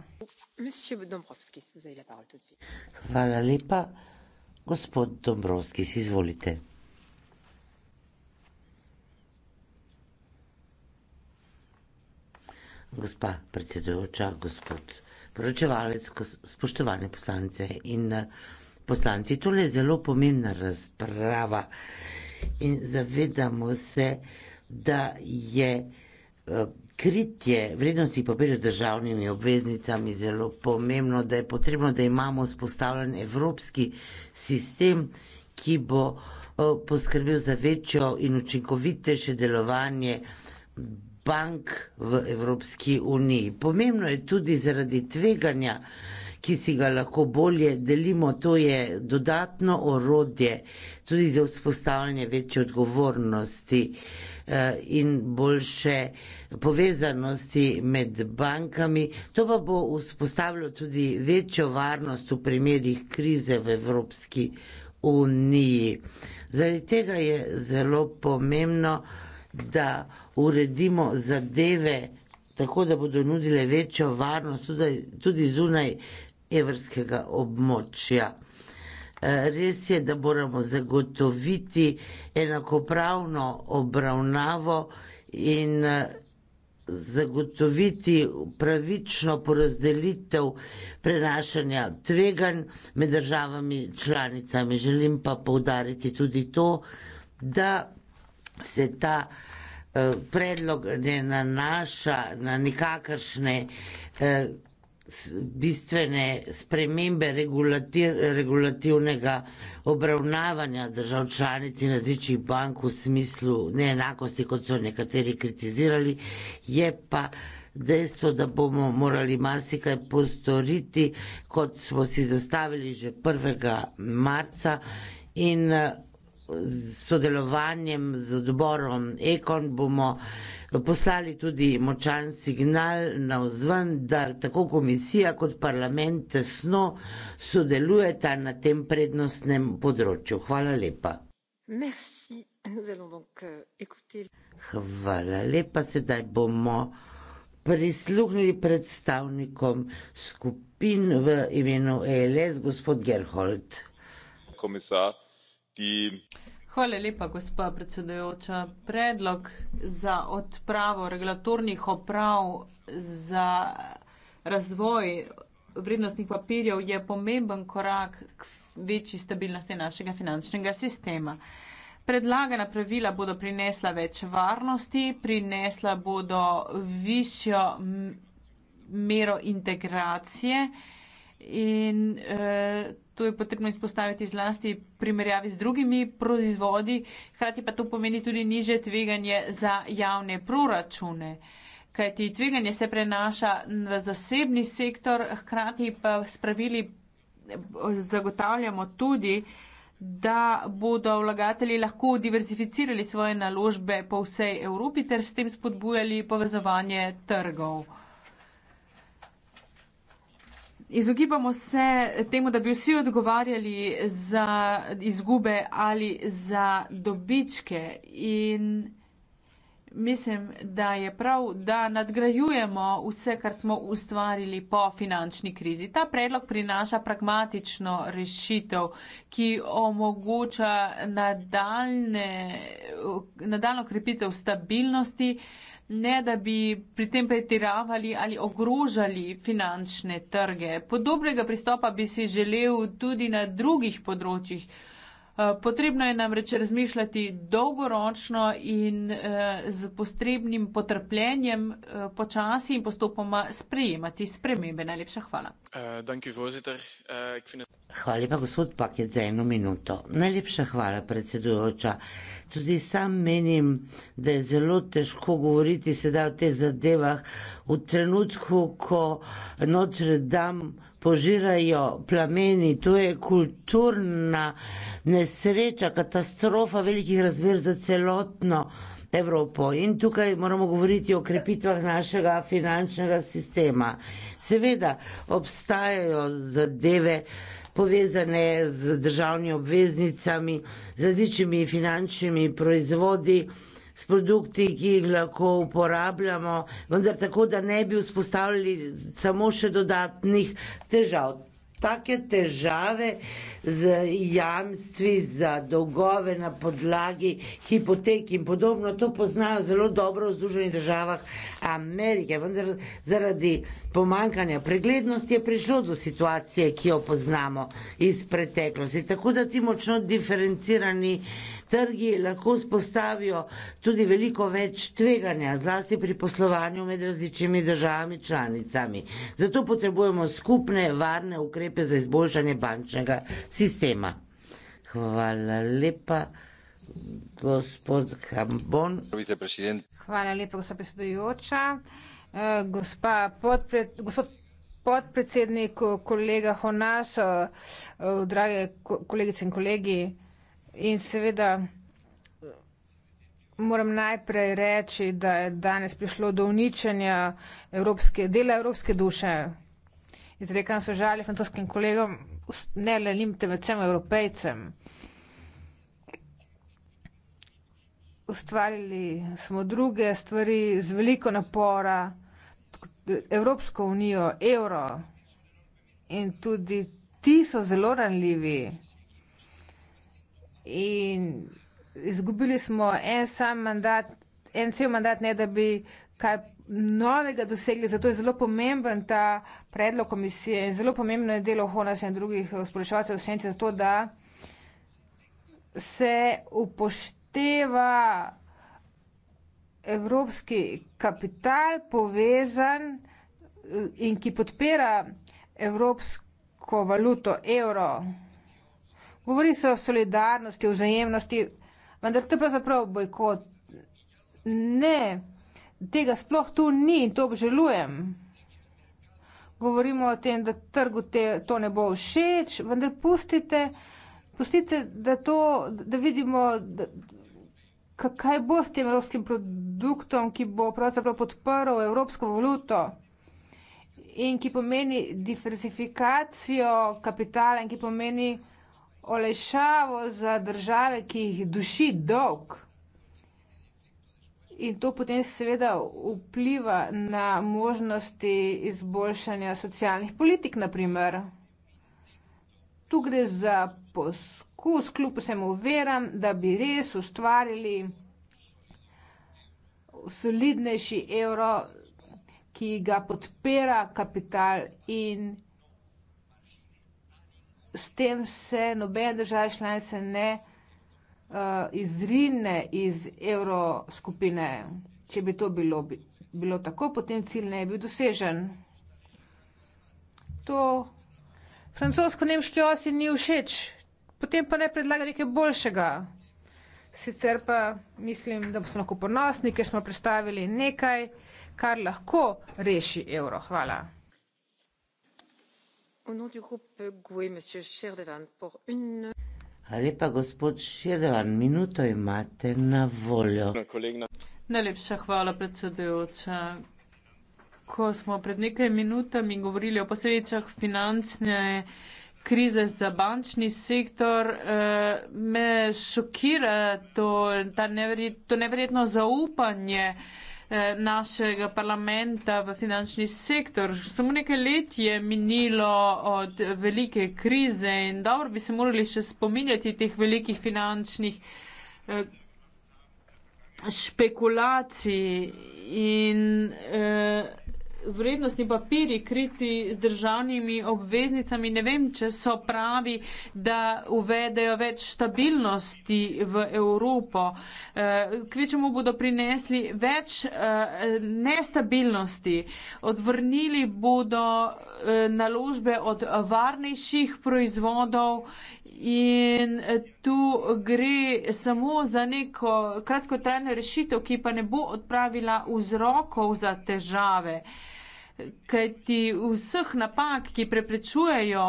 Hvala lepa. Gospod Dombrovski, si izvolite. Gospa predsedujoča, gospod poročevalec, spoštovane poslance in poslanci. Tole je zelo pomembna razprava in zavedamo se, da je kritje vrednosti papirja državnimi obveznicami zelo pomembno, da je potrebno, da imamo spostavljen evropski sistem, ki bo poskrbel za večjo in učinkovitejše delovanje bank v Evropski uniji. Pomembno je tudi zaradi tveganja, ki si ga lahko bolje delimo. To je dodatno orodje tudi za vzpostavljanje večje odgovornosti eh, in boljše povezanosti med bankami. To pa bo vzpostavilo tudi večjo varnost v primerih krize v Evropski uniji. Zaradi tega je zelo pomembno, da uredimo zadeve tako, da bodo nudile večjo varnost tudi, tudi zunaj evrskega območja. Eh, res je, da moramo zagotoviti enakopravno obravnavo in eh, zagotoviti pravično porazdelitev prenašanja tveganj med državami članicami. Želim pa povdariti tudi to, da se ta eh, predlog ne nanaša na nikakršne eh, bistvene spremembe regulativnega obravnavanja držav članic in različnih bank v smislu neenakosti, kot so nekateri kritizirali, je pa dejstvo, da bomo morali marsikaj postoriti, kot smo si zastavili že 1. marca in eh, s sodelovanjem z odborom Ekon bomo poslali tudi močan signal na vzven, da tako komisija kot parlament tesno sodelujeta na tem prednostnem področju. Hvala lepa. Euh, Hvala lepa, sedaj bomo prisluhnili predstavnikom skupin v imenu ELS, gospod Gerhold. Komisar, ti. Hvala lepa, gospa predsedajoča. Predlog za odpravo regulatornih oprav za razvoj vrednostnih papirjev je pomemben korak k večji stabilnosti našega finančnega sistema. Predlagana pravila bodo prinesla več varnosti, prinesla bodo višjo mero integracije in eh, To je potrebno izpostaviti zlasti primerjavi z drugimi proizvodi, hkrati pa to pomeni tudi niže tveganje za javne proračune. Kajti tveganje se prenaša v zasebni sektor, hkrati pa s pravili zagotavljamo tudi, da bodo vlagatelji lahko diverzificirali svoje naložbe po vsej Evropi ter s tem spodbujali povezovanje trgov. Izogibamo se temu, da bi vsi odgovarjali za izgube ali za dobičke in mislim, da je prav, da nadgrajujemo vse, kar smo ustvarili po finančni krizi. Ta predlog prinaša pragmatično rešitev, ki omogoča nadaljne, nadaljno krepitev stabilnosti ne da bi pri tem pretiravali ali ogrožali finančne trge. Podobnega pristopa bi si želel tudi na drugih področjih. Eh, potrebno je namreč razmišljati dolgoročno in z eh, postrebnim potrpljenjem eh, počasi in postopoma sprejemati spremembe. Najlepša hvala. Hvala lepa, gospod Paket, za eno minuto. Najlepša hvala, predsedujoča. Tudi sam menim, da je zelo težko govoriti sedaj o teh zadevah v trenutku, ko Notre Dame požirajo plameni, to je kulturna nesreča, katastrofa velikih razmer za celotno Evropo. In tukaj moramo govoriti o krepitvah našega finančnega sistema. Seveda obstajajo zadeve povezane z državnimi obveznicami, z različnimi finančnimi proizvodi, s produkti, ki jih lahko uporabljamo, vendar tako, da ne bi vzpostavljali samo še dodatnih težav. Take težave z jamstvi, za dolgove na podlagi hipotek in podobno, to poznajo zelo dobro v Združenih državah Amerike, vendar zaradi pomankanja preglednosti je prišlo do situacije, ki jo poznamo iz preteklosti. Tako da ti močno diferencirani eh, trgi lahko spostavijo tudi veliko več tveganja, zlasti pri poslovanju med različnimi državami članicami. Zato potrebujemo skupne varne ukrepe za izboljšanje bančnega sistema. Hvala lepa. Gospod Hambon. Hvala lepa, gospod predsedujoča. Eh, gospa podpred, gospod podpredsednik, kolega Honas, eh, drage kolegice in kolegi. In seveda moram najprej reči, da je danes prišlo do uničenja evropske, dela evropske duše. Izrekam se žali francoskim kolegom, ne le njim, temveč vsem evropejcem. Ustvarili smo druge stvari z veliko napora, Evropsko unijo, evro, in tudi ti so zelo ranljivi in izgubili smo en sam mandat, en cel mandat, ne da bi kaj novega dosegli, zato je zelo pomemben ta predlog komisije in zelo pomembno je delo Honas in drugih eh, spoločevalcev senci zato, da se upošteva evropski kapital povezan eh, in ki podpira evropsko valuto evro. Govori se o solidarnosti, o vzajemnosti, vendar to je pravzaprav bojkot. Ne, tega sploh tu ni in to obžalujem. Govorimo o tem, da trgu te, to ne bo všeč, vendar pustite, pustite da, to, da vidimo, da, kaj bo s tem evropskim produktom, ki bo pravzaprav podprl evropsko valuto in ki pomeni diversifikacijo kapitala in ki pomeni olajšavo za države, ki jih duši dolg. In to potem seveda vpliva na možnosti izboljšanja socialnih politik, naprimer. Tu gre za poskus, kljub vsemu veram, da bi res ustvarili solidnejši evro, ki ga podpira kapital in kapital s tem se nobene države članice ne uh, izrine iz evroskupine. Če bi to bilo, bi, bilo tako, potem cilj ne bi bil dosežen. To francosko-nemški osi ni všeč, potem pa ne predlaga nekaj boljšega. Sicer pa mislim, da smo lahko ponosni, ker smo predstavili nekaj, kar lahko reši evro. Hvala. Lepa, gospod Šerdevan, minuto imate na voljo. Najlepša hvala, predsedujoča. Ko smo pred nekaj minutami govorili o posledicah finančne krize za bančni sektor, eh, me šokira to, nevred, to neverjetno zaupanje našega parlamenta v finančni sektor. Samo nekaj let je minilo od velike krize in dobro bi se morali še spominjati teh velikih finančnih eh, špekulacij in eh, vrednostni papiri kriti z državnimi obveznicami. Ne vem, če so pravi, da uvedejo več stabilnosti v Evropo. Eh, Kvečemu bodo prinesli več eh, nestabilnosti. Odvrnili bodo eh, naložbe od varnejših proizvodov. In tu gre samo za neko kratkotrajno rešitev, ki pa ne bo odpravila vzrokov za težave. Uh, kajti vseh napak, ki preprečujejo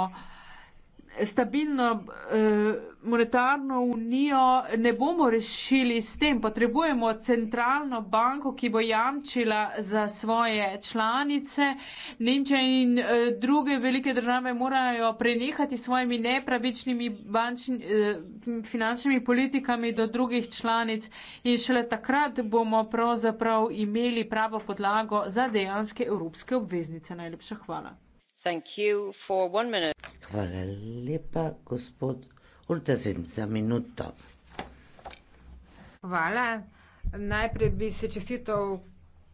stabilno eh, monetarno unijo ne bomo rešili s tem. Potrebujemo centralno banko, ki bo jamčila za svoje članice. Nemčija in eh, druge velike države morajo prenehati svojimi nepravičnimi bančni, eh, finančnimi politikami do drugih članic in šele takrat bomo pravzaprav imeli pravo podlago za dejanske evropske obveznice. Najlepša hvala. Hvala lepa, gospod Urtasin, za minuto. Hvala. Najprej bi se čestital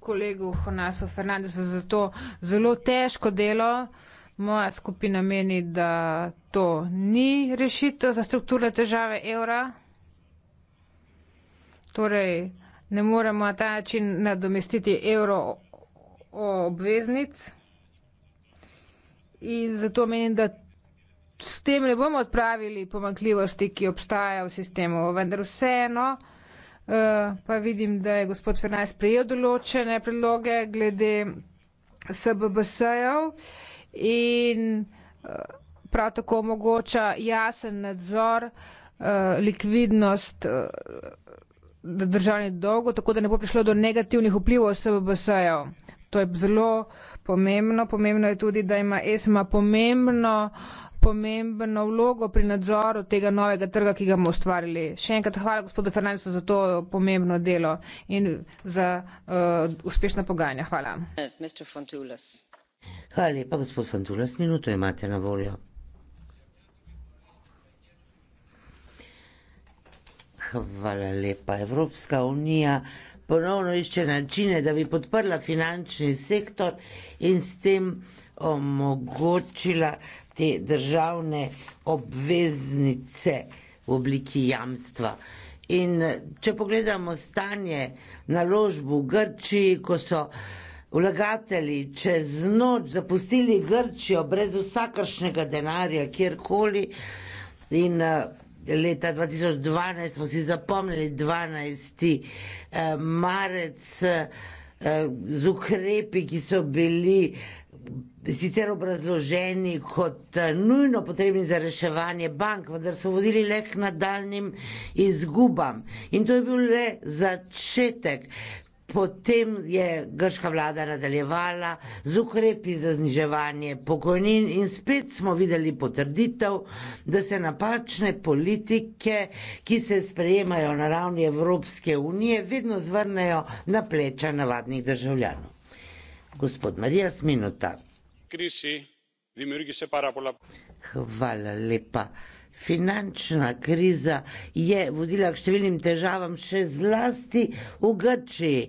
kolegu Honasu Fernandezu za to zelo težko delo. Moja skupina meni, da to ni rešitev za strukturne težave evra. Torej, ne moremo na ta način nadomestiti evro obveznic in zato menim, da s tem ne bomo odpravili pomankljivosti, ki obstajajo v sistemu. Vendar vseeno eh, pa vidim, da je gospod Fernaj sprejel določene predloge glede SBBS-jev in eh, prav tako omogoča jasen nadzor, eh, likvidnost državnih dolgov, tako da ne bo prišlo do negativnih vplivov SBBS-jev. To je zelo pomembno. Pomembno je tudi, da ima ESMA pomembno, pomembno vlogo pri nadzoru tega novega trga, ki ga bomo ustvarili. Še enkrat hvala gospodu Fernandesu za to pomembno delo in za uh, uspešna pogajanja. Hvala. Eh, hvala lepa, gospod Fantulas. Minuto imate na voljo. Hvala lepa, Evropska unija ponovno išče načine, da bi podprla finančni sektor in s tem omogočila te državne obveznice v obliki jamstva. In če pogledamo stanje naložb v Grčiji, ko so vlagatelji čez noč zapustili Grčijo brez vsakršnega denarja, kjerkoli in leta 2012 smo si zapomnili 12. Eh, marec eh, z ukrepi, ki so bili sicer obrazloženi kot eh, nujno potrebni za reševanje bank, vendar so vodili le k nadaljnim izgubam. In to je bil le začetek. Potem je grška vlada nadaljevala z ukrepi za zniževanje pokojnin in spet smo videli potrditev, da se napačne politike, ki se sprejemajo na ravni Evropske unije, vedno zvrnejo na pleča navadnih državljanov. Gospod Marija Sminuta. Krisi, vi mi rigi se para pola. Hvala lepa. Finančna kriza je vodila k številnim težavam, še zlasti v Grčiji.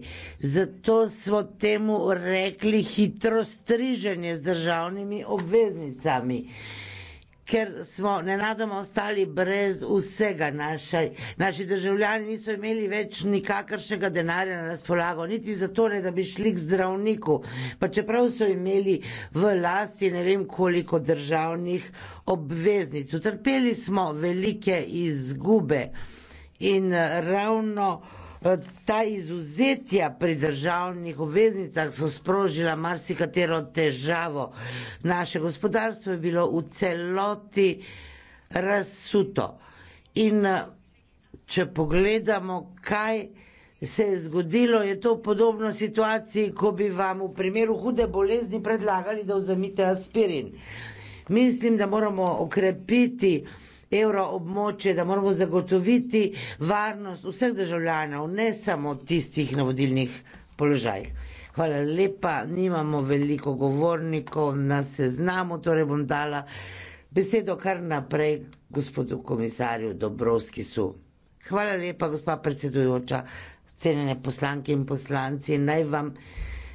Zato smo temu rekli hitro striženje z državnimi obveznicami ker smo nenadoma ostali brez vsega. Naša, naši državljani niso imeli več nikakršnega denarja na razpolago, niti za to, da bi šli k zdravniku. Pa čeprav so imeli v lasti ne vem koliko državnih obveznic. Utrpeli smo velike izgube in eh, ravno Eh, ta izuzetja pri državnih obveznicah so sprožila marsikatero težavo. Naše gospodarstvo je bilo v celoti razsuto. In eh, če pogledamo, kaj se je zgodilo, je to podobno situaciji, ko bi vam v primeru hude bolezni predlagali, da vzamite aspirin. Mislim, da moramo okrepiti evro območje, da moramo zagotoviti varnost vseh državljanov, ne samo tistih na vodilnih položajih. Hvala lepa, nimamo veliko govornikov na seznamu, torej bom dala besedo kar naprej gospodu komisarju Dobrovski su. Hvala lepa, gospa predsedujoča, cenjene poslanke in poslanci, naj vam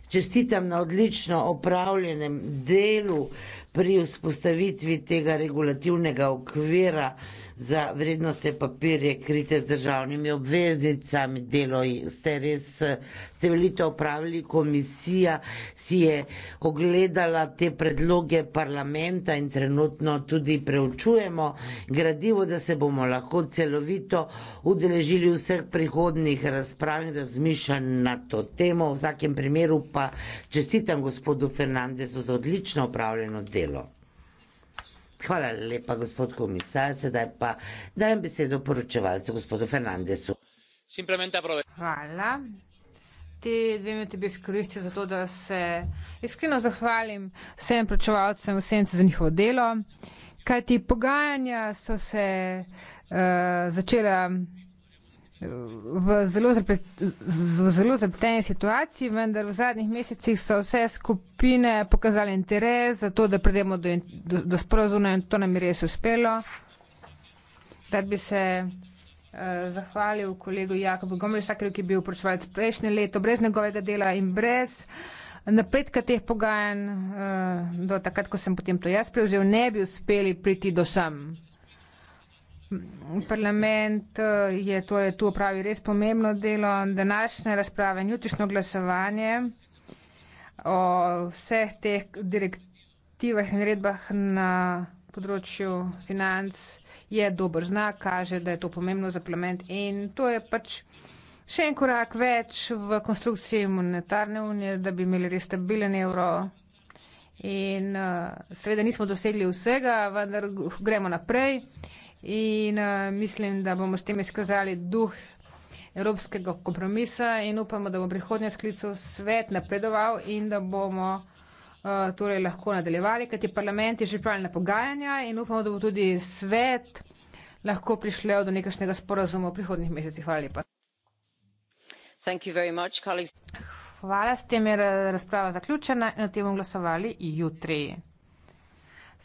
čestitam na odlično opravljenem delu pri vzpostavitvi tega regulativnega okvira za vrednostne papirje, krite z državnimi obveznicami, delo ste res eh, temeljito upravili, komisija si je ogledala te predloge parlamenta in trenutno tudi preučujemo gradivo, da se bomo lahko celovito udeležili vseh prihodnih razprav in razmišljanj na to temo. V vsakem primeru pa čestitam gospodu Fernandezu za odlično upravljeno delo. Hvala lepa, gospod komisar. Sedaj pa dajem besedo poročevalcu, gospodu Fernandesu. Hvala. Te dve minuti bi izkoristil za to, da se iskreno zahvalim vsem poročevalcem v senci za njihovo delo, kajti pogajanja so se uh, začela v zelo, zapre, zelo zapleteni situaciji, vendar v zadnjih mesecih so vse skupine pokazali interes za to, da pridemo do, do, do sporozuma in to nam je res uspelo. Rad bi se uh, zahvalil kolegu Jakobu Gomelšakru, ki je bil poročevalec prejšnje leto, brez njegovega dela in brez eh, napredka teh pogajanj, uh, do takrat, ko sem potem to jaz prevzel, ne bi uspeli priti do sem. Parlament eh, je torej tu opravil res pomembno delo. Današnje razprave in jutrišnjo glasovanje o vseh teh direktivah in redbah na področju financ je dober znak, kaže, da je to pomembno za parlament in to je pač še en korak več v konstrukciji monetarne unije, da bi imeli res stabilen evro. In uh, seveda nismo dosegli vsega, vendar gremo naprej in eh, mislim, da bomo s tem izkazali duh evropskega kompromisa in upamo, da bo prihodnje sklicov svet napredoval in da bomo eh, torej lahko nadaljevali, kaj ti parlament je že pravil na pogajanja in upamo, da bo tudi svet lahko prišljel do nekašnega sporazuma v prihodnjih mesecih. Hvala lepa. Hvala, s tem je razprava zaključena in o tem bomo glasovali jutri.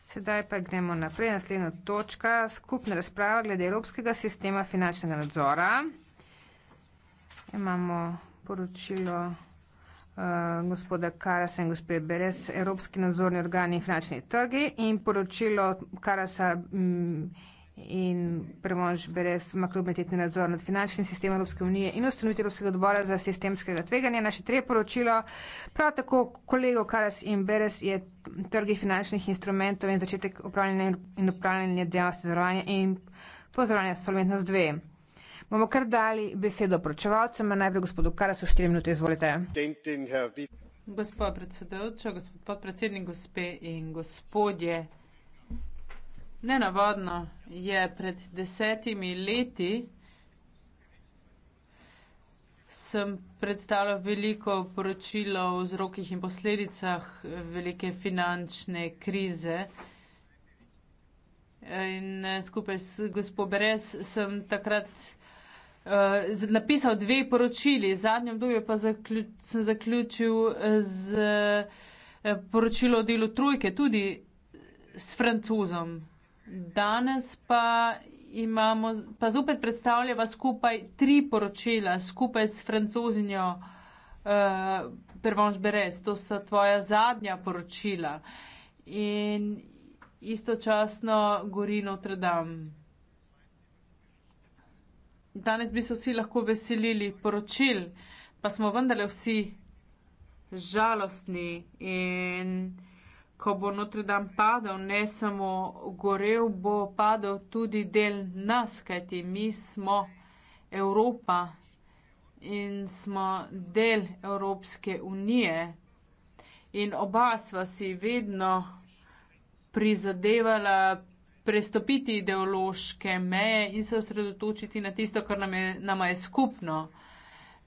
Sedaj pa gremo naprej. Naslednja točka, skupna razprava glede evropskega sistema finančnega nadzora. Imamo poročilo uh, gospoda Karasa in gospe Beres, Evropski nadzorni organi in finančni trgi in poročilo Karasa. Mm, in premož brez makrobonitetni nadzor nad finančnim sistemom Evropske unije in ustanovitev Evropskega odbora za sistemskega tveganja. Naše treje poročilo, prav tako kolego Karas in Beres je trgi finančnih instrumentov in začetek upravljanja in upravljanja dejavnosti zavarovanja in pozorovanja solventnost 2. Bomo kar dali besedo pročevalcem, najprej gospodu Karasu, 4 minute, izvolite. Gospod predsedujoča, gospod podpredsednik, gospe in gospodje. Nenavadno je, pred desetimi leti sem predstavila veliko poročilo o vzrokih in posledicah velike finančne krize. In eh, skupaj s gospod Brez sem takrat uh, napisal dve poročili. Zadnje obdobje pa zaključ, sem zaključil eh, z uh, poročilo o delu trojke, tudi s francozom. Danes pa imamo, pa zopet predstavljava skupaj tri poročila, skupaj s francozinjo uh, eh, Pervonš Beres. To so tvoja zadnja poročila in istočasno gori Notre Dame. Danes bi se vsi lahko veselili poročil, pa smo vendarle vsi žalostni in ko bo Notre Dame padel, ne samo gorel, bo padel tudi del nas, kajti mi smo Evropa in smo del Evropske unije. In oba sva si vedno prizadevala prestopiti ideološke meje in se osredotočiti na tisto, kar nam je, nama je skupno.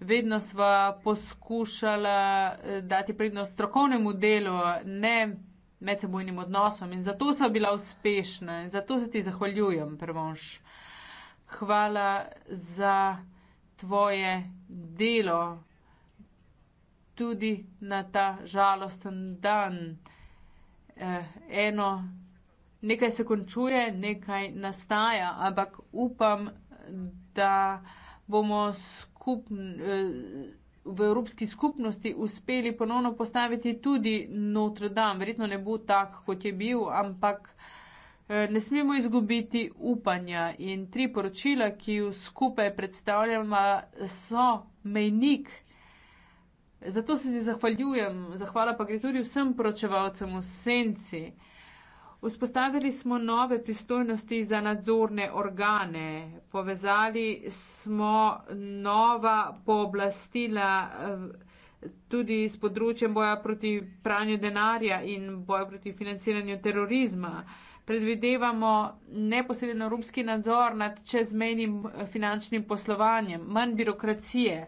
Vedno sva poskušala eh, dati prednost strokovnemu delu, ne medsebojnim odnosom in zato sem bila uspešna in zato se ti zahvaljujem, prvonš. Hvala za tvoje delo tudi na ta žalosten dan. Eh, eno, nekaj se končuje, nekaj nastaja, ampak upam, da bomo skupaj. Eh, v Evropski skupnosti uspeli ponovno postaviti tudi Notre Dame. Verjetno ne bo tak, kot je bil, ampak eh, ne smemo izgubiti upanja. In tri poročila, ki jo skupaj predstavljamo, so mejnik. Zato se ti zahvaljujem, zahvala pa gre tudi vsem poročevalcem v senci. Vzpostavili smo nove pristojnosti za nadzorne organe, povezali smo nova pooblastila eh, tudi s področjem boja proti pranju denarja in boja proti financiranju terorizma. Predvidevamo neposreden evropski nadzor nad čezmejnim eh, finančnim poslovanjem, manj birokracije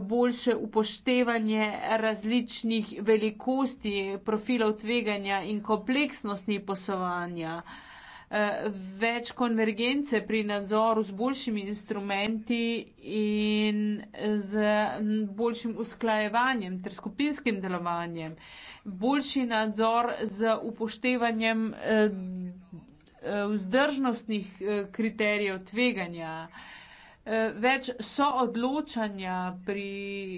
boljše upoštevanje različnih velikosti profilov tveganja in kompleksnosti poslovanja, eh, več konvergence pri nadzoru z boljšimi instrumenti in z boljšim usklajevanjem ter skupinskim delovanjem, boljši nadzor z upoštevanjem eh, vzdržnostnih eh, kriterijev tveganja, Eh, več soodločanja pri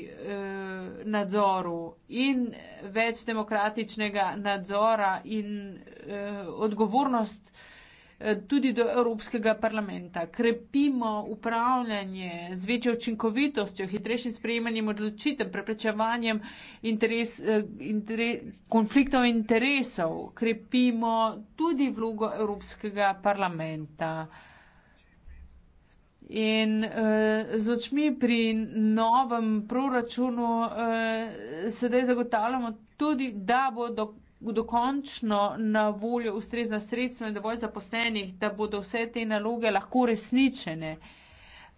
eh, nadzoru in več demokratičnega nadzora in eh, odgovornost eh, tudi do Evropskega parlamenta. Krepimo upravljanje z večjo učinkovitostjo, hitrejšim sprejemanjem odločitev, preprečevanjem interes, eh, inter, konfliktov interesov. Krepimo tudi vlogo Evropskega parlamenta. In uh, z očmi pri novem proračunu uh, sedaj zagotavljamo tudi, da bo do, dokončno na voljo ustrezna sredstva in dovolj zaposlenih, da bodo vse te naloge lahko resničene.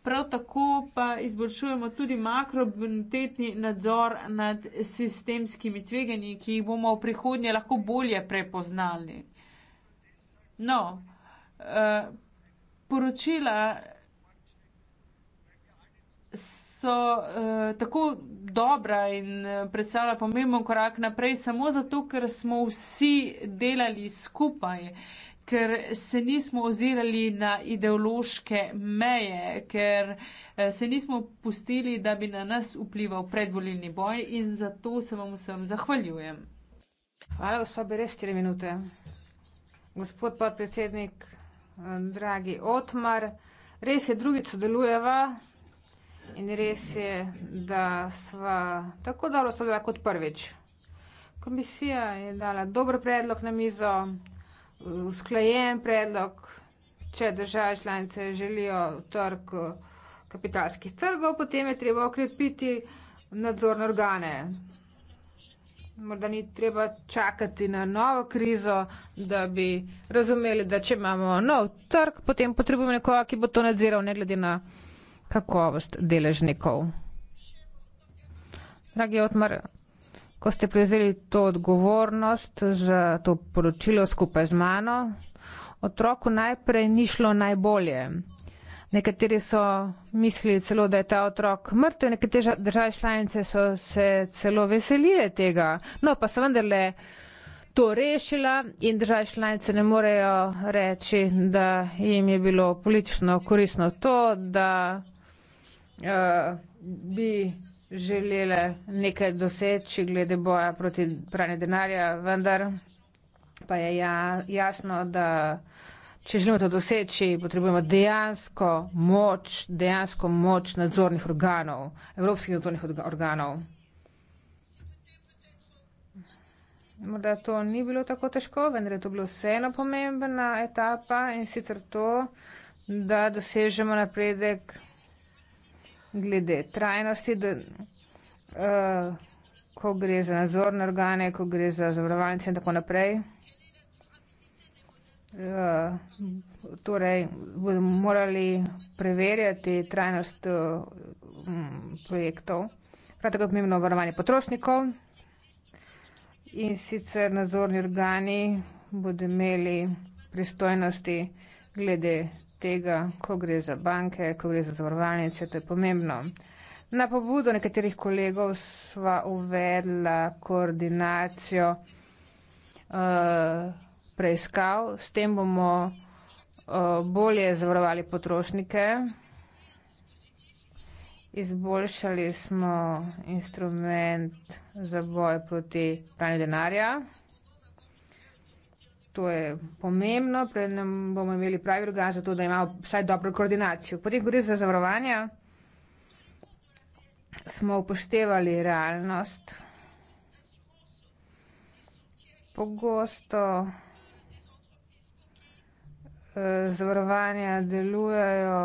Prav tako pa izboljšujemo tudi makrobonitetni nadzor nad sistemskimi tveganji, ki jih bomo v prihodnje lahko bolje prepoznali. No, uh, poročila so uh, tako dobra in eh, predstavlja pomemben korak naprej samo zato, ker smo vsi delali skupaj, ker se nismo ozirali na ideološke meje, ker eh, se nismo pustili, da bi na nas vplival predvolilni boj in zato se vam vsem zahvaljujem. Hvala, gospod Bereš, 4 minute. Gospod podpredsednik, dragi Otmar, res je drugič sodelujeva. In res je, da sva tako dobro sodela kot prvič. Komisija je dala dober predlog na mizo, usklajen predlog, če države članice želijo trg kapitalskih trgov, potem je treba okrepiti nadzorne organe. Morda ni treba čakati na novo krizo, da bi razumeli, da če imamo nov trg, potem potrebujemo nekoga, ki bo to nadziral, ne glede na kakovost deležnikov. Dragi Otmar, ko ste prevzeli to odgovornost za to poročilo skupaj z mano, otroku najprej ni šlo najbolje. Nekateri so mislili celo, da je ta otrok mrtev, nekatere države članice so se celo veselile tega. No, pa so vendarle to rešila in države članice ne morejo reči, da jim je bilo politično koristno to, da uh, bi želele nekaj doseči glede boja proti pranju denarja, vendar pa je ja, jasno, da če želimo to doseči, potrebujemo dejansko moč, dejansko moč nadzornih organov, evropskih nadzornih organov. Morda to ni bilo tako težko, vendar je to bila vseeno pomembna etapa in sicer to, da dosežemo napredek glede trajnosti, da, uh, ko gre za nadzorne organe, ko gre za zavarovalnice in tako naprej. Uh, torej, bodo morali preverjati trajnost uh, m, projektov. Prav tako je pomembno varovanje potrošnikov in sicer nadzorni organi bodo imeli pristojnosti glede tega, ko gre za banke, ko gre za zavarovalnice, to je pomembno. Na pobudo nekaterih kolegov sva uvedla koordinacijo uh, preiskav, s tem bomo uh, bolje zavarovali potrošnike. Izboljšali smo instrument za boj proti pranju denarja. To je pomembno, preden bomo imeli pravi organ za to, da imamo vsaj dobro koordinacijo. Potem, ko gre za zavarovanja, smo upoštevali realnost. Pogosto e, zavarovanja delujejo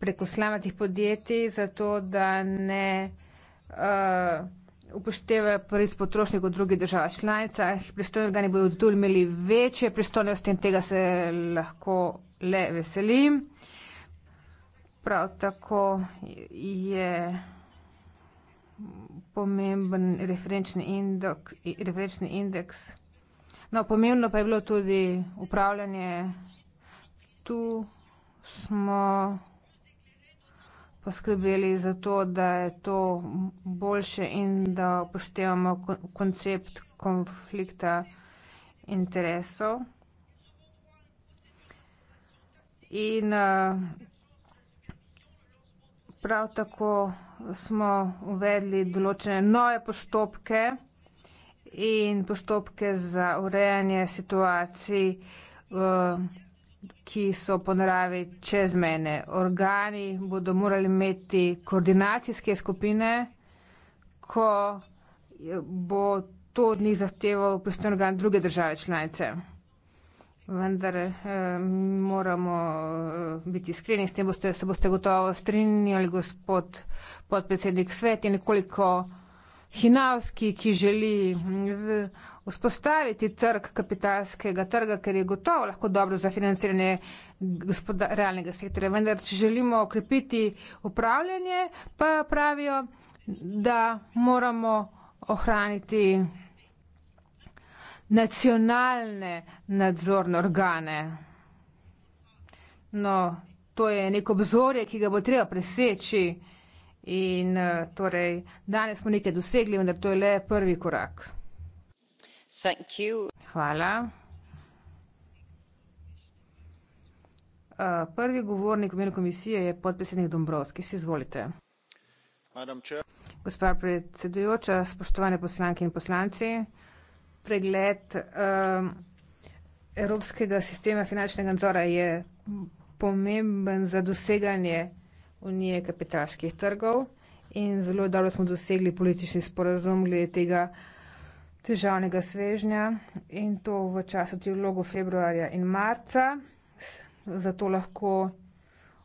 preko slamatih podjetij, zato da ne. E, upoštevajo pri spotrošniku v drugih državah članicah. Pristojni organi bodo tu imeli večje pristojnosti in tega se lahko le veselim. Prav tako je pomemben referenčni indeks, referenčni indeks. No, pomembno pa je bilo tudi upravljanje. Tu smo poskrbeli za to, da je to boljše in da upoštevamo koncept konflikta interesov. In eh, prav tako smo uvedli določene nove postopke in postopke za urejanje situacij. Eh, ki so po naravi čez mene. Organi bodo morali imeti koordinacijske skupine, ko bo to od njih zahteval pristojni organ druge države članice. Vendar eh, moramo eh, biti iskreni, s tem boste, se boste gotovo strinjali, gospod podpredsednik svet je nekoliko Hinavski, ki želi mm, vzpostaviti trg kapitalskega trga, ker je gotovo lahko dobro za financiranje realnega sektorja. Vendar, če želimo okrepiti upravljanje, pa pravijo, da moramo ohraniti nacionalne nadzorne organe. No, to je neko obzorje, ki ga bo treba preseči. In uh, torej, danes smo nekaj dosegli, vendar to je le prvi korak. Hvala. Uh, prvi govornik v imenu komisije je podpredsednik Dombrovski. Si izvolite. Gospa predsedujoča, spoštovane poslanke in poslanci, pregled um, evropskega sistema finančnega nadzora je pomemben za doseganje unije kapitalskih trgov in zelo dobro smo dosegli politični sporazum glede tega težavnega svežnja in to v času trilogu februarja in marca. Zato lahko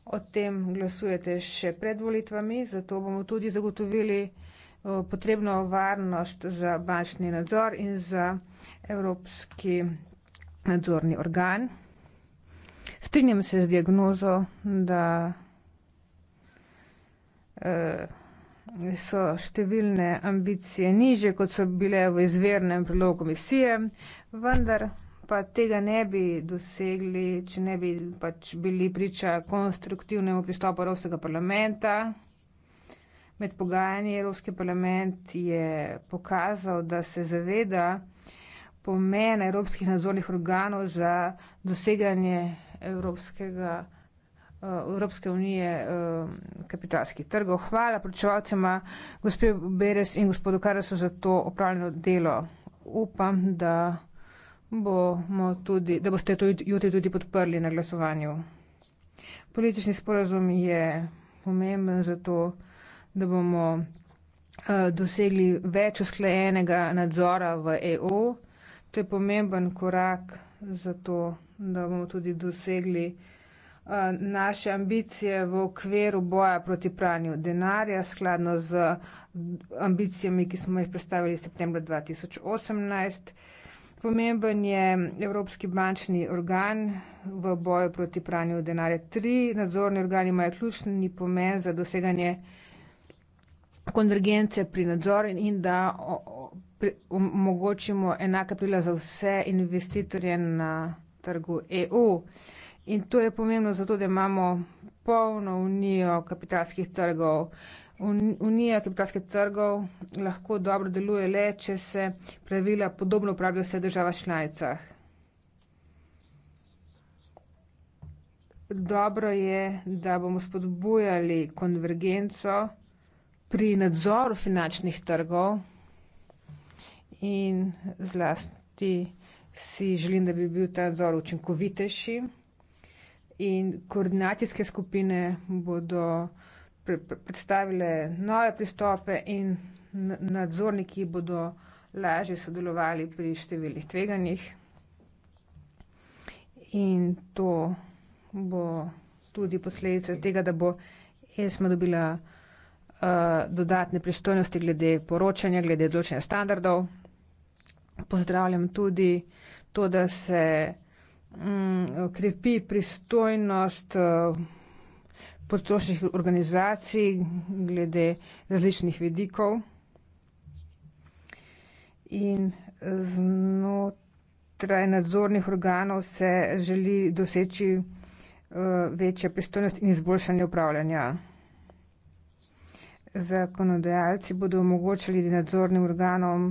o tem glasujete še pred volitvami, zato bomo tudi zagotovili eh, potrebno varnost za bančni nadzor in za evropski nadzorni organ. Strinjam se z diagnozo, da uh, so številne ambicije niže, kot so bile v izvernem prilogu misije, vendar pa tega ne bi dosegli, če ne bi pač bili priča konstruktivnemu pristopu Evropskega parlamenta. Med pogajanji Evropski parlament je pokazal, da se zaveda pomena evropskih nadzornih organov za doseganje evropskega parlamenta. Eh, Evropske unije eh, kapitalskih trgov. Hvala pričevalcema, gospe Beres in gospodu Karasu za to opravljeno delo. Upam, da, tudi, da boste to jutri tudi podprli na glasovanju. Politični sporazum je pomemben zato, da bomo eh, dosegli več usklajenega nadzora v EU. To je pomemben korak za to, da bomo tudi dosegli Eh, naše ambicije v okviru boja proti pranju denarja, skladno z ambicijami, ki smo jih predstavili v septembru 2018. Pomemben je Evropski bančni organ v boju proti pranju denarja. Tri nadzorni organi imajo ključni pomen za doseganje konvergence pri nadzoru in da omogočimo enaka prila za vse investitorje na trgu EU. In to je pomembno zato, da imamo polno unijo kapitalskih trgov. Unija kapitalskih trgov lahko dobro deluje le, če se pravila podobno uporabljajo v vseh državah članicah. Dobro je, da bomo spodbujali konvergenco pri nadzoru finančnih trgov in zlasti si želim, da bi bil ta nadzor učinkovitejši in koordinacijske skupine bodo pre pre predstavile nove pristope in nadzorniki bodo lažje sodelovali pri številnih tveganjih. In to bo tudi posledica tega, da bo ESMA dobila uh, dodatne pristojnosti glede poročanja, glede določenja standardov. Pozdravljam tudi to, da se Mm, krepi pristojnost eh, potrošnih organizacij glede različnih vidikov in znotraj nadzornih organov se želi doseči eh, večja pristojnost in izboljšanje upravljanja. Zakonodajalci bodo omogočali nadzornim organom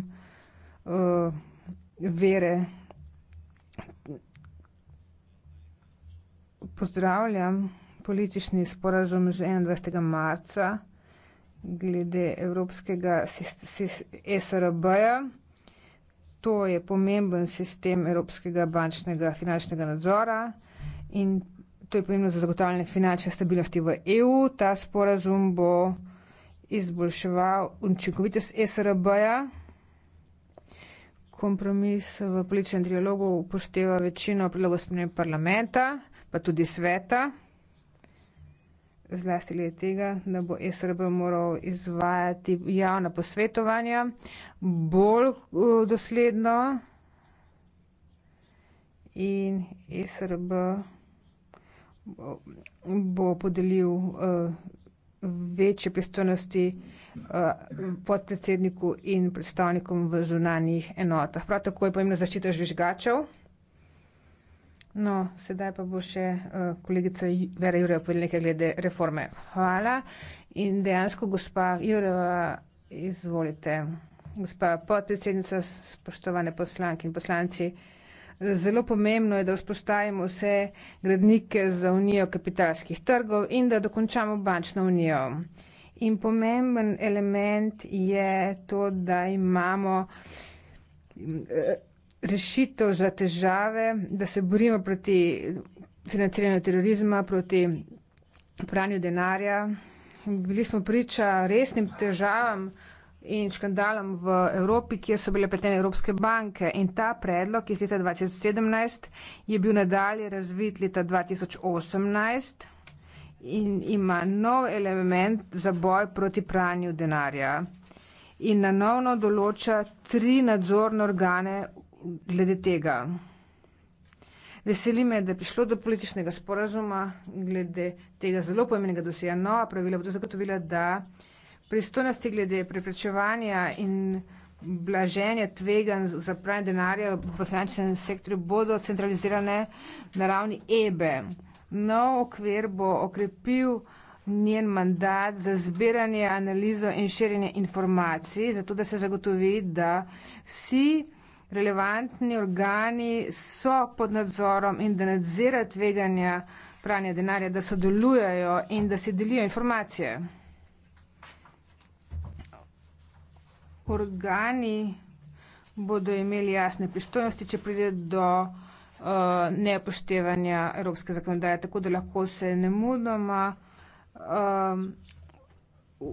eh, vire pozdravljam politični sporazum z 21. marca glede evropskega SRB-ja. To je pomemben sistem evropskega bančnega finančnega nadzora in to je pomembno za zagotavljanje finančne stabilnosti v EU. Ta sporazum bo izboljševal učinkovitost SRB-ja. Kompromis v političnem dialogu upošteva večino predlogov spremenja parlamenta pa tudi sveta, zlasti le tega, da bo SRB moral izvajati javna posvetovanja bolj eh, dosledno in SRB eh, bo podelil eh, večje pristojnosti podpredsedniku in predstavnikom v zunanjih enotah. Prav tako je pomembna zaščita žvižgačev. No, sedaj pa bo še uh, kolegica Vera Jureva povedala nekaj glede reforme. Hvala. In dejansko, gospa Jureva, izvolite. Gospa podpredsednica, spoštovane poslanke in poslanci, zelo pomembno je, da vzpostavimo vse gradnike za unijo kapitalskih trgov in da dokončamo bančno unijo. In pomemben element je to, da imamo. Uh, rešitev za težave, da se borimo proti financiranju terorizma, proti pranju denarja. Bili smo priča resnim težavam in škandalom v Evropi, kjer so bile pretene Evropske banke. In ta predlog iz leta 2017 je bil nadalje razvit leta 2018 in ima nov element za boj proti pranju denarja. In na novo določa tri nadzorne organe glede tega. Veseli me, da je prišlo do političnega sporazuma glede tega zelo pomembnega dosija. No, pravila bodo zagotovila, da pristojnosti glede preprečevanja in blaženja tvegan za pranje denarja v finančnem sektorju bodo centralizirane na ravni EBE. E Nov okvir bo okrepil njen mandat za zbiranje, analizo in širjenje informacij, zato da se zagotovi, da vsi relevantni organi so pod nadzorom in da nadzira tveganja pranja denarja, da sodelujejo in da se delijo informacije. Organi bodo imeli jasne pristojnosti, če pride do uh, neupoštevanja evropske zakonodaje, tako da lahko se ne mudoma um, eh,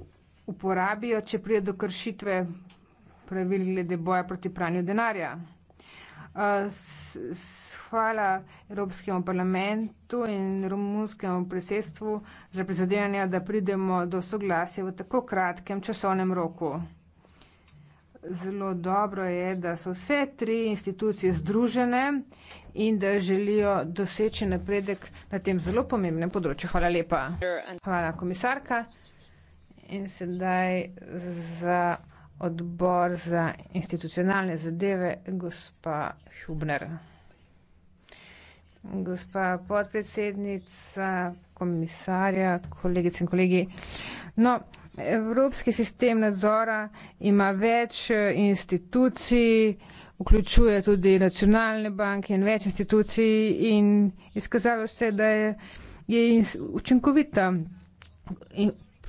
uporabijo, če pride do kršitve pravil glede boja proti pranju denarja. Uh, hvala Evropskemu parlamentu in romunskemu predsedstvu za prizadevanje, da pridemo do soglasja v tako kratkem časovnem roku. Zelo dobro je, da so vse tri institucije združene in da želijo doseči napredek na tem zelo pomembnem področju. Hvala lepa. Hvala komisarka. In sedaj za odbor za institucionalne zadeve, gospa Hubner. Gospa podpredsednica, komisarja, kolegice in kolegi. No, Evropski sistem nadzora ima več eh, institucij, vključuje tudi nacionalne banke in več institucij in izkazalo se, da je, je učinkovita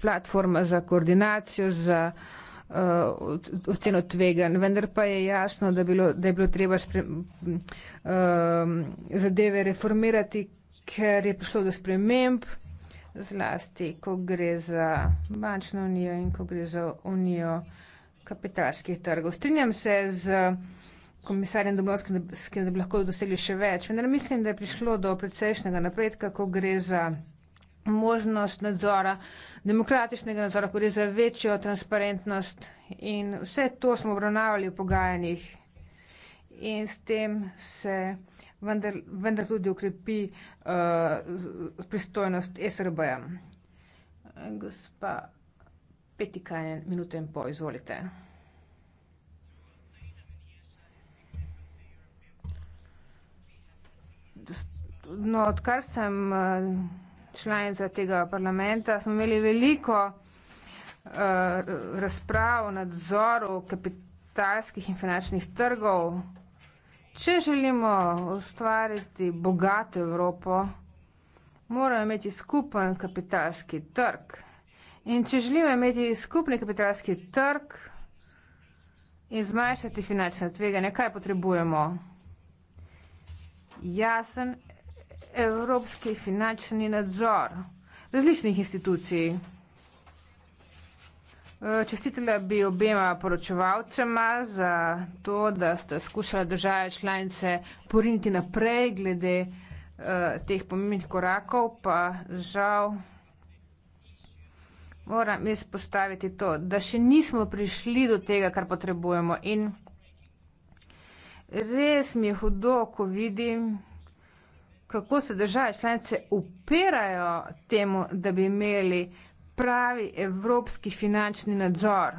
platforma za koordinacijo, za uh, uh, oceno tvegan. Vendar pa je jasno, da, bilo, da je bilo treba spre, um, zadeve reformirati, ker je prišlo do sprememb, zlasti, ko gre za bančno unijo in ko gre za unijo kapitalskih trgov. Strinjam se z komisarjem Domlovskim, s katerim bi lahko dosegli še več, vendar mislim, da je prišlo do precejšnjega napredka, ko gre za možnost nadzora, demokratičnega nadzora, kot je za večjo transparentnost in vse to smo obravnavali v pogajanjih. In s tem se vendar, vendar tudi ukrepi uh, eh, pristojnost SRB-ja. Gospa Petikajen, minuto in pol, izvolite. No, odkar sem uh, članica tega parlamenta, smo imeli veliko eh, razprav o nadzoru kapitalskih in finančnih trgov. Če želimo ustvariti bogato Evropo, moramo imeti skupen kapitalski trg. In če želimo imeti skupni kapitalski trg in zmanjšati finančne tvega, nekaj potrebujemo. Jasen evropski finančni nadzor različnih institucij. E, čestitela bi obema poročevalcema za to, da sta skušala države članice poriniti naprej glede e, teh pomembnih korakov, pa žal moram izpostaviti to, da še nismo prišli do tega, kar potrebujemo in res mi je hudo, ko vidim, kako se države članice upirajo temu, da bi imeli pravi evropski finančni nadzor.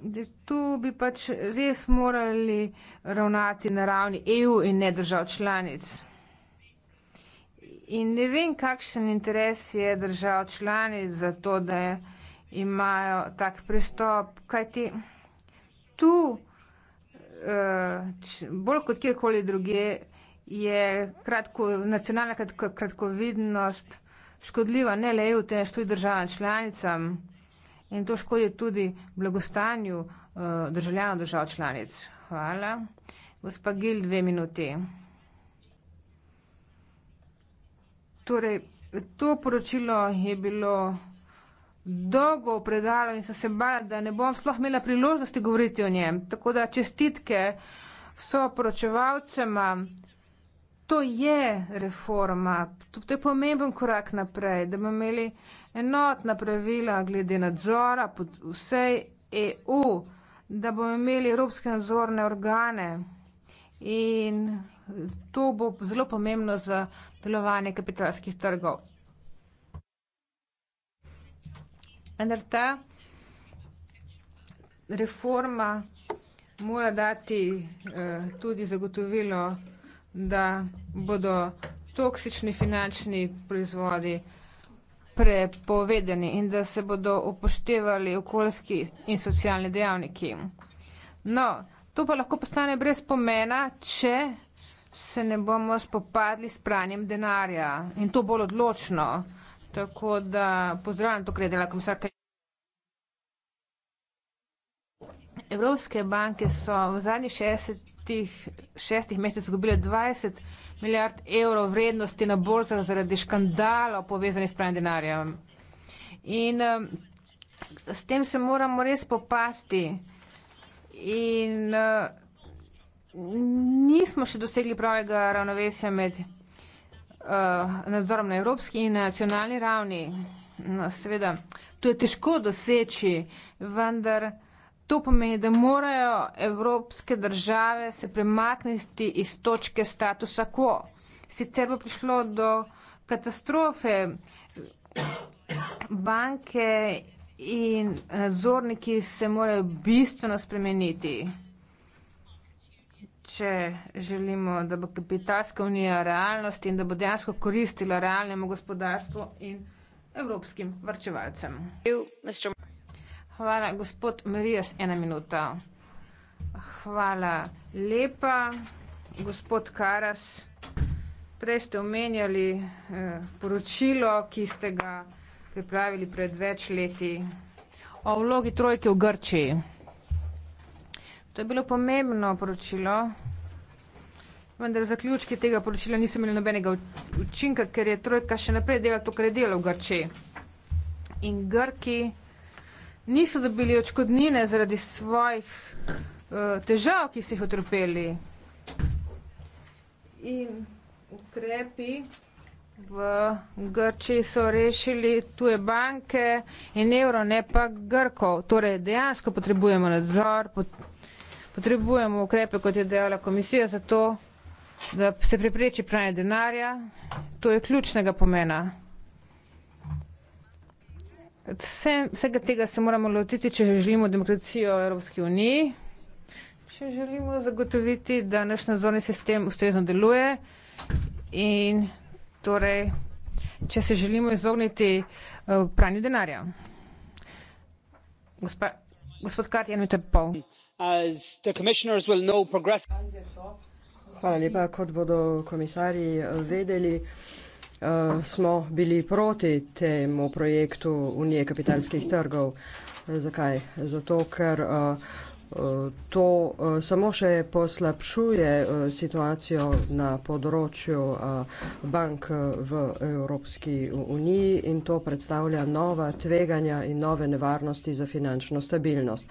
De tu bi pač res morali ravnati na ravni EU in ne držav članic. In ne vem, kakšen interes je držav članic za to, da imajo tak pristop, kajti tu, eh, bolj kot kjerkoli druge, je kratko, nacionalna kratkovidnost škodljiva ne le v tem, tudi državam članicam in to škodi tudi blagostanju uh, državljanov držav članic. Hvala. Gospa Gil, dve minuti. Torej, to poročilo je bilo dolgo predalo in sem se bala, da ne bom sploh imela priložnosti govoriti o njem. Tako da čestitke so poročevalcema, to je reforma, to, to je pomemben korak naprej, da bomo imeli enotna pravila glede nadzora pod vsej EU, da bomo imeli evropske nadzorne organe in to bo zelo pomembno za delovanje kapitalskih trgov. Vendar ta reforma mora dati eh, tudi zagotovilo, da bodo toksični finančni proizvodi prepovedani in da se bodo upoštevali okoljski in socialni dejavniki. No, to pa lahko postane brez pomena, če se ne bomo spopadli s pranjem denarja in to bolj odločno. Tako da pozdravljam to, kar je dela komisarka. Evropske banke so v zadnjih 60 teh šestih mesecih dobile 20 milijard evrov vrednosti na borzah zaradi škandalov povezanih s pranjem denarja. In s tem se moramo res popasti. In nismo še dosegli pravega ravnovesja med nadzorom na evropski in nacionalni ravni. No, seveda, to je težko doseči, vendar. To pomeni, da morajo evropske države se premakniti iz točke statusa quo. Sicer bo prišlo do katastrofe, banke in nadzorniki se morajo bistveno spremeniti, če želimo, da bo kapitalska unija realnost in da bo dejansko koristila realnemu gospodarstvu in evropskim vrčevalcem. You, Hvala, gospod Marijas, ena minuta. Hvala lepa, gospod Karas. Prej ste omenjali eh, poročilo, ki ste ga pripravili pred več leti o vlogi trojke v Grčiji. To je bilo pomembno poročilo, vendar zaključki tega poročila niso imeli nobenega učinka, ker je trojka še naprej delala to, kar je delala v Grčiji. In Grki niso dobili očkodnine zaradi svojih uh, težav, ki so jih utrpeli. In ukrepi v Grčiji so rešili tuje banke in evro, ne pa Grkov. Torej, dejansko potrebujemo nadzor, potrebujemo ukrepe, kot je dejala komisija, zato, da se prepreči pranje denarja. To je ključnega pomena. Vse, vsega tega se moramo lotiti, če želimo demokracijo v Evropski uniji, če želimo zagotoviti, da naš nadzorni sistem ustrezno deluje in torej, če se želimo izogniti uh, pranju denarja. Gospa, gospod Kart, en minuto pol. As the commissioners will know progress... Hvala lepa, kot bodo komisarji eh, vedeli. Uh, uh, smo bili proti temu projektu Unije kapitalskih trgov. Eh, zakaj? Zato, ker uh, To samo še poslabšuje situacijo na področju bank v Evropski uniji in to predstavlja nova tveganja in nove nevarnosti za finančno stabilnost.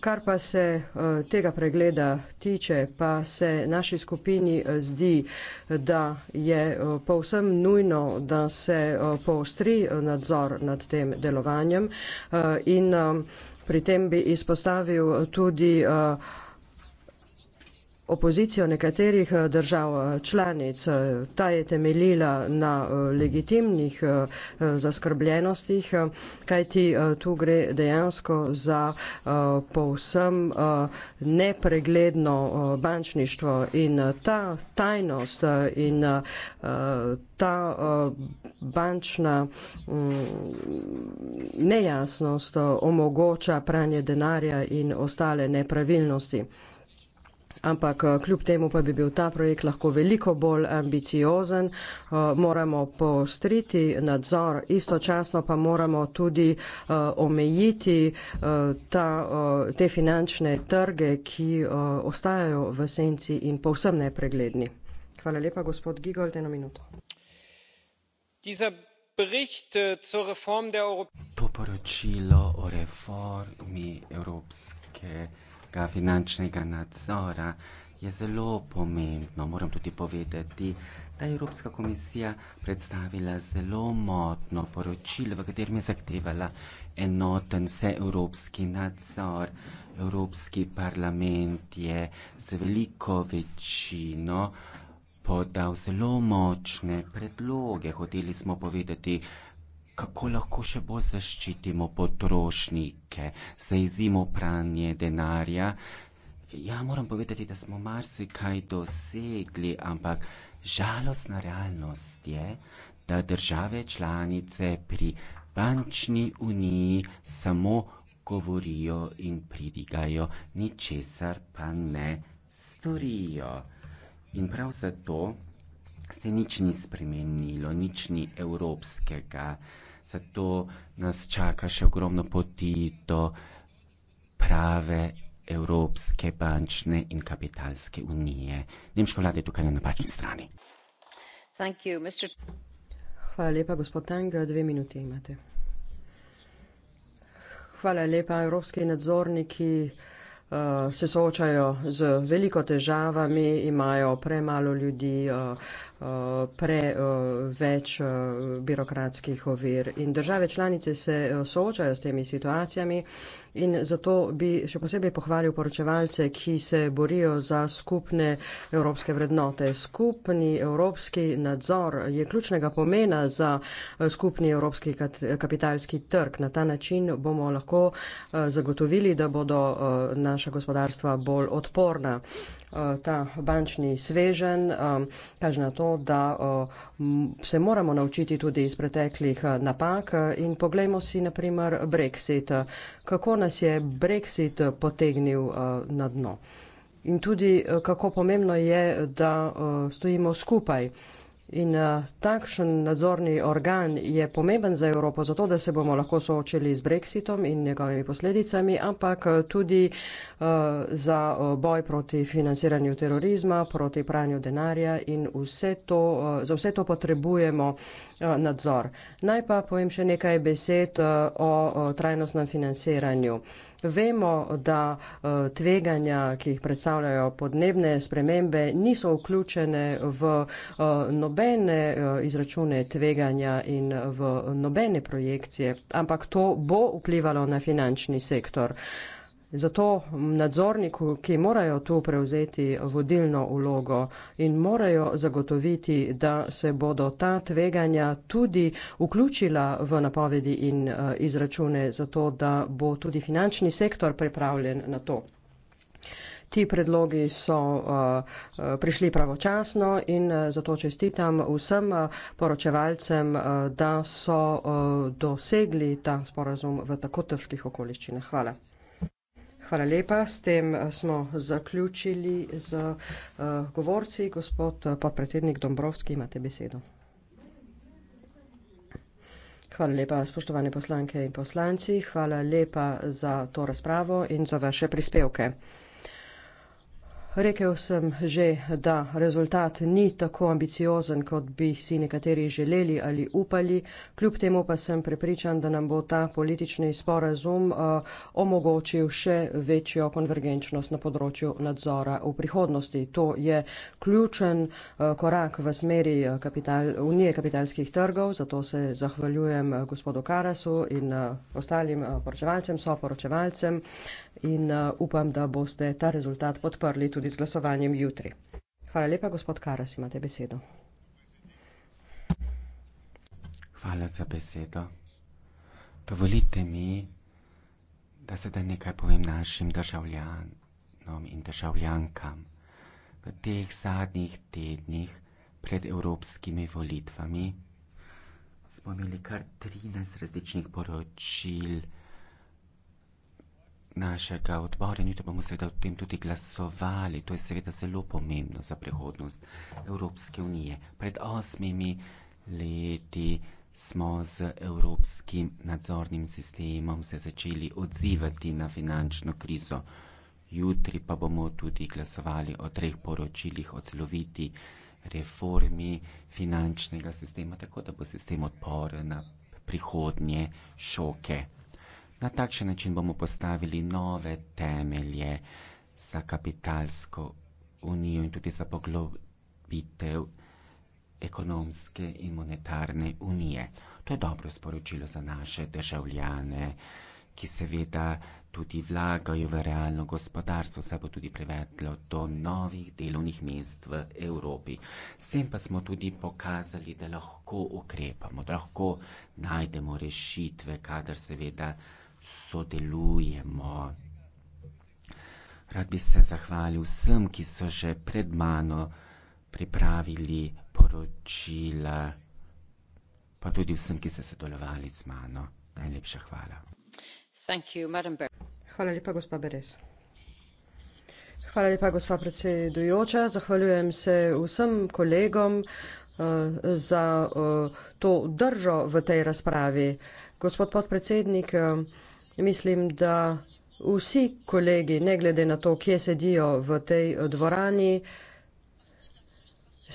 Kar pa se eh, tega pregleda tiče, pa se naši skupini eh, zdi, da je eh, povsem nujno, da se poostri nadzor nad tem delovanjem in pri tem bi izpostavil tudi opozicijo nekaterih eh, držav eh, članic. Eh, ta je temeljila na legitimnih zaskrbljenostih, kajti tu gre dejansko za povsem nepregledno bančništvo in ta tajnost in ta bančna mm, nejasnost omogoča pranje denarja in ostale nepravilnosti ampak eh, kljub temu pa bi bil ta projekt lahko veliko bolj ambiciozen. Eh, moramo postriti nadzor, istočasno pa moramo tudi eh, omejiti ta, te finančne trge, ki ostajajo v senci in povsem nepregledni. Hvala lepa, gospod Gigold, eno minuto. Äh, to poročilo o reformi Evropske unije tega finančnega nadzora je zelo pomembno. Moram tudi povedati, da je Evropska komisija predstavila zelo modno poročilo, v katerem je zahtevala enoten vseevropski nadzor. Evropski parlament je z veliko večino podal zelo močne predloge. Hoteli smo povedati, kako lahko še bolj zaščitimo potrošnike, zajezimo pranje denarja. Ja, moram povedati, da smo marsikaj dosegli, ampak žalostna realnost je, da države članice pri bančni uniji samo govorijo in pridigajo, ničesar pa ne storijo. In prav zato se nič ni spremenilo, nič ni evropskega zato nas čaka še ogromno poti do prave Evropske bančne in kapitalske unije. Nemška vlada je tukaj na napačni strani. You, Mr... Hvala lepa, gospod Tang, dve minuti imate. Hvala lepa, evropski nadzorniki eh, se soočajo z veliko težavami, imajo premalo ljudi, eh, Eh, preveč eh, eh, birokratskih ovir. In države članice se soočajo s temi situacijami in zato bi še posebej pohvalil poročevalce, ki se borijo za skupne evropske vrednote. Skupni evropski nadzor je ključnega pomena za skupni evropski kapitalski trg. Na ta način bomo lahko zagotovili, da bodo naša gospodarstva bolj odporna. Eh, ta bančni svežen eh, kaže na to, da eh, se moramo naučiti tudi iz preteklih napak in poglejmo si naprimer Brexit, kako nas je Brexit potegnil na dno in tudi kako pomembno je, da stojimo skupaj. In eh, takšen nadzorni organ je pomemben za Evropo, zato da se bomo lahko soočili z brexitom in njegovimi posledicami, ampak eh, tudi eh, za boj proti financiranju terorizma, proti pranju denarja in vse to, za vse to potrebujemo Eh, nadzor. Naj pa povem še nekaj besed eh, o trajnostnem financiranju. Vemo, da eh, tveganja, ki jih predstavljajo podnebne spremembe, niso vključene v nobene izračune tveganja in v nobene projekcije, ampak to bo vplivalo na finančni sektor. Zato nadzorniku, ki morajo tu prevzeti vodilno ulogo in morajo zagotoviti, da se bodo ta tveganja tudi vključila v napovedi in eh, izračune, zato da bo tudi finančni sektor pripravljen na to. Ti predlogi so uh, prišli pravočasno in zato čestitam vsem poročevalcem, uh, da so uh, dosegli ta sporazum v tako težkih okoliščinah. Hvala. Hvala lepa. S tem eh, smo zaključili z uh, govorci. Gospod eh, podpredsednik Dombrovski, imate besedo. Hvala lepa, spoštovane poslanke in poslanci. Hvala lepa za to razpravo in za vaše prispevke. Rekel sem že, da rezultat ni tako ambiciozen, kot bi si nekateri želeli ali upali, kljub temu pa sem prepričan, da nam bo ta politični sporazum uh, omogočil še večjo konvergenčnost na področju nadzora v prihodnosti. To je ključen uh, korak v smeri eh, kapital, Unije kapitalskih trgov, zato se zahvaljujem gospodu Karasu in uh, ostalim uh, poročevalcem, soporočevalcem in uh, upam, da boste ta rezultat podprli. Tudi tudi z glasovanjem jutri. Hvala lepa, gospod Karas, imate besedo. Hvala za besedo. Dovolite mi, da sedaj nekaj povem našim državljanom in državljankam. V teh zadnjih tednih pred evropskimi volitvami smo imeli kar 13 različnih poročil, našega odbora in jutri bomo seveda o tem tudi glasovali. To je seveda zelo pomembno za prihodnost Evropske unije. Pred osmimi leti smo z evropskim nadzornim sistemom se začeli odzivati na finančno krizo. Jutri pa bomo tudi glasovali o treh poročilih o celoviti reformi finančnega sistema, tako da bo sistem odporen na prihodnje šoke. Mm. Na takšen način bomo postavili nove temelje za kapitalsko unijo in tudi za poglobitev ekonomske in monetarne unije. To je dobro sporočilo za naše državljane, ki seveda tudi vlagajo v realno gospodarstvo, saj bo tudi privedlo do novih delovnih mest v Evropi. S tem pa smo tudi pokazali, da lahko ukrepamo, da lahko najdemo rešitve, kadar seveda sodelujemo. Rad bi se zahvalil vsem, ki so že pred mano pripravili poročila, pa tudi vsem, ki ste sodelovali z mano. Najlepša hvala. Hvala lepa, gospa Beres. Hvala lepa, gospa predsedujoča. Zahvaljujem se vsem kolegom uh, za uh, to držo v tej razpravi. Gospod podpredsednik. Uh, Mislim, da vsi kolegi, ne glede na to, kje sedijo v tej eh, dvorani,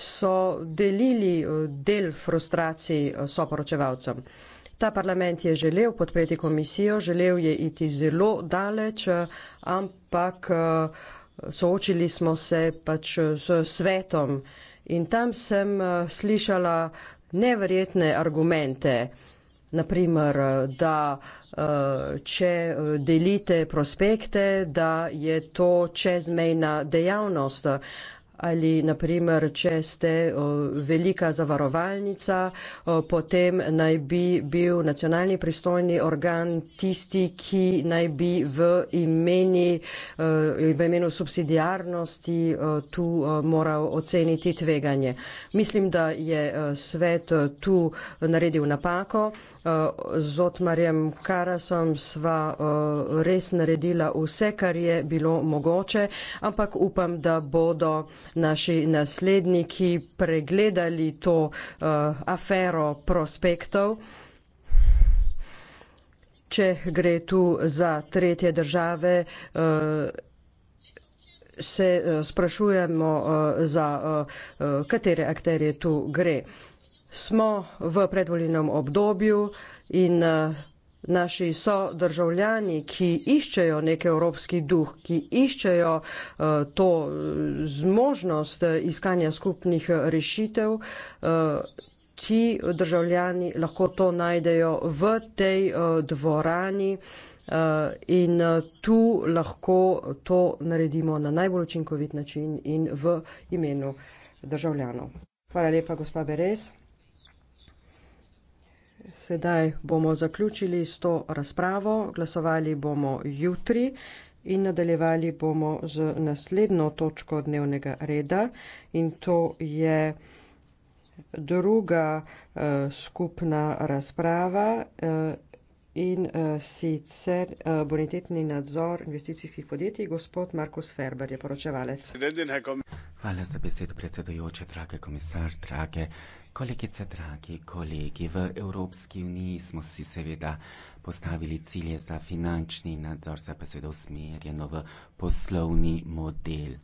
so delili eh, del frustracij eh, soporočevalcem. Ta parlament je želel podpreti komisijo, želel je iti zelo daleč, ampak soočili smo se pač s svetom in tam sem slišala neverjetne argumente. Naprimer, da eh, če eh, delite prospekte, da je to čezmejna dejavnost ali naprimer, če ste velika zavarovalnica, potem naj bi bil nacionalni pristojni organ tisti, ki naj bi v, imeni, v imenu subsidijarnosti tu moral oceniti tveganje. Mislim, da je svet tu naredil napako. Z Otmarjem Karasom sva res naredila vse, kar je bilo mogoče, ampak upam, da bodo naši nasledniki pregledali to uh, afero prospektov. Če gre tu za tretje države, eh, se eh, sprašujemo, za katere akterje tu gre. Smo v predvoljenem obdobju in naši sodržavljani, ki iščejo nek evropski duh, ki iščejo eh, to eh, zmožnost eh, iskanja skupnih rešitev, ti državljani lahko to najdejo v tej dvorani in tu lahko to naredimo na najbolj učinkovit način in v imenu državljanov. Hvala lepa, gospa Berez. Sedaj bomo zaključili s to razpravo, glasovali bomo jutri in nadaljevali bomo z naslednjo točko dnevnega reda in to je druga uh, skupna razprava uh, in uh, sicer uh, bonitetni nadzor investicijskih podjetij. Gospod Markus Ferber je poročevalec. Hvala za besedo, predsedujoče, drage komisar, drage Kolegice, dragi kolegi, v Evropski uniji smo si seveda postavili cilje za finančni nadzor, se pa seveda usmerjeno v poslovni model.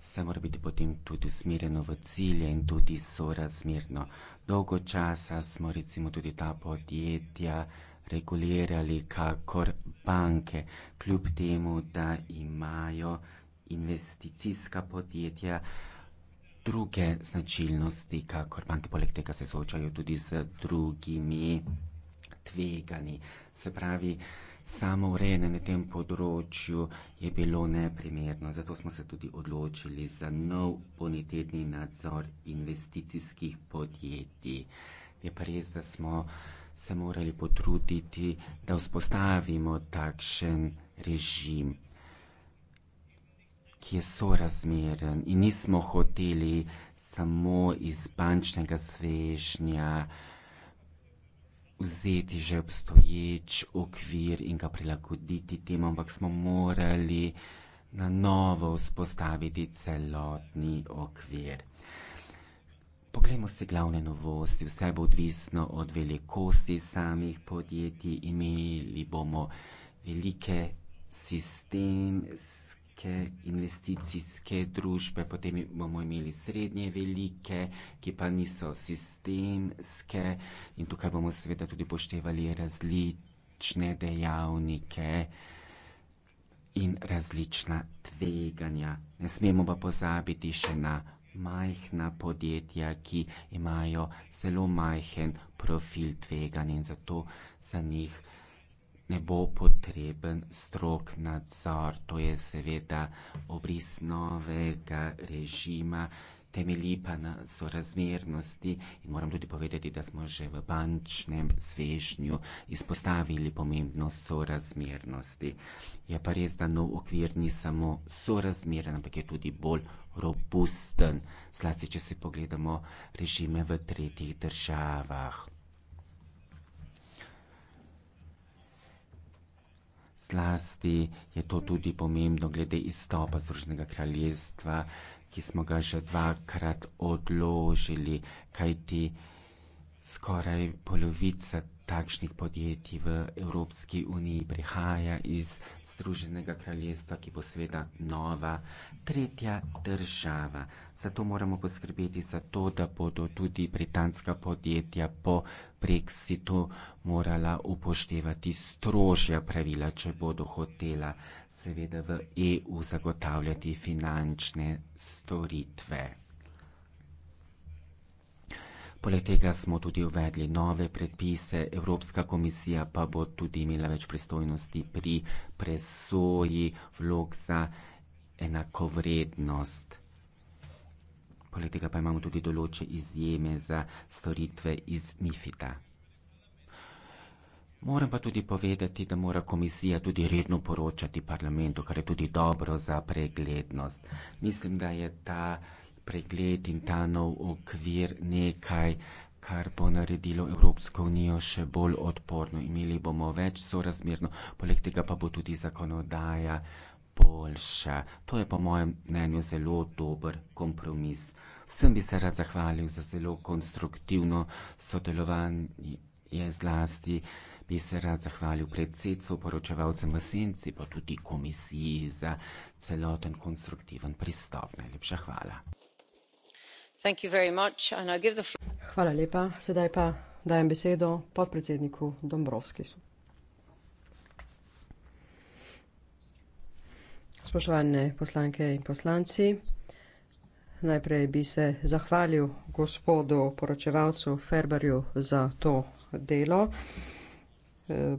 Vse mora biti potem tudi usmerjeno v cilje in tudi sorazmerno. Dolgo časa smo recimo tudi ta podjetja regulirali kakor banke, kljub temu, da imajo investicijska podjetja druge značilnosti, kakor banke poleg tega se soočajo tudi z drugimi tvegani. Se pravi, samo urejene na tem področju je bilo neprimerno, zato smo se tudi odločili za nov bonitetni nadzor investicijskih podjetij. Je pa res, da smo se morali potruditi, da vzpostavimo takšen režim ki je sorazmeren in nismo hoteli samo iz bančnega svežnja vzeti že obstoječ okvir in ga prilagoditi temu, ampak smo morali na novo vzpostaviti celotni okvir. Poglejmo se glavne novosti. Vse bo odvisno od velikosti samih podjetij. Imeli bomo velike sistem, velike investicijske družbe, potem bomo imeli srednje velike, ki pa niso sistemske in tukaj bomo seveda tudi poštevali različne dejavnike in različna tveganja. Ne smemo pa pozabiti še na majhna podjetja, ki imajo zelo majhen profil tveganja in zato za njih ne bo potreben strok nadzor. To je seveda obris novega režima, temelji pa na sorazmernosti in moram tudi povedati, da smo že v bančnem svežnju izpostavili pomembnost sorazmernosti. Je pa res, da nov okvir ni samo sorazmeren, ampak je tudi bolj robusten, zlasti če si pogledamo režime v tretjih državah. zlasti je to tudi pomembno glede izstopa Združenega kraljestva, ki smo ga že dvakrat odložili, kajti skoraj polovica takšnih podjetij v Evropski uniji prihaja iz Združenega kraljestva, ki bo seveda nova tretja država. Zato moramo poskrbeti za to, da bodo tudi britanska podjetja po Brexitu morala upoštevati strožja pravila, če bodo hotela seveda v EU zagotavljati finančne storitve. Poleg tega smo tudi uvedli nove predpise, Evropska komisija pa bo tudi imela več pristojnosti pri presoji vlog za enakovrednost. Poleg tega pa imamo tudi določe izjeme za storitve iz MIFIT-a. Moram pa tudi povedati, da mora komisija tudi redno poročati parlamentu, kar je tudi dobro za preglednost. Mislim, da je ta pregled in ta nov okvir nekaj, kar bo naredilo Evropsko unijo še bolj odporno. Imeli bomo več sorazmerno, poleg tega pa bo tudi zakonodaja boljša. To je po mojem mnenju zelo dober kompromis. Vsem bi se rad zahvalil za zelo konstruktivno sodelovanje. Je zlasti bi se rad zahvalil predsedstvu, poročevalcem v senci, pa tudi komisiji za celoten konstruktiven pristop. Najlepša hvala. Hvala lepa. Sedaj pa dajem besedo podpredsedniku Dombrovskisu. Spoštovane poslanke in poslanci. Najprej bi se zahvalil gospodu poročevalcu Ferbarju za to delo.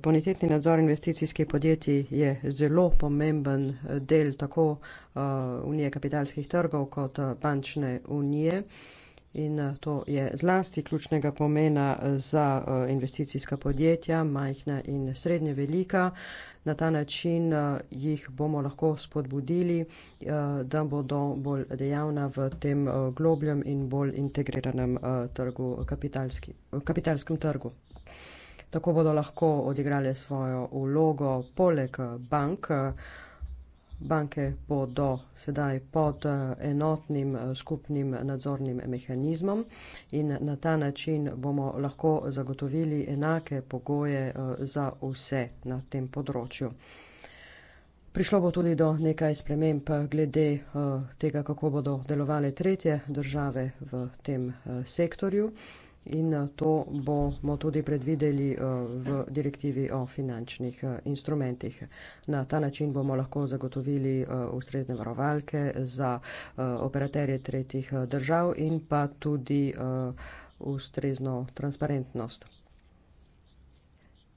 Bonitetni nadzor investicijskih podjetij je zelo pomemben del tako eh, Unije kapitalskih trgov kot eh, bančne unije in eh, to je zlasti ključnega pomena za investicijska podjetja, majhna in srednje velika. Na ta način jih bomo lahko spodbudili, da bodo bolj dejavna v tem globljem in bolj integriranem trgu, kapitalski, kapitalskem trgu tako bodo lahko odigrali svojo vlogo poleg bank. Banke bodo sedaj pod enotnim skupnim nadzornim mehanizmom in na ta način bomo lahko zagotovili enake pogoje eh, za vse na tem področju. Prišlo bo tudi do nekaj sprememb glede eh, tega, kako bodo delovale tretje države v tem eh, sektorju in eh, to bomo tudi predvideli eh, v direktivi o finančnih eh, instrumentih. Na ta način bomo lahko zagotovili ustrezne varovalke za operaterje tretjih držav in pa tudi ustrezno transparentnost.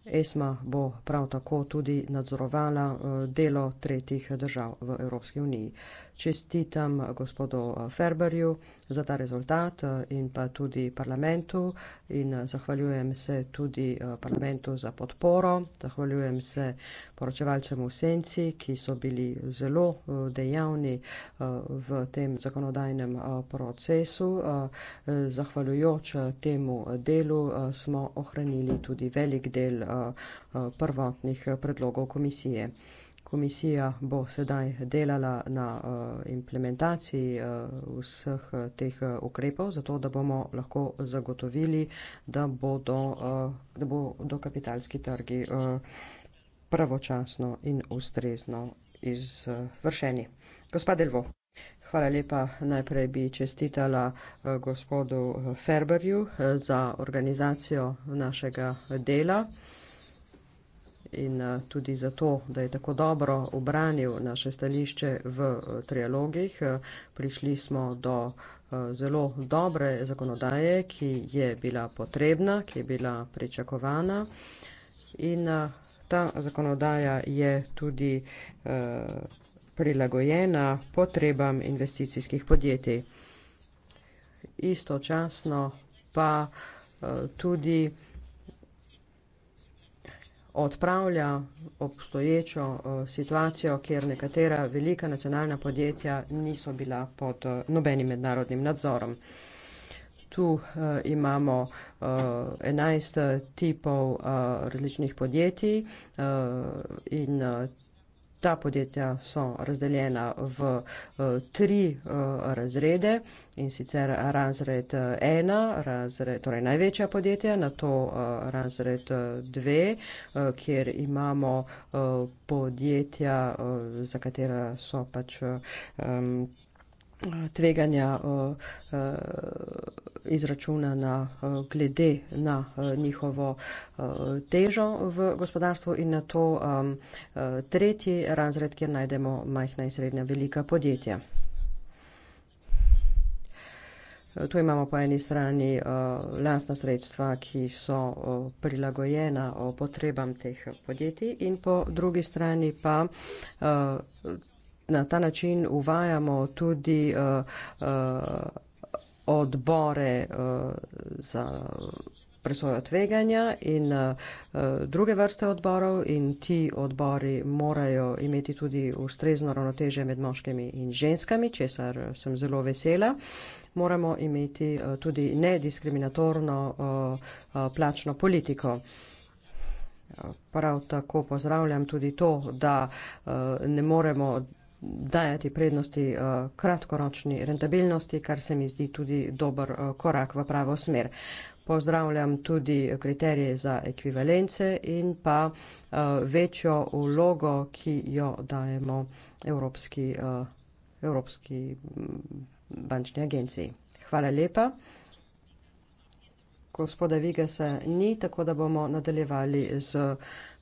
ESMA bo prav tako tudi nadzorovala delo tretjih držav v Evropski uniji čestitam eh, gospodu eh, Ferberju za ta rezultat eh, in pa tudi parlamentu in zahvaljujem se tudi parlamentu za podporo. Zahvaljujem se poročevalcem v senci, ki so bili zelo dejavni v tem zakonodajnem procesu. Zahvaljujoč temu delu smo ohranili tudi velik del prvotnih predlogov komisije. Komisija bo sedaj delala na uh, implementaciji uh, vseh uh, teh uh, ukrepov, zato da bomo lahko zagotovili, da, bodo, uh, da bo do kapitalski trgi uh, pravočasno in ustrezno izvršeni. Uh, Gospa Delvo. Hvala lepa. Najprej bi čestitala gospodu Ferberju za organizacijo našega dela in eh, tudi zato, da je tako dobro obranil naše stališče v eh, trialogih. Eh, prišli smo do zelo dobre zakonodaje, ki je bila potrebna, ki je bila pričakovana. In ta zakonodaja je tudi prilagojena potrebam investicijskih podjetij. Istočasno pa tudi odpravlja obstoječo eh, situacijo, kjer nekatera velika nacionalna podjetja niso bila pod eh, nobenim mednarodnim nadzorom. Tu eh, imamo 11 tipov različnih podjetij in Ta podjetja so razdeljena v eh, tri eh, razrede in sicer razred eh, ena, razred, torej največja podjetja, na to razred dve, kjer imamo podjetja, za katera so pač. Um, tveganja eh, eh, izračuna na eh, glede na njihovo težo v gospodarstvu in na to tretji razred, kjer najdemo majhna in srednja velika podjetja. Tu imamo po eni strani uh, lastna sredstva, ki so uh, prilagojena uh, potrebam teh podjetij in po drugi strani pa uh, na ta način uvajamo tudi uh, uh, odbore uh, za presojo tveganja in uh, uh druge vrste odborov in ti odbori morajo imeti tudi ustrezno ravnoteže med moškimi in ženskami, česar sem zelo vesela. Moramo imeti uh, tudi nediskriminatorno uh, uh, plačno politiko. Prav tako pozdravljam tudi to, da uh, ne moremo dajati prednosti eh, kratkoročni rentabilnosti, kar se mi zdi tudi dober eh, korak v pravo smer. Pozdravljam tudi kriterije za ekvivalence in pa eh, večjo vlogo, ki jo dajemo Evropski, Evropski mm, bančni agenciji. Hvala lepa. Gospoda Vigasa ni, tako da bomo nadaljevali z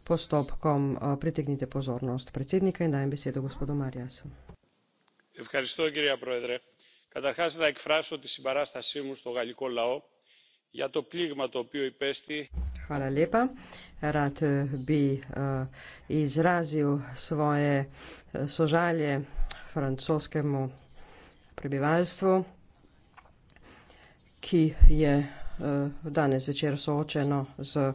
postopkom. Eh, pritegnite pozornost predsednika in dajem besedo gospodu Marias. Ευχαριστώ, κυρία Πρόεδρε. Καταρχά, να εκφράσω τη συμπαράστασή μου στο γαλλικό λαό για το πλήγμα το οποίο υπέστη. Hvala lepa. Rad eh, bi uh, izrazil svoje sožalje francoskemu prebivalstvu, ki je uh, danes večer soočeno z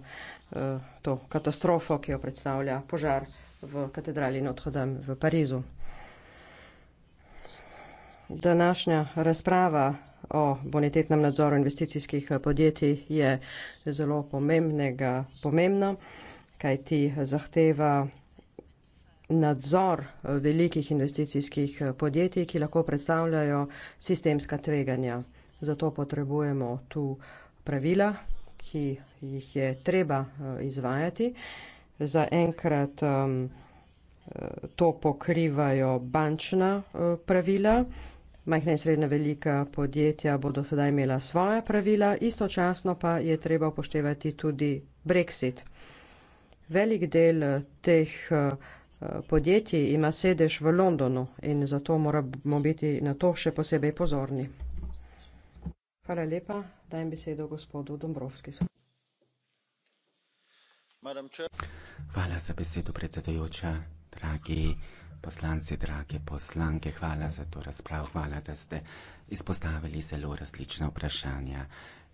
Eh, to katastrofo, ki jo predstavlja požar v katedrali Notre-Dame v Parizu. Današnja razprava o bonitetnem nadzoru investicijskih podjetij je zelo pomembnega, pomembna, kaj ti zahteva nadzor eh, velikih investicijskih eh, podjetij, ki lahko predstavljajo sistemska tveganja. Zato potrebujemo tu pravila, ki jih je treba eh, izvajati. Za enkrat um, eh, to pokrivajo bančna eh, pravila. Majhna in srednja velika podjetja bodo sedaj imela svoja pravila, istočasno pa je treba upoštevati tudi Brexit. Velik del teh podjetij ima sedež v Londonu in zato moramo biti na to še posebej pozorni. Hvala lepa. Dajem besedo gospodu Dombrovski. Hvala za besedo, predsedujoča. Dragi poslanci, drage poslanke, hvala za to razpravo, hvala, da ste izpostavili zelo različna vprašanja.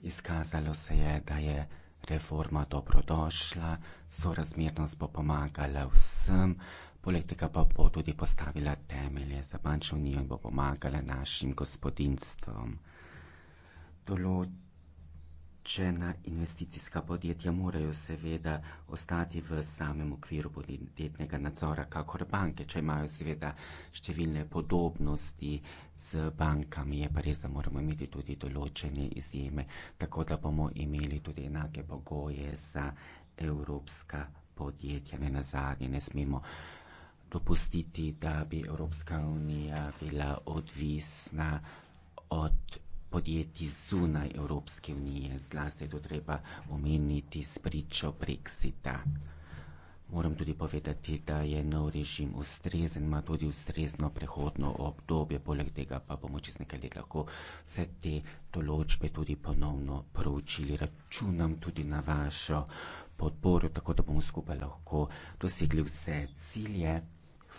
Izkazalo se je, da je reforma dobrodošla, sorazmernost bo pomagala vsem, poleg tega pa bo tudi postavila temelje za bančno unijo in bo pomagala našim gospodinjstvom določena investicijska podjetja morajo seveda ostati v samem okviru podjetnega nadzora, kakor banke, če imajo seveda številne podobnosti z bankami, je pa res, da moramo imeti tudi določene izjeme, tako da bomo imeli tudi enake pogoje za evropska podjetja, ne na zadnje, ne smemo dopustiti, da bi Evropska unija bila odvisna od podjetij zunaj Evropske unije. Zlasti je to treba omeniti s pričo Brexita. Moram tudi povedati, da je nov režim ustrezen, ima tudi ustrezno prehodno obdobje, poleg tega pa bomo čez nekaj let lahko vse te določbe tudi ponovno proučili. Računam tudi na vašo podporo, tako da bomo skupaj lahko dosegli vse cilje.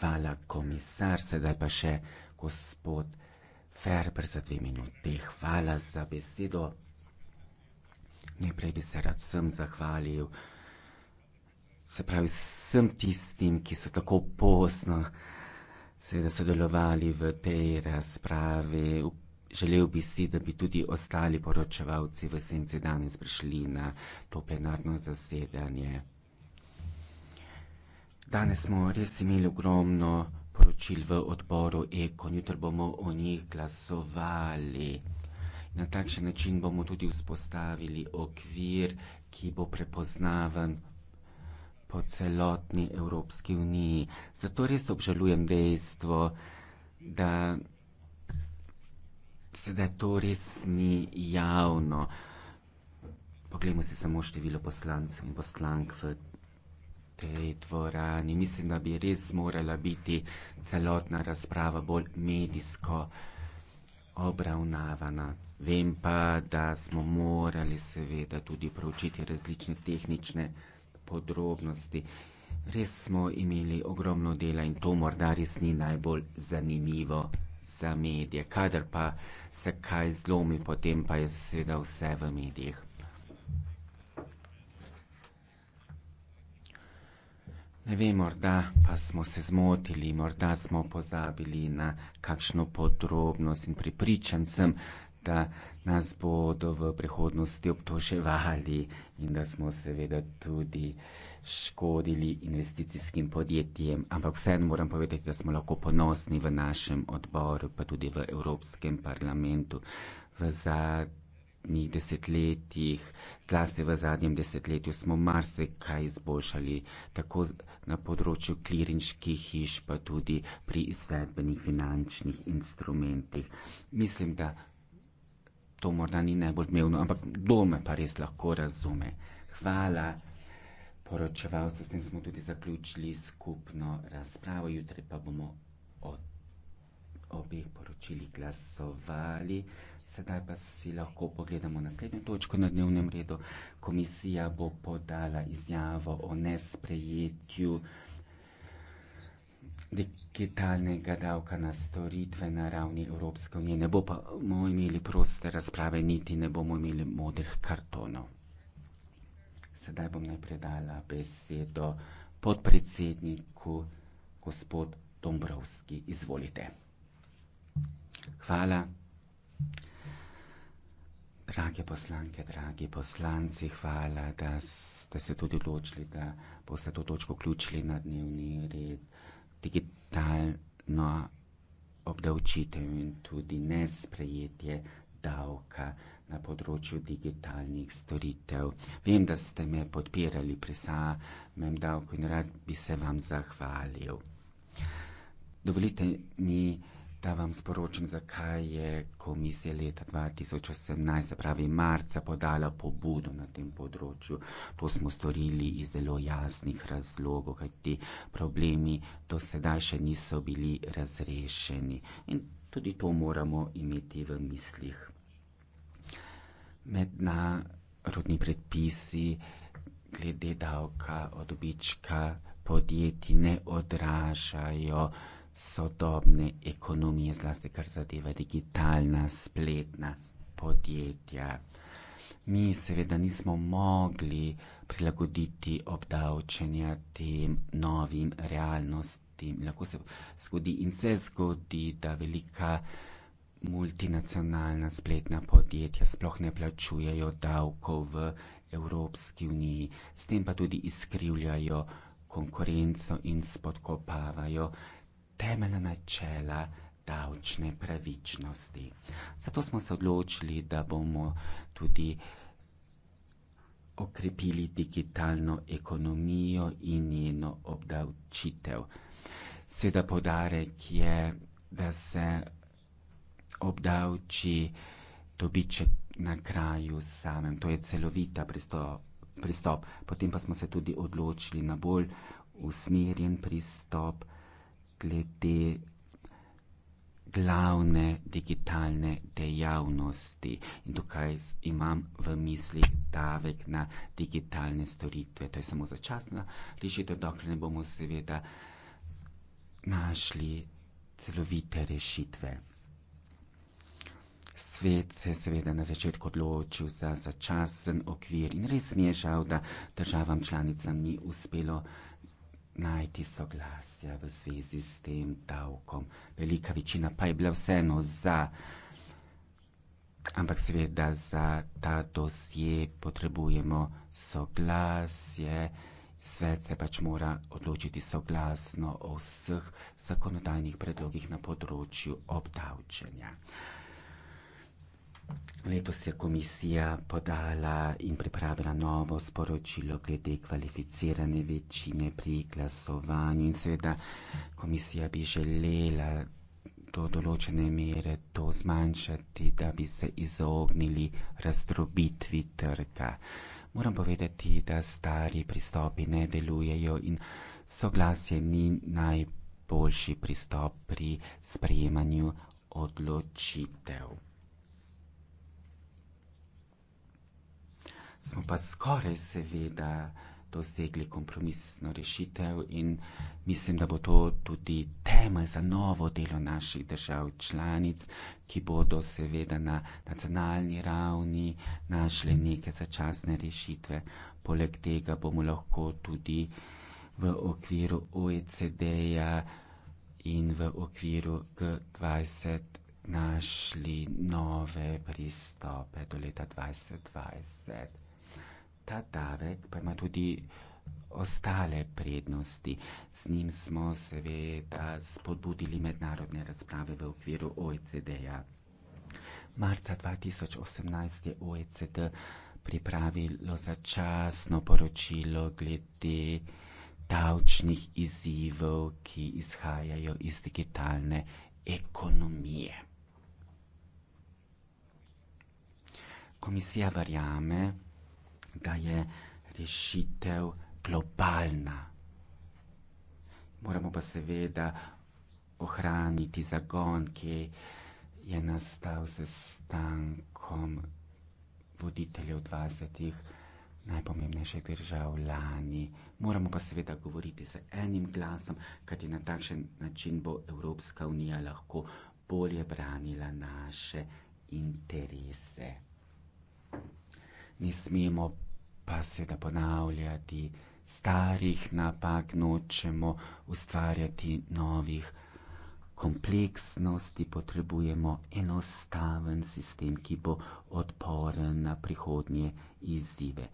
Hvala, komisar, sedaj pa še gospod. Ferber za dve minuti. Hvala za besedo. Najprej bi se rad vsem zahvalil, se pravi vsem tistim, ki so tako pozno seveda sodelovali v tej razpravi. Želel bi si, da bi tudi ostali poročevalci v senci danes prišli na to plenarno zasedanje. Danes smo res imeli ogromno priporočil v odboru Ekon, jutri bomo o njih glasovali. Na takšen način bomo tudi vzpostavili okvir, ki bo prepoznaven po celotni Evropski uniji. Zato res obžalujem dejstvo, da se da to res ni javno. Poglejmo si samo število poslancev in poslank v tej dvorani. Mislim, da bi res morala biti celotna razprava bolj medijsko obravnavana. Vem pa, da smo morali seveda tudi proučiti različne tehnične podrobnosti. Res smo imeli ogromno dela in to morda res ni najbolj zanimivo za medije. Kadar pa se kaj zlomi, potem pa je seveda vse v medijih. Ne vem, morda pa smo se zmotili, morda smo pozabili na kakšno podrobnost in pripričan sem, da nas bodo v prihodnosti obtoževali in da smo seveda tudi škodili investicijskim podjetjem. Ampak vseeno moram povedati, da smo lahko ponosni v našem odboru, pa tudi v Evropskem parlamentu. V zadnjih desetletjih zlasti v zadnjem desetletju smo marsikaj izboljšali, tako na področju klirinških hiš, pa tudi pri izvedbenih finančnih instrumentih. Mislim, da to morda ni najbolj odmevno, ampak kdo me pa res lahko razume. Hvala. Poročeval se, s tem smo tudi zaključili skupno razpravo, jutri pa bomo o obeh poročilih glasovali. Sedaj pa si lahko pogledamo naslednjo točko na dnevnem redu. Komisija bo podala izjavo o nesprejetju digitalnega davka na storitve na ravni Evropske unije. Ne bo pa bomo imeli proste razprave, niti ne bomo imeli modrih kartonov. Sedaj bom najprej dala besedo podpredsedniku, gospod Dombrovski. Izvolite. Hvala. Drage poslanke, dragi poslanci, hvala, da ste se tudi odločili, da boste to točko vključili na dnevni red. Digitalno obdavčitev in tudi nesprejetje davka na področju digitalnih storitev. Vem, da ste me podpirali pri samem davku in rad bi se vam zahvalil. Dovolite mi, da da vam sporočim, zakaj je komisija leta 2018, se pravi marca, podala pobudo na tem področju. To smo storili iz zelo jasnih razlogov, kaj ti problemi do sedaj še niso bili razrešeni. In tudi to moramo imeti v mislih. Mednarodni predpisi glede davka od dobička podjetij ne odražajo sodobne ekonomije, zlasti kar zadeva digitalna, spletna podjetja. Mi seveda nismo mogli prilagoditi obdavčenja tem novim realnostim. Lahko se zgodi in se zgodi, da velika multinacionalna spletna podjetja sploh ne plačujejo davkov v Evropski uniji, s tem pa tudi izkrivljajo konkurenco in spodkopavajo temeljna načela davčne pravičnosti. Zato smo se odločili, da bomo tudi okrepili digitalno ekonomijo in njeno obdavčitev. Seveda podarek je, da se obdavči dobiček na kraju samem. To je celovita pristop. Potem pa smo se tudi odločili na bolj usmerjen pristop, glede glavne digitalne dejavnosti. In tukaj imam v mislih davek na digitalne storitve. To je samo začasna rešitev, dokler ne bomo seveda našli celovite rešitve. Svet se je seveda na začetku odločil za začasen okvir in res mi je žal, da državam članicam ni uspelo najti soglasja v zvezi s tem davkom. Velika večina pa je bila vseeno za. Ampak seveda za ta dosje potrebujemo soglasje. Svet se pač mora odločiti soglasno o vseh zakonodajnih predlogih na področju obdavčenja. Letos je komisija podala in pripravila novo sporočilo glede kvalificirane večine pri glasovanju in seveda komisija bi želela do določene mere to zmanjšati, da bi se izognili razdrobitvi trga. Moram povedati, da stari pristopi ne delujejo in soglasje ni najboljši pristop pri sprejemanju odločitev. smo pa skoraj seveda dosegli kompromisno rešitev in mislim, da bo to tudi tema za novo delo naših držav članic, ki bodo seveda na nacionalni ravni našle neke začasne rešitve. Poleg tega bomo lahko tudi v okviru OECD-ja in v okviru G20 našli nove pristope do leta 2020 ta davek pa ima tudi ostale prednosti. Z njim smo seveda spodbudili mednarodne razprave v okviru OECD-ja. Marca 2018 je OECD pripravilo začasno poročilo glede davčnih izzivov, ki izhajajo iz digitalne ekonomije. Komisija verjame, da je rešitev globalna. Moramo pa seveda ohraniti zagon, ki je nastal z stankom voditeljev 20 najpomembnejših držav lani. Moramo pa seveda govoriti z enim glasom, kajti na takšen način bo Evropska unija lahko bolje branila naše interese ne smemo pa seveda ponavljati starih napak, nočemo ustvarjati novih kompleksnosti, potrebujemo enostaven sistem, ki bo odporen na prihodnje izzive.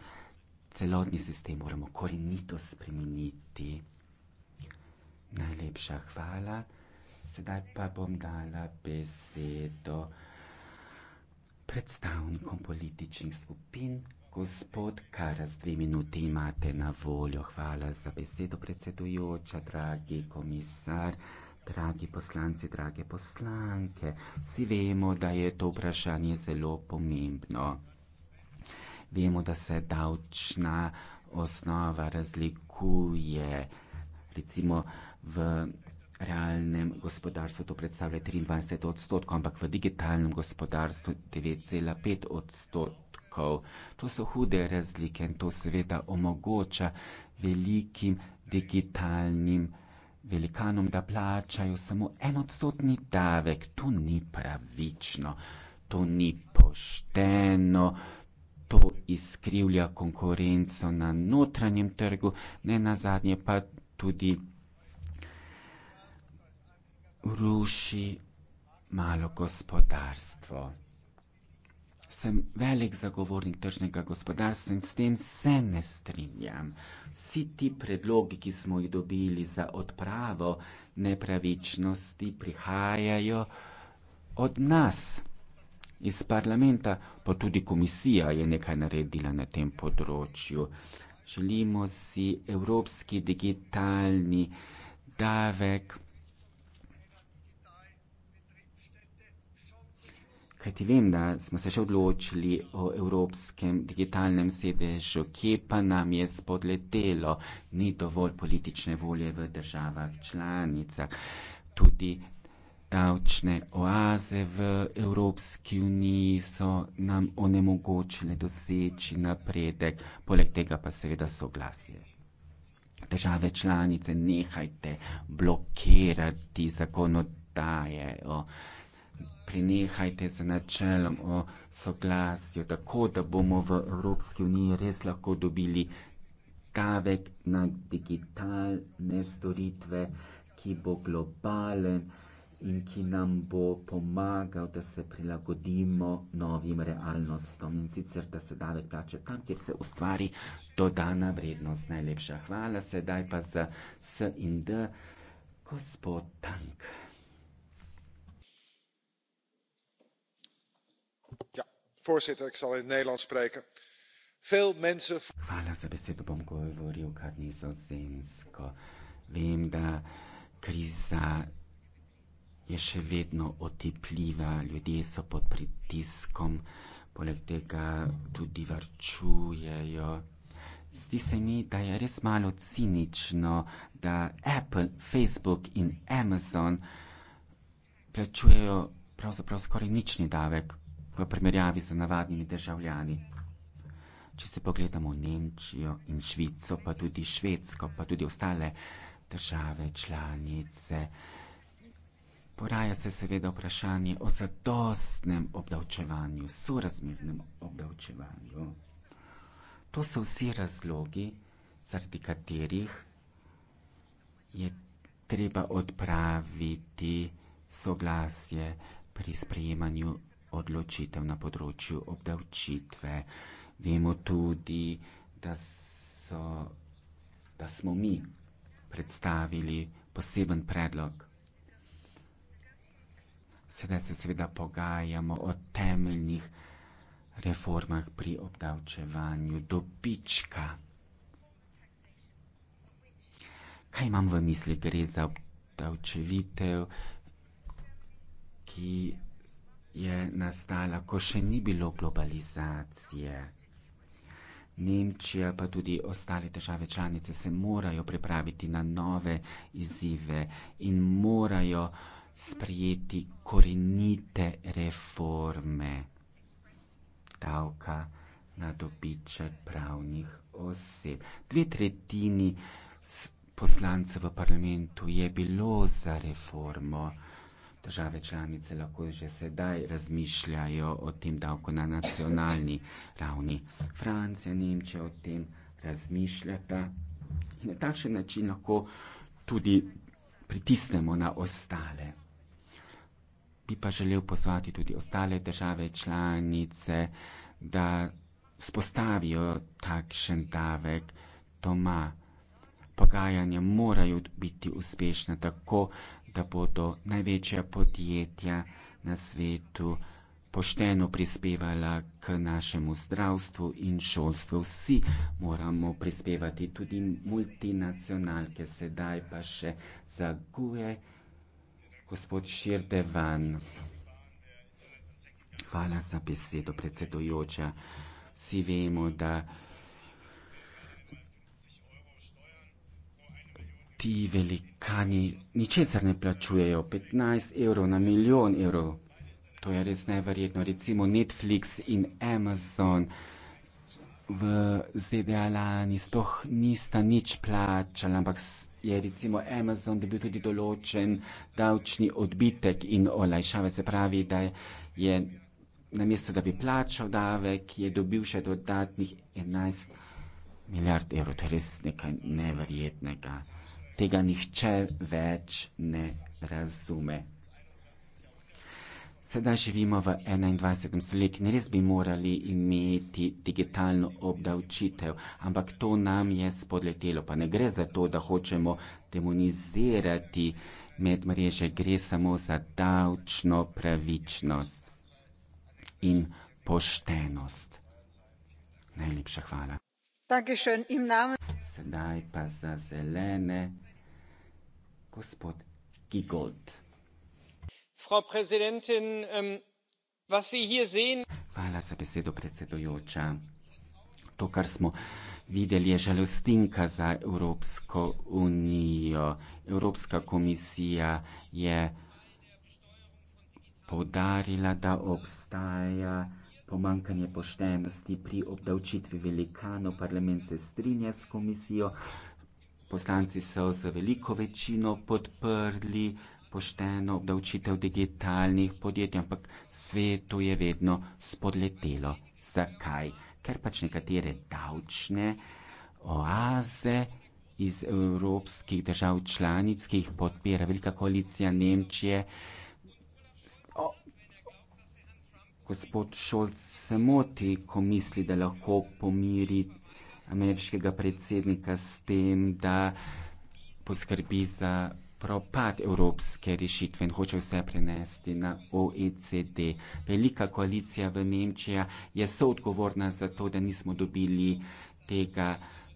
Celotni sistem moramo korenito spremeniti. Najlepša hvala. Sedaj pa bom dala besedo predstavnikom političnih skupin. Gospod Karas, dve minute imate na voljo. Hvala za besedo, predsedujoča, dragi komisar, dragi poslanci, drage poslanke. Vsi vemo, da je to vprašanje zelo pomembno. Vemo, da se davčna osnova razlikuje. Recimo v realnem gospodarstvu to predstavlja 23 odstotkov, ampak v digitalnem gospodarstvu 9,5 odstotkov. To so hude razlike in to seveda omogoča velikim digitalnim velikanom, da plačajo samo en odstotni davek. To ni pravično, to ni pošteno, to izkrivlja konkurenco na notranjem trgu, ne na zadnje pa tudi ruši malo gospodarstvo. Sem velik zagovornik tržnega gospodarstva in s tem se ne strinjam. Vsi ti predlogi, ki smo jih dobili za odpravo nepravičnosti, prihajajo od nas, iz parlamenta, pa tudi komisija je nekaj naredila na tem področju. Želimo si evropski digitalni davek. Kajti vem, da smo se še odločili o evropskem digitalnem sedežu, ki pa nam je spodletelo, ni dovolj politične volje v državah članicah. Tudi davčne oaze v Evropski uniji so nam onemogočile doseči napredek, poleg tega pa seveda soglasje. Države članice, nehajte blokirati zakonodaje o. Oh prenehajte z načelom o soglasju, tako da bomo v Evropski uniji res lahko dobili davek na digitalne storitve, ki bo globalen in ki nam bo pomagal, da se prilagodimo novim realnostom in sicer, da se davek plače tam, kjer se ustvari dodana vrednost. Najlepša hvala, sedaj pa za S in D, gospod Tank. Ja, voorzitter ik zal in het nederlands spreken veel mensen. hvala za besedo bom govoril kar nizozemsko vem da kriza je še vedno otipljiva ljudje so pod pritiskom poleg tega tudi varčujejo. Zdi se mi, da je res malo cinično, da Apple, Facebook in Amazon plačujejo pravzaprav skoraj nični davek, v primerjavi z navadnimi državljani. Če se pogledamo Nemčijo in Švico, pa tudi Švedsko, pa tudi ostale države, članice, poraja se seveda vprašanje o zadostnem obdavčevanju, sorazmernem obdavčevanju. To so vsi razlogi, zaradi katerih je treba odpraviti soglasje pri sprejemanju odločitev na področju obdavčitve. Vemo tudi, da, so, da smo mi predstavili poseben predlog. Sedaj se seveda pogajamo o temeljnih reformah pri obdavčevanju dobička. Kaj imam v misli? Gre za obdavčevitev, ki je nastala, ko še ni bilo globalizacije. Nemčija, pa tudi ostale države članice se morajo pripraviti na nove izzive in morajo sprijeti korenite reforme davka na dobiček pravnih oseb. Dve tretjini poslancev v parlamentu je bilo za reformo države članice lahko že sedaj razmišljajo o tem davku na nacionalni ravni. Francija, Nemčija o tem razmišljata in na takšen način lahko tudi pritisnemo na ostale. Bi pa želel pozvati tudi ostale države članice, da spostavijo takšen davek doma. Pogajanja morajo biti uspešna tako, da bodo največja podjetja na svetu pošteno prispevala k našemu zdravstvu in šolstvu. Vsi moramo prispevati, tudi multinacionalke, sedaj pa še za guje, gospod Širdevan. Hvala za besedo, predsedujoča. Vsi vemo, da ti velikani ničesar ne plačujejo, 15 evrov na milijon evrov. To je res neverjetno. Recimo Netflix in Amazon v ZDA lani sploh nista nič plačala, ampak je recimo Amazon dobil tudi določen davčni odbitek in olajšave. Se pravi, da je namesto, da bi plačal davek, je dobil še dodatnih 11 milijard evrov. To je res nekaj neverjetnega tega nihče več ne razume. Sedaj živimo v 21. stoletju in res bi morali imeti digitalno obdavčitev, ampak to nam je spodletelo. Pa ne gre za to, da hočemo demonizirati med mreže, gre samo za davčno pravičnost in poštenost. Najlepša hvala. Sedaj pa za zelene. Ähm, Hvala za besedo, predsedujoča. To, kar smo videli, je žalostinka za Evropsko unijo. Evropska komisija je poudarila, da obstaja pomanjkanje poštenosti pri obdavčitvi velikanov, parlament se strinja s komisijo, poslanci so z veliko večino podprli pošteno obdavčitev digitalnih podjetij, ampak svetu je vedno spodletelo. Zakaj? Ker pač nekatere davčne oaze iz evropskih držav članic, ki jih podpira velika koalicija Nemčije, o, gospod Šolc se moti, ko misli, da lahko pomiri ameriškega predsednika s tem, da poskrbi za propad evropske rešitve in hoče vse prenesti na OECD. Velika koalicija v Nemčiji je soodgovorna za to, da nismo dobili tega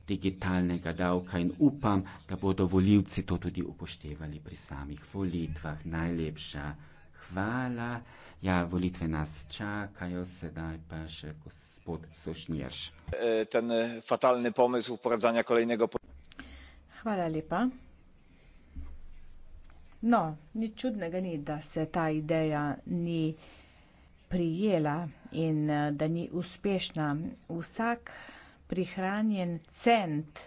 digitalnega davka in upam, da bodo voljivci to tudi upoštevali pri samih volitvah. Najlepša hvala. Ja, volitve nas čakajo, sedaj pa še gospod Sošnjerš. E, ten e, fatalni pomysł uporadzania kolejnego. Hvala lepa. No, nič čudnega ni, da se ta ideja ni prijela in e, da ni uspešna. Vsak prihranjen cent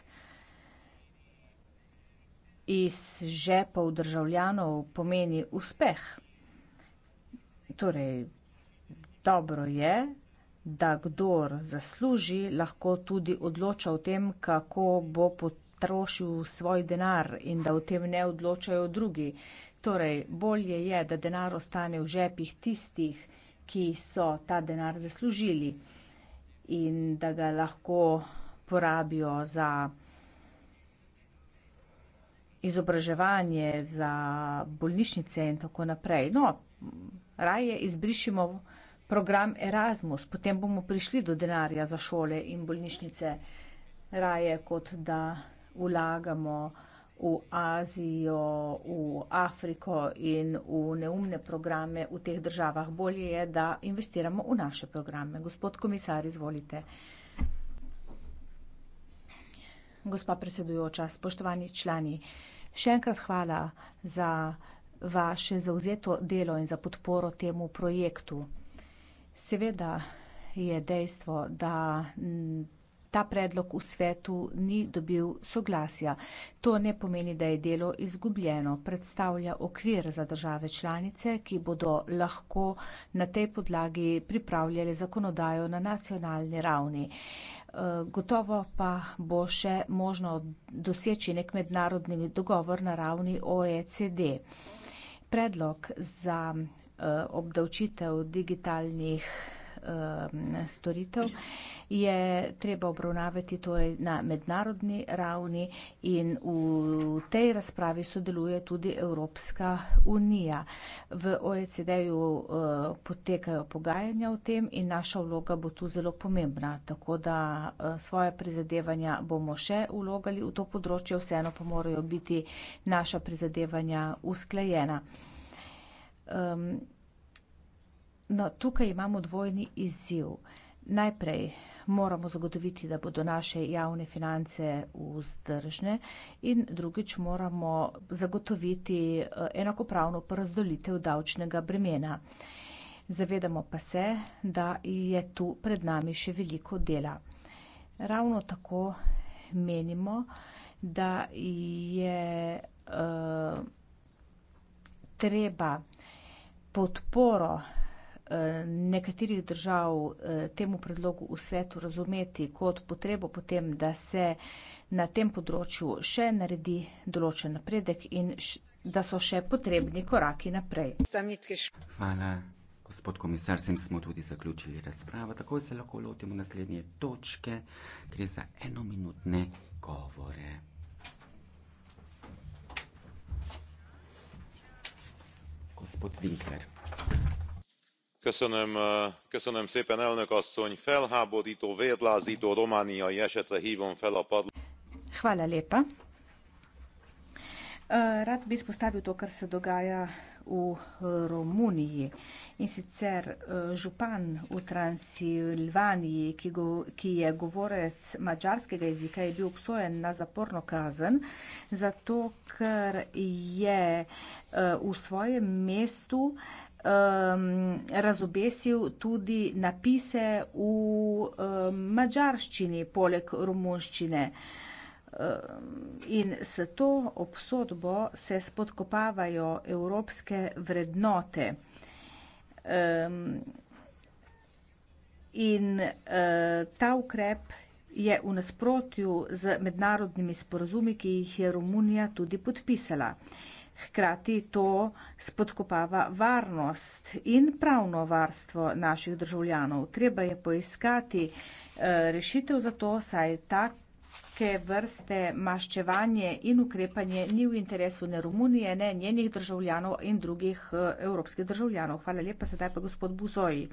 iz žepov državljanov pomeni uspeh. Torej, dobro je, da kdor zasluži, lahko tudi odloča o tem, kako bo potrošil svoj denar in da o tem ne odločajo drugi. Torej, bolje je, da denar ostane v žepih tistih, ki so ta denar zaslužili in da ga lahko porabijo za izobraževanje, za bolnišnice in tako naprej. No, raje izbrišimo program Erasmus, potem bomo prišli do denarja za šole in bolnišnice raje, kot da vlagamo v Azijo, v Afriko in v neumne programe v teh državah. Bolje je, da investiramo v naše programe. Gospod komisar, izvolite. Gospa predsedujoča, spoštovani člani, še enkrat hvala za vaše zauzeto delo in za podporo temu projektu. Seveda je dejstvo, da ta predlog v svetu ni dobil soglasja. To ne pomeni, da je delo izgubljeno. Predstavlja okvir za države članice, ki bodo lahko na tej podlagi pripravljali zakonodajo na nacionalni ravni. Eh, gotovo pa bo še možno doseči nek mednarodni dogovor na ravni OECD predlog za eh, obdavčitev digitalnih Um, storitev, je treba obravnavati torej na mednarodni ravni in v tej razpravi sodeluje tudi Evropska unija. V OECD-ju uh, potekajo pogajanja o tem in naša vloga bo tu zelo pomembna, tako da uh, svoje prizadevanja bomo še vlogali v to področje, vseeno pa morajo biti naša prizadevanja usklajena. Um, No, tukaj imamo dvojni izziv. Najprej moramo zagotoviti, da bodo naše javne finance vzdržne in drugič moramo zagotoviti eh, enakopravno porazdolitev davčnega bremena. Zavedamo pa se, da je tu pred nami še veliko dela. Ravno tako menimo, da je uh, treba podporo Eh, nekaterih držav eh, temu predlogu v svetu razumeti kot potrebo potem, da se na tem področju še naredi določen napredek in da so še potrebni koraki naprej. Hvala. Gospod komisar, sem smo tudi zaključili razpravo, takoj se lahko lotimo naslednje točke. Gre za enominutne govore. Gospod Winkler elnök asszony felhábortó vérláztó romániai esetre hvom fel a rád bi izpostavil to kar se dogaja v e, romuniji in sicer e, župan v transilvaniji ki, go, ki je govorec mačarskega jezika je bil obsojen na zaporno kazen zato ker je e, v svojem mestu uh, um, razobesil tudi napise v um, mačarščini, poleg romunščine. Um, in s to obsodbo se spodkopavajo evropske vrednote. Um, in uh, ta ukrep je v nasprotju z mednarodnimi sporozumi, ki jih je Romunija tudi podpisala. Hkrati to spodkopava varnost in pravno varstvo naših državljanov. Treba je poiskati eh, rešitev za to, saj take vrste maščevanje in ukrepanje ni v interesu ne Romunije, ne njenih državljanov in drugih eh, evropskih državljanov. Hvala lepa, sedaj pa gospod Buzoji.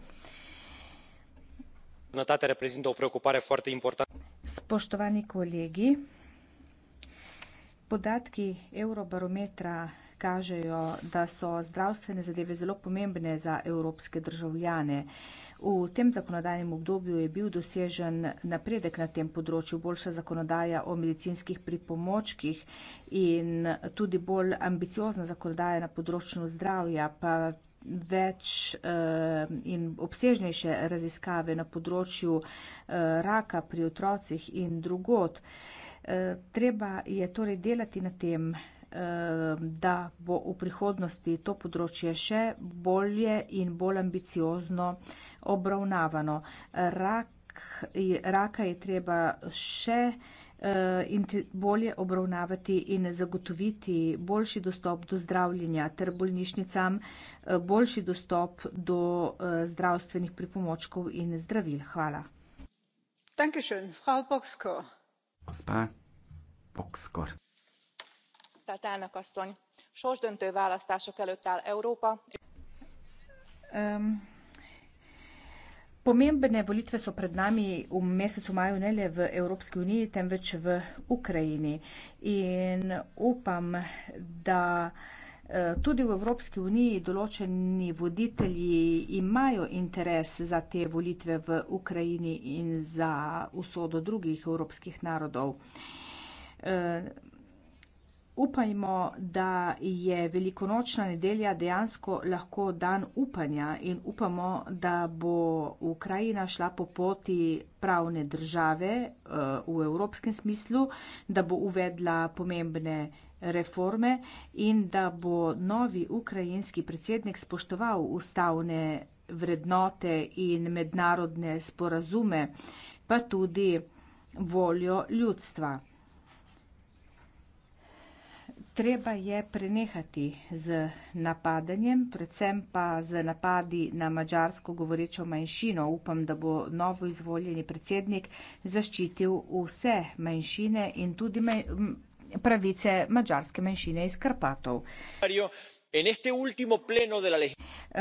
Spoštovani kolegi, Podatki Eurobarometra kažejo, da so zdravstvene zadeve zelo pomembne za evropske državljane. V tem zakonodajnem obdobju je bil dosežen napredek na tem področju, boljša zakonodaja o medicinskih pripomočkih in tudi bolj ambiciozna zakonodaja na področju zdravja, pa več eh, in obsežnejše raziskave na področju eh, raka pri otrocih in drugot. Eh, Eh, treba je torej delati na tem, eh, da bo v prihodnosti to področje še bolje in bolj ambiciozno obravnavano. Rak, raka je treba še eh, in bolje obravnavati in zagotoviti boljši dostop do zdravljenja ter bolnišnicam boljši dostop do zdravstvenih pripomočkov in zdravil. Hvala. Gospa tisztelt elnök asszony! sorsdöntő választások előtt áll európa. pomembne volitve so pred nami v mesecu maju ne le v evropski uniji temveč v ukrajini in upam da eh, tudi v evropski uniji določeni voditelji imajo interes za te volitve v ukrajini in za usodo drugih evropskih narodov. Eh, upajmo, da je velikonočna nedelja dejansko lahko dan upanja in upamo, da bo Ukrajina šla po poti pravne države eh, v evropskem smislu, da bo uvedla pomembne reforme in da bo novi ukrajinski predsednik spoštoval ustavne vrednote in mednarodne sporazume, pa tudi voljo ljudstva treba je prenehati z napadanjem, predvsem pa z napadi na mačarsko govorečo manjšino. Upam, da bo novo izvoljeni predsednik zaščitil vse manjšine in tudi manj, pravice mačarske manjšine iz Karpatov.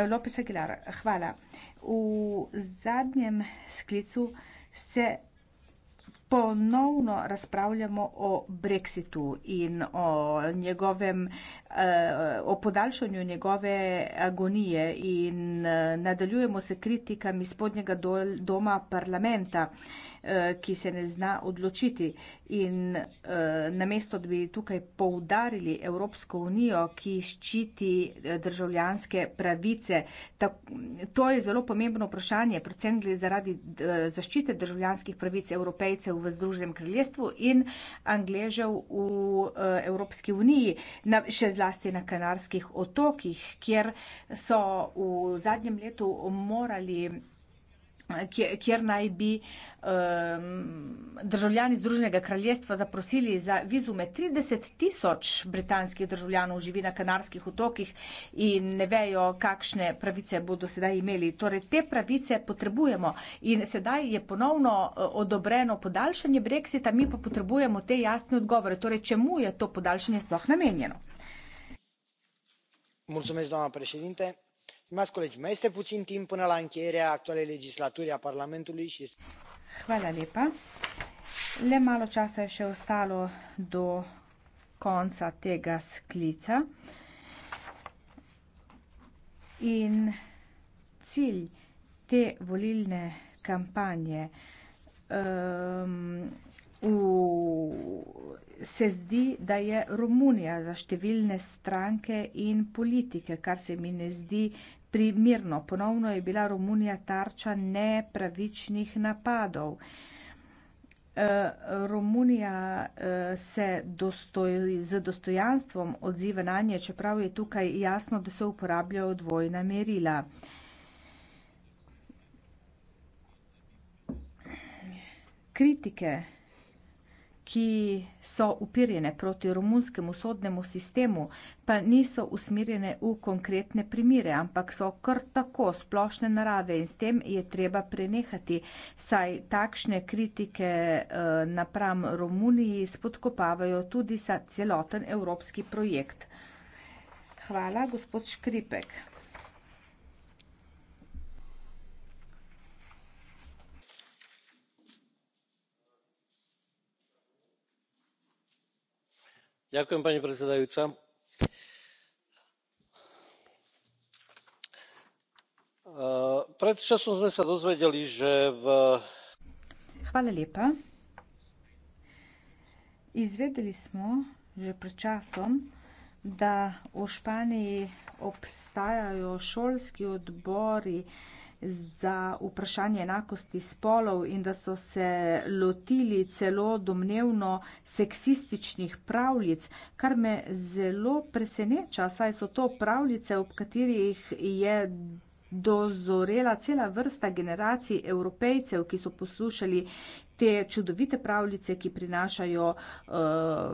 Lopes Aguilar, hvala. V zadnjem sklicu se ponovno razpravljamo o brexitu in o njegovem Eh, o podaljšanju njegove agonije in eh, nadaljujemo se kritikami spodnjega doma parlamenta, eh, ki se ne zna odločiti. In namesto, da bi tukaj poudarili Evropsko unijo, ki ščiti državljanske pravice, to je zelo pomembno vprašanje, predvsem zaradi zaščite državljanskih pravic evropejcev v Združenem kraljestvu in angležev v Evropski uniji. Še zlasti na Kanarskih otokih, kjer so v zadnjem letu morali. Kjer, kjer naj bi um, državljani Združenega kraljestva zaprosili za vizume. 30 tisoč britanskih državljanov živi na Kanarskih otokih in ne vejo, kakšne pravice bodo sedaj imeli. Torej, te pravice potrebujemo in sedaj je ponovno eh, odobreno podaljšanje Brexita, mi pa potrebujemo te jasne odgovore. Torej, čemu je to podaljšanje sploh namenjeno? doamnă președintă stimați colegi mai este puțin timp până la încheierea actualei legislaturi a parlamentului și este v, se zdi, da je Romunija za številne stranke in politike, kar se mi ne zdi primirno. Ponovno je bila Romunija tarča nepravičnih napadov. Eh, Romunija eh, se dostoj, z dostojanstvom odziva na nje, čeprav je tukaj jasno, da se uporabljajo dvojna merila. Kritike ki so upirjene proti romunskemu sodnemu sistemu, pa niso usmirjene v konkretne primire, ampak so kar tako splošne narave in s tem je treba prenehati, saj takšne kritike eh, napram Romuniji spodkopavajo tudi celoten evropski projekt. Hvala, gospod Škripek. pani predsedajúca eh, pred časom sme sa dozvedeli že v. hvala lepa izvedeli smo že pred časom da v španiji obstajajo šolski odbori za vprašanje enakosti spolov in da so se lotili celo domnevno seksističnih pravljic, kar me zelo preseneča, saj so to pravljice, ob katerih je dozorela cela vrsta generacij evropejcev, ki so poslušali te čudovite pravljice, ki prinašajo uh,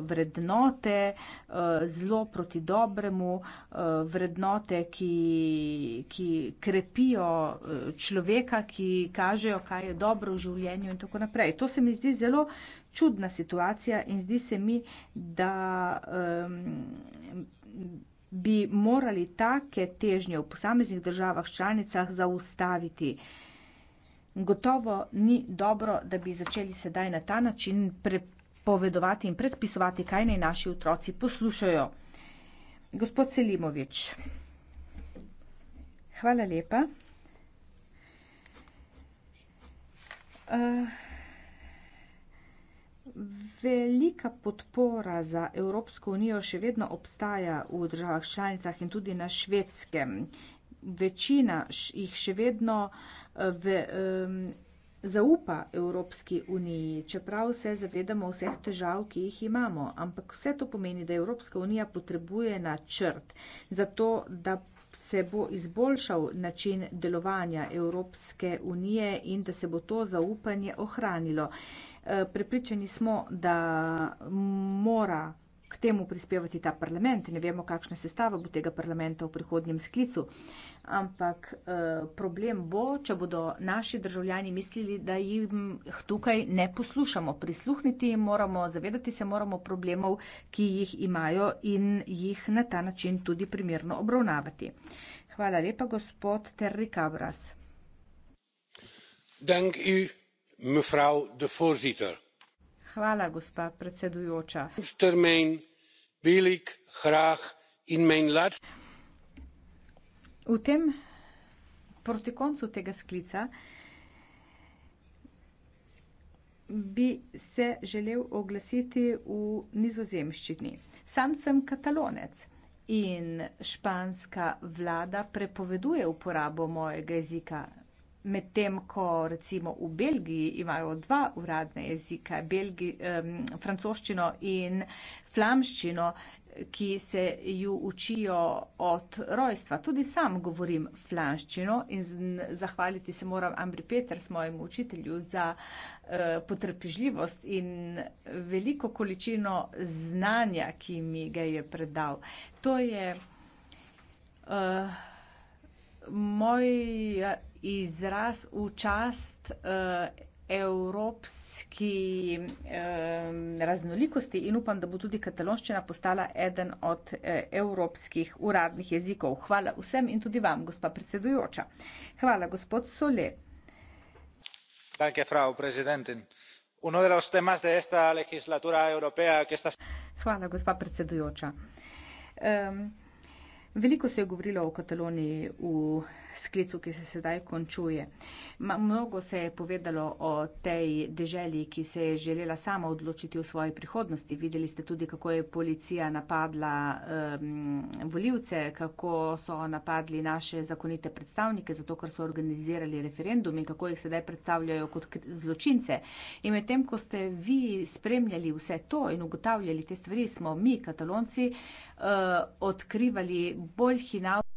vrednote, uh, eh, zelo proti dobremu, uh, vrednote, ki, ki krepijo uh, človeka, ki kažejo, kaj je dobro v življenju in tako naprej. To se mi zdi zelo čudna situacija in zdi se mi, da. Um, bi morali take težnje v posameznih državah članicah zaustaviti. Gotovo ni dobro, da bi začeli sedaj na ta način prepovedovati in predpisovati, kaj naj naši otroci poslušajo. Gospod Selimovič, hvala lepa. Uh, Velika podpora za Evropsko unijo še vedno obstaja v državah članicah in tudi na švedskem. Večina jih še vedno eh, v, um, zaupa Evropski uniji, čeprav se zavedamo vseh težav, ki jih imamo. Ampak vse to pomeni, da Evropska unija potrebuje načrt za to, da se bo izboljšal način delovanja Evropske unije in da se bo to zaupanje ohranilo. Eh, prepričani smo, da mora k temu prispevati ta parlament. Ne vemo, kakšna sestava bo tega parlamenta v prihodnjem sklicu. Ampak eh, problem bo, če bodo naši državljani mislili, da jim tukaj ne poslušamo. Prisluhniti jim moramo, zavedati se moramo problemov, ki jih imajo in jih na ta način tudi primerno obravnavati. Hvala lepa, gospod Terry Cabras. Thank you hvala gospa predsedujoča. v tem proti koncu tega sklica bi se želel oglasiti v nizozemščini. Sam sem katalonec in španska vlada prepoveduje uporabo mojega jezika Medtem ko recimo v Belgiji imajo dva uradna jezika, Belgi, um, francoščino in flamščino, ki se ju učijo od rojstva. Tudi sam govorim flamščino in zahvaliti se moram Ambri Peters, mojemu učitelju, za uh, potrpežljivost in veliko količino znanja, ki mi ga je predal. To je uh, moj. Uh, izraz v čast uh, evropski um, raznolikosti in upam, da bo tudi katalonščina postala eden od uh, evropskih uradnih jezikov. Hvala vsem in tudi vam, gospa predsedujoča. Hvala, gospod Sole. Danke, frau presidentin. Uno de los temas de esta legislatura europea, que esta... Hvala, gospa predsedujoča. Um, veliko se je govorilo o Kataloniji v sklicu, ki se sedaj končuje. Mnogo se je povedalo o tej deželi, ki se je želela sama odločiti v svoji prihodnosti. Videli ste tudi, kako je policija napadla um, voljivce, kako so napadli naše zakonite predstavnike, zato ker so organizirali referendum in kako jih sedaj predstavljajo kot zločince. In medtem, ko ste vi spremljali vse to in ugotavljali te stvari, smo mi, katalonci, uh, odkrivali bolj hinavce.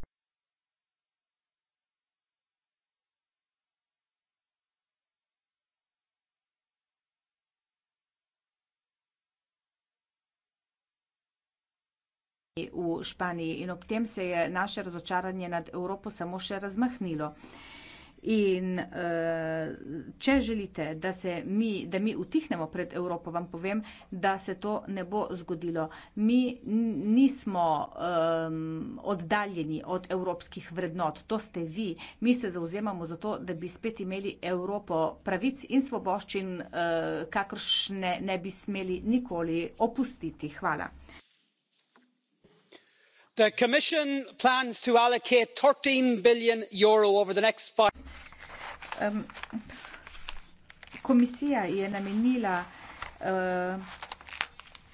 v Španiji. In ob tem se je naše razočaranje nad Evropo samo še razmahnilo. In uh, če želite, da, mi, da mi utihnemo pred Evropo, vam povem, da se to ne bo zgodilo. Mi nismo um, oddaljeni od evropskih vrednot, to ste vi. Mi se zauzemamo za to, da bi spet imeli Evropo pravic in svoboščin, uh, kakršne ne bi smeli nikoli opustiti. Hvala the commission plans to allocate eur thirteen billion over the next five. komisija je namenila eh,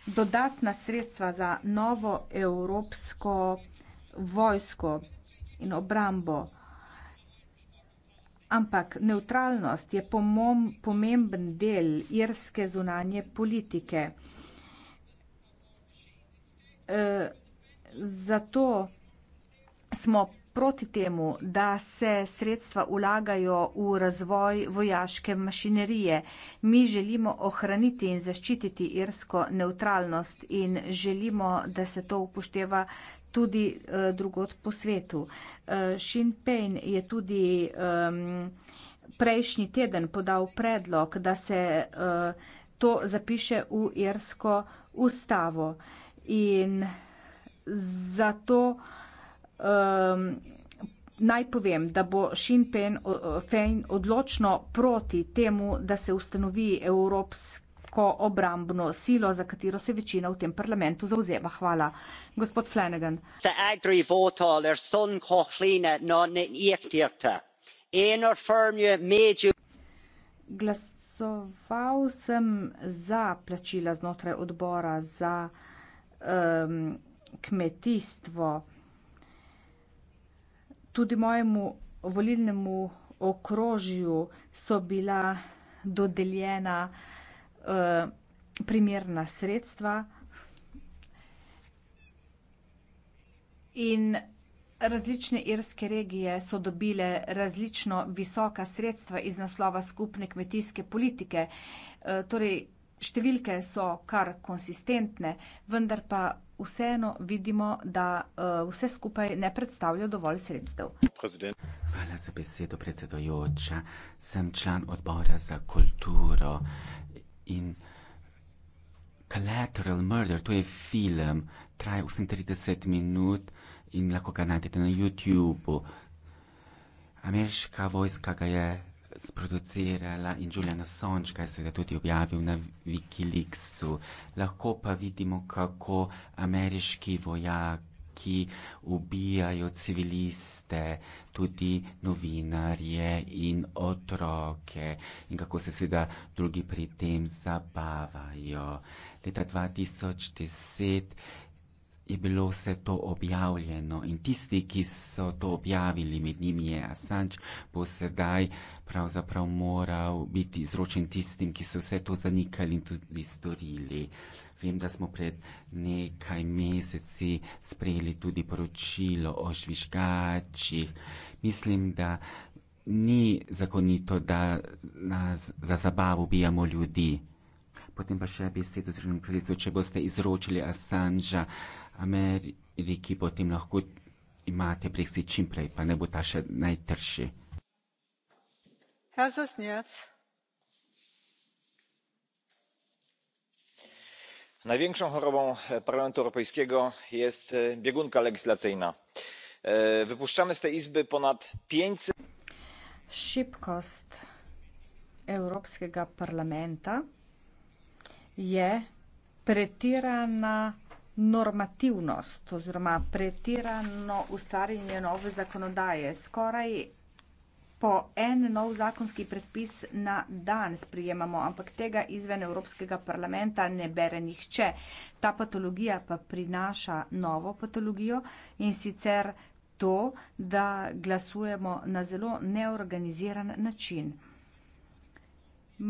dodatna sredstva za novo evropsko vojsko in obrambo ampak nevtralnost je pomemben del irske zunanje politike. Eh, zato smo proti temu, da se sredstva ulagajo v razvoj vojaške mašinerije. Mi želimo ohraniti in zaščititi irsko neutralnost in želimo, da se to upošteva tudi uh, eh, drugot po svetu. Uh, Sinn Fein je tudi um, prejšnji teden podal predlog, da se uh, to zapiše v irsko ustavo. In zato um, naj povem, da bo Sinn Féin, Féin odločno proti temu, da se ustanovi evropsko obrambno silo, za katero se večina v tem parlamentu zauzema. Hvala. Gospod Flanagan. The agri votol er son ko hlina no ne iektirta. Enor firmju među... Glasoval sem za plačila znotraj odbora za um, kmetijstvo. Tudi mojemu volilnemu okrožju so bila dodeljena eh, primerna sredstva. In različne irske regije so dobile različno visoka sredstva iz naslova skupne kmetijske politike. Eh, torej, številke so kar konsistentne, vendar pa vseeno vidimo, da eh, vse skupaj ne predstavlja dovolj sredstev. Hvala za besedo, predsedojoča. Sem član odbora za kulturo in Collateral Murder, to je film, traja 38 minut in lahko ga najdete na YouTubu. Ameriška vojska ga je sproducirala in Julian Assange, kaj se je tudi objavil na Wikileaksu. Lahko pa vidimo, kako ameriški vojaki ubijajo civiliste, tudi novinarje in otroke in kako se seveda drugi pri tem zabavajo. Leta 2010 je bilo vse to objavljeno in tisti, ki so to objavili, med njimi je Assange, bo sedaj pravzaprav moral biti izročen tistim, ki so vse to zanikali in tudi storili. Vem, da smo pred nekaj meseci sprejeli tudi poročilo o žvižgačih. Mislim, da ni zakonito, da nas za zabavo ubijamo ljudi. Potem pa še besedo z Rnom Kraljico, če boste izročili Assangea. Ameriki, potem lahko imate Brexit čim prej, pa ne bo ta še najtrši. Herr Sosnjac. Największą chorobą Parlamentu Europejskiego jest e, biegunka legislacyjna. E, wypuszczamy z tej Izby ponad 500. Szybkość Europejskiego Parlamentu jest przetierana normativnost oziroma pretirano ustvarjanje nove zakonodaje. Skoraj po en nov zakonski predpis na dan sprijemamo, ampak tega izven Evropskega parlamenta ne bere nihče. Ta patologija pa prinaša novo patologijo in sicer to, da glasujemo na zelo neorganiziran način.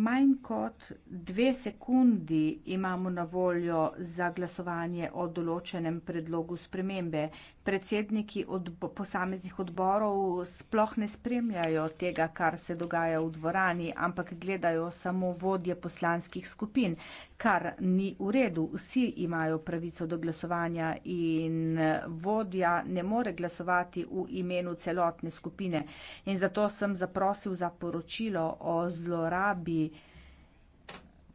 Manj kot dve sekundi imamo na voljo za glasovanje o določenem predlogu spremembe. Predsedniki od posameznih odborov sploh ne spremljajo tega, kar se dogaja v dvorani, ampak gledajo samo vodje poslanskih skupin kar ni v redu. Vsi imajo pravico do glasovanja in vodja ne more glasovati v imenu celotne skupine. In zato sem zaprosil za poročilo o zlorabi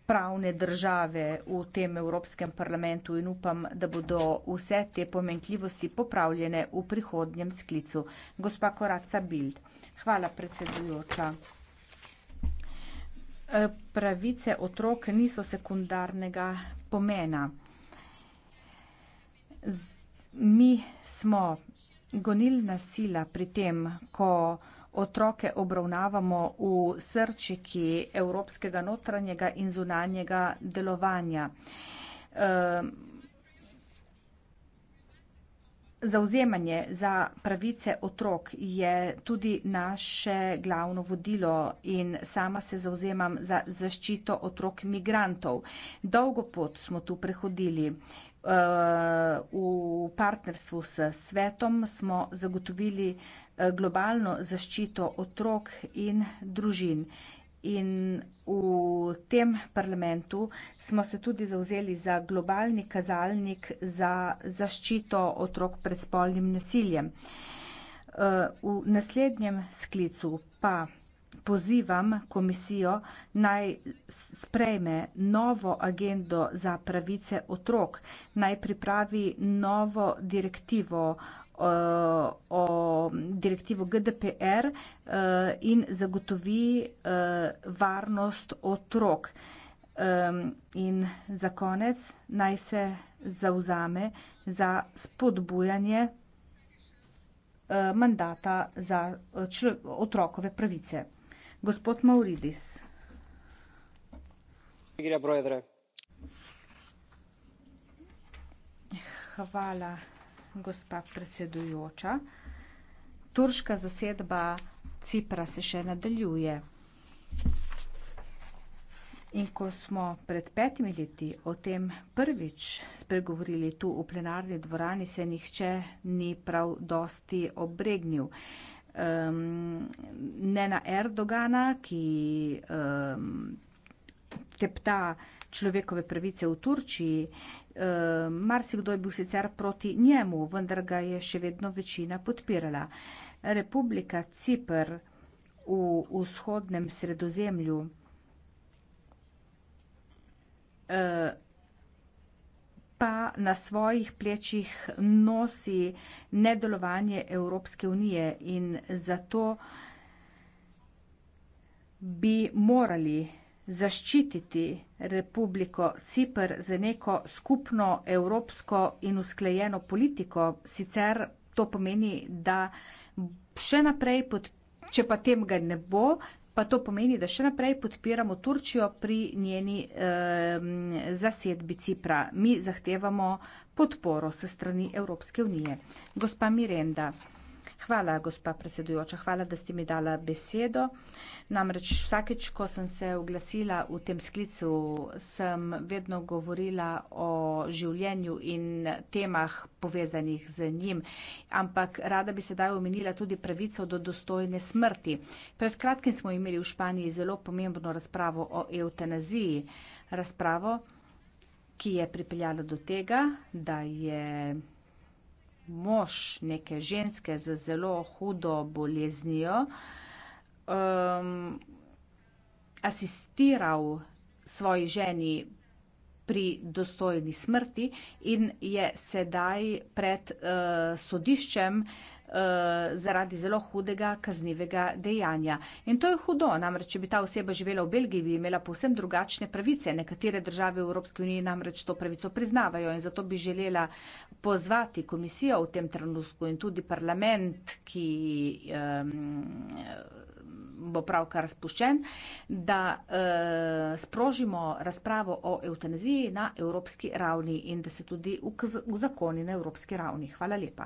pravne države v tem Evropskem parlamentu in upam, da bodo vse te pomenkljivosti popravljene v prihodnjem sklicu. Gospa Koraca Bild. Hvala predsedujoča. Eh, pravice otrok niso sekundarnega pomena. Mi smo gonilna sila pri tem, ko otroke obravnavamo v srčiki evropskega notranjega in zunanjega delovanja. Eh, Zauzemanje za pravice otrok je tudi naše glavno vodilo in sama se zauzemam za zaščito otrok migrantov. Dolgo pot smo tu prehodili. Eh, v partnerstvu s svetom smo zagotovili eh, globalno zaščito otrok in družin. In v tem parlamentu smo se tudi zauzeli za globalni kazalnik za zaščito otrok pred spolnim nasiljem. Eh, v naslednjem sklicu pa pozivam komisijo naj sprejme novo agendo za pravice otrok, naj pripravi novo direktivo Eh, o direktivo GDPR eh, in zagotovi eh, varnost otrok. In za konec naj se zauzame za spodbujanje mandata za otrokove pravice. Gospod Mauridis. Hvala gospa predsedujoča. Turška zasedba Cipra se še nadaljuje. In ko smo pred petimi leti o tem prvič spregovorili tu v plenarni dvorani, se nihče ni prav dosti obregnil. Um, ne na Erdogana, ki um, tepta človekove pravice v Turčiji, uh, Eh, marsikdo je bil sicer proti njemu, vendar ga je še vedno večina podpirala. Republika Cipr v vzhodnem sredozemlju eh, pa na svojih plečih nosi nedelovanje Evropske unije in zato bi morali zaščititi Republiko Cipr z neko skupno evropsko in usklejeno politiko, sicer to pomeni, da še naprej, pod, če pa tem ga ne bo, pa to pomeni, da še naprej podpiramo Turčijo pri njeni eh, zasedbi Cipra. Mi zahtevamo podporo se strani Evropske unije. Gospa Mirenda. Hvala, gospa predsedujoča. Hvala, da ste mi dala besedo. Namreč vsakeč, ko sem se oglasila v tem sklicu, sem vedno govorila o življenju in temah povezanih z njim. Ampak rada bi sedaj omenila tudi pravico do dostojne smrti. Pred kratkim smo imeli v Španiji zelo pomembno razpravo o eutanaziji. Razpravo, ki je pripeljala do tega, da je mož neke ženske z zelo hudo boleznijo um, asistiral svoji ženi pri dostojni smrti in je sedaj pred uh, sodiščem uh, Eh, zaradi zelo hudega kaznivega dejanja. In to je hudo, namreč, če bi ta oseba živela v Belgiji, bi imela povsem drugačne pravice. Nekatere države v Evropski uniji namreč to pravico priznavajo in zato bi želela pozvati komisijo v tem trenutku in tudi parlament, ki um, bo pravkar razpuščen, da uh, sprožimo razpravo o eutanaziji na evropski ravni in da se tudi v, v zakoni na evropski ravni. Hvala lepa.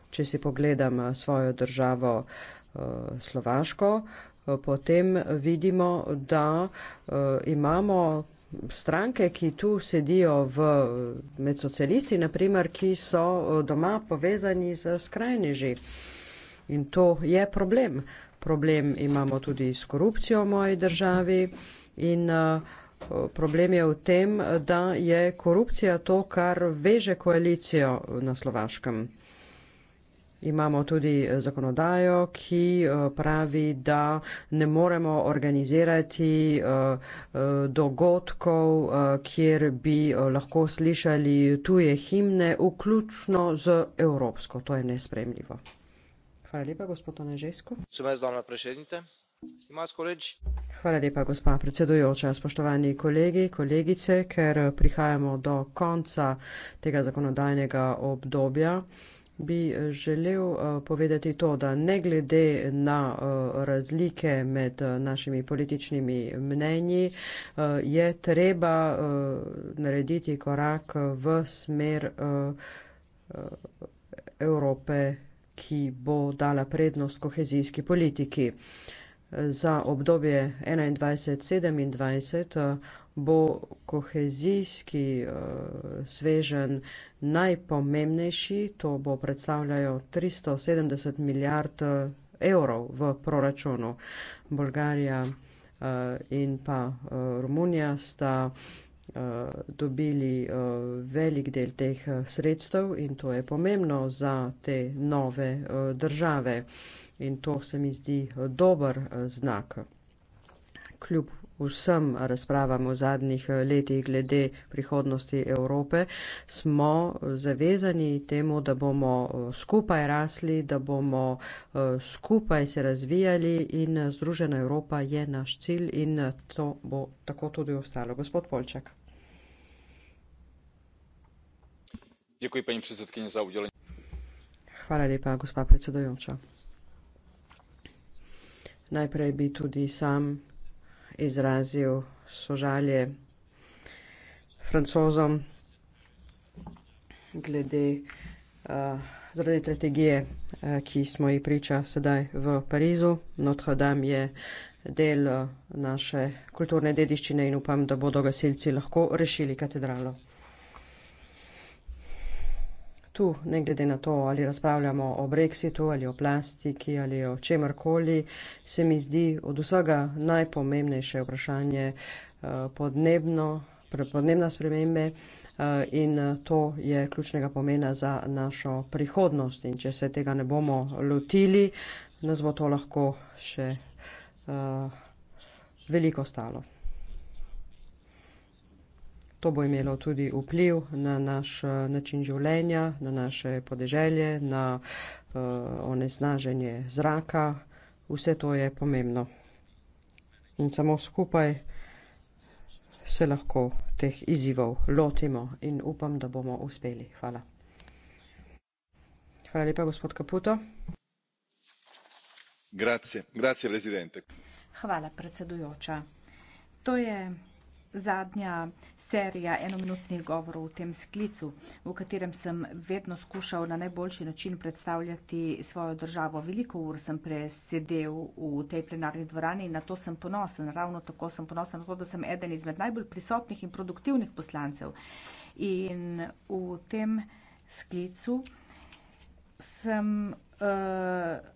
če si pogledam eh, svojo državo eh, Slovaško, eh, potem vidimo, da imamo stranke, ki tu sedijo v, med socialisti, naprimer, ki so doma povezani z skrajneži. In to je problem. Problem imamo tudi s korupcijo v moji državi in problem je v tem, da je korupcija to, kar veže koalicijo na slovaškem. Imamo tudi eh, zakonodajo, ki eh, pravi, da ne moremo organizirati eh, dogodkov, kjer bi lahko slišali tuje himne, vključno z evropsko. To je nespremljivo. Hvala lepa, gospod Onežesko. Hvala lepa, gospa predsedujoča, spoštovani kolegi, kolegice, ker prihajamo do konca tega zakonodajnega obdobja bi eh, želel eh, povedati to, da ne glede na eh, razlike med našimi političnimi mnenji, je treba narediti korak v smer Evrope, ki bo dala prednost kohezijski politiki. Za obdobje 2021-2027 bo kohezijski uh, eh, svežen najpomembnejši. To bo predstavljalo 370 milijard eh, evrov v proračunu. Bolgarija uh, in pa uh, Romunija sta dobili velik del teh sredstev in to je pomembno za te nove države. In to se mi zdi dober znak. Kljub vsem razpravam v zadnjih eh, letih glede prihodnosti Evrope, smo eh, zavezani temu, da bomo eh, skupaj rasli, da bomo skupaj se razvijali in Združena Evropa je naš cilj in to bo tako tudi ostalo. Gospod Polček. Hvala lepa, gospa predsedujoča. Najprej bi tudi sam izrazil sožalje francozom glede uh, zaradi strategije, uh, ki smo ji priča sedaj v Parizu. Notre Dame je del uh, naše kulturne dediščine in upam, da bodo gasilci lahko rešili katedralo tu, ne glede na to, ali razpravljamo o Brexitu, ali o plastiki, ali o čemarkoli, se mi zdi od vsega najpomembnejše vprašanje eh, podnebno, podnebna spremembe eh, in eh, to je ključnega pomena za našo prihodnost. In če se tega ne bomo lotili, nas bo to lahko še veliko stalo. To bo imelo tudi vpliv na naš eh, način življenja, na naše podeželje, na uh, onesnaženje zraka. Vse to je pomembno. In samo skupaj se lahko teh izzivov lotimo in upam, da bomo uspeli. Hvala. Hvala lepa, gospod Kaputo. Grazie, grazie, predsedujoča. To je zadnja serija enominutnih govorov v tem sklicu, v katerem sem vedno skušal na najboljši način predstavljati svojo državo. Veliko ur sem presedel v tej plenarni dvorani in na to sem ponosen. Ravno tako sem ponosen na to, da sem eden izmed najbolj prisotnih in produktivnih poslancev. In v tem sklicu sem uh,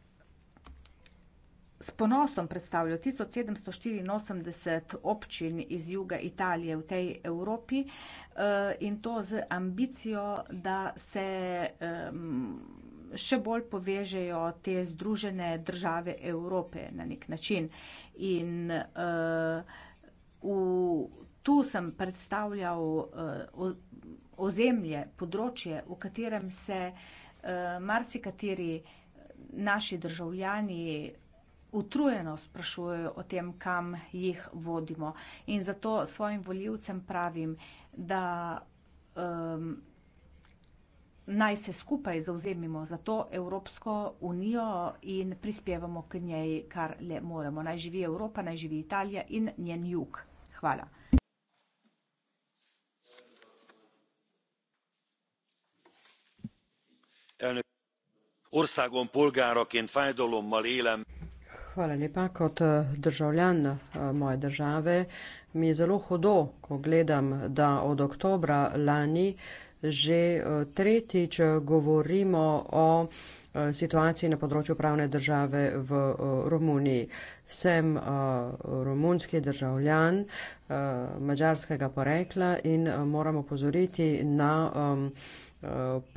S ponosom predstavlja 1784 občin iz juga Italije v tej Evropi eh, in to z ambicijo, da se še bolj povežejo te združene države Evrope na nek način. In eh, v, tu sem predstavljal eh, ozemlje, področje, v katerem se marsikateri naši državljani utrujeno sprašujejo o tem, kam jih vodimo. In zato svojim voljivcem pravim, da um, naj se skupaj zauzemimo za to Evropsko unijo in prispevamo k njej, kar le moremo. Naj živi Evropa, naj živi Italija in njen jug. Hvala. Országom polgáraként fájdalommal élem. Hvala lepa. Kot eh, državljan eh, moje države mi je zelo hudo, ko gledam, da od oktobra lani že eh, tretjič govorimo o situaciji na področju pravne države v Romuniji. Sem romunski državljan mađarskega porekla in moram opozoriti na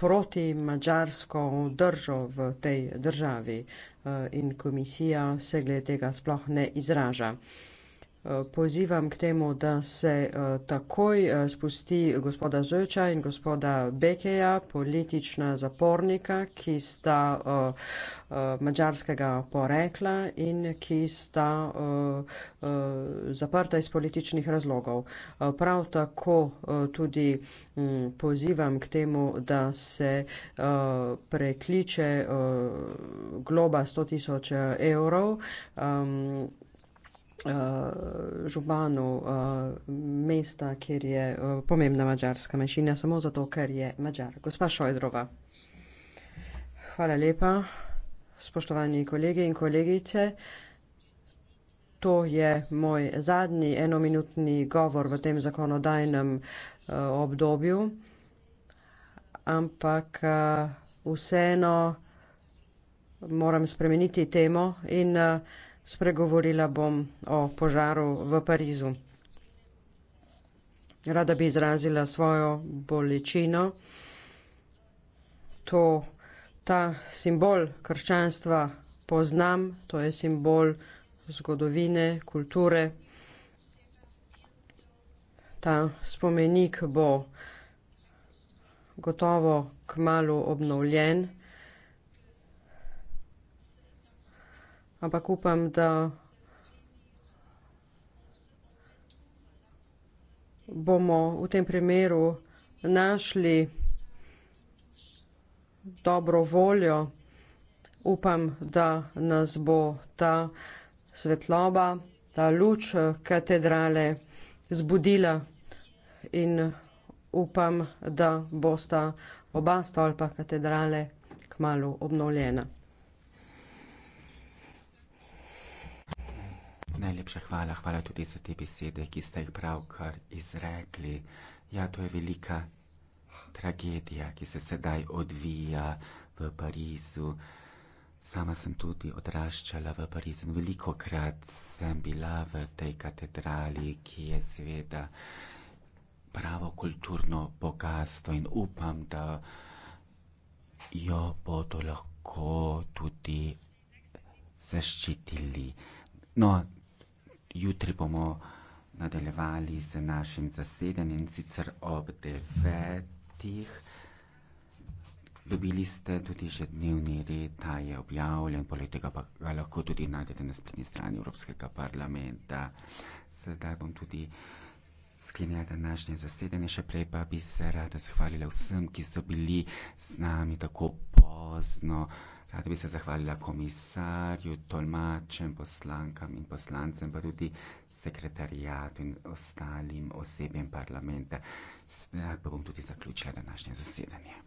proti mađarsko držo v tej državi eh, in komisija se glede tega sploh ne izraža pozivam k temu, da se eh, takoj eh, spusti gospoda Zoča in gospoda Bekeja, politična zapornika, ki sta eh, mađarskega porekla in ki sta zaprta iz političnih razlogov. Prav tako tudi mm, pozivam k temu, da se prekliče globa 100 tisoč evrov ehm, uh, županu uh, mesta, kjer je uh, pomembna mađarska manjšina, samo zato, ker je mađar. Gospa Šojdrova. Hvala lepa, spoštovani kolegi in kolegice. To je moj zadnji enominutni govor v tem zakonodajnem uh, obdobju, ampak uh, vseeno moram spremeniti temo in uh, Spregovorila bom o požaru v Parizu. Rada bi izrazila svojo bolečino. To, ta simbol krščanstva poznam, to je simbol zgodovine, kulture. Ta spomenik bo gotovo kmalo obnovljen. ampak upam, da bomo v tem primeru našli dobro voljo. Upam, da nas bo ta svetloba, ta luč katedrale zbudila in upam, da bosta oba stolpa katedrale kmalo obnovljena. Najlepša hvala, hvala tudi za te besede, ki ste jih pravkar izrekli. Ja, to je velika tragedija, ki se sedaj odvija v Parizu. Sama sem tudi odraščala v Parizu in veliko krat sem bila v tej katedrali, ki je seveda pravo kulturno bogatstvo in upam, da jo bodo lahko tudi zaščitili. No, jutri bomo nadaljevali z našim zasedanjem, sicer ob devetih. Dobili ste tudi že dnevni red, ta je objavljen, poleg tega pa ga lahko tudi najdete na spletni strani Evropskega parlamenta. Sedaj bom tudi sklenila današnje zasedanje, še prej pa bi se rada zahvalila vsem, ki so bili z nami tako pozno. Rada bi se zahvalila komisarju, tolmačem, poslankam in poslancem, pa tudi sekretarijatu in ostalim osebjem parlamenta. Sedaj pa bom tudi zaključila današnje zasedanje.